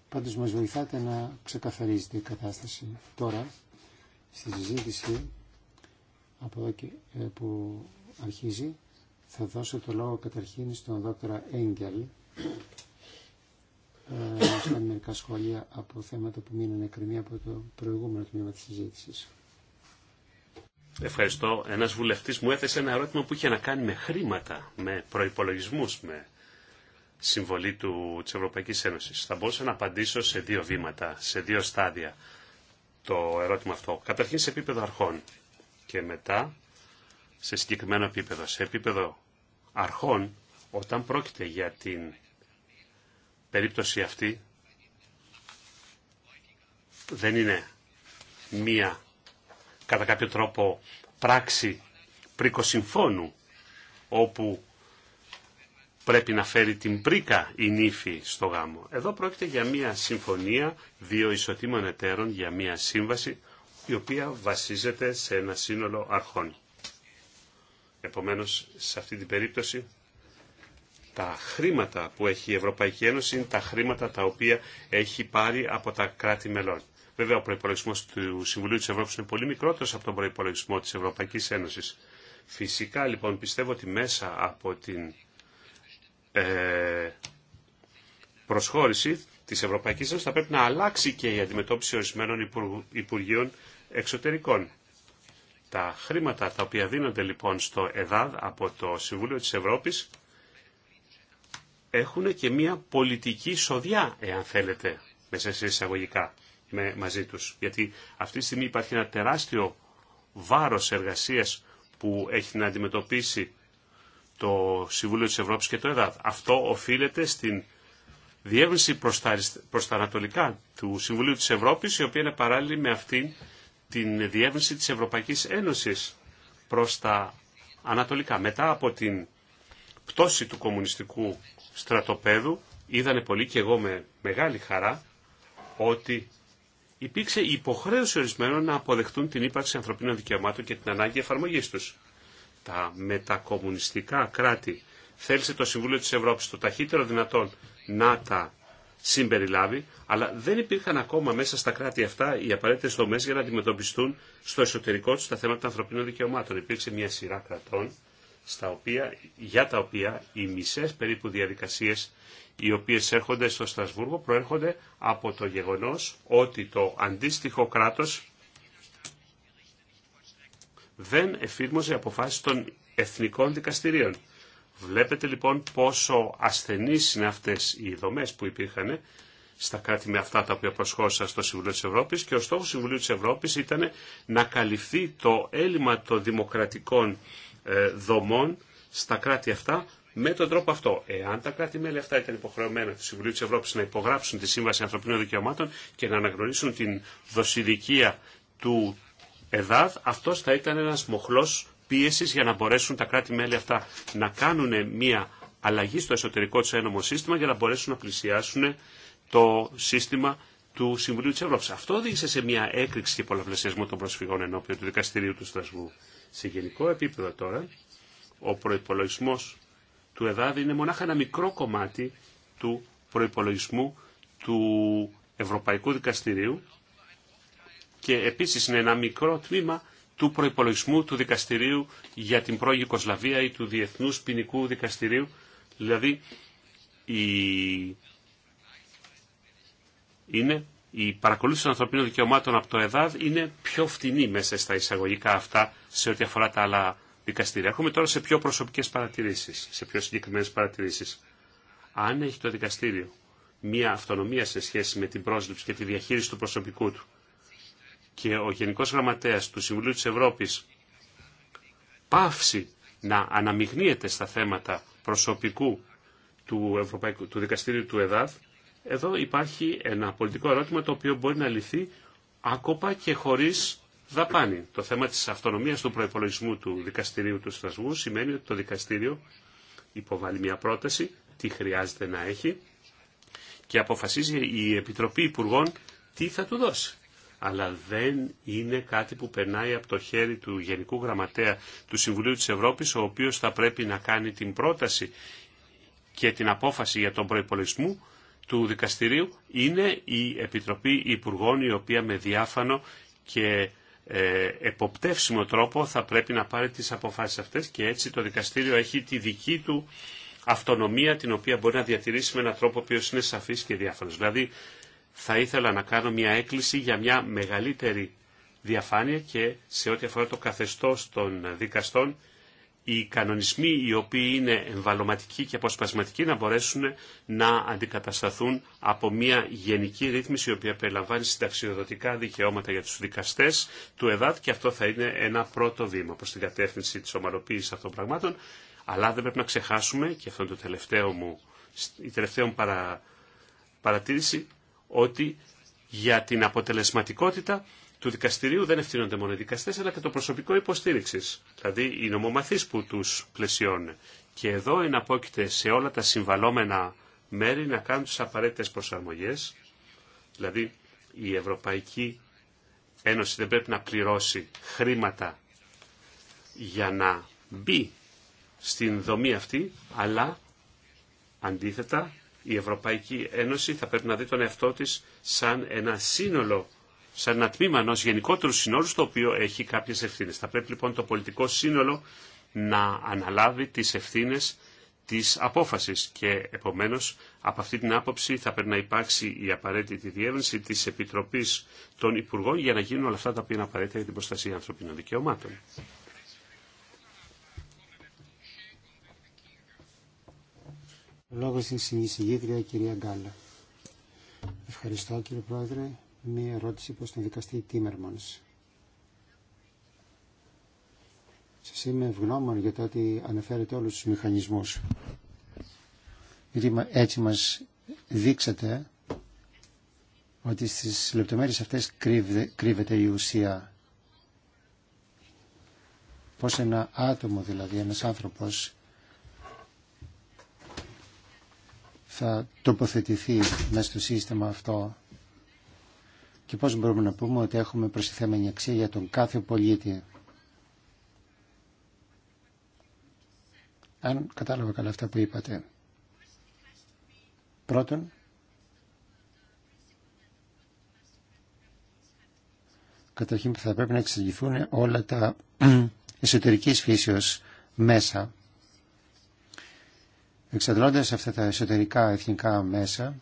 Πάντως μας βοηθάτε να ξεκαθαρίζετε η κατάσταση. Τώρα, στη συζήτηση από εδώ και, ε, που αρχίζει, θα δώσω το λόγο καταρχήν στον δόκτωρα Έγγελ ε, να κάνει μερικά σχόλια από θέματα που μείνανε εκκριμή από το προηγούμενο τμήμα της συζήτησης. Ευχαριστώ. Ένας βουλευτής μου έθεσε ένα ερώτημα που είχε να κάνει με χρήματα, με προϋπολογισμούς, με συμβολή του, της Ευρωπαϊκής Ένωσης. Θα μπορούσα να απαντήσω σε δύο βήματα, σε δύο στάδια το ερώτημα αυτό. Καταρχήν σε επίπεδο αρχών και μετά σε συγκεκριμένο επίπεδο. Σε επίπεδο αρχών, όταν πρόκειται για την περίπτωση αυτή, δεν είναι μία κατά κάποιο τρόπο πράξη συμφώνου όπου πρέπει να φέρει την πρίκα η νύφη στο γάμο. Εδώ πρόκειται για μια συμφωνία δύο ισοτήμων εταίρων για μια σύμβαση η οποία βασίζεται σε ένα σύνολο αρχών. Επομένως, σε αυτή την περίπτωση, τα χρήματα που έχει η Ευρωπαϊκή Ένωση είναι τα χρήματα τα οποία έχει πάρει από τα κράτη-μελών. Βέβαια, ο προπολογισμό του Συμβουλίου τη Ευρώπη είναι πολύ μικρότερο από τον προπολογισμό τη Ευρωπαϊκή Ένωση. Φυσικά, λοιπόν, πιστεύω ότι μέσα από την ε, προσχώρηση της Ευρωπαϊκής Ένωσης θα πρέπει να αλλάξει και η αντιμετώπιση ορισμένων Υπουργείων Εξωτερικών. Τα χρήματα τα οποία δίνονται λοιπόν στο ΕΔΑΔ από το Συμβούλιο της Ευρώπης έχουν και μια πολιτική σοδιά, εάν θέλετε, μέσα σε εισαγωγικά με, μαζί τους. Γιατί αυτή τη στιγμή υπάρχει ένα τεράστιο βάρος εργασίας που έχει να αντιμετωπίσει το Συμβούλιο της Ευρώπης και το ΕΔΑΤ. Αυτό οφείλεται στην διεύρυνση προς τα, ανατολικά του Συμβουλίου της Ευρώπης, η οποία είναι παράλληλη με αυτήν την διεύρυνση της Ευρωπαϊκής Ένωσης προς τα ανατολικά. Μετά από την πτώση του κομμουνιστικού στρατοπέδου, είδανε πολύ και εγώ με μεγάλη χαρά ότι υπήρξε υποχρέωση ορισμένων να αποδεχτούν την ύπαρξη ανθρωπίνων δικαιωμάτων και την ανάγκη εφαρμογής τους τα μετακομμουνιστικά κράτη θέλησε το Συμβούλιο της Ευρώπης το ταχύτερο δυνατόν να τα συμπεριλάβει, αλλά δεν υπήρχαν ακόμα μέσα στα κράτη αυτά οι απαραίτητες δομές για να αντιμετωπιστούν στο εσωτερικό τους τα θέματα των ανθρωπίνων δικαιωμάτων. Υπήρξε μια σειρά κρατών στα οποία, για τα οποία οι μισές περίπου διαδικασίες οι οποίες έρχονται στο Στρασβούργο προέρχονται από το γεγονός ότι το αντίστοιχο κράτος δεν εφήρμοζε αποφάσεις των εθνικών δικαστηρίων. Βλέπετε λοιπόν πόσο ασθενείς είναι αυτές οι δομές που υπήρχαν στα κράτη με αυτά τα οποία προσχώρησαν στο Συμβουλίο της Ευρώπης και ο στόχος του Συμβουλίου της Ευρώπης ήταν να καλυφθεί το έλλειμμα των δημοκρατικών ε, δομών στα κράτη αυτά με τον τρόπο αυτό. Εάν τα κράτη-μέλη αυτά ήταν υποχρεωμένα του Συμβουλίου της Ευρώπης να υπογράψουν τη Σύμβαση Ανθρωπίνων Δικαιωμάτων και να αναγνωρίσουν την δοσηδικία του ΕΔΑΔ, αυτός θα ήταν ένας μοχλός πίεσης για να μπορέσουν τα κράτη-μέλη αυτά να κάνουν μια αλλαγή στο εσωτερικό του ένωμο σύστημα για να μπορέσουν να πλησιάσουν το σύστημα του Συμβουλίου τη Ευρώπη. Αυτό οδήγησε σε μια έκρηξη και πολλαπλασιασμό των προσφυγών ενώπιον του Δικαστηρίου του Στρασβού. Σε γενικό επίπεδο τώρα, ο προπολογισμό του ΕΔΑΔ είναι μονάχα ένα μικρό κομμάτι του προπολογισμού του Ευρωπαϊκού Δικαστηρίου και επίσης είναι ένα μικρό τμήμα του προϋπολογισμού του δικαστηρίου για την πρώην Ιουκοσλαβία ή του Διεθνούς Ποινικού Δικαστηρίου. Δηλαδή η... είναι η παρακολούθηση των ανθρωπίνων δικαιωμάτων από το ΕΔΑΔ είναι πιο φτηνή μέσα στα εισαγωγικά αυτά σε ό,τι αφορά τα άλλα δικαστήρια. Έχουμε τώρα σε πιο προσωπικές παρατηρήσεις, σε πιο συγκεκριμένες παρατηρήσεις. Αν έχει το δικαστήριο μία αυτονομία σε σχέση με την πρόσληψη και τη διαχείριση του προσωπικού του, και ο Γενικός Γραμματέας του Συμβουλίου της Ευρώπης πάυσει να αναμειγνύεται στα θέματα προσωπικού του, Ευρωπαϊκού, του Δικαστήριου του ΕΔΑΔ, εδώ υπάρχει ένα πολιτικό ερώτημα το οποίο μπορεί να λυθεί άκοπα και χωρίς δαπάνη. Το θέμα της αυτονομίας του προϋπολογισμού του Δικαστηρίου του Στρασβού σημαίνει ότι το Δικαστήριο υποβάλλει μια πρόταση, τι χρειάζεται να έχει και αποφασίζει η Επιτροπή Υπουργών τι θα του δώσει αλλά δεν είναι κάτι που περνάει από το χέρι του Γενικού Γραμματέα του Συμβουλίου της Ευρώπης, ο οποίος θα πρέπει να κάνει την πρόταση και την απόφαση για τον προϋπολογισμό του δικαστηρίου, είναι η Επιτροπή Υπουργών, η οποία με διάφανο και ε, εποπτεύσιμο τρόπο θα πρέπει να πάρει τις αποφάσεις αυτές και έτσι το δικαστήριο έχει τη δική του αυτονομία την οποία μπορεί να διατηρήσει με έναν τρόπο ο οποίος είναι σαφής και διάφανος. Δηλαδή θα ήθελα να κάνω μια έκκληση για μια μεγαλύτερη διαφάνεια και σε ό,τι αφορά το καθεστώς των δικαστών οι κανονισμοί οι οποίοι είναι εμβαλωματικοί και αποσπασματικοί να μπορέσουν να αντικατασταθούν από μια γενική ρύθμιση η οποία περιλαμβάνει συνταξιοδοτικά δικαιώματα για τους δικαστές του ΕΔΑΤ και αυτό θα είναι ένα πρώτο βήμα προς την κατεύθυνση της ομαλοποίησης αυτών των πραγμάτων αλλά δεν πρέπει να ξεχάσουμε και αυτό είναι το τελευταίο μου, η τελευταία μου παρα, παρατήρηση ότι για την αποτελεσματικότητα του δικαστηρίου δεν ευθύνονται μόνο οι δικαστέ, αλλά και το προσωπικό υποστήριξη. Δηλαδή οι νομομαθεί που του πλαισιώνουν. Και εδώ εναπόκειται σε όλα τα συμβαλόμενα μέρη να κάνουν τι απαραίτητε προσαρμογέ. Δηλαδή η Ευρωπαϊκή Ένωση δεν πρέπει να πληρώσει χρήματα για να μπει στην δομή αυτή, αλλά αντίθετα η Ευρωπαϊκή Ένωση θα πρέπει να δει τον εαυτό της σαν ένα σύνολο, σαν ένα τμήμα ενό γενικότερου συνόλου στο οποίο έχει κάποιες ευθύνες. Θα πρέπει λοιπόν το πολιτικό σύνολο να αναλάβει τις ευθύνες της απόφασης και επομένως από αυτή την άποψη θα πρέπει να υπάρξει η απαραίτητη διεύρυνση της Επιτροπής των Υπουργών για να γίνουν όλα αυτά τα οποία είναι απαραίτητα για την προστασία ανθρωπίνων δικαιωμάτων. Λόγω στην συνεισηγήτρια κυρία Γκάλα. Ευχαριστώ κύριε Πρόεδρε. Μία ερώτηση προς τον δικαστή Τίμερμονς. Σας είμαι ευγνώμων για το ότι αναφέρετε όλους τους μηχανισμούς. Γιατί έτσι μας δείξατε ότι στις λεπτομέρειες αυτές κρύβεται η ουσία. Πώς ένα άτομο δηλαδή, ένας άνθρωπος θα τοποθετηθεί μέσα στο σύστημα αυτό και πώς μπορούμε να πούμε ότι έχουμε προστιθέμενη αξία για τον κάθε πολίτη. Αν κατάλαβα καλά αυτά που είπατε. Πρώτον, καταρχήν θα πρέπει να εξηγηθούν όλα τα εσωτερικής φύσεως μέσα Εξαντλώντας αυτά τα εσωτερικά εθνικά μέσα,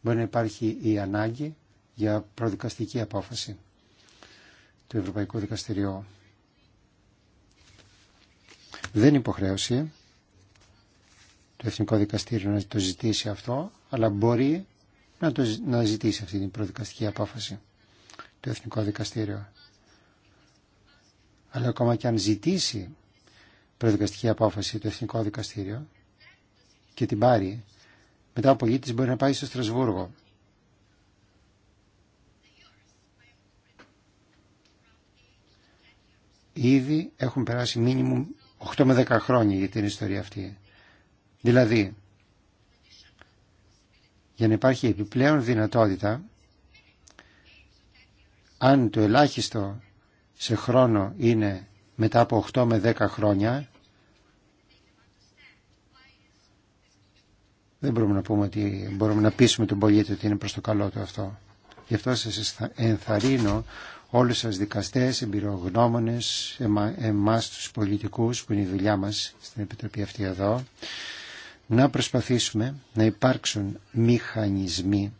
μπορεί να υπάρχει η ανάγκη για προδικαστική απόφαση του Ευρωπαϊκού Δικαστηριού. Δεν υποχρέωσε το Εθνικό Δικαστήριο να το ζητήσει αυτό, αλλά μπορεί να, το, να ζητήσει αυτή την προδικαστική απόφαση το Εθνικό Δικαστήριο. Αλλά ακόμα και αν ζητήσει προδικαστική απόφαση του εθνικού Δικαστήριο, και την πάρει, μετά από πολίτης μπορεί να πάει στο Στρασβούργο. Ήδη έχουν περάσει μίνιμουμ 8 με 10 χρόνια για την ιστορία αυτή. Δηλαδή, για να υπάρχει επιπλέον δυνατότητα, αν το ελάχιστο σε χρόνο είναι μετά από 8 με 10 χρόνια, Δεν μπορούμε να πούμε ότι μπορούμε να πείσουμε τον πολίτη ότι είναι προς το καλό του αυτό. Γι' αυτό σας ενθαρρύνω όλους σας δικαστές, εμπειρογνώμονες, εμά, εμάς τους πολιτικούς που είναι η δουλειά μας στην Επιτροπή αυτή εδώ, να προσπαθήσουμε να υπάρξουν μηχανισμοί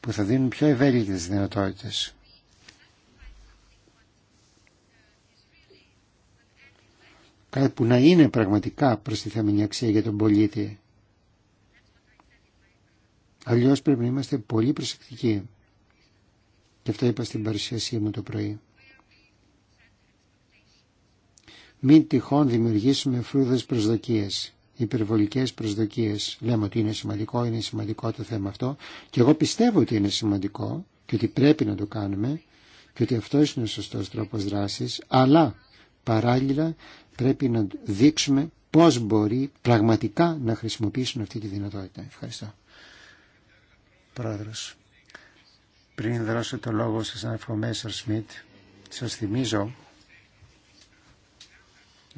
που θα δίνουν πιο ευέλικτες δυνατότητες κάτι που να είναι πραγματικά προστιθέμενη αξία για τον πολίτη. Αλλιώς πρέπει να είμαστε πολύ προσεκτικοί. Και αυτό είπα στην παρουσίασή μου το πρωί. Μην τυχόν δημιουργήσουμε φρούδες προσδοκίες, υπερβολικές προσδοκίες. Λέμε ότι είναι σημαντικό, είναι σημαντικό το θέμα αυτό. Και εγώ πιστεύω ότι είναι σημαντικό και ότι πρέπει να το κάνουμε και ότι αυτό είναι ο σωστός τρόπος δράσης. Αλλά παράλληλα πρέπει να δείξουμε πώς μπορεί πραγματικά να χρησιμοποιήσουν αυτή τη δυνατότητα. Ευχαριστώ. Πρόεδρος, πριν δώσω το λόγο σας συνάδελφο Μέσσερ Σμιτ, σας θυμίζω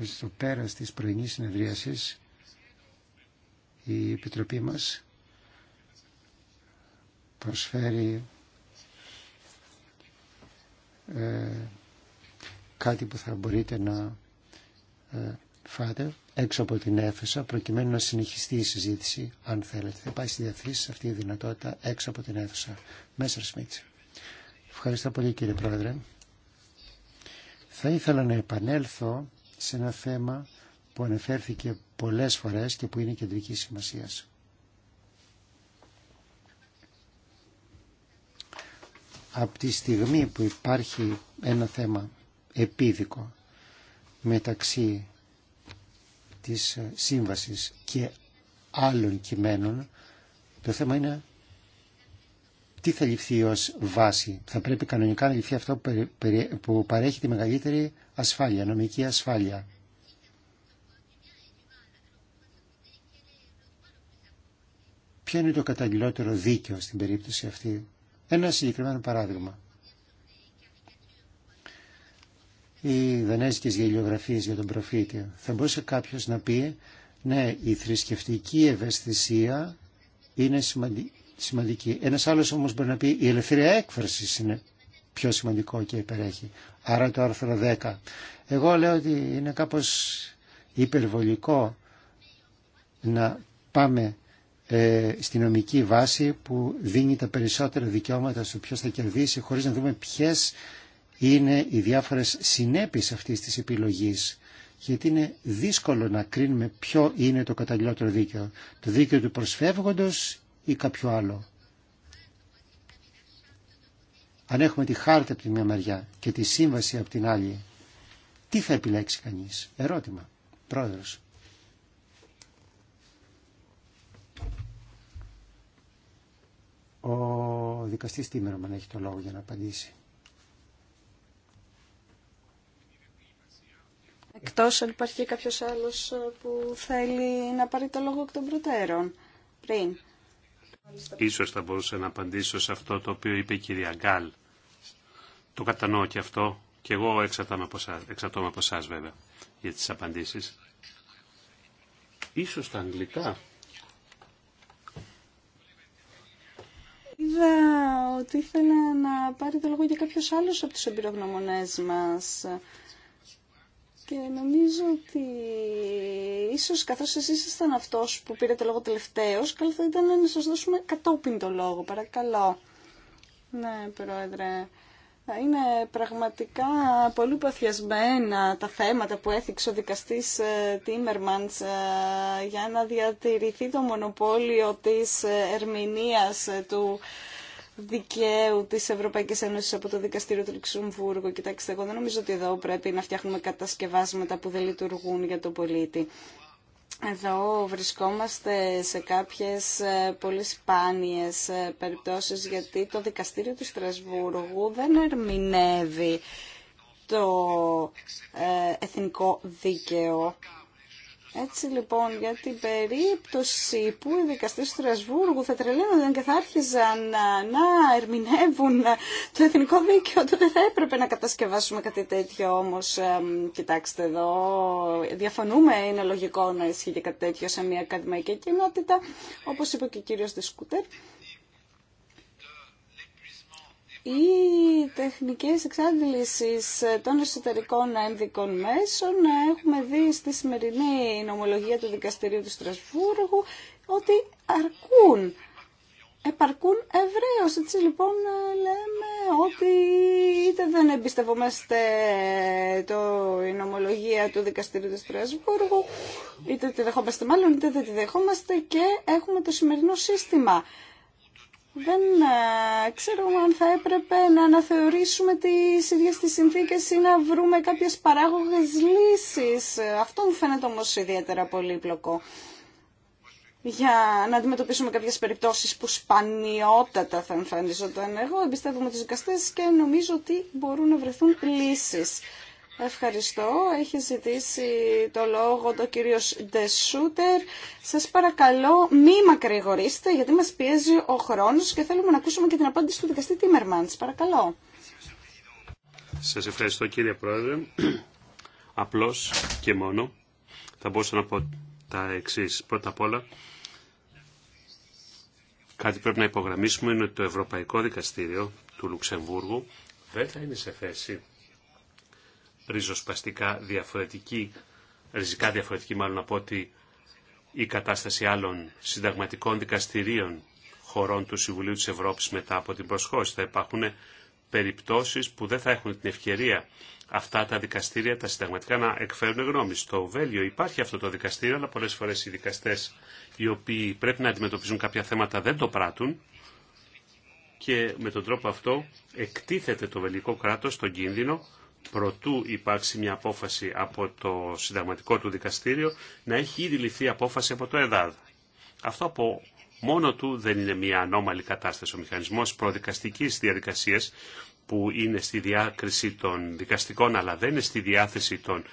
στο πέρας της πρωινής συνεδρίασης η Επιτροπή μας προσφέρει ε, κάτι που θα μπορείτε να Φάτε έξω από την αίθουσα προκειμένου να συνεχιστεί η συζήτηση αν θέλετε. Θα πάει στη διαθήση αυτή η δυνατότητα έξω από την αίθουσα. Μέσα Σμίτς. Ευχαριστώ πολύ κύριε Πρόεδρε. Θα ήθελα να επανέλθω σε ένα θέμα που ανέφερθηκε πολλές φορές και που είναι κεντρική σημασία. Από τη στιγμή που υπάρχει ένα θέμα επίδικο μεταξύ της σύμβασης και άλλων κειμένων, το θέμα είναι τι θα ληφθεί ως βάση. Θα πρέπει κανονικά να ληφθεί αυτό που παρέχει τη μεγαλύτερη ασφάλεια, νομική ασφάλεια. Ποιο είναι το καταλληλότερο δίκαιο στην περίπτωση αυτή. Ένα συγκεκριμένο παράδειγμα. οι δανέζικε γελιογραφίε για τον προφήτη. Θα μπορούσε κάποιο να πει, ναι, η θρησκευτική ευαισθησία είναι σημαντική. Ένα άλλο όμως μπορεί να πει, η ελευθερία έκφραση είναι πιο σημαντικό και υπερέχει. Άρα το άρθρο 10. Εγώ λέω ότι είναι κάπως υπερβολικό να πάμε ε, στη νομική βάση που δίνει τα περισσότερα δικαιώματα στο ποιος θα κερδίσει χωρίς να δούμε ποιες είναι οι διάφορες συνέπειες αυτής της επιλογής γιατί είναι δύσκολο να κρίνουμε ποιο είναι το καταλληλότερο δίκαιο. Το δίκαιο του προσφεύγοντος ή κάποιο άλλο. Αν έχουμε τη χάρτη από τη μια μεριά και τη σύμβαση από την άλλη, τι θα επιλέξει κανείς. Ερώτημα. Πρόεδρος. Ο δικαστής Τίμερμαν έχει το λόγο για να απαντήσει. Εκτός αν υπάρχει κάποιος άλλος ε, που θέλει να πάρει το λόγο εκ των προτέρων. Πριν. Ίσως θα μπορούσα να απαντήσω σε αυτό το οποίο είπε η κυρία Γκάλ. Το κατανοώ και αυτό. Και εγώ εξαρτώμαι από εσά βέβαια για τις απαντήσεις. Ίσως τα αγγλικά. Είδα ότι ήθελα να πάρει το λόγο για κάποιος άλλος από τους εμπειρογνωμονές μας. Και νομίζω ότι ίσως καθώς εσείς ήσασταν αυτός που πήρε το λόγο τελευταίος, καλό θα ήταν να σας δώσουμε κατόπιν το λόγο, παρακαλώ. Ναι, Πρόεδρε. Είναι πραγματικά πολύ παθιασμένα τα θέματα που έθιξε ο δικαστής ε, Τίμερμαντς ε, για να διατηρηθεί το μονοπόλιο της ε, ερμηνείας του δικαίου της Ευρωπαϊκής Ένωσης από το Δικαστήριο του Λουξεμβούργου. Κοιτάξτε, εγώ δεν νομίζω ότι εδώ πρέπει να φτιάχνουμε κατασκευάσματα που δεν λειτουργούν για το πολίτη. Εδώ βρισκόμαστε σε κάποιες ε, πολύ σπάνιες ε, περιπτώσεις γιατί το δικαστήριο του Στρασβούργου δεν ερμηνεύει το ε, εθνικό δίκαιο έτσι λοιπόν για την περίπτωση που οι δικαστές του Στρασβούργου θα τρελαίνονταν και θα άρχιζαν να ερμηνεύουν το εθνικό δίκαιο, τότε θα έπρεπε να κατασκευάσουμε κάτι τέτοιο όμως. Κοιτάξτε εδώ, διαφωνούμε, είναι λογικό να ισχύει και κάτι τέτοιο σε μια ακαδημαϊκή κοινότητα, όπως είπε και ο κύριος Δισκούτερ η τεχνικές εξάντλησης των εσωτερικών ένδικων μέσων έχουμε δει στη σημερινή νομολογία του Δικαστηρίου του Στρασβούργου ότι αρκούν επαρκούν ευρέω. Έτσι λοιπόν ε, λέμε ότι είτε δεν εμπιστευόμαστε το, η νομολογία του δικαστηρίου του Στρασβούργου, είτε τη δεχόμαστε μάλλον, είτε δεν τη δεχόμαστε και έχουμε το σημερινό σύστημα δεν ε, ξέρουμε αν θα έπρεπε να αναθεωρήσουμε τις ίδιες τις συνθήκες ή να βρούμε κάποιες παράγωγες λύσεις. Αυτό μου φαίνεται όμως ιδιαίτερα πολύπλοκο για να αντιμετωπίσουμε κάποιες περιπτώσεις που σπανιότατα θα εμφανίζονταν. Εγώ εμπιστεύομαι τους δικαστές και νομίζω ότι μπορούν να βρεθούν λύσεις. Ευχαριστώ. Έχει ζητήσει το λόγο το κύριος Ντεσούτερ. Σας παρακαλώ μη μακρηγορήστε γιατί μας πιέζει ο χρόνος και θέλουμε να ακούσουμε και την απάντηση του δικαστή Τίμερμαντς. Παρακαλώ. Σας ευχαριστώ κύριε Πρόεδρε. Απλώς και μόνο θα μπορούσα να πω τα εξή. Πρώτα απ' όλα κάτι πρέπει να υπογραμμίσουμε είναι ότι το Ευρωπαϊκό Δικαστήριο του Λουξεμβούργου δεν θα είναι σε θέση ριζοσπαστικά διαφορετική, ριζικά διαφορετική μάλλον από ότι η κατάσταση άλλων συνταγματικών δικαστηρίων χωρών του Συμβουλίου της Ευρώπης μετά από την προσχώρηση. Θα υπάρχουν περιπτώσεις που δεν θα έχουν την ευκαιρία αυτά τα δικαστήρια, τα συνταγματικά, να εκφέρουν γνώμη. Στο Βέλιο υπάρχει αυτό το δικαστήριο, αλλά πολλές φορές οι δικαστές οι οποίοι πρέπει να αντιμετωπίζουν κάποια θέματα δεν το πράττουν και με τον τρόπο αυτό εκτίθεται το βελικό κράτος στον κίνδυνο προτού υπάρξει μια απόφαση από το συνταγματικό του δικαστήριο, να έχει ήδη ληφθεί απόφαση από το ΕΔΑΔ. Αυτό από μόνο του δεν είναι μια ανώμαλη κατάσταση. Ο μηχανισμός προδικαστικής διαδικασίας που είναι στη διάκριση των δικαστικών αλλά δεν είναι στη διάθεση των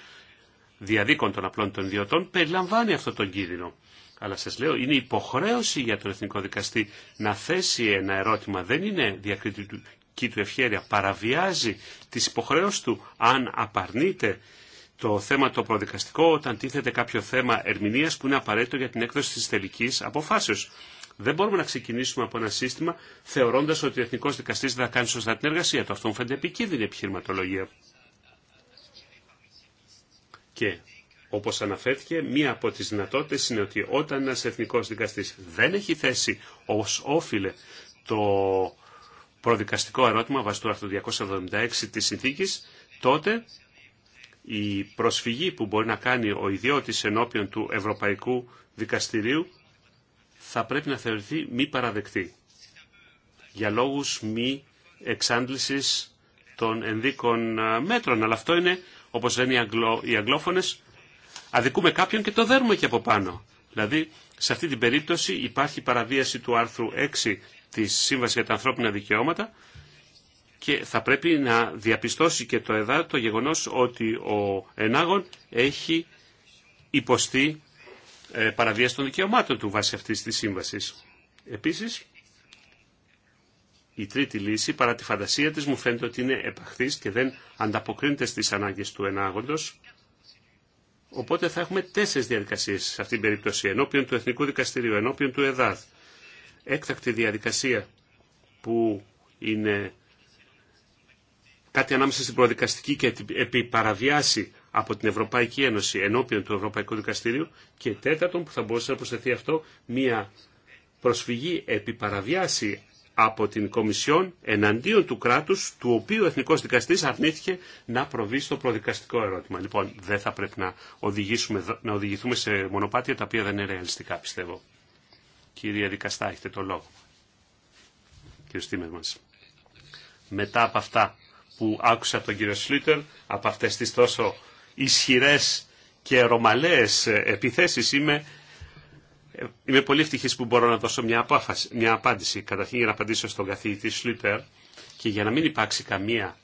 διαδίκων των απλών των ιδιωτών περιλαμβάνει αυτό τον κίνδυνο. Αλλά σας λέω, είναι υποχρέωση για τον Εθνικό Δικαστή να θέσει ένα ερώτημα. Δεν είναι διακριτική και του ευχέρεια παραβιάζει τις υποχρέωσεις του αν απαρνείται το θέμα το προδικαστικό όταν τίθεται κάποιο θέμα ερμηνείας που είναι απαραίτητο για την έκδοση της τελικής αποφάσεως. Δεν μπορούμε να ξεκινήσουμε από ένα σύστημα θεωρώντας ότι ο Εθνικό Δικαστή δεν θα κάνει σωστά την εργασία του. Αυτό μου φαίνεται επικίνδυνη επιχειρηματολογία. Και όπω αναφέρθηκε, μία από τις δυνατότητες είναι ότι όταν ένα Εθνικός Δικαστής δεν έχει θέση ω όφιλε το προδικαστικό ερώτημα βάσει του άρθρου 276 της συνθήκης, τότε η προσφυγή που μπορεί να κάνει ο ιδιώτης ενώπιον του Ευρωπαϊκού Δικαστηρίου θα πρέπει να θεωρηθεί μη παραδεκτή για λόγους μη εξάντλησης των ενδίκων ε, μέτρων. Αλλά αυτό είναι, όπως λένε οι, αγγλόφωνες, αδικούμε κάποιον και το δέρουμε και από πάνω. Δηλαδή, σε αυτή την περίπτωση υπάρχει παραβίαση του άρθρου 6 τη σύμβαση για τα Ανθρώπινα Δικαιώματα και θα πρέπει να διαπιστώσει και το ΕΔΑ το γεγονός ότι ο Ενάγων έχει υποστεί ε, παραβίαση των δικαιωμάτων του βάσει αυτής της σύμβασης. Επίσης, η τρίτη λύση, παρά τη φαντασία της, μου φαίνεται ότι είναι επαχθής και δεν ανταποκρίνεται στις ανάγκες του ενάγοντος. Οπότε θα έχουμε τέσσερις διαδικασίες σε αυτήν την περίπτωση, ενώπιον του Εθνικού Δικαστηρίου, ενώπιον του ΕΔΑΔ, έκτακτη διαδικασία που είναι κάτι ανάμεσα στην προδικαστική και την επιπαραβιάση από την Ευρωπαϊκή Ένωση ενώπιον του Ευρωπαϊκού Δικαστηρίου και τέταρτον που θα μπορούσε να προσθεθεί αυτό μια προσφυγή επιπαραβιάση από την Κομισιόν εναντίον του κράτους του οποίου ο Εθνικός Δικαστής αρνήθηκε να προβεί στο προδικαστικό ερώτημα. Λοιπόν, δεν θα πρέπει να, να οδηγηθούμε σε μονοπάτια τα οποία δεν είναι ρεαλιστικά πιστεύω. Κύριε Δικαστά, έχετε το λόγο. Κύριε μας. Μετά από αυτά που άκουσα από τον κύριο Σλίτερ, από αυτές τις τόσο ισχυρές και ρωμαλαίες επιθέσεις είμαι, είμαι πολύ ευτυχής που μπορώ να δώσω μια, μια απάντηση. Καταρχήν για να απαντήσω στον καθηγητή Σλίτερ και για να μην υπάρξει καμία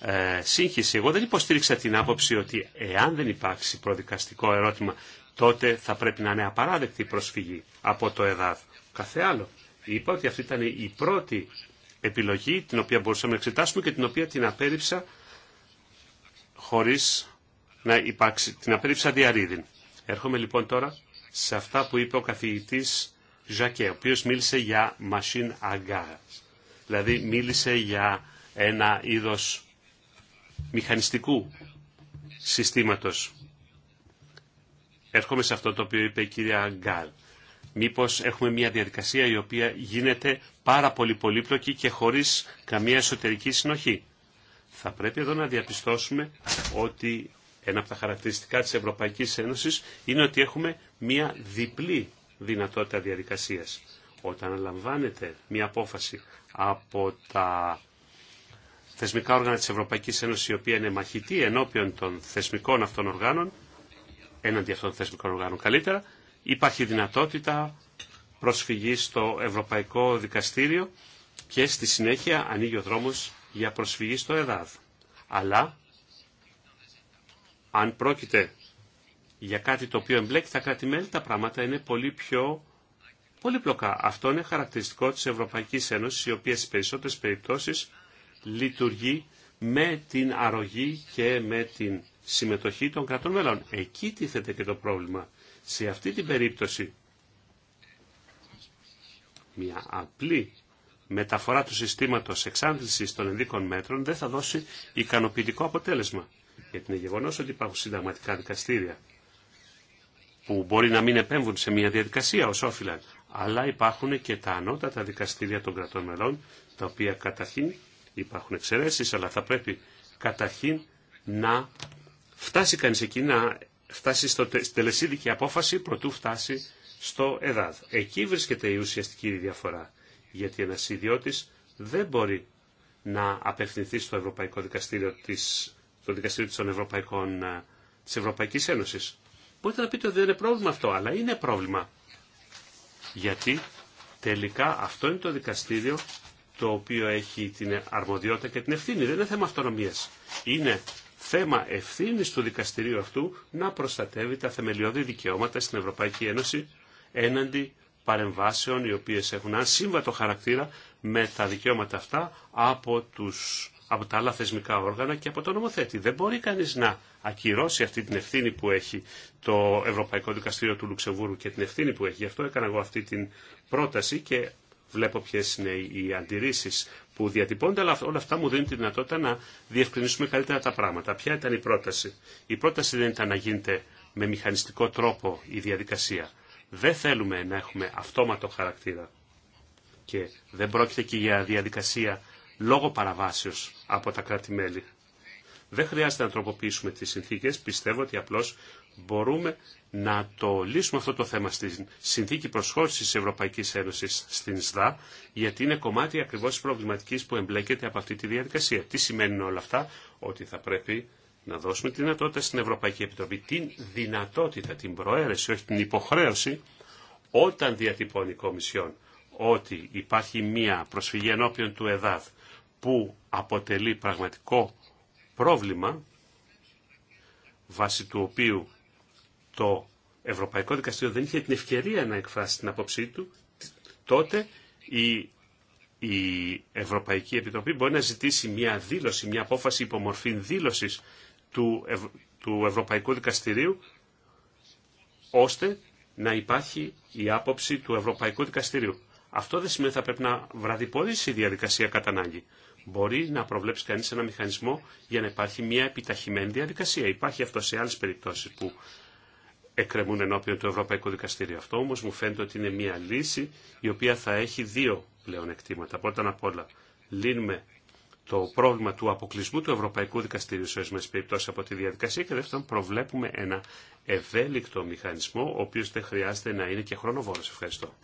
ε, σύγχυση. Εγώ δεν υποστήριξα την άποψη ότι εάν δεν υπάρξει προδικαστικό ερώτημα τότε θα πρέπει να είναι απαράδεκτη η προσφυγή από το ΕΔΑΔ. Καθε άλλο. Είπα ότι αυτή ήταν η πρώτη επιλογή την οποία μπορούσαμε να εξετάσουμε και την οποία την απέρριψα χωρίς να υπάρξει, την απέρριψα διαρρήδην. Έρχομαι λοιπόν τώρα σε αυτά που είπε ο καθηγητής Ζακέ, ο οποίος μίλησε για machine agar, δηλαδή μίλησε για ένα είδος μηχανιστικού συστήματος έρχομαι σε αυτό το οποίο είπε η κυρία Γκάλ. Μήπως έχουμε μια διαδικασία η οποία γίνεται πάρα πολύ πολύπλοκη και χωρίς καμία εσωτερική συνοχή. Θα πρέπει εδώ να διαπιστώσουμε ότι ένα από τα χαρακτηριστικά της Ευρωπαϊκής Ένωσης είναι ότι έχουμε μια διπλή δυνατότητα διαδικασίας. Όταν λαμβάνεται μια απόφαση από τα θεσμικά όργανα της Ευρωπαϊκής Ένωσης η οποία είναι μαχητή ενώπιον των θεσμικών αυτών οργάνων έναντι αυτών των θεσμικών οργάνων καλύτερα. Υπάρχει δυνατότητα προσφυγής στο Ευρωπαϊκό Δικαστήριο και στη συνέχεια ανοίγει ο δρόμος για προσφυγή στο ΕΔΑΔ. Αλλά αν πρόκειται για κάτι το οποίο εμπλέκει τα κράτη-μέλη, τα πράγματα είναι πολύ πιο πολύπλοκα. Αυτό είναι χαρακτηριστικό της Ευρωπαϊκής Ένωσης, η οποία στις περισσότερες περιπτώσεις λειτουργεί με την αρρωγή και με την συμμετοχή των κρατών μελών. Εκεί τίθεται και το πρόβλημα. Σε αυτή την περίπτωση, μια απλή μεταφορά του συστήματος εξάντλησης των ενδίκων μέτρων δεν θα δώσει ικανοποιητικό αποτέλεσμα. Γιατί είναι γεγονό ότι υπάρχουν συνταγματικά δικαστήρια που μπορεί να μην επέμβουν σε μια διαδικασία ως όφυλαν, αλλά υπάρχουν και τα ανώτατα δικαστήρια των κρατών μελών, τα οποία καταρχήν υπάρχουν εξαιρέσεις, αλλά θα πρέπει καταρχήν να φτάσει κανείς εκεί να φτάσει στο, στην τελεσίδικη απόφαση προτού φτάσει στο ΕΔΑΔ. Εκεί βρίσκεται η ουσιαστική διαφορά. Γιατί ένα ιδιώτη δεν μπορεί να απευθυνθεί στο Ευρωπαϊκό Δικαστήριο της, το Δικαστήριο της, Ευρωπαϊκών, ε, της Ευρωπαϊκής Ένωσης. Μπορείτε να πείτε ότι δεν είναι πρόβλημα αυτό, αλλά είναι πρόβλημα. Γιατί τελικά αυτό είναι το δικαστήριο το οποίο έχει την αρμοδιότητα και την ευθύνη. Δεν είναι θέμα αυτονομίας. Είναι θέμα ευθύνης του δικαστηρίου αυτού να προστατεύει τα θεμελιώδη δικαιώματα στην Ευρωπαϊκή Ένωση έναντι παρεμβάσεων οι οποίες έχουν ασύμβατο χαρακτήρα με τα δικαιώματα αυτά από, τους, από τα άλλα θεσμικά όργανα και από τον νομοθέτη. Δεν μπορεί κανείς να ακυρώσει αυτή την ευθύνη που έχει το Ευρωπαϊκό Δικαστήριο του Λουξεμβούργου και την ευθύνη που έχει. Γι' αυτό έκανα εγώ αυτή την πρόταση και βλέπω ποιες είναι οι αντιρρήσεις που διατυπώνται, αλλά όλα αυτά μου δίνουν τη δυνατότητα να διευκρινίσουμε καλύτερα τα πράγματα. Ποια ήταν η πρόταση. Η πρόταση δεν ήταν να γίνεται με μηχανιστικό τρόπο η διαδικασία. Δεν θέλουμε να έχουμε αυτόματο χαρακτήρα. Και δεν πρόκειται και για διαδικασία λόγω παραβάσεως από τα κράτη-μέλη. Δεν χρειάζεται να τροποποιήσουμε τις συνθήκες, πιστεύω ότι απλώς μπορούμε να το λύσουμε αυτό το θέμα στη συνθήκη προσχώρηση τη Ευρωπαϊκή Ένωση στην ΣΔΑ, γιατί είναι κομμάτι ακριβώ τη προβληματικής που εμπλέκεται από αυτή τη διαδικασία. Τι σημαίνουν όλα αυτά, ότι θα πρέπει να δώσουμε τη δυνατότητα στην Ευρωπαϊκή Επιτροπή, την δυνατότητα, την προαίρεση, όχι την υποχρέωση, όταν διατυπώνει η Κομισιόν ότι υπάρχει μία προσφυγή ενώπιον του ΕΔΑΔ που αποτελεί πραγματικό πρόβλημα, βάσει του οποίου το Ευρωπαϊκό Δικαστήριο δεν είχε την ευκαιρία να εκφράσει την άποψή του, τότε η, η Ευρωπαϊκή Επιτροπή μπορεί να ζητήσει μια δήλωση, μια απόφαση υπομορφή δήλωση του, του Ευρωπαϊκού Δικαστηρίου, ώστε να υπάρχει η άποψη του Ευρωπαϊκού Δικαστηρίου. Αυτό δεν σημαίνει ότι θα πρέπει να βραδιπορήσει η διαδικασία κατά ανάγκη. Μπορεί να προβλέψει κανεί ένα μηχανισμό για να υπάρχει μια επιταχυμένη διαδικασία. Υπάρχει αυτό σε άλλε περιπτώσει που εκκρεμούν ενώπιον του Ευρωπαϊκού Δικαστήριου. Αυτό όμως μου φαίνεται ότι είναι μια λύση η οποία θα έχει δύο πλέον εκτήματα. Πρώτα απ' όλα λύνουμε το πρόβλημα του αποκλεισμού του Ευρωπαϊκού Δικαστήριου σε ορισμένε περιπτώσει από τη διαδικασία και δεύτερον προβλέπουμε ένα ευέλικτο μηχανισμό ο οποίος δεν χρειάζεται να είναι και χρονοβόρος. Ευχαριστώ.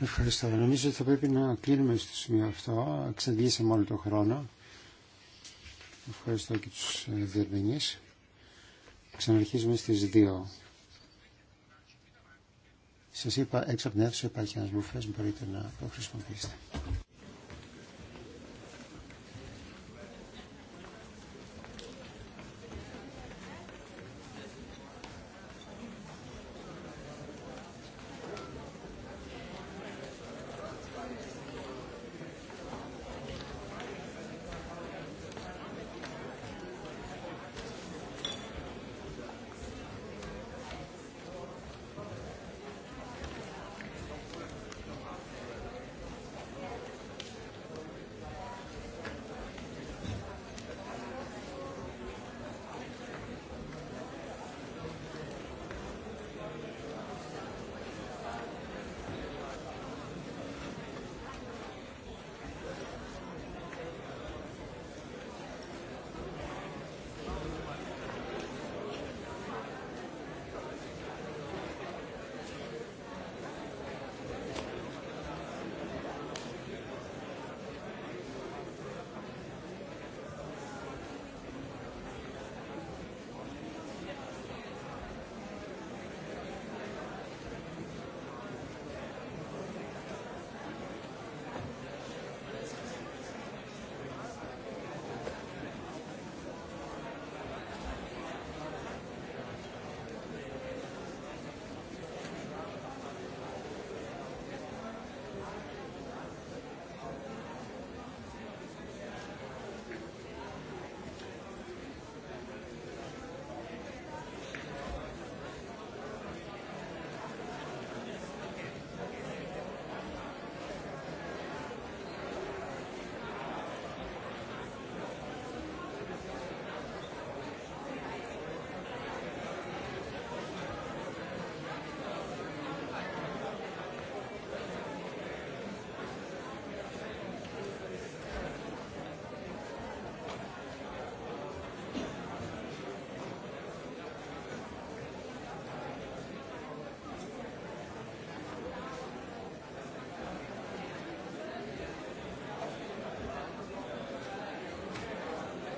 Ευχαριστώ. Νομίζω ότι θα πρέπει να κλείνουμε στο σημείο αυτό. Ξεδίσαμε όλο τον χρόνο. Ευχαριστώ και τους ε, διερμηνείς. Ξαναρχίζουμε στις 2. Σας είπα, έξω από την αίθουσα υπάρχει ένας μπουφές, μπορείτε να το χρησιμοποιήσετε.